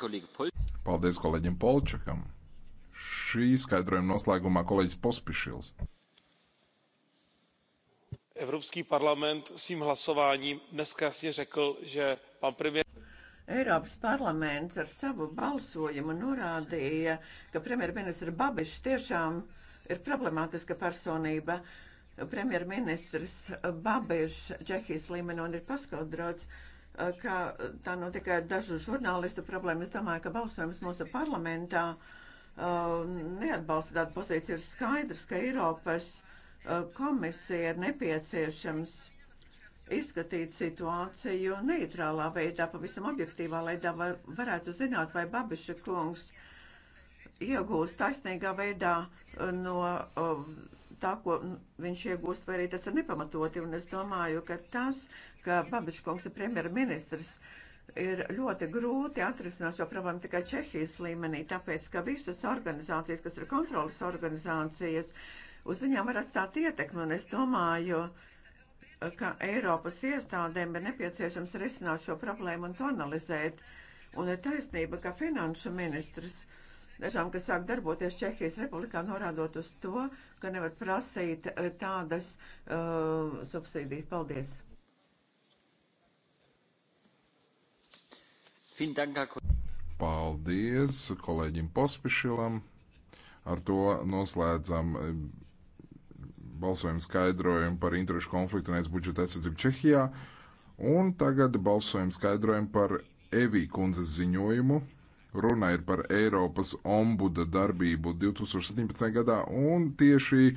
S4: Paldies kolēģim Polčakam! Šī skaidrojuma noslēgumā kolēģis Pospišils.
S3: Evropský parlament svým hlasováním dneska jasně řekl, že pan premiér.
S2: Eiropas parlaments ar savu balsojumu norādīja, ka premjerministra Babišs tiešām ir problemātiska personība. Premjerministrs Babišs Čehijas līmenī un ir paskaidrots, ka tā nav tikai dažu žurnālistu problēma. Es domāju, ka balsojums mūsu parlamentā uh, neatbalsta tādu pozīciju. Ir skaidrs, ka Eiropas Eh, komisija ir nepieciešams izskatīt situāciju neitrālā veidā, pavisam objektīvā, lai tā var, varētu zināt, vai Babiša kungs iegūst taisnīgā veidā eh, no eh, tā, ko viņš iegūst, vai arī tas ir nepamatoti. Un es domāju, ka tas, ka Babiša kungs ir premjerministrs, ir ļoti grūti atrisināt šo problēmu tikai Čehijas līmenī, tāpēc, ka visas organizācijas, kas ir kontrolas organizācijas, uh, uz viņām var atstāt ietekmi, un es domāju, ka Eiropas iestādēm ir nepieciešams risināt šo problēmu un to analizēt. Un ir taisnība, ka finanšu ministrs dažām, kas sāk darboties Čehijas republikā, norādot uz to, ka nevar prasīt eh, tādas uh, subsīdijas. Paldies!
S4: Paldies kolēģim Pospišilam. Ar to noslēdzam eh, balsojumu skaidrojumu par interešu konfliktu un es budžeta aizsardzību Čehijā. Un tagad balsojumu skaidrojumu par Evī kundzes ziņojumu. Runa ir par Eiropas ombuda darbību 2017. gadā, un tieši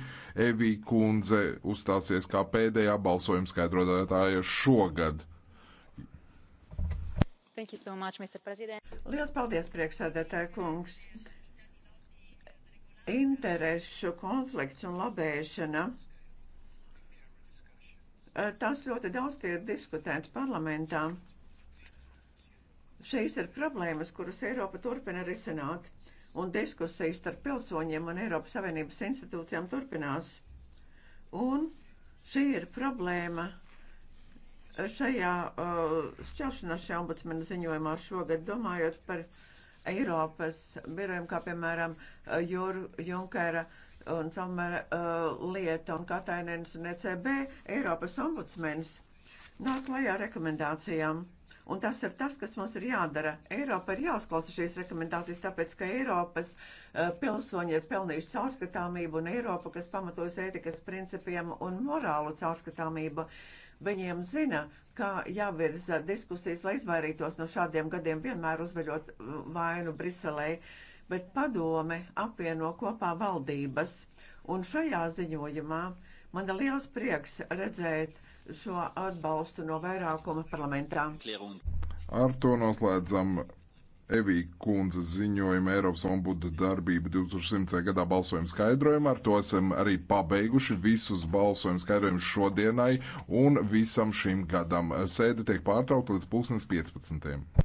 S4: Evī kundze uzstāsies kā pēdējā balsojuma skaidrotāja šogad.
S2: So much, Liels paldies, priekšsēdētāja kungs! interešu konflikts un labēšana. Eh, Tās ļoti daudz tiek diskutēts parlamentā. Šīs ir problēmas, kuras Eiropa turpina risināt, un diskusijas starp pilsoņiem un Eiropas Savienības institūcijām turpinās. Un šī ir problēma eh, šajā uh, šķelšanās šajā ombudsmena ziņojumā šogad, domājot par uh, Eiropas birojiem, kā piemēram eh, Jur, Junkera un Somera uh, lieta un Katainens un ECB, Eiropas ombudsmenis nāk klajā rekomendācijām. Un tas ir tas, kas mums ir jādara. Eiropa ir jāuzklausa šīs rekomendācijas, tāpēc, ka Eiropas uh, pilsoņi ir pelnījuši caurskatāmību un Eiropa, kas pamatojas ētikas principiem un morālu caurskatāmību. Uh, Viņiem zina, kā jāvirza diskusijas, lai izvairītos no šādiem gadiem, vienmēr uzveļot uh, vainu Briselē, bet padome apvieno kopā valdības. Un šajā ziņojumā man ir liels prieks redzēt šo atbalstu no vairākuma parlamentā.
S4: Ar to noslēdzam Evī kundze ziņojuma Eiropas ombudu darbība 2100. gadā balsojuma skaidrojuma. Ar to esam arī pabeiguši visus balsojuma skaidrojumus šodienai un visam šim gadam. Sēde tiek pārtraukta līdz 2015.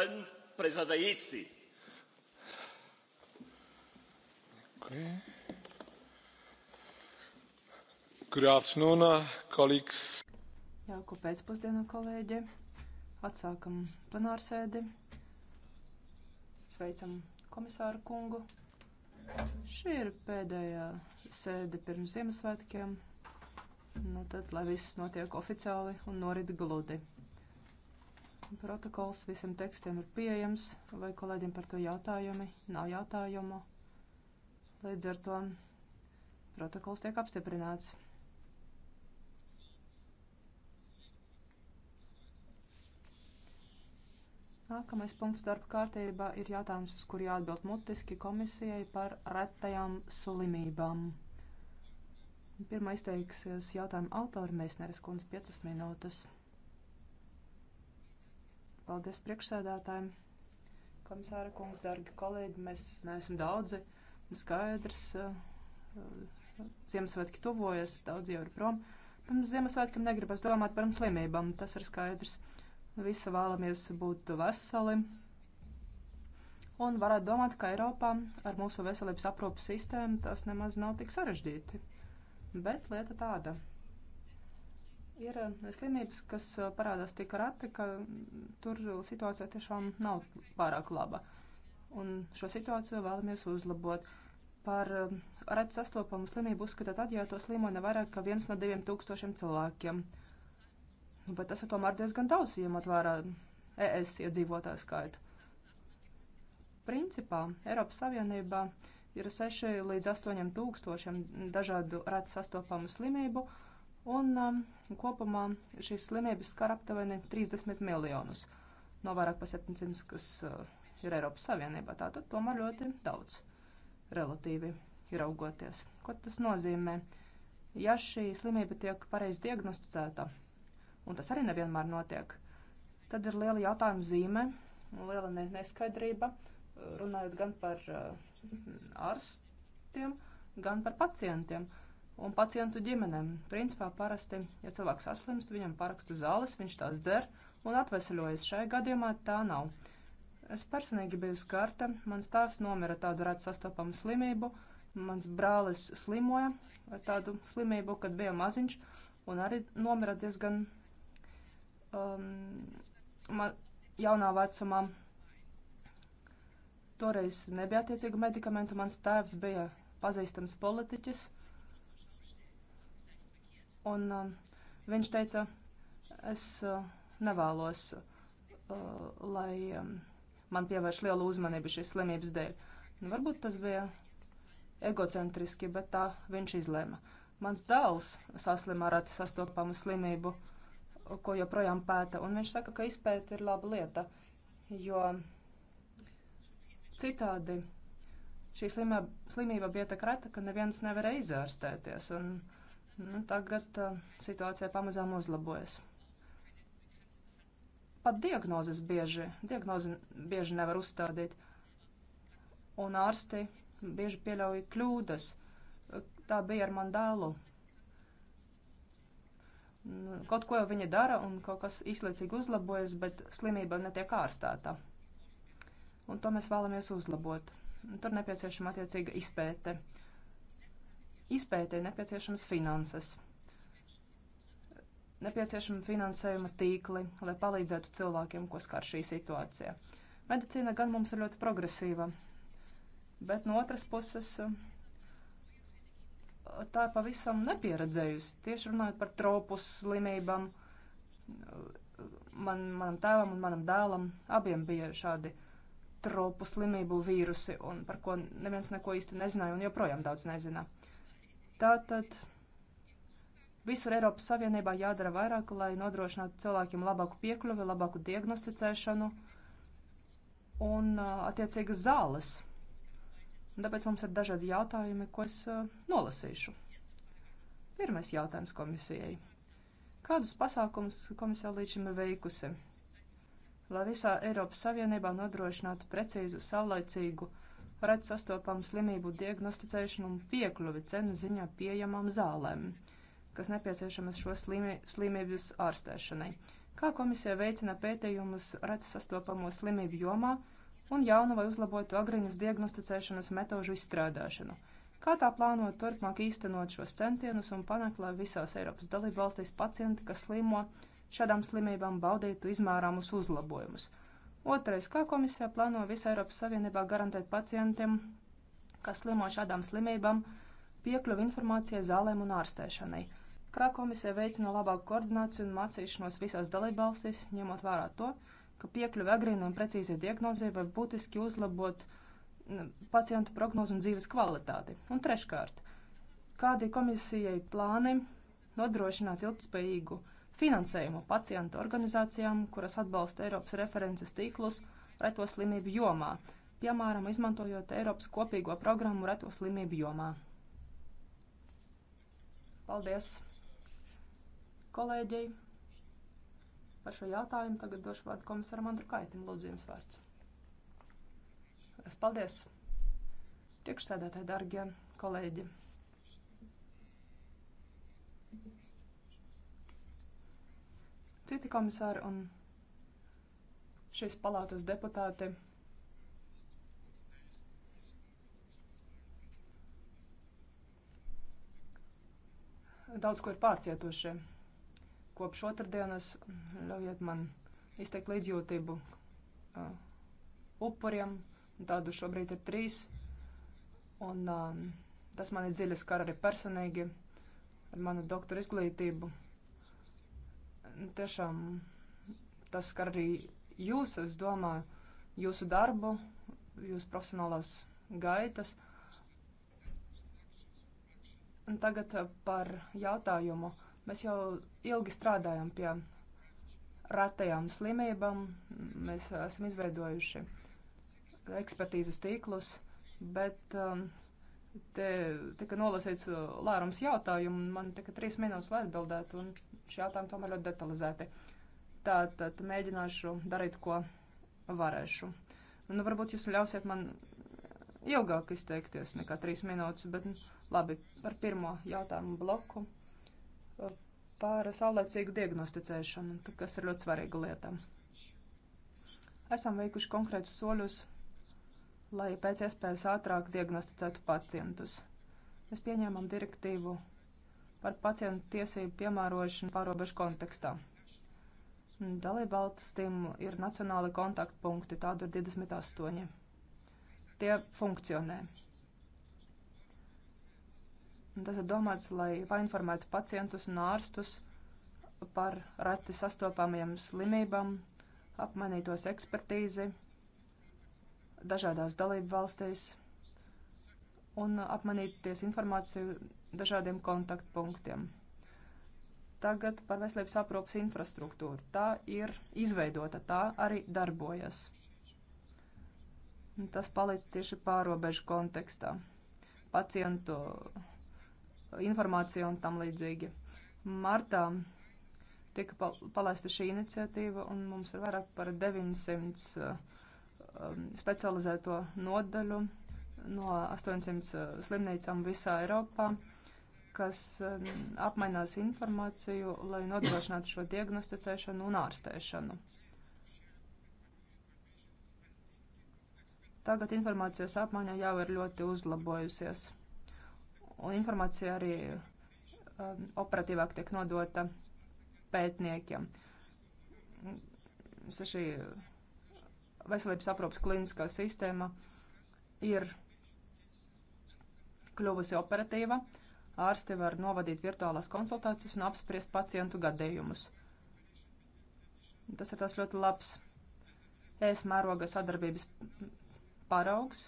S8: pan předsedající
S7: jauku pēcpusdienu kolēģi atsākam plenārsēdi sveicam komisāru kungu šī ir pēdējā sēde pirms ziemassvētkiem nu tad lai viss notiek oficiāli un norit gludi Protokols visiem tekstiem ir pieejams, vai kolēģiem par to jautājumi? Nav jautājumu. Līdz ar to protokols tiek apstiprināts. Nākamais punkts darba kārtībā ir jautājums, uz kuru jāatbild mutiski komisijai par retajām slimībām. Pirmā izteiksies jautājuma autori Mēsneres kundze 5 minūtes. Paldies priekšsēdētājiem. Komisāra kungs, dargi kolēģi, mēs neesam daudzi. Nu, skaidrs, eh, Ziemassvētki tuvojas, daudz jau ir prom. Pirms Ziemassvētkiem negribas domāt par slimībām, tas ir skaidrs. Visi vēlamies būt veseli. Un varētu domāt, ka Eiropā ar mūsu veselības aprūpas sistēmu tas nemaz nav tik sarežģīti. Bet lieta tāda. Ir eh, slimības, kas eh, parādās tik rati, ka mm, tur situācija tiešām nav pārāk laba. Un šo situāciju vēlamies uzlabot. Par eh, reti sastopamu slimību uzskata tad, ja to slimo ne vairāk kā viens no diviem tūkstošiem cilvēkiem. Bet tas ir tomēr diezgan daudz, ņemot vērā ES e iedzīvotāju skaitu. Principā Eiropas Savienībā ir 6 līdz 8 tūkstošiem dažādu reti sastopamu slimību. Uh, Un um, kopumā šīs slimības skar aptuveni 30 miljonus. No vairāk par 700, kas uh, ir Eiropas Savienībā. Tātad tomēr ļoti daudz relatīvi ir augoties. Ko tas nozīmē? Ja šī slimība tiek pareizi diagnosticēta, un tas arī nevienmēr notiek, tad ir liela jautājuma zīme, liela neskaidrība, runājot gan par uh, ārstiem, gan par pacientiem. Uh, un pacientu ģimenēm. Principā parasti, ja cilvēks saslimst, viņam paraksta zāles, viņš tās dzer un atveseļojas. Šajā gadījumā tā nav. Es personīgi biju skarta, mans tēvs nomira tādu redz sastopamu slimību, mans brālis slimoja tādu slimību, kad bija maziņš, un arī nomira diezgan um, jaunā vecumā. Toreiz nebija attiecīgu medikamentu, mans tēvs bija pazīstams politiķis, uh, Un um, viņš teica, es uh, nevēlos, uh, lai um, man pievērš lielu uzmanību šīs slimības dēļ. Nu, varbūt tas bija egocentriski, bet tā viņš izlēma. Mans dēls saslimā ar rati sastopamu slimību, ko joprojām pēta, un viņš saka, ka izpēta ir laba lieta, jo citādi šī slimība, slimība bija tā krata, ka neviens nevarēja izārstēties. Un, uh, Nu, tagad uh, situācija pamazām uzlabojas. Pat diagnozes bieži, diagnozi bieži nevar uzstādīt, un ārsti bieži pieļauj kļūdas. Tā bija ar mandālu. Nu, kaut ko jau viņi dara, un kaut kas izlaicīgi uzlabojas, bet slimība netiek ārstēta. Un to mēs vēlamies uzlabot. Tur nepieciešama attiecīga izpēte. Uh, Izpētē nepieciešams finanses, nepieciešama finansējuma tīkli, lai palīdzētu cilvēkiem, ko skar šī situācija. Medicīna gan mums ir ļoti progresīva, bet no otras puses tā pavisam nepieredzējusi. Tieši runājot par tropus slimībām, man, manam tēvam un manam dēlam abiem bija šādi tropu slimību vīrusi, un par ko neviens neko īsti nezināja un joprojām daudz nezina. Tātad visur Eiropas Savienībā jādara vairāk, lai nodrošinātu cilvēkiem labāku piekļuvi, labāku diagnosticēšanu un attiecīgas zāles. Un tāpēc mums ir dažādi jautājumi, ko es nolasīšu. Pirmais jautājums komisijai. Kādus pasākumus komisija līdz šim ir veikusi, lai visā Eiropas Savienībā nodrošinātu precīzu, saulaicīgu redz sastopamu slimību diagnosticēšanu un piekļuvi cenu ziņā pieejamām zālēm, kas nepieciešamas šo slimi, slimības ārstēšanai. Kā komisija veicina pētījumus redz sastopamo slimību jomā un jaunu vai uzlabotu agriņas diagnosticēšanas metožu izstrādāšanu? Kā tā plāno turpmāk īstenot šos centienus un panākt, lai visās Eiropas dalībvalstīs pacienti, kas slimo šādām slimībām, baudītu izmērāmus uzlabojumus? Otrais, kā komisija plāno visā Eiropas Savienībā garantēt pacientiem, kas slimo šādām slimībām, piekļuvi informācijai, zālēm un ārstēšanai? Kā komisija veicina labāku koordināciju un mācīšanos visās dalībvalstīs, ņemot vērā to, ka piekļuvi agrīnai un precīzai diagnozē var būtiski uzlabot pacienta prognozu un dzīves kvalitāti? Un treškārt, kādi komisijai plāni nodrošināt ilgspējīgu? finansējumu pacientu organizācijām, kuras atbalsta Eiropas references tīklus reto slimību jomā, piemēram, izmantojot Eiropas kopīgo programmu reto slimību jomā. Paldies kolēģei par šo jautājumu. Tagad došu vārdu komisaram Andru Kaitim. Lūdzu, jums vārds. Es paldies. Priekšsēdētāji, dargie kolēģi. citi komisāri un šīs palātas deputāti. Daudz ko ir pārcietuši kopš otrdienas. Ļaujiet man izteikt līdzjūtību uh, upuriem. Tādu šobrīd ir trīs. Un uh, tas mani dziļi skar arī personīgi ar manu doktora izglītību tiešām tas skar arī jūs, es domāju, jūsu darbu, jūsu profesionālās gaitas. Un tagad eh, par jautājumu. Mēs jau ilgi strādājam pie retajām slimībām. Mēs esam izveidojuši ekspertīzes tīklus, bet um, te tika nolasīts eh, lērums jautājumu, un man tikai trīs minūtes, lai atbildētu, un šie jautājumi tomēr ļoti detalizēti. Tātad mēģināšu darīt, ko varēšu. Nu, varbūt jūs ļausiet man ilgāk izteikties nekā trīs minūtes, bet nu, labi, par pirmo jautājumu bloku par saulēcīgu diagnosticēšanu, kas ir ļoti svarīga lieta. Esam veikuši konkrētus soļus, lai pēc iespējas ātrāk diagnosticētu pacientus. Mēs pieņēmām direktīvu par pacientu tiesību piemērošanu pārobežu kontekstā. Dalībvalstīm ir nacionāli kontaktpunkti, tādu ir 28. Tie funkcionē. Tas ir domāts, lai painformētu pacientus un ārstus par reti sastopamajām slimībām, apmainītos ekspertīzi dažādās dalību valstīs un apmainīties informāciju dažādiem kontaktpunktiem. Tagad par veselības aprūpas infrastruktūru. Tā ir izveidota, tā arī darbojas. Tas palīdz tieši pārobežu kontekstā, pacientu informācija un tam līdzīgi. Martā tika palaista šī iniciatīva, un mums ir vairāk par 900 um, specializēto nodaļu no 800 eh, slimnīcām visā Eiropā, kas eh, apmainās informāciju, lai nodrošinātu šo diagnosticēšanu un ārstēšanu. Tagad informācijas apmaiņa jau ir ļoti uzlabojusies. Un informācija arī um, operatīvāk tiek nodota pētniekiem. Visa šī veselības aprūpas kliniskā sistēma ir kļuvusi operatīva. Ārsti var novadīt virtuālās konsultācijas un apspriest pacientu gadījumus. Tas ir tas ļoti labs ES mēroga sadarbības paraugs.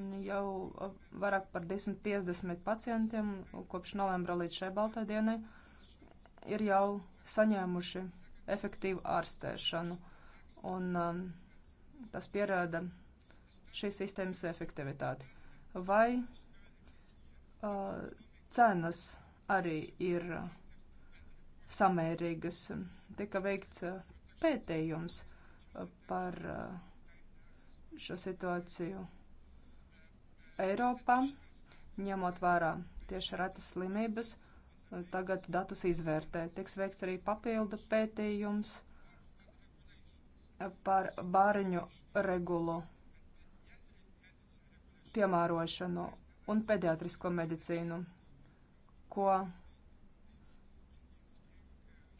S7: Un jau uh, vairāk par 250 pacientiem uh, kopš novembra līdz šai baltai dienai ir jau saņēmuši efektīvu ārstēšanu. Un um, tas pierāda šīs sistēmas efektivitāti. Vai cenas arī ir samērīgas. Tika veikts pētījums par šo situāciju Eiropā, ņemot vērā tieši ratas slimības. Tagad datus izvērtē. Tiks veikts arī papildu pētījums par bāriņu regulu piemērošanu un pediatrisko medicīnu, ko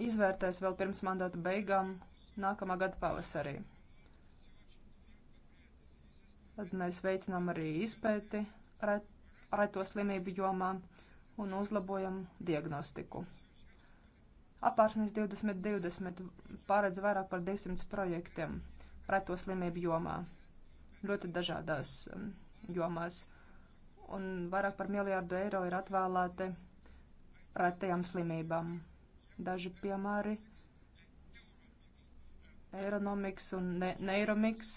S7: izvērtēs vēl pirms mandāta beigām nākamā gada pavasarī. Tad mēs veicinām arī izpēti reto slimību jomā un uzlabojam diagnostiku. Apārsnes 2020 pārēdz vairāk par 200 projektiem reto slimību jomā, ļoti dažādās um, jomās un vairāk par miljārdu eiro ir atvēlēti retajām slimībām. Daži piemēri - Eironomics un ne Neiromics.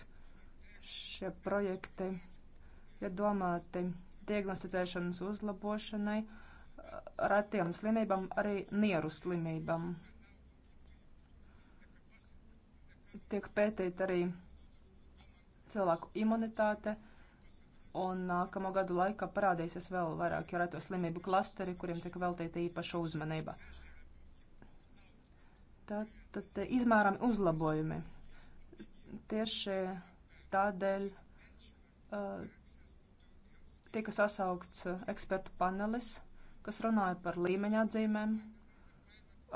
S7: Šie projekti ir domāti diagnosticēšanas uzlabošanai, retiem slimībām, arī nieru slimībām. Tiek pētīta arī cilvēku imunitāte un nākamo gadu laikā parādīsies vēl vairāk jau reto slimību klasteri, kuriem tiek veltīta īpaša uzmanība. Tātad izmērami uzlabojumi. Tieši tādēļ uh, tika sasaukts ekspertu panelis, kas runāja par līmeņa atzīmēm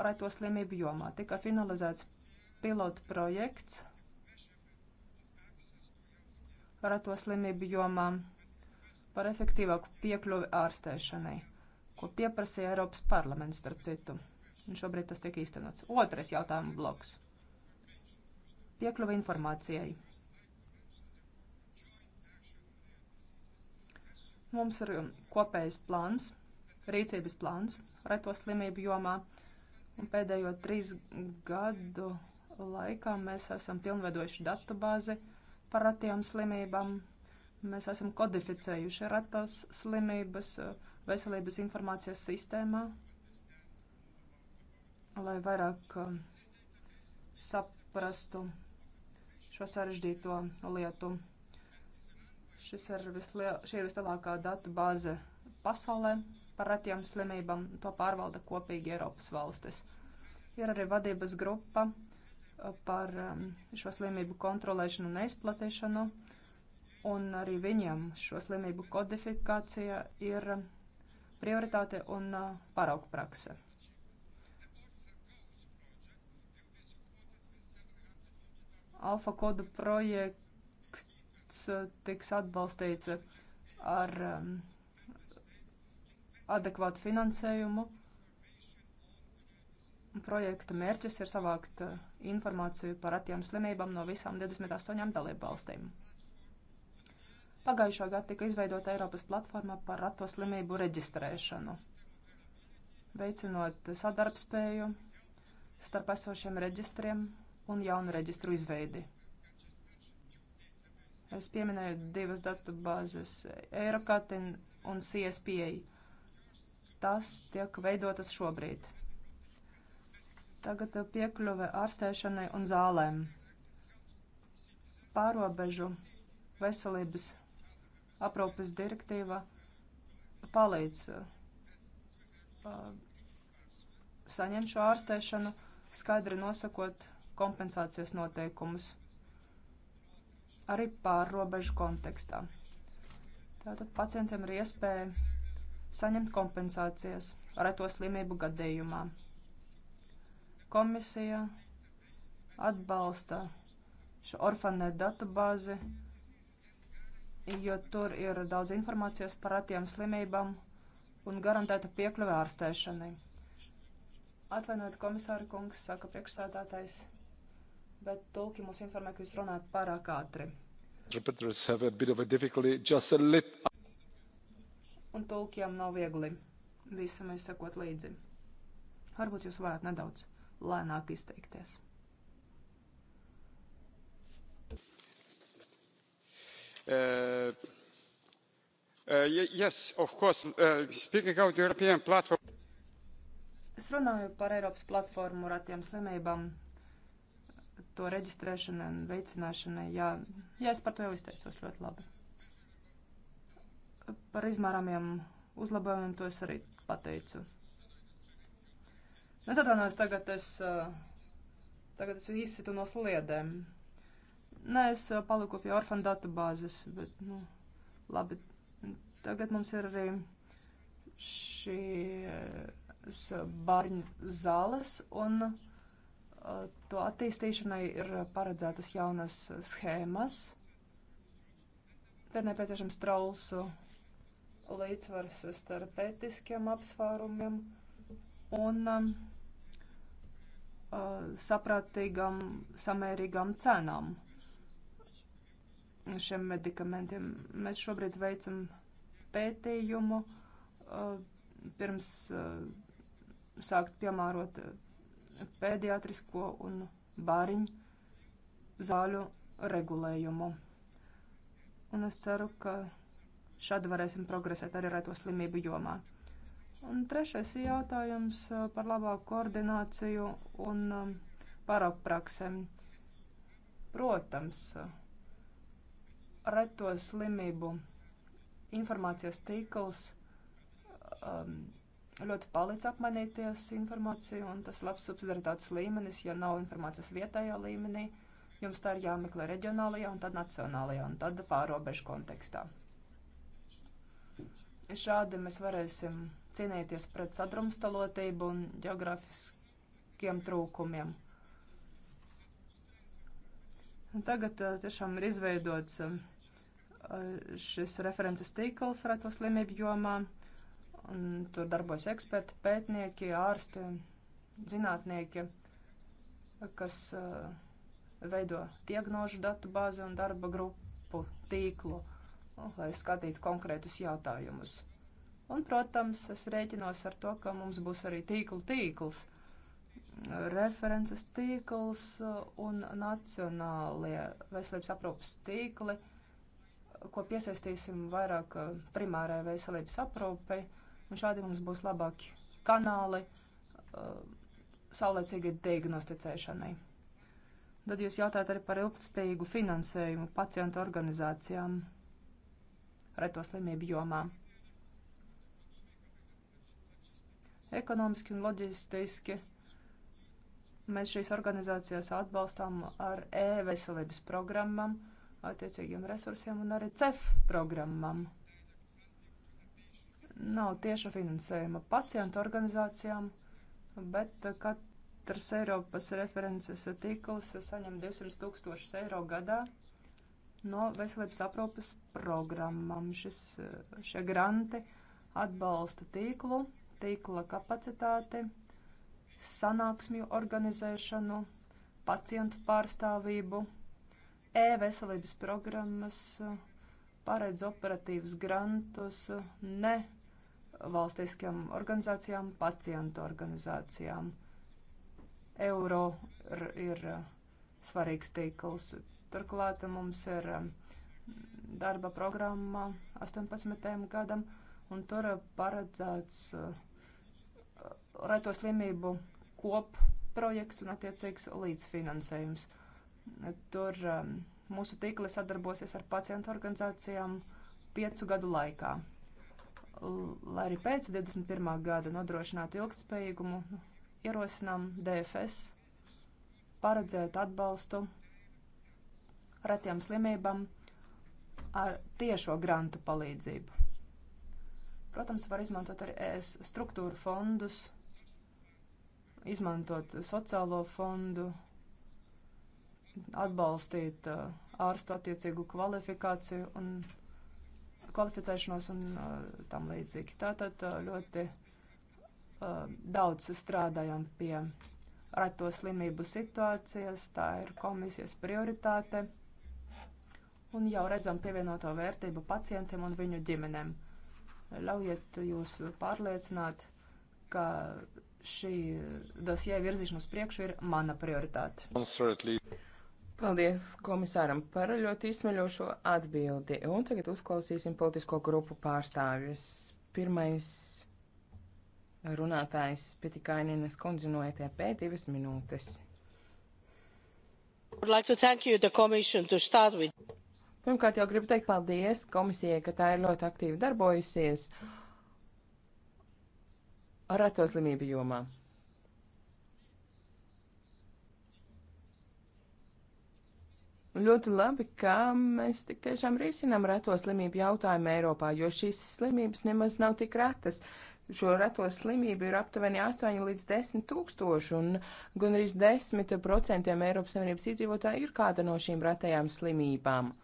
S7: reto slimību jomā. Tika finalizēts pilotu projekts ar to slimību jomām, par efektīvāku piekļuvi ārstēšanai, ko pieprasīja Eiropas parlaments, starp citu. Un šobrīd tas tiek īstenots. Otrais jautājuma bloks - piekļuvi informācijai. Mums ir um, kopējs plāns, rīcības plāns reto slimību jomā, un pēdējo trīs gadu laikā mēs esam pilnveidojuši datubāzi, par ratiem slimībām. Mēs esam kodificējuši ratās slimības eh, veselības informācijas sistēmā, lai vairāk eh, saprastu šo sarežģīto lietu. Šis ir visliel, šī ir vislielākā datu bāze pasaulē par ratiem slimībām. To pārvalda kopīgi Eiropas valstis. Ir arī vadības grupa par um, šo slimību kontrolēšanu un izplatīšanu, un arī viņiem šo slimību kodifikācija ir um, prioritāte un uh, paraugu prakse. Alfa kodu projekts uh, tiks atbalstīts ar um, adekvātu finansējumu. Projekta mērķis ir savākt uh, informāciju par retiem slimībām no visām 28 dalību valstīm. Pagājušā gada tika izveidota Eiropas platforma par rato slimību reģistrēšanu, veicinot sadarbspēju starp esošiem reģistriem un jaunu reģistru izveidi. Es pieminēju divas datubāzes - Eirokatin un CSPA. Tas tiek veidotas šobrīd. Tagad eh, piekļuve ārstēšanai un zālēm. Pārobežu veselības aprūpes direktīva palīdz uh, saņemt šo ārstēšanu, skaidri nosakot kompensācijas noteikumus arī pārrobežu kontekstā. Tātad pacientiem ir iespēja saņemt kompensācijas reto slimību gadījumā. Komisija atbalsta šo orfanētu datubāzi, jo tur ir daudz informācijas par retiem slimībām un garantēta piekļuve ārstēšanai. Atvainojiet, komisāra kungs, saka priekšsādātais, bet tulki mūs informē, ka jūs runājat pārāk ātri. Un tulkiem nav viegli visam izsekot līdzi. Varbūt jūs varat nedaudz lēnāk izteikties.
S3: Uh, uh, yes, of course. Uh, speaking of the European platform.
S7: Es runāju par Eiropas platformu ratiem slimībām, to reģistrēšanai un veicināšanai. Jā, jā, es par to jau izteicos ļoti labi. Par izmērāmiem uzlabojumiem to es arī pateicu. Es atvainojos, tagad es, eh, tagad es izsitu no sliedēm. Nē, es eh, paliku pie orfanu datubāzes, bet, nu, labi. Tagad mums ir arī šīs eh, barņu zāles, un uh, to attīstīšanai ir paredzētas jaunas schēmas. Te ir nepieciešams traulsu līdzsvars starp etiskiem apsvērumiem un um, Uh, saprātīgām, samērīgām cenām šiem medikamentiem. Mēs šobrīd veicam pētījumu uh, pirms uh, sākt piemērot pēdiatrisko un bāriņu zāļu regulējumu. Un es ceru, ka šādi varēsim progresēt arī reto slimību jomā. Un trešais jautājums eh, par labāku koordināciju un eh, parappraksēm. Protams, eh, reto slimību informācijas tīkls um, ļoti palīdz apmainīties informāciju, un tas labs subsidaritātes līmenis, ja nav informācijas vietējā līmenī, jums tā ir jāmeklē reģionālajā un tad nacionālajā un tad pārobežu kontekstā. Šādi mēs varēsim cīnīties pret sadrumstalotību un geogrāfiskiem trūkumiem. Tagad eh, tiešām ir izveidots eh, šis references tīkls reto slimību jomā, un tur darbojas eksperti, pētnieki, ārsti, zinātnieki, kas eh, veido diagnožu datu bāzi un darba grupu tīklu, lai skatītu konkrētus jautājumus. Un, protams, es rēķinos ar to, ka mums būs arī tīkla tīkls, references tīkls uh, un nacionālie veselības aprūpas tīkli, ko piesaistīsim vairāk uh, primārai veselības aprūpei. Un šādi mums būs labāki kanāli uh, saulēcīgai diagnosticēšanai. Tad jūs jautājat arī par ilgtspējīgu finansējumu pacientu organizācijām reto slimību jomā. ekonomiski un loģistiski. Mēs šīs organizācijas atbalstām ar e-veselības programmam, attiecīgiem resursiem un arī CEF programmam. Nav tieša finansējuma pacientu organizācijām, bet katrs Eiropas references tīkls saņem 200 tūkstošus eiro gadā no veselības aprūpes programmam. Šis, šie granti atbalsta tīklu tīkla kapacitāti, sanāksmju organizēšanu, pacientu pārstāvību, e-veselības programmas, paredz operatīvus grantus ne valstiskajām organizācijām, pacientu organizācijām. Euro ir, ir svarīgs tīkls. Turklāt mums ir darba programma 18. gadam, un tur paredzēts uh, reto slimību kopprojekts un attiecīgs līdzfinansējums. Tur um, mūsu tīkli sadarbosies ar pacientu organizācijām piecu gadu laikā, lai arī pēc 21. gada nodrošinātu ilgtspējīgumu, ierosinām DFS paredzēt atbalstu retiem slimībām ar tiešo grantu palīdzību. Protams, var izmantot arī ES struktūru fondus izmantot sociālo fondu, atbalstīt uh, ārstu attiecīgu kvalifikāciju un kvalificēšanos un uh, tam līdzīgi. Tātad uh, ļoti daudz strādājam pie reto slimību situācijas, tā ir komisijas prioritāte, un jau redzam pievienoto vērtību pacientiem un viņu ģimenēm. Ļaujiet jūs pārliecināt,
S1: ka šī dosijā virzīšana uz priekšu ir mana prioritāte. Paldies komisāram par ļoti izsmeļošo atbildi. Un tagad uzklausīsim politisko grupu pārstāvjus. Pirmais runātājs Pitikaininas kundze no ETP divas minūtes.
S6: Like
S1: Pirmkārt jau gribu teikt paldies komisijai, ka tā ir ļoti aktīvi darbojusies. Uh, ar reto slimību jomā. Ļoti labi, ka mēs tik tiešām risinām reto slimību jautājumu Eiropā, jo šīs slimības nemaz nav tik retas. Šo reto slimību ir aptuveni 8 līdz 10 tūkstoši, un gan arī 10% Eiropas Savienības iedzīvotāji ir kāda no šīm retajām slimībām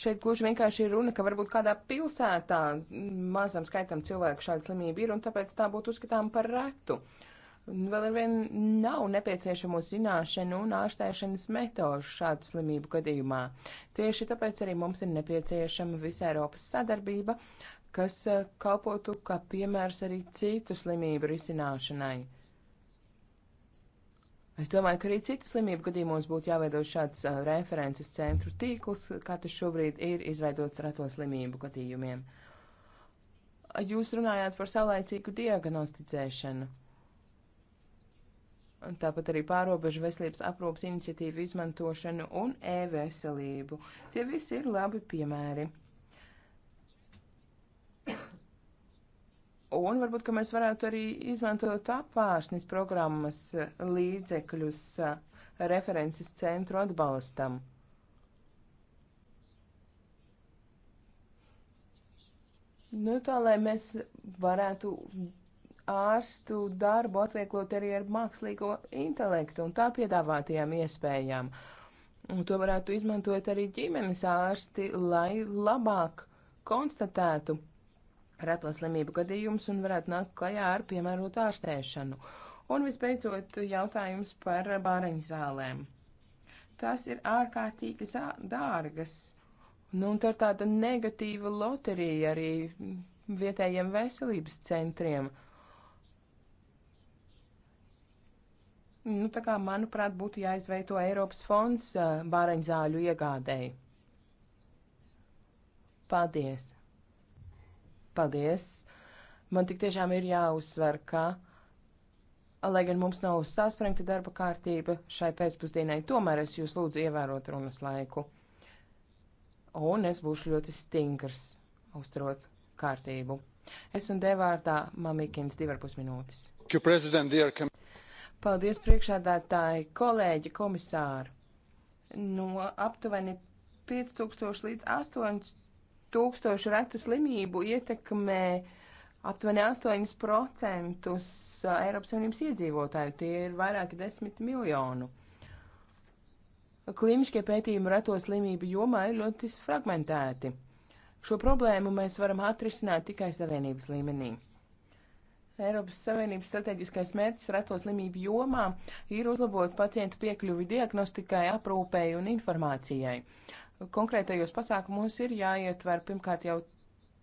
S1: šeit gluži vienkārši ir runa, ka varbūt kādā pilsētā mazam skaitam cilvēku šāda slimība ir, un tāpēc tā būtu uzskatām par retu. Vēl ar vien nav nepieciešamo zināšanu un ārstēšanas metožu šādu slimību gadījumā. Tieši tāpēc arī mums ir nepieciešama visa Eiropas sadarbība, kas eh, kalpotu kā piemērs arī citu slimību risināšanai. Es domāju, ka arī citu slimību gadījumos būtu jāveido šāds uh, references centru tīkls, kā tas šobrīd ir izveidots reto slimību gadījumiem. Jūs runājāt par saulēcīgu diagnosticēšanu. Tāpat arī pārobežu veselības aprūpas iniciatīvu izmantošanu un e-veselību. Tie visi ir labi piemēri. Un varbūt, ka mēs varētu arī izmantot apvāršņas programmas līdzekļus references centru atbalstam. Nu, tā lai mēs varētu ārstu darbu atvieglot arī ar mākslīgo intelektu un tā piedāvātajām iespējām. Un to varētu izmantot arī ģimenes ārsti, lai labāk konstatētu reto slimību gadījumus un varētu nākt klajā ar piemērotu ārstēšanu. Un visbeidzot, jautājums par bāreņu zālēm. Tas ir ārkārtīgi dārgas. Nu, un tā ir tāda negatīva loterija arī vietējiem veselības centriem. Nu, tā kā, manuprāt, būtu jāizveido Eiropas fonds eh, bāreņzāļu iegādēji. Paldies! Paldies! Man tik tiešām ir jāuzsver, ka, lai gan mums nav sasprengta darba kārtība šai pēcpusdienai, tomēr es jūs lūdzu ievērot runas laiku. Un es būšu ļoti stingrs uzturot kārtību. Es un devārtā Mamikins divarpus minūtes. Paldies priekšādātāji, kolēģi, komisāri. No aptuveni 5000 līdz 8 tūkstošu retu slimību ietekmē aptuveni 8% uh, Eiropas Savienības iedzīvotāju. Tie ir vairāki desmit miljonu. Klīniskie pētījumi reto slimību jomā ir ļoti fragmentēti. Šo problēmu mēs varam atrisināt tikai savienības līmenī. Eiropas Savienības strateģiskais mērķis reto slimību jomā ir uzlabot pacientu piekļuvi diagnostikai, aprūpēji un informācijai konkrētajos pasākumos ir jāietver pirmkārt jau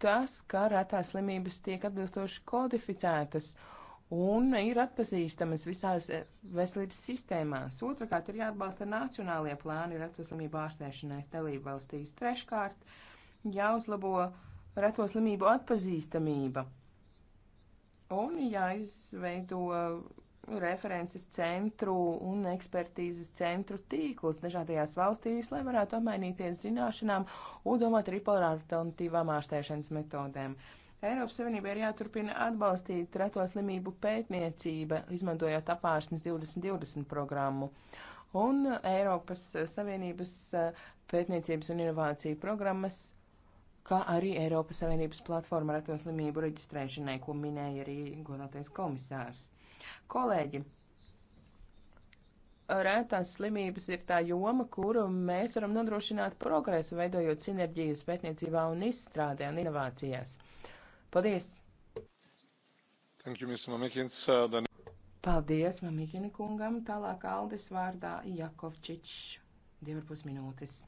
S1: tas, ka retās slimības tiek atbilstoši kodificētas un ir atpazīstamas visās eh, veselības sistēmās. Otrakārt, ir jāatbalsta nacionālajie plāni reto slimību ārstēšanai dalību valstīs. Treškārt, jāuzlabo reto slimību atpazīstamība un jāizveido references centru un ekspertīzes centru tīklus dažādajās valstīs, lai varētu apmainīties zināšanām un domāt arī par alternatīvām ārstēšanas metodēm. Eiropas Savienībai ir jāturpina atbalstīt reto slimību pētniecība, izmantojot apvārsnes 2020 programmu. Un Eiropas Savienības eh, pētniecības un inovāciju programmas, kā arī Eiropas Savienības platforma reto slimību reģistrēšanai, ko minēja arī godātais komisārs. Kolēģi, rētās slimības ir tā joma, kuru mēs varam nodrošināt progresu, veidojot sinerģijas pētniecībā un izstrādē un inovācijās. Paldies!
S4: Thank you, Ms. Mamikins. Uh,
S1: Paldies, Mamikini kungam. Tālāk Aldis vārdā Jakovčičs. Divi ar pus minūtes.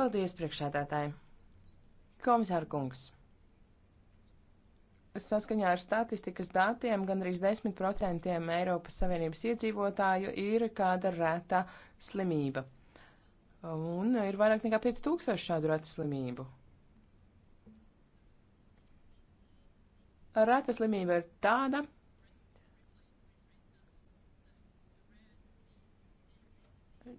S1: Paldies, priekšādātāji. Komisāra kungs saskaņā ar statistikas datiem gandrīz 10% Eiropas Savienības iedzīvotāju ir kāda reta slimība. Un ir vairāk nekā 5000 šādu retu slimību. Reta slimība ir tāda,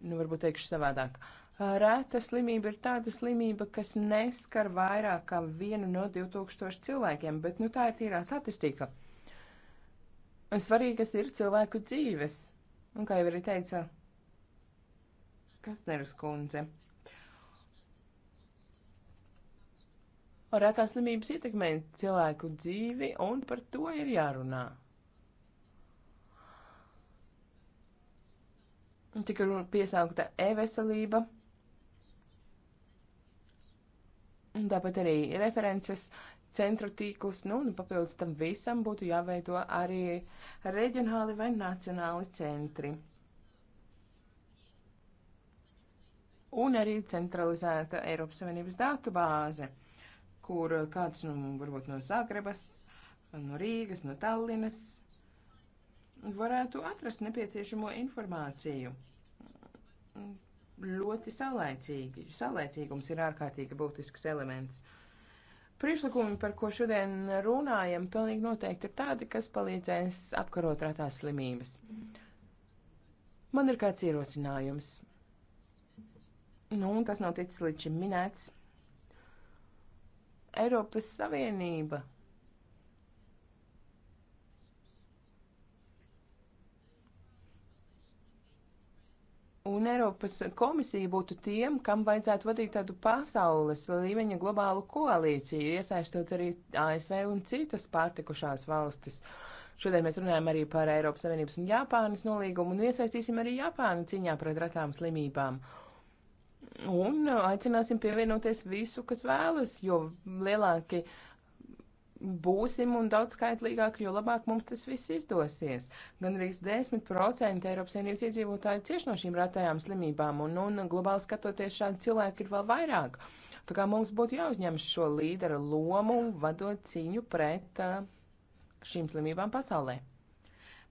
S1: nu varbūt teikšu savādāk. Uh, Rēta slimība ir tāda slimība, kas neskar vairāk kā vienu no 2000 cilvēkiem, bet nu, tā ir tīrā statistika. Svarīgas ir cilvēku dzīves. Un kā jau arī teica Kastneras kundze, rētās slimības ietekmē cilvēku dzīvi, un par to ir jārunā. Tika piesaukta e-veselība Un tāpat arī references centru tīklus, nu, un papildus tam visam būtu jāveido arī reģionāli vai nacionāli centri. Un arī centralizēta Eiropas Savienības datu bāze, kur kāds, nu, varbūt no Zagrebas, no Rīgas, no Tallinas varētu atrast nepieciešamo informāciju ļoti saulēcīgi. Saulēcīgums ir ārkārtīgi būtisks elements. Priekšlikumi, par ko šodien runājam, pilnīgi noteikti ir tādi, kas palīdzēs apkarot ratās slimības. Man ir kāds ierosinājums. Nu, tas nav ticis līdz šim minēts. Eiropas Savienība Un Eiropas komisija būtu tiem, kam vajadzētu vadīt tādu pasaules līmeņa globālu koalīciju, iesaistot arī ASV un citas pārtikušās valstis. Šodien mēs runājam arī par Eiropas Savienības un Japānas nolīgumu un iesaistīsim arī Japānu ciņā pret ratām slimībām. Un aicināsim pievienoties visu, kas vēlas, jo lielāki uh, būsim un daudz skaitlīgāki, jo labāk mums tas viss izdosies. Gan arī 10% Eiropas Savienības iedzīvotāji cieši no šīm ratējām slimībām, un, un globāli skatoties šādi cilvēki ir vēl vairāk. Tā kā mums būtu jāuzņem šo līderu lomu, vadot cīņu pret uh, šīm slimībām pasaulē.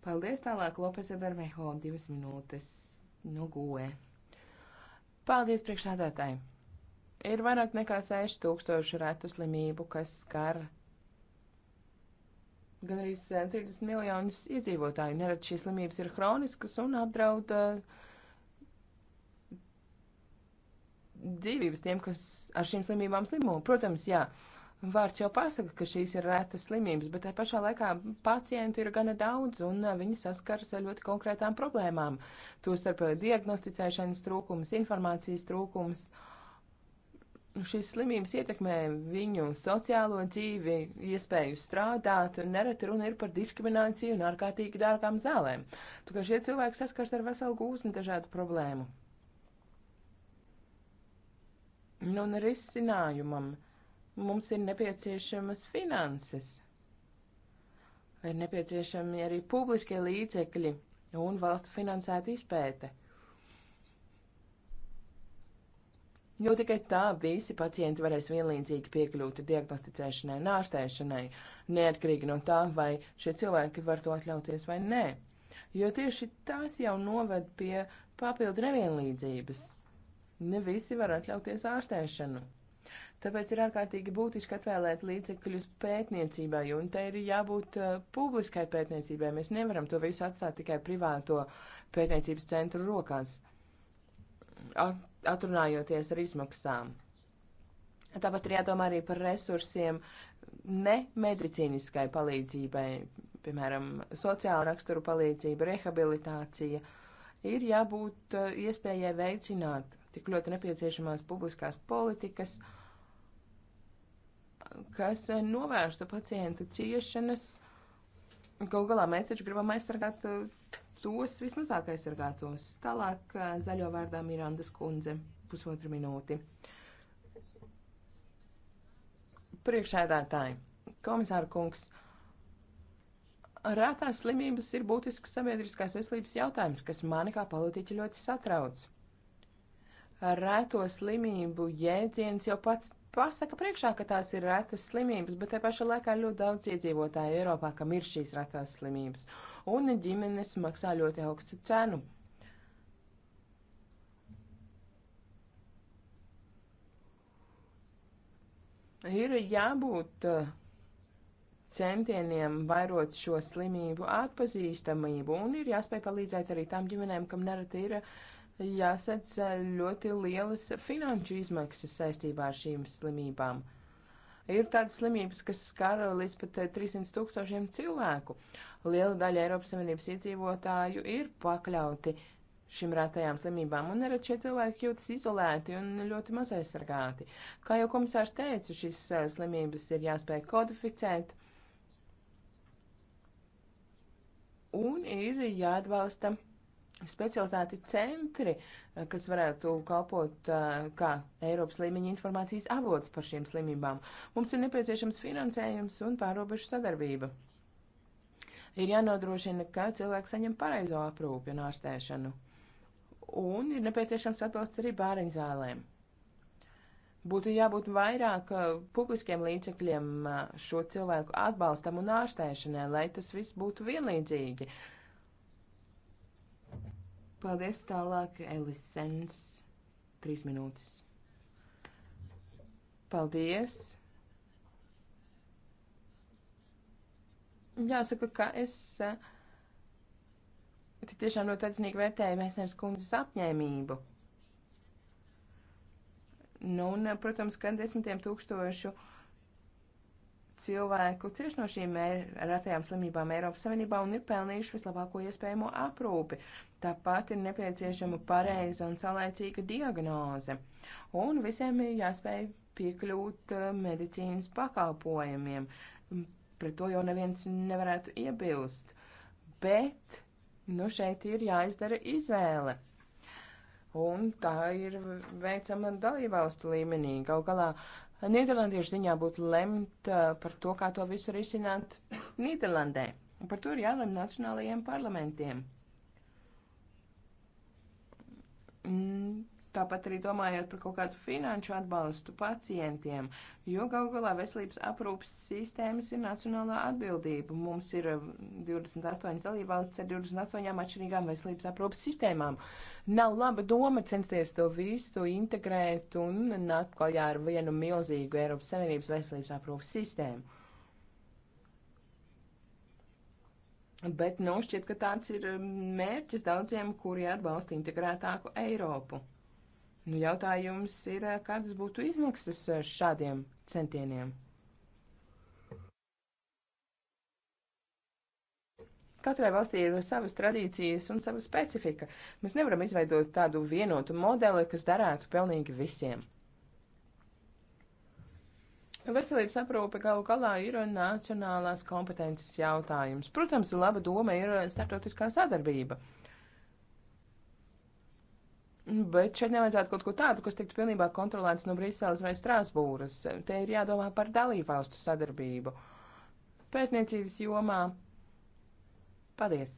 S1: Paldies tālāk, Lopes Ebermeho, divas minūtes no goe. Paldies priekšādātāji! Ir vairāk nekā 6000 retu slimību, kas skar gan arī 30 miljonus iedzīvotāju. Nerad šīs slimības ir hroniskas un apdraud eh, dzīvības tiem, kas ar šīm slimībām slimo. Protams, jā, vārds jau pasaka, ka šīs ir retas slimības, bet tā pašā laikā pacientu ir gana daudz un eh, viņi saskaras ar ļoti konkrētām problēmām. Tostarp eh, diagnosticēšanas trūkums, informācijas trūkums. Uh, šīs slimības ietekmē viņu sociālo dzīvi, iespēju strādāt, un nereti runa ir par diskrimināciju un ārkārtīgi dārgām zālēm. Tu kā šie cilvēki saskars ar veselu gūsmu dažādu problēmu. Nu, un risinājumam mums ir nepieciešamas finanses. Ir nepieciešami arī publiskie līdzekļi un valstu finansēta izpēte. jo tikai tā visi pacienti varēs vienlīdzīgi piekļūt diagnosticēšanai un ārstēšanai, neatkarīgi no tā, vai šie cilvēki var to atļauties vai nē. Jo tieši tās jau noved pie papildu nevienlīdzības. Ne visi var atļauties ārstēšanu. Tāpēc ir ārkārtīgi būtiski atvēlēt līdzekļus pētniecībai, un te ir jābūt uh, publiskai pētniecībai. Mēs nevaram to visu atstāt tikai privāto pētniecības centru rokās atrunājoties ar izmaksām. Tāpat ir jādomā arī par resursiem ne medicīniskai palīdzībai, piemēram, sociāla rakstura palīdzība, rehabilitācija. Ir jābūt eh, iespējai veicināt tik ļoti nepieciešamās publiskās politikas, kas eh, novērstu pacientu ciešanas. Galu galā mēs taču gribam aizsargāt eh, tos vismazāk aizsargātos. Tālāk zaļo vārdā Mirandas kundze pusotru minūti. Priekšēdētāji, komisāra kungs, rētās slimības ir būtisks sabiedriskās veselības jautājums, kas mani kā politiķi ļoti satrauc. Rēto slimību jēdziens jau pats pasaka priekšā, ka tās ir retas slimības, bet te pašā laikā ļoti daudz iedzīvotāju Eiropā, kam ir šīs retās slimības. Uh, un ģimenes maksā ļoti augstu cenu. Ir jābūt uh, centieniem vairot šo slimību atpazīstamību, un ir jāspēj palīdzēt arī tām ģimenēm, kam nereti ir uh, jāsadz uh, ļoti lielas finanšu izmaksas saistībā ar šīm slimībām. Ir tādas slimības, kas skar līdz pat 300 eh, tūkstošiem cilvēku. Liela daļa Eiropas Savienības iedzīvotāju ir pakļauti šim rētajām slimībām, un arī šie cilvēki jūtas izolēti un ļoti maz aizsargāti. Kā jau komisārs teica, šīs eh, slimības ir jāspēj kodificēt, un ir jāatbalsta specializēti centri, eh, kas varētu kalpot eh, kā Eiropas līmeņa informācijas avots par šīm slimībām. Mums ir nepieciešams finansējums un pārobežu sadarbība. Ir jānodrošina, ka cilvēks saņem pareizo aprūpi un ārstēšanu. Un ir nepieciešams atbalsts arī bāriņzālēm. Būtu jābūt vairāk eh, publiskiem līdzekļiem šo cilvēku atbalstam un ārstēšanai, lai tas viss būtu vienlīdzīgi. Uh, Paldies tālāk, Elisens. Trīs minūtes. Paldies! Jāsaka, ka es eh, tik tiešām ļoti atzinīgi vērtēju Mēsnēras kundzes apņēmību. Nu, un, eh, protams, ka desmitiem tūkstošu cilvēku cieši no šīm eh, ratajām slimībām Eiropas Savienībā un ir pelnījuši vislabāko iespējamo aprūpi. Tāpat ir nepieciešama pareiza un saulēcīga diagnoze, un visiem ir jāspēj piekļūt uh, medicīnas pakalpojumiem. Mm, pret to jau neviens nevarētu iebilst, bet nu šeit ir jāizdara izvēle. Un tā ir veicama dalībvalstu līmenī. Galu galā Nīderlandiešu ziņā būtu lemt uh, par to, kā to visu risināt Nīderlandē. Par to ir jālem nacionālajiem parlamentiem. Mm, tāpat arī domājot par kaut kādu finanšu atbalstu pacientiem, jo galu galā veselības aprūpas sistēmas ir nacionālā atbildība. Mums ir 28 eh, dalībvalsts ar 28 atšķirīgām veselības aprūpas sistēmām. Nav laba doma censties to visu integrēt un nākt klajā ar vienu milzīgu Eiropas Savienības veselības aprūpas sistēmu. Bet, nu, šķiet, ka tāds ir um, mērķis daudziem, kuri atbalsta integrētāku Eiropu. Nu, jautājums ir, eh, kādas būtu izmaksas eh, šādiem centieniem? Katrai valstī ir savas tradīcijas un sava specifika. Mēs nevaram izveidot tādu vienotu modeli, kas darētu pilnīgi visiem. Veselības aprūpe galu galā ir nacionālās kompetences jautājums. Protams, laba doma ir starptautiskā sadarbība. Bet šeit nevajadzētu kaut ko tādu, kas tiktu pilnībā kontrolēts no Brīseles vai Strāsbūras. Te ir jādomā par dalībvalstu sadarbību. Pētniecības jomā. Paldies!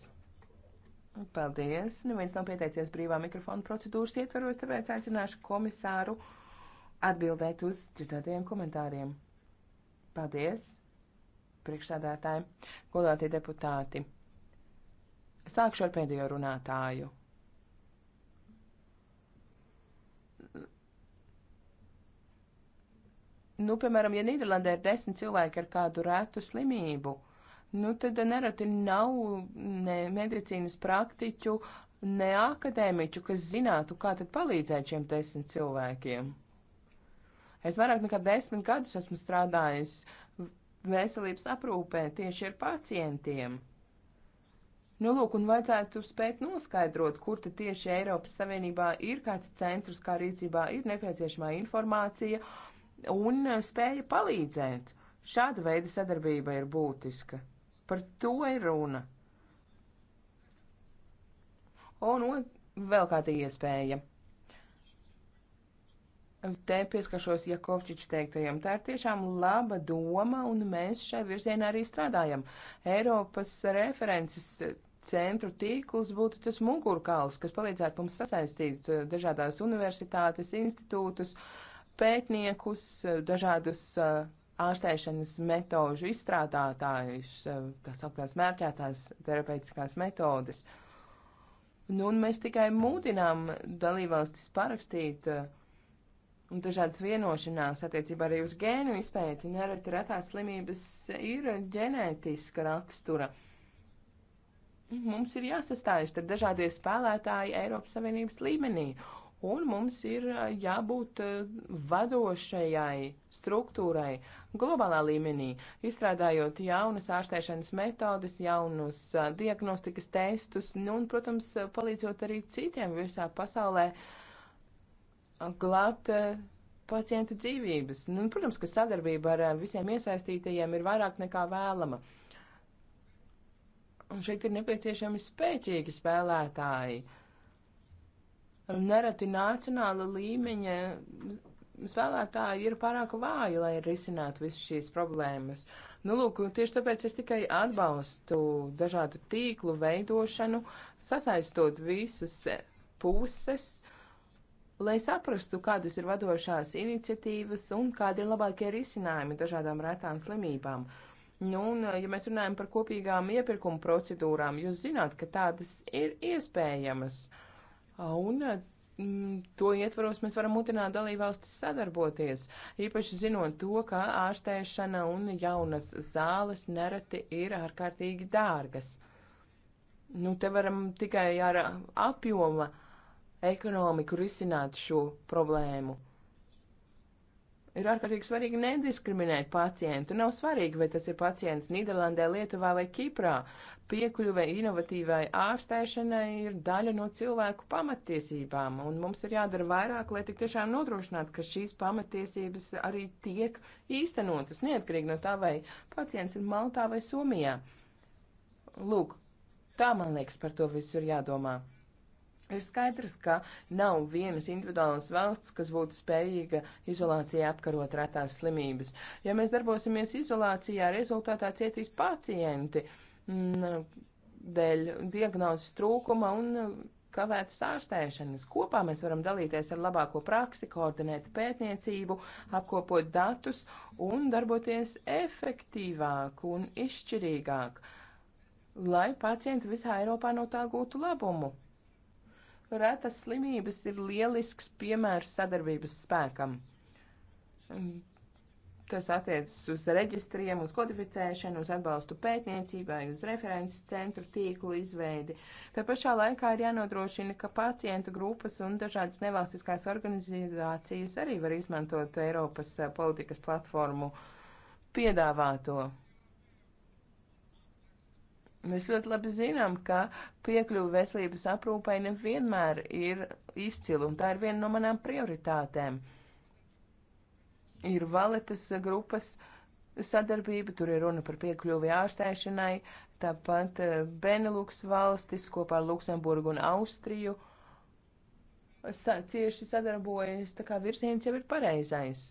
S1: Paldies! Neviens nu, nav pieteicies brīvā mikrofona procedūras ietvaros, tāpēc aicināšu komisāru atbildēt uz dzirdētajiem komentāriem. Paldies, priekšsādātāji, godātie deputāti. Sākšu ar pēdējo runātāju. Nu, piemēram, ja Nīderlandē ir desmit cilvēki ar kādu rētu slimību, nu, tad nereti nav ne medicīnas praktiķu, ne akadēmiķu, kas zinātu, kā tad palīdzēt šiem desmit cilvēkiem. Es vairāk nekā desmit gadus esmu strādājis veselības aprūpē tieši ar pacientiem. Nu, lūk, un vajadzētu spēt noskaidrot, kur tad tieši Eiropas Savienībā ir kāds centrs, kā rīcībā ir nepieciešamā informācija un spēja palīdzēt. Šāda veida sadarbība ir būtiska. Par to ir runa. Un, un vēl kāda iespēja. Te pieskaršos Jakovčiča teiktajam. Tā ir tiešām laba doma, un mēs šai virzienā arī strādājam. Eiropas references centru tīkls būtu tas mugurkauls, kas palīdzētu mums sasaistīt eh, dažādās universitātes, institūtus, pētniekus, eh, dažādus eh, ārstēšanas metožu izstrādātājus, tā sauktās mērķētās terapeitiskās metodes. Nu, un mēs tikai mūdinām dalībvalstis parakstīt uh, un dažādas vienošanās attiecībā arī uz gēnu izpēti. Nereti retās slimības ir ģenētiska rakstura. Mums ir jāsastājas ar dažādie spēlētāji Eiropas Savienības līmenī, un mums ir eh, jābūt eh, vadošajai struktūrai globālā līmenī, izstrādājot jaunas ārstēšanas metodes, jaunus eh, diagnostikas testus, nu, un, protams, palīdzot arī citiem visā pasaulē uh, glābt eh, pacientu dzīvības. Nu, protams, ka sadarbība ar eh, visiem iesaistītajiem ir vairāk nekā vēlama. Un šeit ir nepieciešami spēcīgi spēlētāji. Nereti nacionāla līmeņa spēlētāji ir pārāk vāji, lai risinātu visas šīs problēmas. Nu, lūk, tieši tāpēc es tikai atbalstu dažādu tīklu veidošanu, sasaistot visus puses lai saprastu, kādas ir vadošās iniciatīvas un kādi ir labākie risinājumi dažādām retām slimībām. Nu, un, ja mēs runājam par kopīgām iepirkuma procedūrām, jūs zināt, ka tādas ir iespējamas. Un m, mm, to ietvaros mēs varam mutināt dalībvalstis sadarboties, īpaši zinot to, ka ārstēšana un jaunas zāles nereti ir ārkārtīgi dārgas. Nu, te varam tikai ar apjoma uh, ekonomiku risināt šo problēmu. Ir ārkārtīgi svarīgi nediskriminēt pacientu. Nav svarīgi, vai tas ir pacients Nīderlandē, Lietuvā vai Kiprā. Piekļuve inovatīvai ārstēšanai ir daļa no cilvēku pamatiesībām, un mums ir jādara vairāk, lai tik tiešām nodrošinātu, ka šīs pamatiesības arī tiek īstenotas, neatkarīgi no tā, vai pacients ir Maltā vai Somijā. Lūk, tā man liekas, par to visu ir jādomā. Ir skaidrs, ka nav vienas individuālas valsts, kas būtu spējīga izolācijā apkarot retās slimības. Ja mēs darbosimies izolācijā, rezultātā cietīs pacienti m, mm, dēļ diagnozes trūkuma un kavētas ārstēšanas. Kopā mēs varam dalīties ar labāko praksi, koordinēt pētniecību, apkopot datus un darboties efektīvāk un izšķirīgāk, lai pacienti visā Eiropā no tā gūtu labumu retas slimības ir lielisks piemērs sadarbības spēkam. Tas attiecas uz reģistriem, uz kodificēšanu, uz atbalstu pētniecībai, uz references centru tīklu izveidi. Tā pašā laikā ir jānodrošina, ka pacientu grupas un dažādas nevalstiskās organizācijas arī var izmantot Eiropas eh, politikas platformu piedāvāto Mēs ļoti labi zinām, ka piekļuve veselības aprūpai nevienmēr ir izcila, un tā ir viena no manām prioritātēm. Ir valetas grupas sadarbība, tur ir runa par piekļuvi ārstēšanai, tāpat eh, Beneluks valstis kopā ar Luksemburgu un Austriju sa cieši sadarbojas, tā kā virziens jau ir pareizais.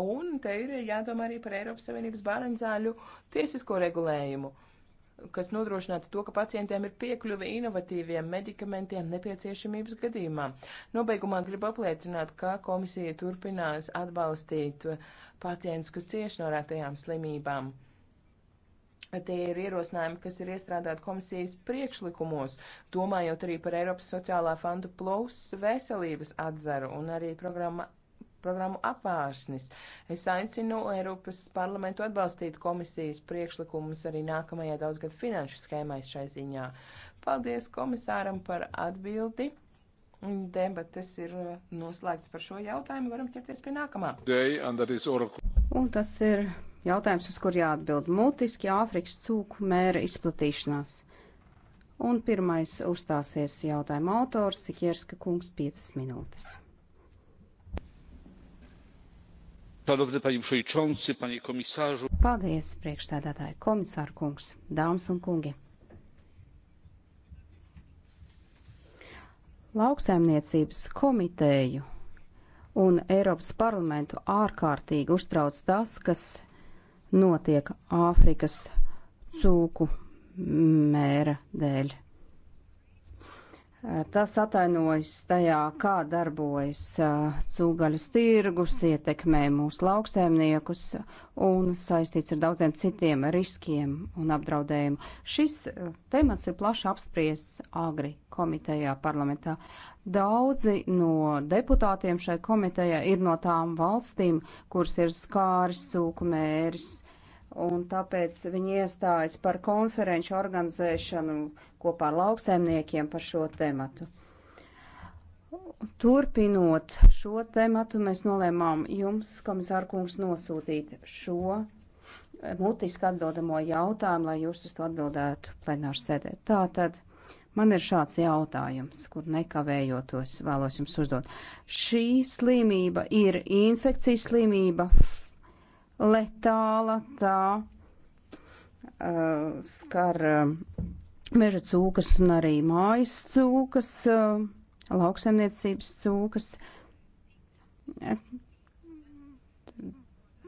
S1: Un te ir jādomā arī par Eiropas Savienības bērnu zāļu tiesisko regulējumu, kas nodrošinātu to, ka pacientiem ir piekļuve inovatīviem medikamentiem nepieciešamības gadījumā. Nobeigumā gribu apliecināt, ka komisija turpinās atbalstīt pacientus, kas cieši no rētajām slimībām. Tie ir ierosinājumi, kas ir iestrādāti komisijas priekšlikumos, domājot arī par Eiropas sociālā fonda plus veselības atzaru un arī programma programmu apvāršnis. Es aicinu Eiropas parlamentu atbalstīt komisijas priekšlikumus arī nākamajai daudzgadu finanšu schēmai šai ziņā. Paldies komisāram par atbildi. Debates ir uh, noslēgts par šo jautājumu. Varam ķerties pie nākamā.
S6: Un tas ir jautājums, uz kur jāatbild mutiski Āfrikas cūku mēra izplatīšanās. Un pirmais uzstāsies jautājuma autors Sikierska kungs 5 minūtes.
S8: Paldies,
S6: priekšstādātāji, komisāru kungs, dāmas un kungi. Lauksaimniecības komiteju un Eiropas parlamentu ārkārtīgi uztrauc tas, kas notiek Āfrikas cūku mēra dēļ. Tas atainojas tajā, kā darbojas cūgaļas tirgus, ietekmē mūsu lauksēmniekus un saistīts ar daudziem citiem riskiem un apdraudējumu. Šis temats ir plaši apspriests agri komitejā parlamentā. Daudzi no deputātiem šai komitejā ir no tām valstīm, kuras ir skāris cūku mēris un tāpēc viņi iestājas par konferenču organizēšanu kopā ar lauksaimniekiem par šo tematu. Turpinot šo tematu, mēs nolēmām jums, komisāra kungs, nosūtīt šo mutiski atbildamo jautājumu, lai jūs uz to atbildētu plenāru sēdē. Tātad man ir šāds jautājums, kur nekavējotos vēlos jums uzdot. Šī slimība ir infekcijas slimība, letāla, tā uh, skar uh, meža cūkas un arī mājas cūkas, uh, lauksaimniecības cūkas.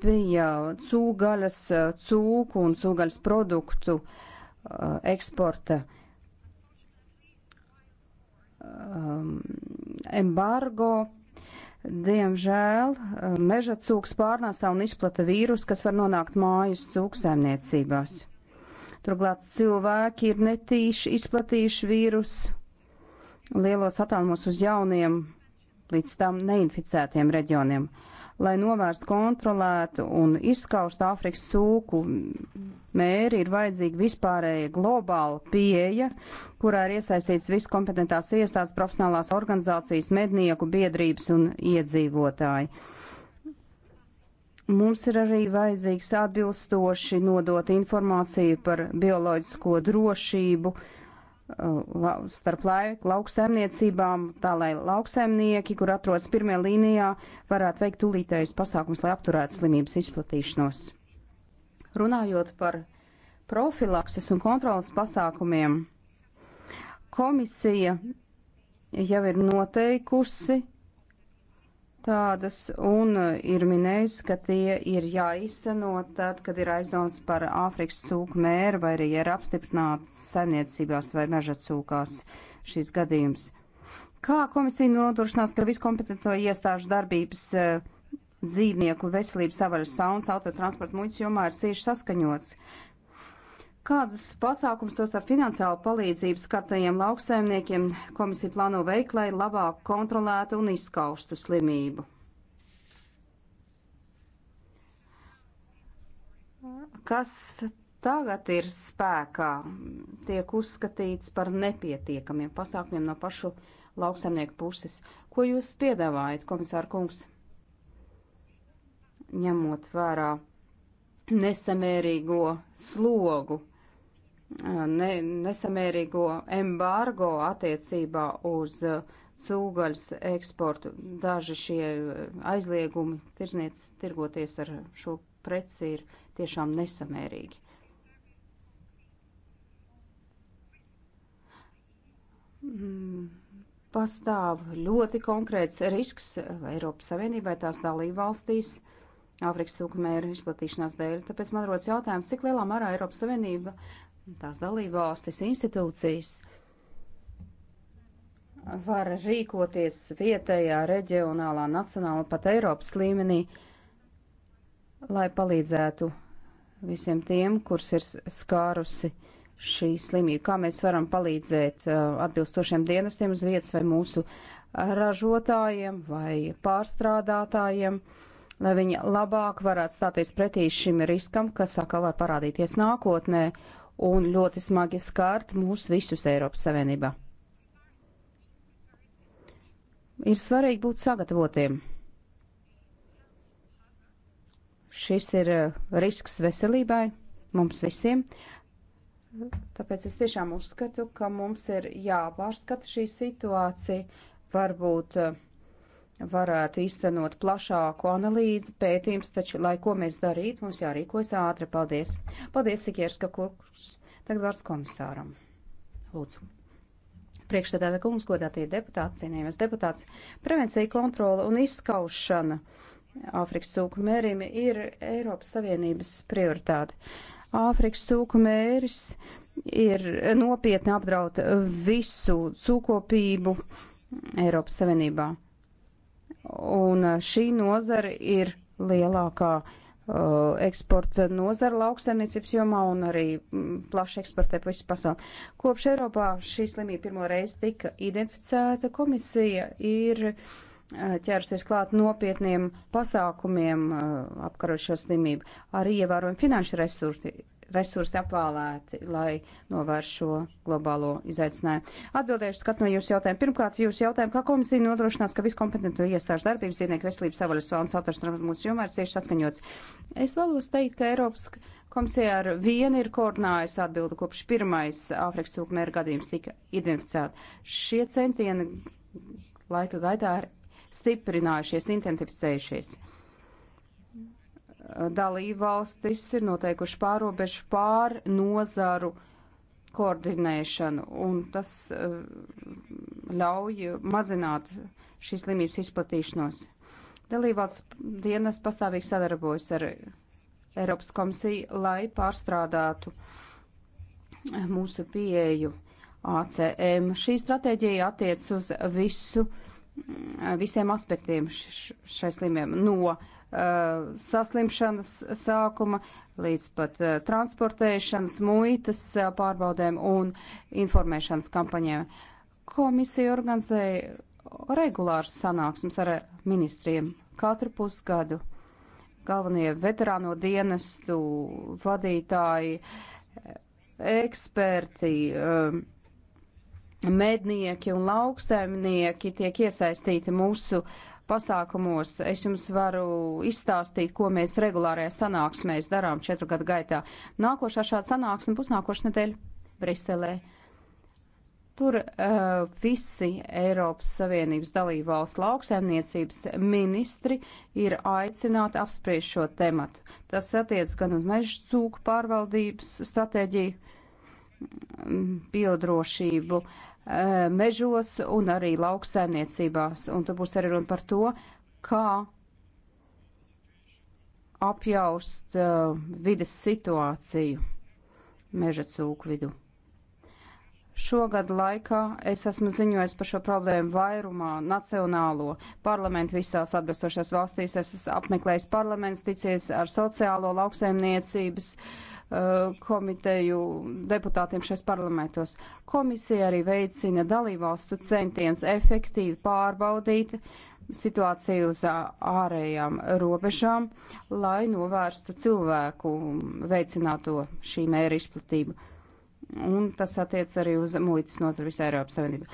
S6: Bija cūgaļas, uh, cūku un cūgaļas produktu uh, eksporta um, embargo Diemžēl eh, meža cūks pārnāsā un izplata vīrus, kas var nonākt mājas cūksaimniecībās. Turklāt cilvēki ir netīši izplatījuši vīrusu lielos attālumos uz jauniem, līdz tam neinficētiem reģioniem lai novērstu, kontrolētu un izskaustu Āfrikas sūku mēri, ir vajadzīga vispārēja globāla pieeja, kurā ir iesaistīts viss kompetentās iestādes, profesionālās organizācijas, mednieku, biedrības un iedzīvotāji. Mums ir arī vajadzīgs atbilstoši nodot informāciju par bioloģisko drošību, uh, Uh, starp laiku lauksaimniecībām, tā lai lauksaimnieki, kur atrodas pirmajā līnijā, varētu veikt tūlītējus pasākums, lai apturētu slimības izplatīšanos. Runājot par profilakses un kontrolas pasākumiem, komisija jau ir noteikusi tādas un uh, ir minējis, ka tie ir jāizseno tad, kad ir aizdoms par Āfrikas cūku mēru vai arī ir apstiprināts saimniecībās vai meža cūkās šīs gadījums. Kā komisija nodrošinās, ka viskompetento iestāžu darbības uh, dzīvnieku veselības savaļas fauns autotransporta muļķis jomā ir cieši saskaņots? Kādus pasākums tos ar finansiālu palīdzību skartajiem lauksaimniekiem komisija plāno veikt, lai labāk kontrolētu un izskaustu slimību? Kas tagad ir spēkā, tiek uzskatīts par nepietiekamiem pasākumiem no pašu lauksaimnieku puses. Ko jūs piedāvājat, komisāra kungs? Ņemot vērā nesamērīgo slogu ne, nesamērīgo embargo attiecībā uz uh, cūgaļas eksportu. Daži šie aizliegumi tirzniec, tirgoties ar šo preci ir tiešām nesamērīgi. Mm, pastāv ļoti konkrēts risks Eiropas Savienībai tās dalībvalstīs Āfrikas sūkumēra izplatīšanās dēļ. Tāpēc man rodas jautājums, cik lielā mērā Eiropas Savienība tās dalībvalstis, institūcijas var rīkoties vietējā, reģionālā, nacionālā, pat Eiropas līmenī, lai palīdzētu visiem tiem, kurus ir skārusi šī slimība. Kā mēs varam palīdzēt uh, atbilstošiem dienestiem uz vietas vai mūsu ražotājiem vai pārstrādātājiem, lai viņi labāk varētu stāties pretī šim riskam, kas atkal var parādīties nākotnē un ļoti smagi skārt mūs visus Eiropas Savienībā. Ir svarīgi būt sagatavotiem. Šis ir eh, risks veselībai mums visiem. Tāpēc es tiešām uzskatu, ka mums ir jāpārskata šī situācija. Varbūt uh, varētu izcenot plašāku analīzi, pētījums, taču, lai ko mēs darītu, mums jārīkojas ātri. Paldies! Paldies, Sikierska kurks! Tagad vārds komisāram. Lūdzu. Priekšstādāta kungs, godātie deputāti, cienījamies deputāts, prevencija, kontrola un izskaušana Āfrikas cūku mērim ir Eiropas Savienības prioritāte. Āfrikas cūku mēris ir nopietni apdraud visu cūkopību Eiropas Savienībā un eh, šī nozara ir lielākā uh, eksporta nozara lauksaimniecības jomā un arī mm, plaši eksportē pa visu pasauli. Kopš Eiropā šī slimība pirmo reizi tika identificēta, komisija ir uh, eh, ķērsies klāt nopietniem pasākumiem apkarošo slimību. Arī ievērojami finanšu resursi resursi apvālēti, lai novērš šo globālo izaicinājumu. Atbildēšu katru no jūsu jautājumu. Pirmkārt, jūsu jautājumu, kā komisija nodrošinās, ka viskompetentu iestāžu darbības dzīvnieku veselības savaļas valsts autors mūsu jomā ir cieši saskaņots. Es vēlos teikt, ka Eiropas komisija ar vienu ir koordinājusi atbildi kopš pirmais Āfrikas cūkmēra gadījums tika identificēta. Šie centieni laika gaitā ir stiprinājušies, identificējušies dalībvalstis ir noteikuši pārobežu pār nozaru koordinēšanu, un tas eh, ļauj mazināt šīs slimības izplatīšanos. Dalībvalsts dienas pastāvīgi sadarbojas ar Eiropas komisiju, lai pārstrādātu eh, mūsu pieeju ACM. Šī stratēģija attiec uz visu, mm, visiem aspektiem šai slimiem, no uh, Uh, saslimšanas sākuma līdz pat uh, transportēšanas, muitas uh, pārbaudēm un informēšanas kampaņiem. Komisija organizēja regulāras sanāksmes ar ministriem katru pusgadu. Galvenie veterāno dienestu vadītāji, eksperti, um, mednieki un lauksēmnieki tiek iesaistīti mūsu uh, pasākumos. Es jums varu izstāstīt, ko mēs regulārajā sanāksmēs darām četru gadu gaitā. Nākošā šāda sanāksme būs nākošais nedēļa Briselē. Tur uh, visi Eiropas Savienības dalībvalsts lauksaimniecības ministri ir aicināti apspriest šo tematu. Tas attiec gan uz meža cūku pārvaldības stratēģiju, mm, biodrošību, uh, Eh, mežos un arī lauksaimniecībās. Un tur būs arī runa par to, kā apjaust uh, vides situāciju meža cūku vidu. Šogad laikā es esmu ziņojis par šo problēmu vairumā nacionālo parlamentu visās atbilstošās valstīs. Es esmu apmeklējis parlaments, ticies ar sociālo lauksaimniecības uh, Uh, komiteju deputātiem šais parlamentos. Komisija arī veicina dalībvalstu centiens efektīvi pārbaudīt situāciju uz ārējām robežām, lai novērstu cilvēku veicināto šī mēra izplatību. Un tas attiec arī uz muitas nozari visā Eiropas Savienībā.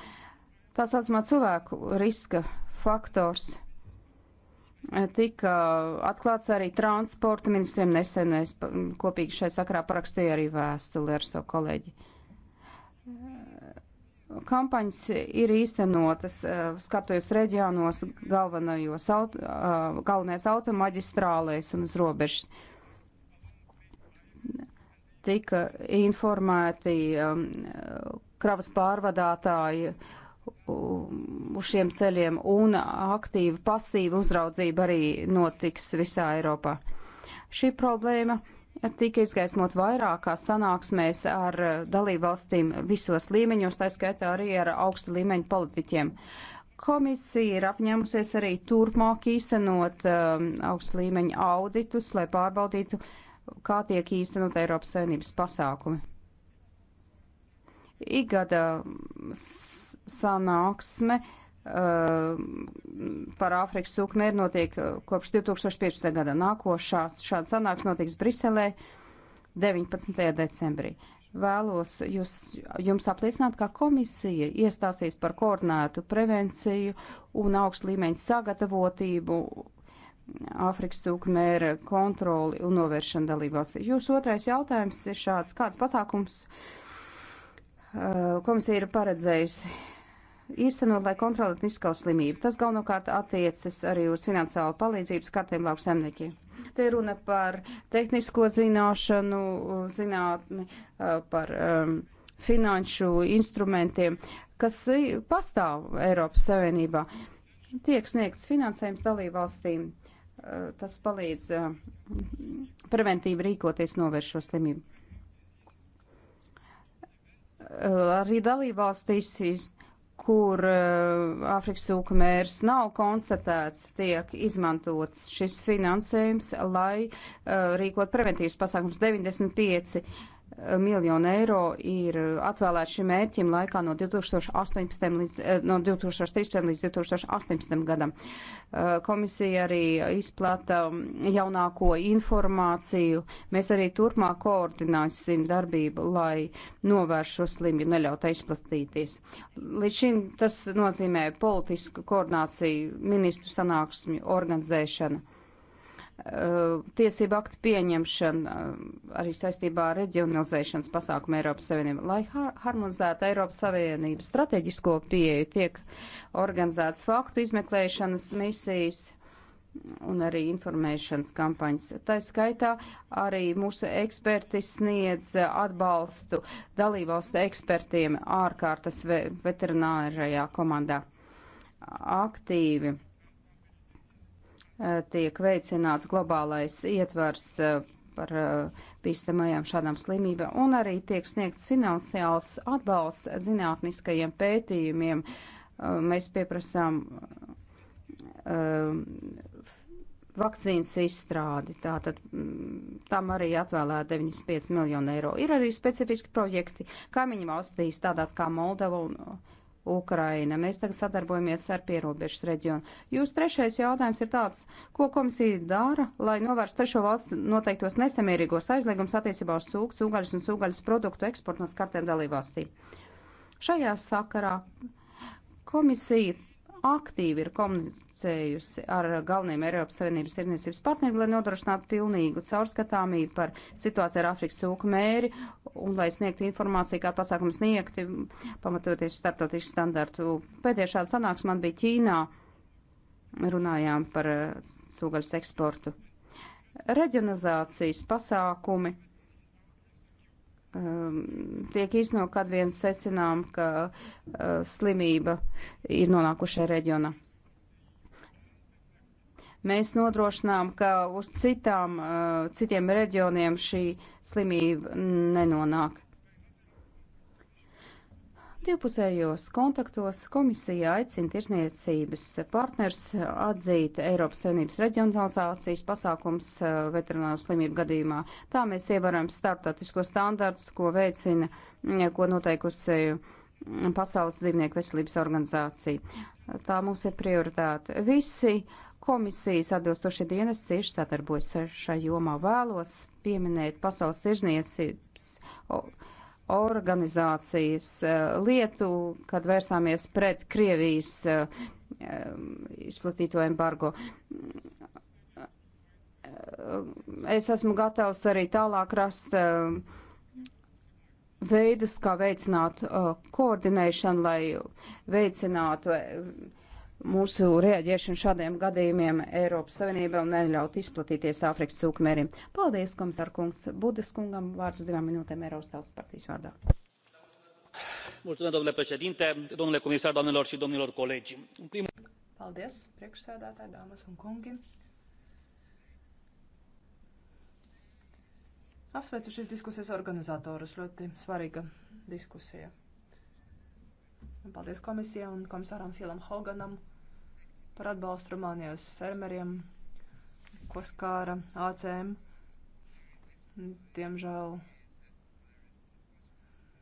S6: Tā saucamā cilvēku riska faktors tika atklāts arī transporta ministriem nesenais, kopīgi šai sakrā parakstīja arī vēstuli ar savu kolēģi. Kampaņas ir īstenotas, eh, skatoties reģionos, galvenajos, aut, eh, galvenais automaģistrālēs un uz robežas. Tika informēti um, kravas pārvadātāji uh, uz šiem ceļiem un aktīva pasīva uzraudzība arī notiks visā Eiropā. Šī problēma tika izgaismot vairākās sanāksmēs ar dalībvalstīm visos līmeņos, tā skaitā arī ar augsta līmeņa politiķiem. Komisija ir apņēmusies arī turpmāk īstenot um, augsta līmeņa auditus, lai pārbaudītu, kā tiek īstenot Eiropas Savienības pasākumi. Igada sanāksme uh, par Āfrikas sūkmēri notiek uh, kopš 2015. gada. Nākošā šāda sanāksme notiks Briselē 19. decembrī. Vēlos jūs, jums apliecināt, ka komisija iestāsies par koordinētu prevenciju un augstu līmeņu sagatavotību Āfrikas cūkmēra kontroli un novēršana dalībās. Jūsu otrais jautājums ir šāds. Kāds pasākums uh, komisija ir paredzējusi īstenot, lai kontrolētu niskau slimību. Tas galvenokārt attiecas arī uz finansiālu palīdzības kartiem lauksemniekiem. Te runa par tehnisko zināšanu, zinātni, par um, finanšu instrumentiem, kas pastāv Eiropas Savienībā. Tiek sniegts finansējums dalībvalstīm. Tas palīdz preventīvi rīkoties, novērst šo slimību arī dalībvalstīs kur eh, Āfrikas sūka mērs nav konstatēts, tiek izmantots šis finansējums, lai uh, rīkot preventīvas pasākums 95 miljonu eiro ir atvēlēti šim mērķim laikā no 2018 līdz, eh, no 2013 līdz 2018 gadam. Eh, komisija arī izplata jaunāko informāciju. Mēs arī turpmāk koordināsim darbību, lai novērš šo slimju neļautu izplatīties. Līdz šim tas nozīmē politisku koordināciju, ministru sanāksmi, organizēšanu Uh, tiesību aktu pieņemšanu uh, arī saistībā ar reģionalizēšanas pasākumu Eiropas Savienībā. Lai harmonizētu Eiropas Savienības strateģisko pieeju, tiek organizētas faktu izmeklēšanas misijas un arī informēšanas kampaņas. Tā skaitā arī mūsu eksperti sniedz atbalstu dalībvalstu ekspertiem ārkārtas veterinārajā komandā. Aktīvi tiek veicināts globālais ietvars eh, par eh, bīstamajām šādām slimībām, un arī tiek sniegts finansiāls atbalsts zinātniskajiem pētījumiem. Eh, mēs pieprasām vakcīnas izstrādi, tātad mm, tam arī atvēlēta 95 miljonu eiro. Ir arī specifiski projekti kaimiņu valstīs, tādās kā Moldova un Ukraina. Mēs tagad sadarbojamies ar pierobežas reģionu. Jūs trešais jautājums ir tāds, ko komisija dara, lai novērstu trešo valstu noteiktos nesamierīgos aizliegums attiecībā uz cūku, cūgaļas un cūgaļas produktu eksportu no skartiem dalībvalstīm. Šajā sakarā komisija aktīvi ir komunicējusi ar galveniem Eiropas Savienības tirdzniecības partneriem, lai nodrošinātu pilnīgu caurskatāmību par situāciju ar Afrikas cūku mēri un lai sniegtu informāciju, kā pasākums sniegti, pamatoties starptautisku standartu. Pēdējā šāda sanāksme man bija Ķīnā, runājām par eh, cūgaļas eksportu. Reģionalizācijas pasākumi um, tiek iznot, kad vien secinām, ka uh, slimība ir nonākušai reģionā. Mēs nodrošinām, ka uz citām, uh, citiem reģioniem šī slimība nenonāk. Divpusējos kontaktos komisija aicina tirsniecības partners atzīt Eiropas Savienības reģionalizācijas pasākums eh, veterināru slimību gadījumā. Tā mēs ievaram starptautisko standārts, ko veicina, mm, ko noteikusi mm, Pasaules dzīvnieku veselības organizācija. Tā mums ir prioritāte. Visi komisijas atbilstošie dienas cieši sadarbojas šajā jomā. Vēlos pieminēt Pasaules tirzniecības organizācijas eh, lietu, kad vērsāmies pret Krievijas eh, eh, izplatīto embargo. Es esmu gatavs arī tālāk rast veidus, kā veicināt koordinēšanu, lai veicinātu mūsu reaģēšanu šādiem gadījumiem Eiropas Savienībai un neļaut izplatīties Āfrikas cūkmērim. Paldies, komisār kungs. Budas kungam vārds divām minūtēm Eiropas tautas partijas vārdā.
S3: Mulțumesc, domnule președinte, domnule comisar, doamnelor și domnilor colegi. În primul...
S7: Paldies, priekšsēdētāji, dāmas un kungi. Apsveicu šīs diskusijas organizatorus. Ļoti svarīga diskusija. Un paldies komisijai un komisāram Filam Hoganam par atbalstu Rumānijas fermeriem, ko skāra ACM. Diemžēl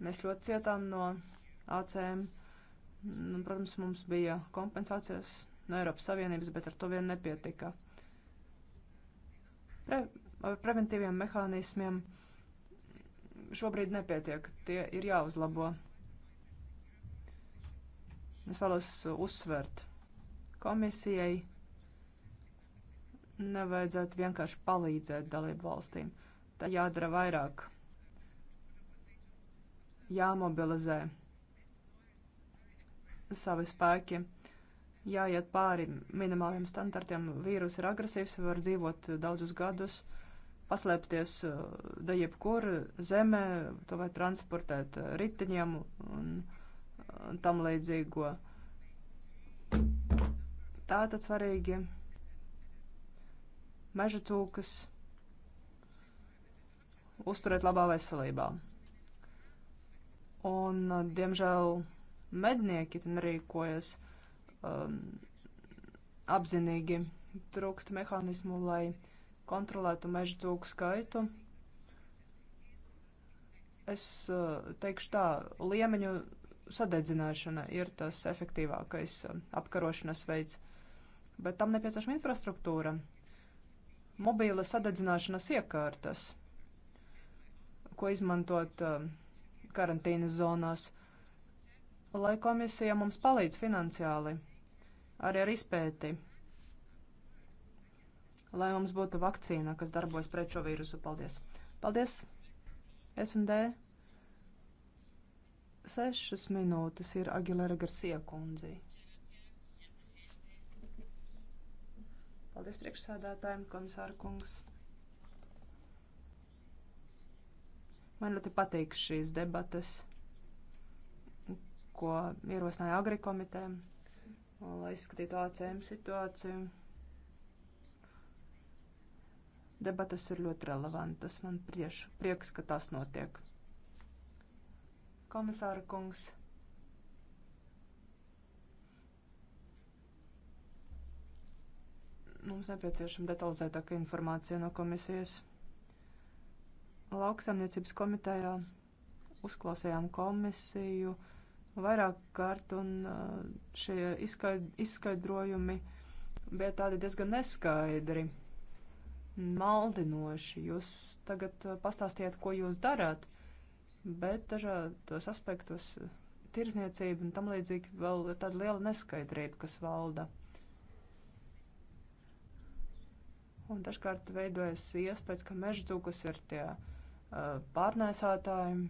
S7: mēs ļoti cietām no ACM. Nu, protams, mums bija kompensācijas no Eiropas Savienības, bet ar to vien nepietika. Pre, ar preventīviem mehānismiem šobrīd nepietiek, tie ir jāuzlabo. Es vēlos uzsvērt Komisijai nevajadzētu vienkārši palīdzēt dalību valstīm. Tā jādara vairāk. Jāmobilizē savi spēki, jāiet pāri minimāliem standartiem. Vīrus ir agresīvs, var dzīvot daudzus gadus, paslēpties uh, da jebkur zemē, to vai transportēt uh, riteņiem un uh, tam līdzīgo. Uh, Tātad svarīgi meža cūkas uzturēt labā veselībā. Un, uh, diemžēl, mednieki nerīkojas um, apzinīgi. Trūkst mehānismu, lai kontrolētu meža cūku skaitu. Es uh, teikšu tā, liemeņu sadedzināšana ir tas efektīvākais uh, apkarošanas veids bet tam nepieciešama infrastruktūra, mobīla sadedzināšanas iekārtas, ko izmantot um, karantīnas zonās, lai komisija mums palīdz finansiāli, arī ar izpēti, lai mums būtu vakcīna, kas darbojas pret šo vīrusu. Paldies! Paldies! S un D. Sešas minūtes ir Agilera Garcia kundzei. Paldies priekšsādātājiem, komisāra kungs. Man ļoti patīk šīs debatas, ko ierosināja Agri komitēm, lai izskatītu ACM situāciju. Debatas ir ļoti relevantas. Man prieš, prieks, ka tas notiek. Komisāra kungs. Mums nepieciešama detalizētāka informācija no komisijas. Lauksaimniecības komitejā uzklausījām komisiju vairāk kārt, un uh, šie izskaidrojumi bija tādi diezgan neskaidri, maldinoši. Jūs tagad uh, pastāstījāt, ko jūs darāt, bet dažādos aspektos tirzniecība un tam līdzīgi vēl tāda liela neskaidrība, kas valda. Un dažkārt veidojas iespējas, ka mežģūkas ir tie uh, pārnēsātāji.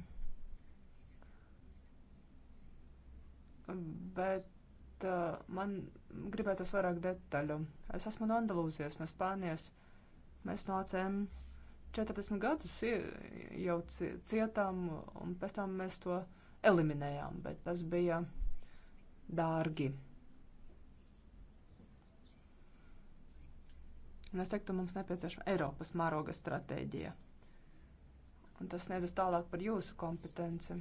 S7: Bet uh, man gribētos vairāk detaļu. Es esmu no Andalūzijas, no Spānijas. Mēs nācām 40 gadus jau cietām, un pēc tam mēs to eliminējām, bet tas bija dārgi. Un es teiktu, mums nepieciešama Eiropas mēroga stratēģija. Un tas sniedzas tālāk par jūsu kompetenci.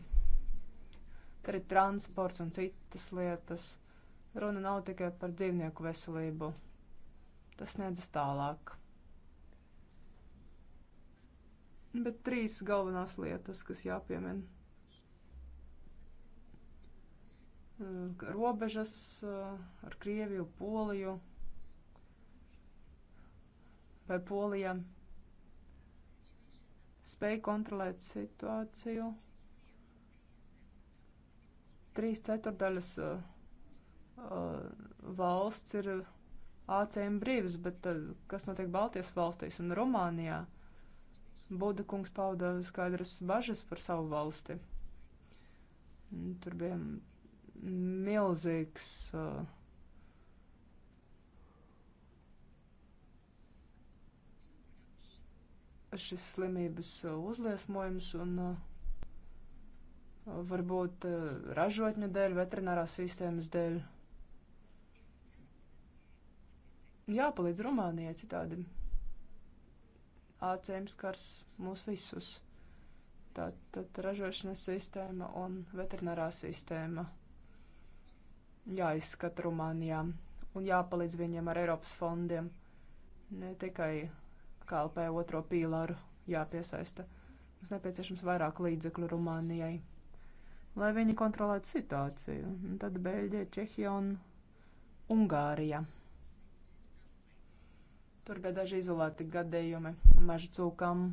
S7: Tur ir transports un citas lietas. Runa nav tikai par dzīvnieku veselību. Tas sniedzas tālāk. Bet trīs galvenās lietas, kas jāpiemina. Robežas eh, ar Krieviju, Poliju vai Polija spēja kontrolēt situāciju. Trīs ceturdaļas uh, uh valsts ir ACM brīvas, bet uh, kas notiek Baltijas valstīs un Rumānijā? Buda kungs pauda skaidras bažas par savu valsti. Tur bija milzīgs uh, šis slimības uh, uzliesmojums un uh, varbūt uh, ražotņu dēļ, veterinārās sistēmas dēļ. Jāpalīdz Rumānijai citādi. ACM skars mūs visus. Tātad ražošanas sistēma un veterinārā sistēma jāizskata Rumānijā un jāpalīdz viņiem ar Eiropas fondiem. Ne tikai KLP otro pīlāru jāpiesaista. Mums nepieciešams vairāk līdzekļu Rumānijai, lai viņi kontrolētu situāciju. Un tad Beļģija, Čehija un Ungārija. Tur bija daži izolēti gadījumi meža cūkām.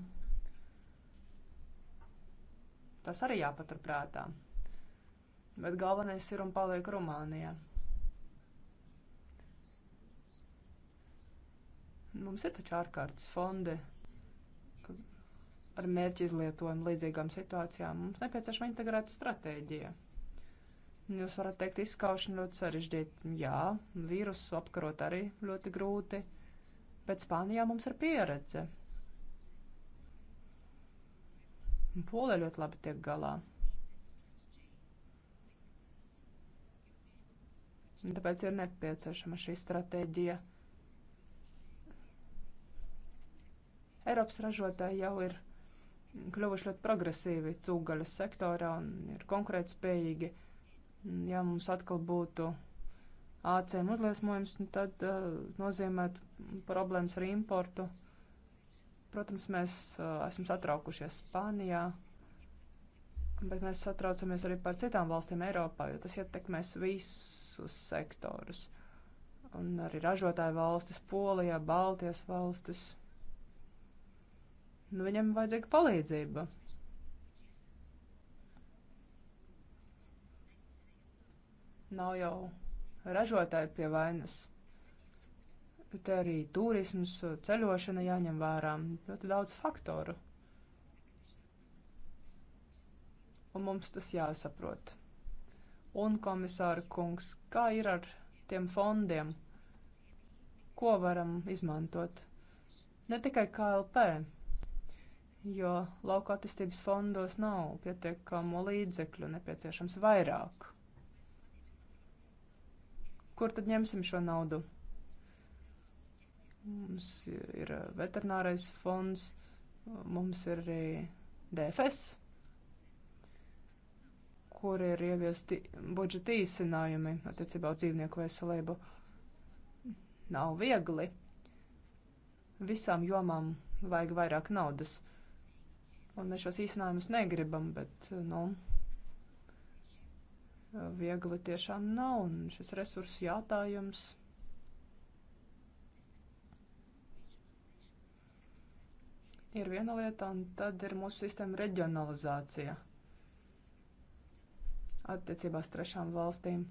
S7: Tas arī jāpaturprātā. Bet galvenais ir un paliek Rumānijā. Mums ir taču ārkārtas fondi ar mērķu izlietojumu līdzīgām situācijām. Mums nepieciešama integrēta stratēģija. Jūs varat teikt, izskaušana ļoti sarežģīta. Jā, vīrusu apkarot arī ļoti grūti, bet Spānijā mums ir pieredze. Pūlē ļoti labi tiek galā. Tāpēc ir nepieciešama šī stratēģija. Eiropas ražotāji jau ir kļuvuši ļoti progresīvi cūgaļas sektorā un ir konkurētspējīgi. Ja mums atkal būtu ACM uzliesmojums, nu tad uh, nozīmētu problēmas ar importu. Protams, mēs uh, esam satraukušies Spānijā, bet mēs satraucamies arī par citām valstīm Eiropā, jo tas ietekmēs visus sektorus. Un arī ražotāju valstis, Polija, Baltijas valstis. Nu, viņam vajadzīga palīdzība. Nav jau ražotāji pie vainas. Te arī turisms, ceļošana jāņem vērā. Ļoti daudz faktoru. Un mums tas jāsaprot. Un, komisāra kungs, kā ir ar tiem fondiem? Ko varam izmantot? Ne tikai KLP jo lauka attīstības fondos nav pietiekamo līdzekļu, nepieciešams vairāk. Kur tad ņemsim šo naudu? Mums ir veterinārais fonds, mums ir arī DFS, kur ir ieviesti budžeta īsinājumi attiecībā uz dzīvnieku veselību. Nav viegli. Visām jomām vajag vairāk naudas Un mēs šos īsinājumus negribam, bet, nu, viegli tiešām nav. Un šis resursu jātājums. ir viena lieta, un tad ir mūsu sistēma reģionalizācija attiecībās trešām valstīm.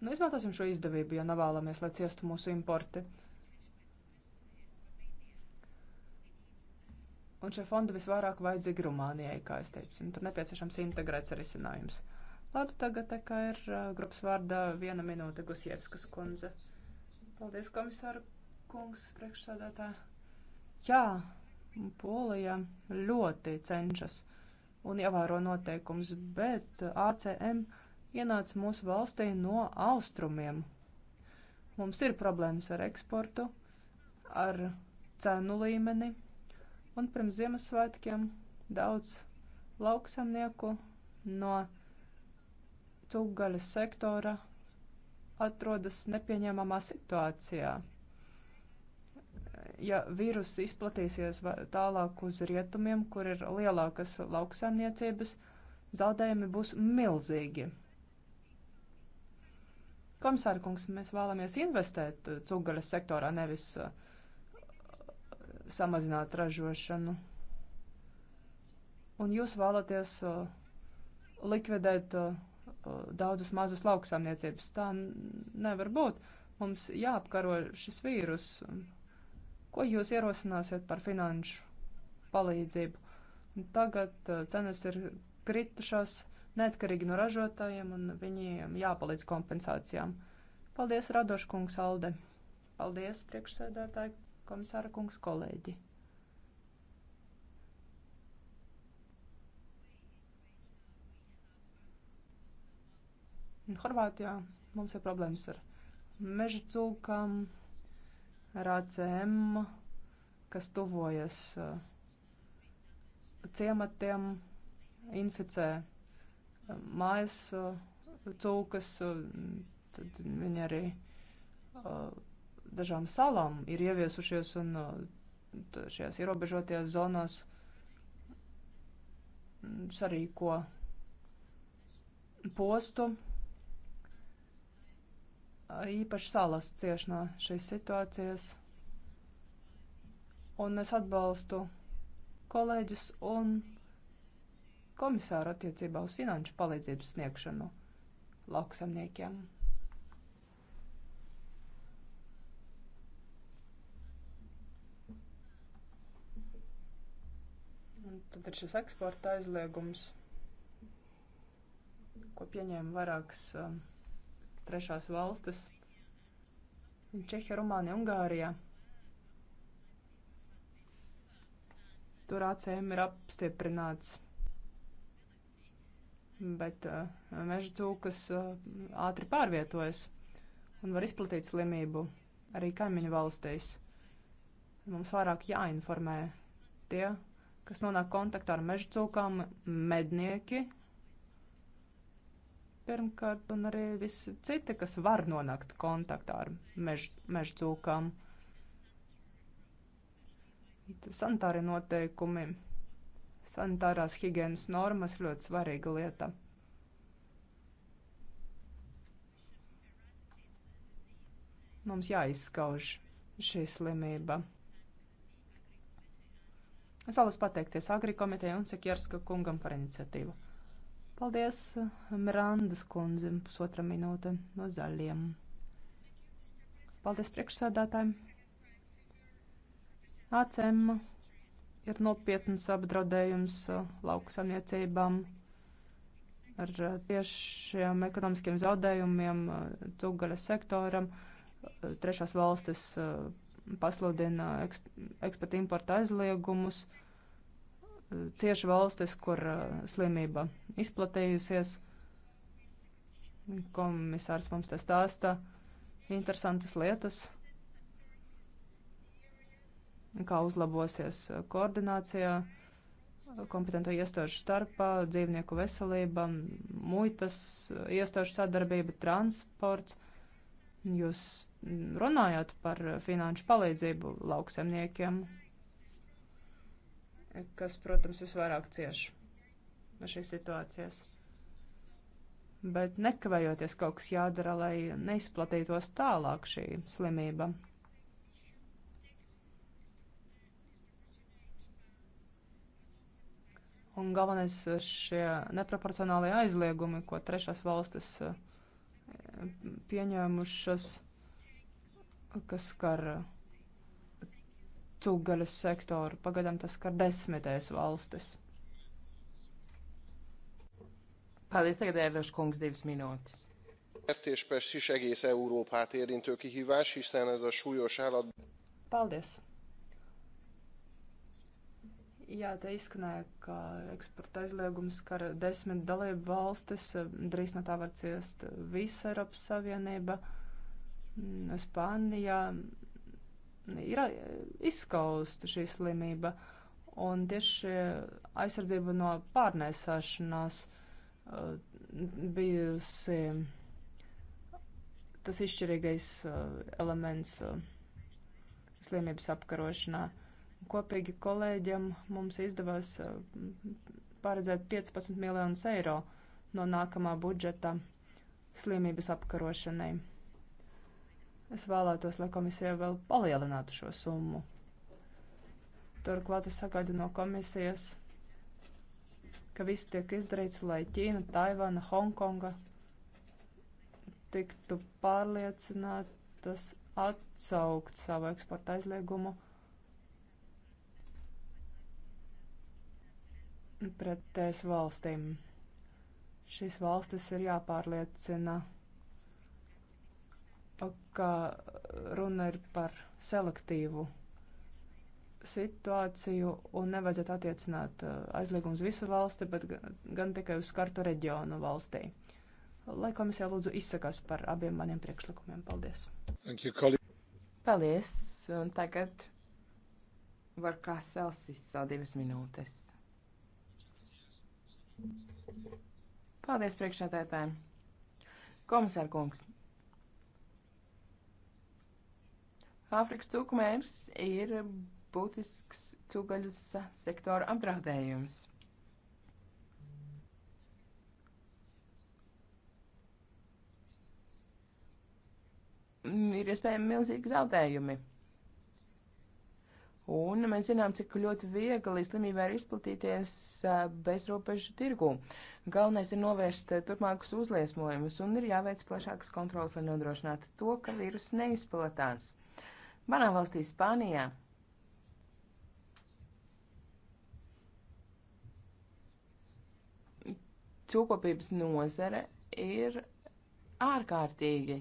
S7: Nu, izmantosim šo izdevību, ja nevēlamies, lai ciestu mūsu importi. Uh, Un šie fondi visvairāk vajadzīgi Rumānijai, kā es teicu, un tur nepieciešams integrēts risinājums. Labi, tagad tā kā ir uh, grupas vārdā viena minūte Gusievskas kundze. Paldies, komisāra kungs, priekšsādātā. Jā, Polija ļoti cenšas un ievēro noteikums, bet ACM ienāca mūsu valstī no austrumiem. Mums ir problēmas ar eksportu, ar cenu līmeni Un pirms Ziemassvētkiem daudz lauksamnieku no cūgaļas sektora atrodas nepieņemamā situācijā. Ja vīrus izplatīsies tālāk uz rietumiem, kur ir lielākas lauksaimniecības, zaudējumi būs milzīgi. Komisārkungs, mēs vēlamies investēt cūgaļas sektorā, nevis uh, samazināt ražošanu. Un jūs vēlaties uh, likvidēt uh, uh daudzas mazas lauksaimniecības. Tā nevar būt. Mums jāapkaro šis vīrus. Ko jūs ierosināsiet par finanšu palīdzību? Tagad uh, cenas ir kritušās neatkarīgi no ražotājiem, un viņiem jāpalīdz kompensācijām. Paldies, Radoškungs Alde! Paldies, priekšsēdētāji! komisāra kungs, kolēģi! Horvātijā mums ir problēmas ar meža cūkām, ar ACM, kas tuvojas uh, ciematiem, inficē uh, mājas uh, cūkas, tad viņi arī dažām salām ir ieviesušies un uh, šajās ierobežotajās zonās mm, sarīko postu. Uh, īpaši salas cieš no šīs situācijas. Un es atbalstu kolēģus un komisāru attiecībā uz finanšu palīdzības sniegšanu lauksamniekiem. Tad ir šis eksporta aizliegums, ko pieņēma vairākas um, trešās valstis - Čehija, Rumānija, Ungārija. Tur ACM ir apstiprināts, bet uh, meža cūkas uh, ātri pārvietojas un var izplatīt slimību arī kaimiņu valstīs. Mums vairāk jāinformē tie, kas nonāk kontaktā ar mežcūkām, mednieki pirmkārt, un arī visi citi, kas var nonākt kontaktā ar mež, mežcūkām. Sanitāri noteikumi, sanitārās higienas normas ļoti svarīga lieta. Mums jāizskauž šī slimība. Es vēlos pateikties Agri komitejai un Sekierska kungam par iniciatīvu. Paldies eh, Mirandas kundzim, pusotra minūte no zaļiem. Paldies priekšsādātājiem. ACM ir nopietns apdraudējums eh, lauksaimniecībām ar eh, tiešiem ekonomiskiem zaudējumiem cugaļas sektoram. Trešās valstis pasludina eksporta importa aizliegumus. Cieši valstis, kur eh, slimība izplatījusies. Komisārs mums te stāsta interesantas lietas, kā uzlabosies koordinācija kompetento iestāžu starpā, dzīvnieku veselība, muitas iestāžu sadarbība, transports Jūs mm, runājāt par eh, finanšu palīdzību lauksemniekiem, kas, protams, visvairāk cieš no šīs situācijas. Bet nekavējoties kaut kas jādara, lai neizplatītos tālāk šī slimība. Un galvenais šie neproporcionālie aizliegumi, ko trešās valstis uh, pieņēmušas, kas skar cūgaļas sektoru. Pagaidām tas skar desmitēs valstis.
S1: Paldies, tagad Erdős kungs divas minūtes.
S6: Értés persze is egész Európát érintő kihívás, hiszen ez a súlyos állat...
S1: Paldies!
S7: Jā, te izskanēja, ka eksporta aizliegums kara desmit dalību valstis, drīz no tā var ciest visa Eiropas Savienība. Mm, Spānijā mm, ir izskausta šī slimība, un tieši aizsardzība no pārnēsāšanās bijusi tas izšķirīgais elements slimības apkarošanā kopīgi kolēģiem mums izdevās uh, paredzēt 15 miljonus eiro no nākamā budžeta slimības apkarošanai. Es vēlētos, lai komisija vēl palielinātu šo summu. Turklāt es sagaidu no komisijas, ka viss tiek izdarīts, lai Ķīna, Taivana, Hongkonga tiktu pārliecinātas atsaukt savu eksporta aizliegumu pretēs valstīm. Šīs valstis ir jāpārliecina, ka runa ir par selektīvu situāciju un nevajadzētu attiecināt uh, aizliegums visu valsti, bet gan tikai uz kartu reģionu valstī. Lai komisija lūdzu izsakās par abiem maniem priekšlikumiem. Paldies!
S4: You,
S1: Paldies! Un tagad var kā selsis divas minūtes. Paldies priekšsēdētājiem. Komisār kungs. Āfrikas cūkumērs ir būtisks cūgaļas sektora apdraudējums. Ir iespējami milzīgi zaudējumi. Un mēs zinām, cik ļoti viegli slimībai ir izplatīties bezrobežu tirgū. Galvenais ir novērst turpmākus uzliesmojumus un ir jāveic plašākas kontrolas, lai nodrošinātu to, ka vīrus neizplatās. Manā valstī Spānijā cūkopības nozare ir ārkārtīgi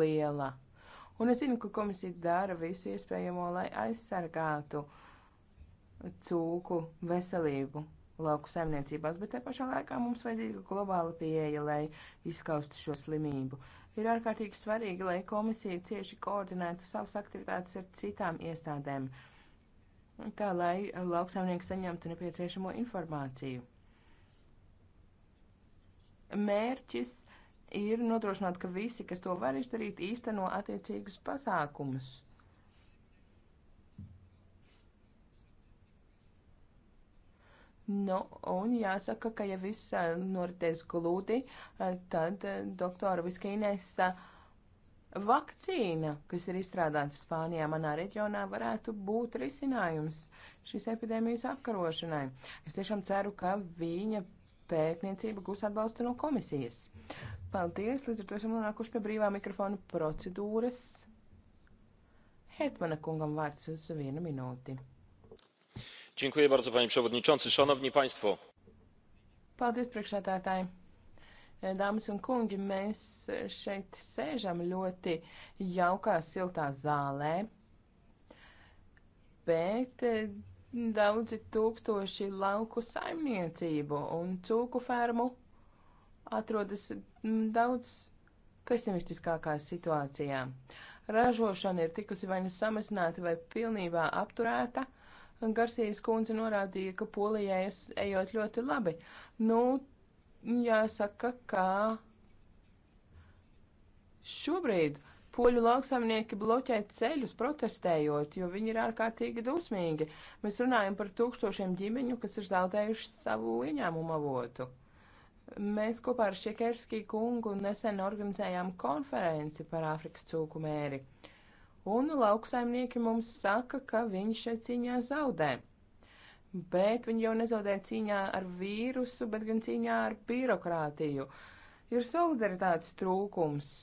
S1: liela. Un es zinu, ka komisija dara visu iespējamo, lai aizsargātu cūku veselību lauku saimniecībās, bet te pašā laikā mums vajadzīga globāla pieeja, lai izskaustu šo slimību. Ir ārkārtīgi svarīgi, lai komisija cieši koordinētu savas aktivitātes ar citām iestādēm, tā lai lauksaimnieki saņemtu nepieciešamo informāciju. Mērķis ir nodrošināt, ka visi, kas to var izdarīt, īsteno attiecīgus pasākumus. Nu, un jāsaka, ka ja viss eh, noritēs glūdi, eh, tad eh, doktora Viskīnēs vakcīna, kas ir izstrādāta Spānijā, manā reģionā, varētu būt risinājums šīs epidēmijas apkarošanai. Es tiešām ceru, ka viņa pētniecība gūs atbalstu no komisijas. Paldies, līdz ar to esam nonākuši pie brīvā mikrofona procedūras. Hetmana kungam vārds uz vienu minūti.
S3: Dziękuję bardzo, panie przewodniczący. Szanowni państwo.
S1: Paldies, priekšsētātāji. Dāmas un kungi, mēs šeit sēžam ļoti jaukā, siltā zālē, bet daudzi tūkstoši lauku saimniecību un cūku fermu atrodas mm, daudz pesimistiskākā situācijā. Ražošana ir tikusi vai nu samazināta vai pilnībā apturēta. Garsijas kundze norādīja, ka polijai ejot ļoti labi. Nu, jāsaka, ka šobrīd poļu lauksaimnieki bloķē ceļus protestējot, jo viņi ir ārkārtīgi dusmīgi. Mēs runājam par tūkstošiem ģimeņu, kas ir zaudējuši savu ieņēmumu avotu. Mēs kopā ar Šekerskī kungu nesen organizējām konferenci par Āfrikas cūku mēri. Un lauksaimnieki mums saka, ka viņi šeit cīņā zaudē. Bet viņi jau nezaudē cīņā ar vīrusu, bet gan cīņā ar birokrātiju. Ir solidaritātes trūkums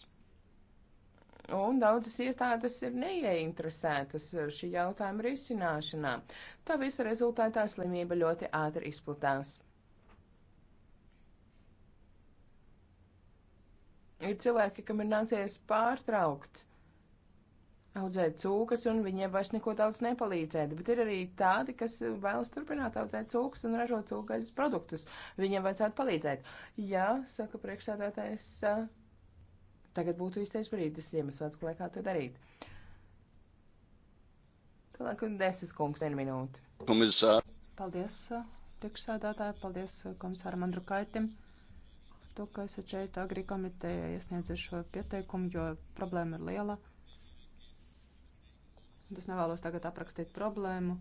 S1: un daudzas iestādes ir neieinteresētas šī jautājuma risināšanā. Tā visa rezultātā slimība ļoti ātri izplatās. Ir cilvēki, kam ir nācies pārtraukt audzēt cūkas, un viņiem vairs neko daudz nepalīdzēt. Bet ir arī tādi, kas vēlas turpināt audzēt cūkas un ražot cūkaļus produktus. Viņiem vajadzētu palīdzēt. Jā, saka priekšsēdētājs. Uh, Tagad būtu īstais brīdis Ziemassvētku laikā to darīt. Tālāk un desis kungs, viena minūte. Komisār. Paldies, uh, priekšsēdētāji, paldies uh, komisāram Andru
S7: Kaitim to, ka esat šeit agri komiteja iesniedzis šo pieteikumu, jo problēma ir liela. Es nevēlos tagad aprakstīt problēmu,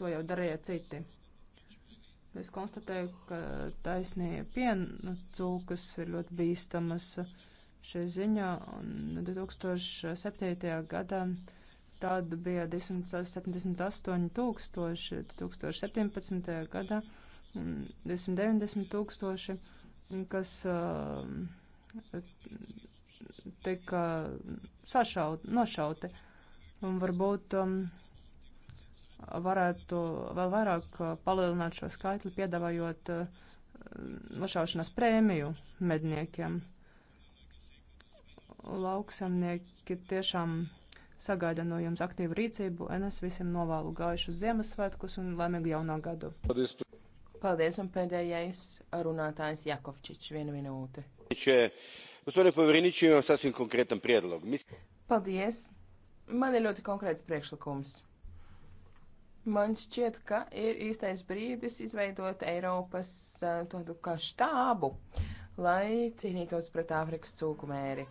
S7: to jau darīja citi. Es konstatēju, ka taisnība piena cūkas ir ļoti bīstamas. Uh, šī ziņa, un 2007. gadā tādu bija 278 tūkstoši, 2017. gadā 290 tūkstoši, kas um, tika sašaut, nošauti. Un varbūt um, varētu vēl vairāk uh, palielināt šo skaitli, piedāvājot uh, nošaušanas prēmiju medniekiem. Uh, lauksamnieki tiešām sagaida no jums aktīvu rīcību, un es visiem novēlu gaišu
S1: Ziemassvētkus un laimīgu jauno gadu. Paldies, Paldies un pēdējais runātājs Jakovčič, viena minūte. Paldies! Man ir ļoti konkrēts priekšlikums. Man šķiet, ka ir īstais brīdis izveidot Eiropas eh, tādu kā štābu, lai cīnītos pret Āfrikas cūku mēri.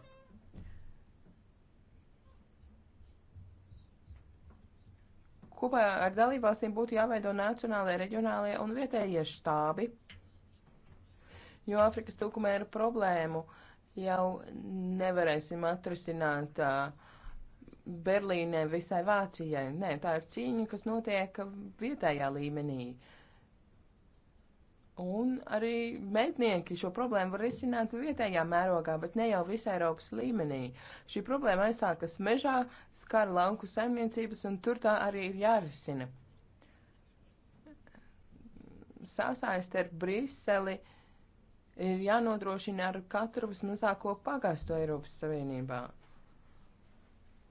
S1: Kopā ar dalībvalstīm būtu jāveido nacionālajie, reģionālajie un vietējie štābi, jo Āfrikas cūkumēra problēmu jau nevarēsim atrisināt Berlīnē visai Vācijai. Nē, tā ir cīņa, kas notiek vietējā līmenī. Uh, Un arī mētnieki šo problēmu var risināt vietējā mērogā, bet ne jau visā Eiropas līmenī. Šī problēma aizsākas mežā, skar lauku saimniecības, un tur tā arī ir jārisina. Sāsaist ar Briseli ir jānodrošina ar katru vismazāko pagastu Eiropas Savienībā.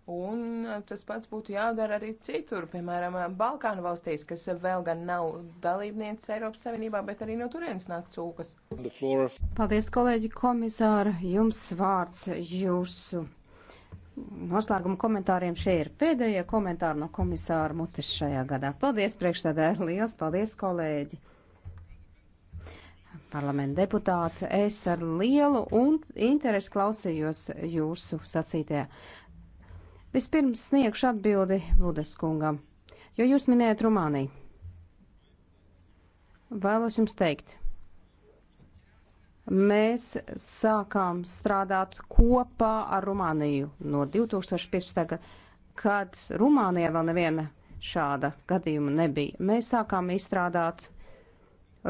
S1: Un tas pats būtu jādara arī citur, piemēram, Balkānu valstīs, kas vēl gan nav dalībnieces Eiropas Savienībā, bet arī no turienes nāk cūkas.
S6: Paldies, kolēģi komisāra, jums vārds jūsu noslēguma komentāriem. Šie ir pēdējie komentāri no komisāra mutes šajā gadā. Paldies, priekšsēdētāji, liels paldies, kolēģi! parlamenta deputāti, es ar lielu un interesi klausījos jūsu sacītajā. Vispirms sniegšu atbildi Budas kungam, jo jūs minējat Rumāniju. Vēlos jums teikt, mēs sākām strādāt kopā ar Rumāniju no 2015. gada, kad Rumānijā vēl neviena šāda gadījuma nebija. Mēs sākām izstrādāt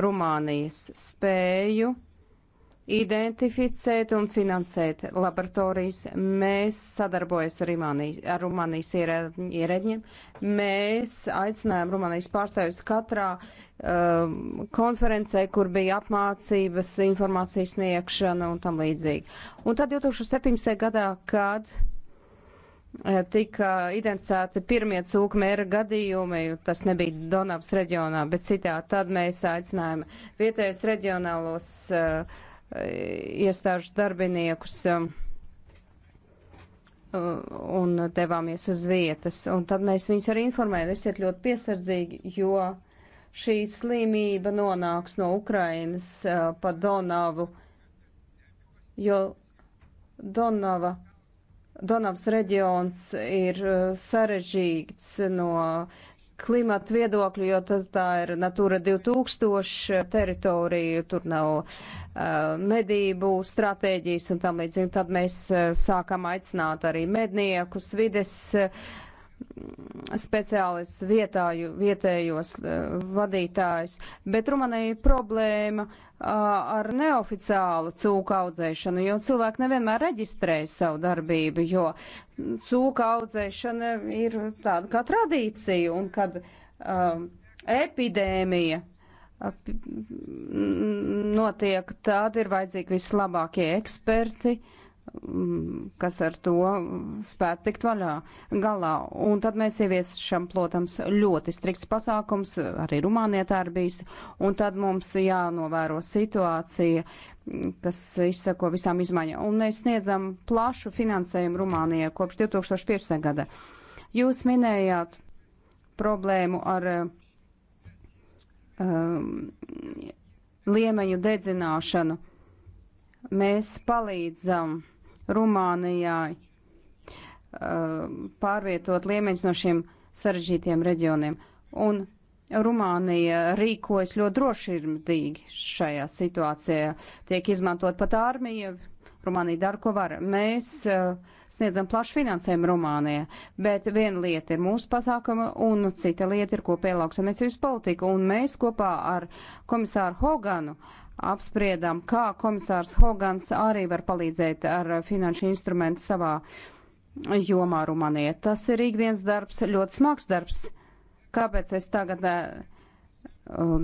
S6: Rumānijas spēju identificēt un finansēt laboratorijas. Mēs sadarbojamies ar, Rumānijas, ar Rumānijas ierēģiem. Mēs aicinājām Rumānijas pārstāvjus katrā um, konferencē, kur bija apmācības, informācijas sniegšana un tam līdzīgi. Un tad 2017. gadā, kad eh, tika identificēti pirmie cūkmēra gadījumi, tas nebija Donavas reģionā, bet citā, tad mēs aicinājām vietējos reģionālos uh, iestāžu darbiniekus um, un devāmies uz vietas. Un tad mēs viņus arī informējam, esiet ļoti piesardzīgi, jo šī slimība nonāks no Ukrainas uh, pa Donavu, jo Donava, Donavas reģions ir uh, sarežģīts no klimata viedokļu, jo tas tā ir Natura 2000 teritorija, tur nav uh, medību stratēģijas un tam līdzīgi. Tad mēs uh, sākam aicināt arī medniekus, vides. Uh, speciālists vietāju, vietējos uh, eh, vadītājus, bet Rumānija ir problēma uh, ar neoficiālu cūku audzēšanu, jo cilvēki nevienmēr reģistrē savu darbību, jo cūku audzēšana ir tāda kā tradīcija, un kad uh, epidēmija notiek, tad ir vajadzīgi vislabākie eksperti. Uh, kas ar to spētu tikt vaļā galā. Un tad mēs ieviešam, protams, ļoti strikts pasākums, arī Rumānijā tā ir bijis, un tad mums jānovēro situācija, kas izsako visām izmaiņām. Un mēs sniedzam plašu finansējumu Rumānijā kopš 2015. gada. Jūs minējāt problēmu ar um, liemeņu dedzināšanu. Mēs palīdzam uh, Rumānijā uh, pārvietot liemeņus no šiem sarežģītiem reģioniem. Un Rumānija rīkojas ļoti drošsirdīgi šajā situācijā. Tiek izmantot pat armija. Rumānija dara, ko var. Mēs uh, sniedzam plašu finansējumu Rumānijā, bet viena lieta ir mūsu pasākuma un cita lieta ir kopēja lauksamniecības politika. Un mēs kopā ar komisāru Hoganu uh, apspriedām, kā komisārs Hogans arī var palīdzēt ar finanšu instrumentu savā jomā Rumānijā. Tas ir ikdienas darbs, ļoti smags darbs. Kāpēc es tagad eh,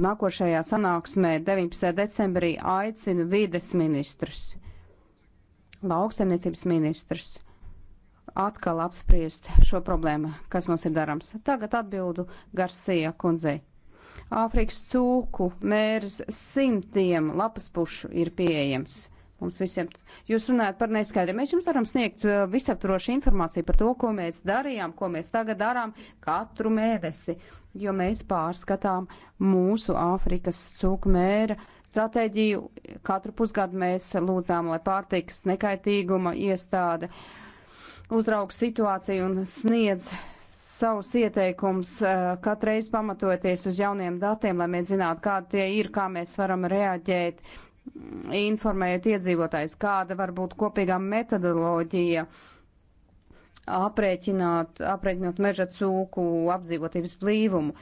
S6: nākošajā sanāksmē 19. decembrī aicinu vides ministrs, lauksaimniecības ministrs atkal apspriest šo problēmu, kas mums ir darams. Tagad atbildu Garcia kundzei. Āfrikas cūku mērs simtiem lapas pušu ir pieejams. Mums visiem, jūs runājat par neskaidriem. Mēs jums varam sniegt uh, visaptrošu informāciju par to, ko mēs darījām, ko mēs tagad darām katru mēnesi, jo mēs pārskatām mūsu Āfrikas cūku mēra stratēģiju. Katru pusgadu mēs lūdzām, lai pārtikas nekaitīguma iestāde uzrauga situāciju un sniedz savus ieteikumus eh, katreiz pamatoties uz jauniem datiem, lai mēs zinātu, kādi tie ir, kā mēs varam reaģēt, informējot iedzīvotājs, kāda var būt kopīgā metodoloģija aprēķināt, aprēķinot meža cūku apdzīvotības blīvumu.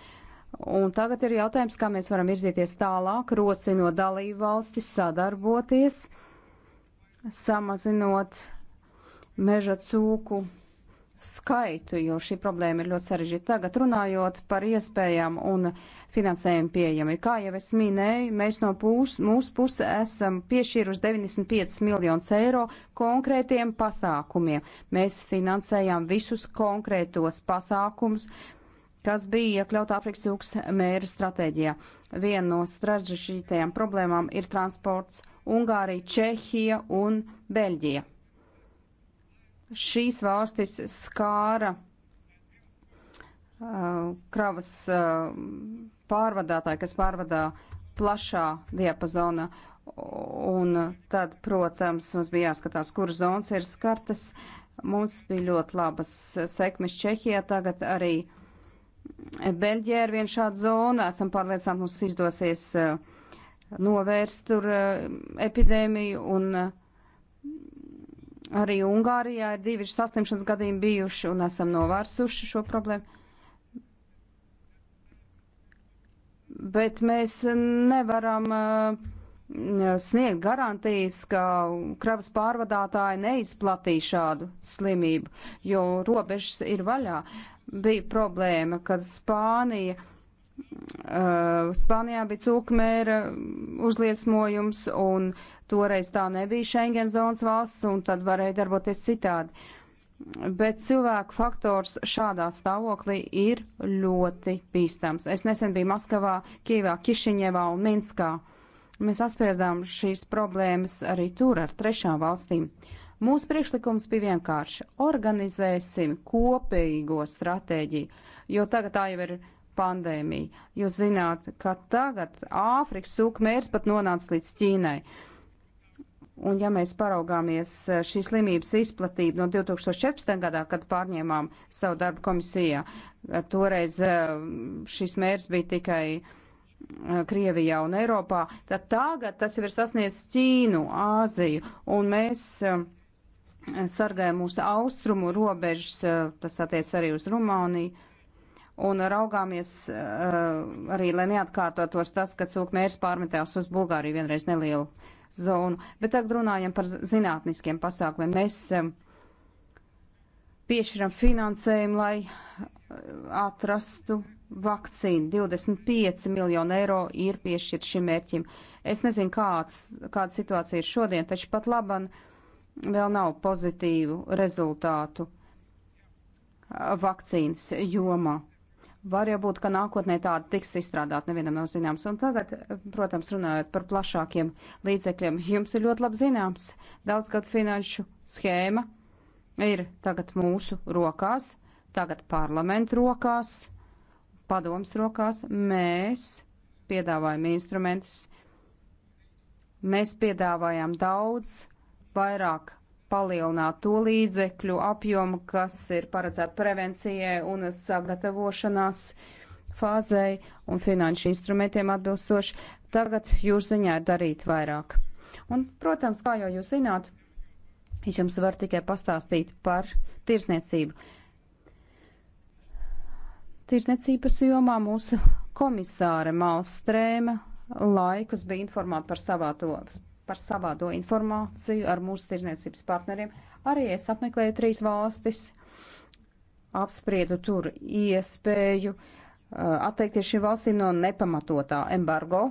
S6: Un tagad ir jautājums, kā mēs varam virzīties tālāk, rosinot dalību valstis sadarboties, samazinot meža cūku skaitu, jo šī problēma ir ļoti sarežģīta. Tagad runājot par iespējām un finansējumu pieejami. Kā jau es minēju, mēs no pūs, mūsu puses esam piešķīrusi 95 miljonus eiro konkrētiem pasākumiem. Mēs finansējām visus konkrētos pasākumus, kas bija iekļauta Afrikas jūgas mēra stratēģijā. Viena no strateģiskajām problēmām ir transports Ungārija, Čehija un Beļģija šīs valstis skāra uh, kravas uh, pārvadātāji, kas pārvadā plašā diapazonā. Un tad, protams, mums bija jāskatās, kuras zonas ir skartas. Mums bija ļoti labas sekmes Čehijā, tagad arī Beļģijā ir viena šāda zona. Esam pārliecināti, mums izdosies uh, novērst tur uh, epidēmiju un uh, Arī Ungārijā ir divi saslimšanas gadījumi bijuši un esam novērsuši šo problēmu. Bet mēs nevaram uh, sniegt garantijas, ka kravas pārvadātāji neizplatīs šādu slimību, jo robežas ir vaļā. Bija problēma, kad Spānija Uh, Spānijā bija cūkmēra mm, uzliesmojums, un toreiz tā nebija Schengen zonas valsts, un tad varēja darboties citādi. Bet cilvēku faktors šādā stāvoklī ir ļoti bīstams. Es nesen biju Maskavā, Kīvā, Kišiņevā un Minskā. Mēs apspriedām šīs problēmas arī tur ar trešām valstīm. Mūsu priekšlikums bija vienkārši - organizēsim kopīgo stratēģiju, jo tagad tā jau ir pandēmiju. Jūs zināt, ka tagad Āfrikas sūkmērs pat nonāca līdz Ķīnai. Un ja mēs paraugāmies eh, šīs slimības izplatību no 2014. gadā, kad pārņēmām savu darbu komisijā, eh, toreiz eh, šis mērs bija tikai Krievijā un Eiropā, tad tagad tas jau ir sasniedzis Ķīnu, Āziju, un mēs sargājam mūsu austrumu robežas, tas attiec arī uz Rumāniju un raugāmies uh, arī, lai neatkārtotos tas, ka cūkmērs pārmetās uz Bulgāriju vienreiz nelielu zonu. Bet tagad runājam par zinātniskiem pasākumiem. Mēs um, piešķiram finansējumu, lai eh, atrastu vakcīnu. 25 miljonu eiro ir piešķirt šim mērķim. Es nezinu, kāds, kāda situācija ir šodien, taču pat laban vēl nav pozitīvu rezultātu vakcīnas jomā. Var jau būt, ka nākotnē tāda tiks izstrādāta, nevienam nav zināms. Un tagad, protams, runājot par plašākiem līdzekļiem, jums ir ļoti labi zināms, daudzgad finanšu schēma ir tagad mūsu rokās, tagad parlamentu rokās, padoms rokās. Mēs piedāvājam instrumentus, mēs piedāvājam daudz vairāk palielināt to līdzekļu apjomu, kas ir paredzēta prevencijai un sagatavošanās fāzei un finanšu instrumentiem atbilstoši. Tagad jūs ziņā ir darīt vairāk. Un, protams, kā jau jūs zināt, es jums varu tikai pastāstīt par tirsniecību. Tirsniecības jomā mūsu komisāre Malstrēma laikus bija informēta par savā to par savādo informāciju ar mūsu tirzniecības partneriem. Arī es apmeklēju trīs valstis, apspriedu tur iespēju uh, atteikties šīm valstīm no nepamatotā embargo.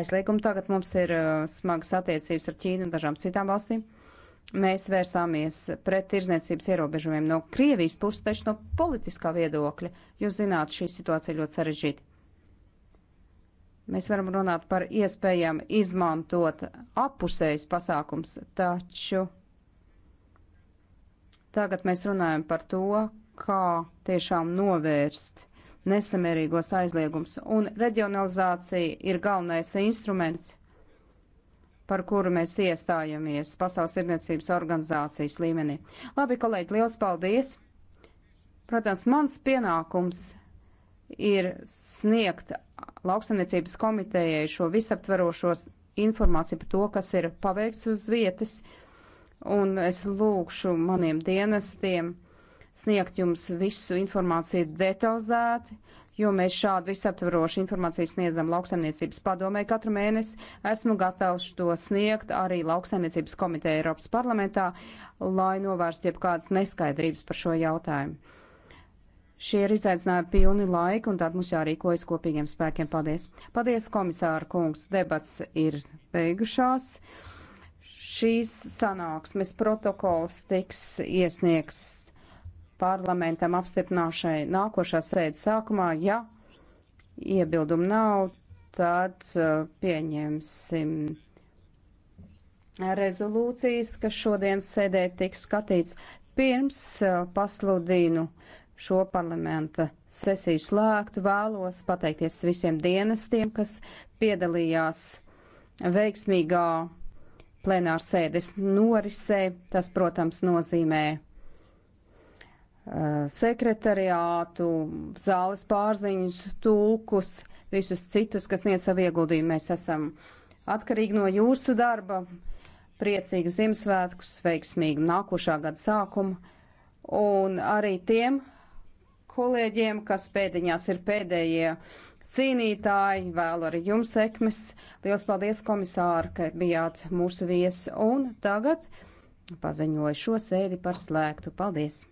S6: Aizlieguma tagad mums ir uh, smagas attiecības ar Ķīnu un dažām citām valstīm. Mēs vērsāmies pret tirzniecības ierobežojumiem no Krievijas puses, taču no politiskā viedokļa. Jūs zināt, šī situācija ļoti sarežģīta Mēs varam runāt par iespējām izmantot apusējs pasākums, taču tagad mēs runājam par to, kā tiešām novērst nesamērīgos aizliegums. Un reģionalizācija ir galvenais instruments, par kuru mēs iestājamies Pasaules tirdzniecības organizācijas līmenī. Labi, kolēģi, liels paldies! Protams, mans pienākums ir sniegt lauksaimniecības komitejai šo visaptverošos informāciju par to, kas ir paveikts uz vietas, un es lūkšu maniem dienestiem sniegt jums visu informāciju detalizēti, jo mēs šādu visaptvarošu informāciju sniedzam lauksaimniecības padomē katru mēnesi. Esmu gatavs to sniegt arī lauksaimniecības komiteja Eiropas parlamentā, lai novērstu jebkādas neskaidrības par šo jautājumu. Šie ir izaicinājumi pilni laika, un tad mums jārīkojas kopīgiem spēkiem. Paldies! Paldies, komisāra kungs! Debats ir beigušās. Šīs sanāksmes protokols tiks iesniegs parlamentam apstiprināšanai nākošā sēdes sākumā. Ja iebildumu nav, tad uh, pieņemsim rezolūcijas, kas šodien sēdē tiks skatīts. Pirms uh, pasludinu šo parlamenta sesiju slēgtu. Vēlos pateikties visiem dienestiem, kas piedalījās veiksmīgā plenāra sēdes norisē. Tas, protams, nozīmē uh, sekretariātu, zāles pārziņus, tulkus, visus citus, kas niec savu ieguldījumu. Mēs esam atkarīgi no jūsu darba. Priecīgu Ziemassvētkus, veiksmīgu nākošā gada sākumu un arī tiem, kolēģiem, kas pēdiņās ir pēdējie cīnītāji. Vēlu arī jums sekmes. Lielas paldies, komisāri, ka bijāt mūsu viesi. Un tagad paziņoju šo sēdi par slēgtu. Paldies!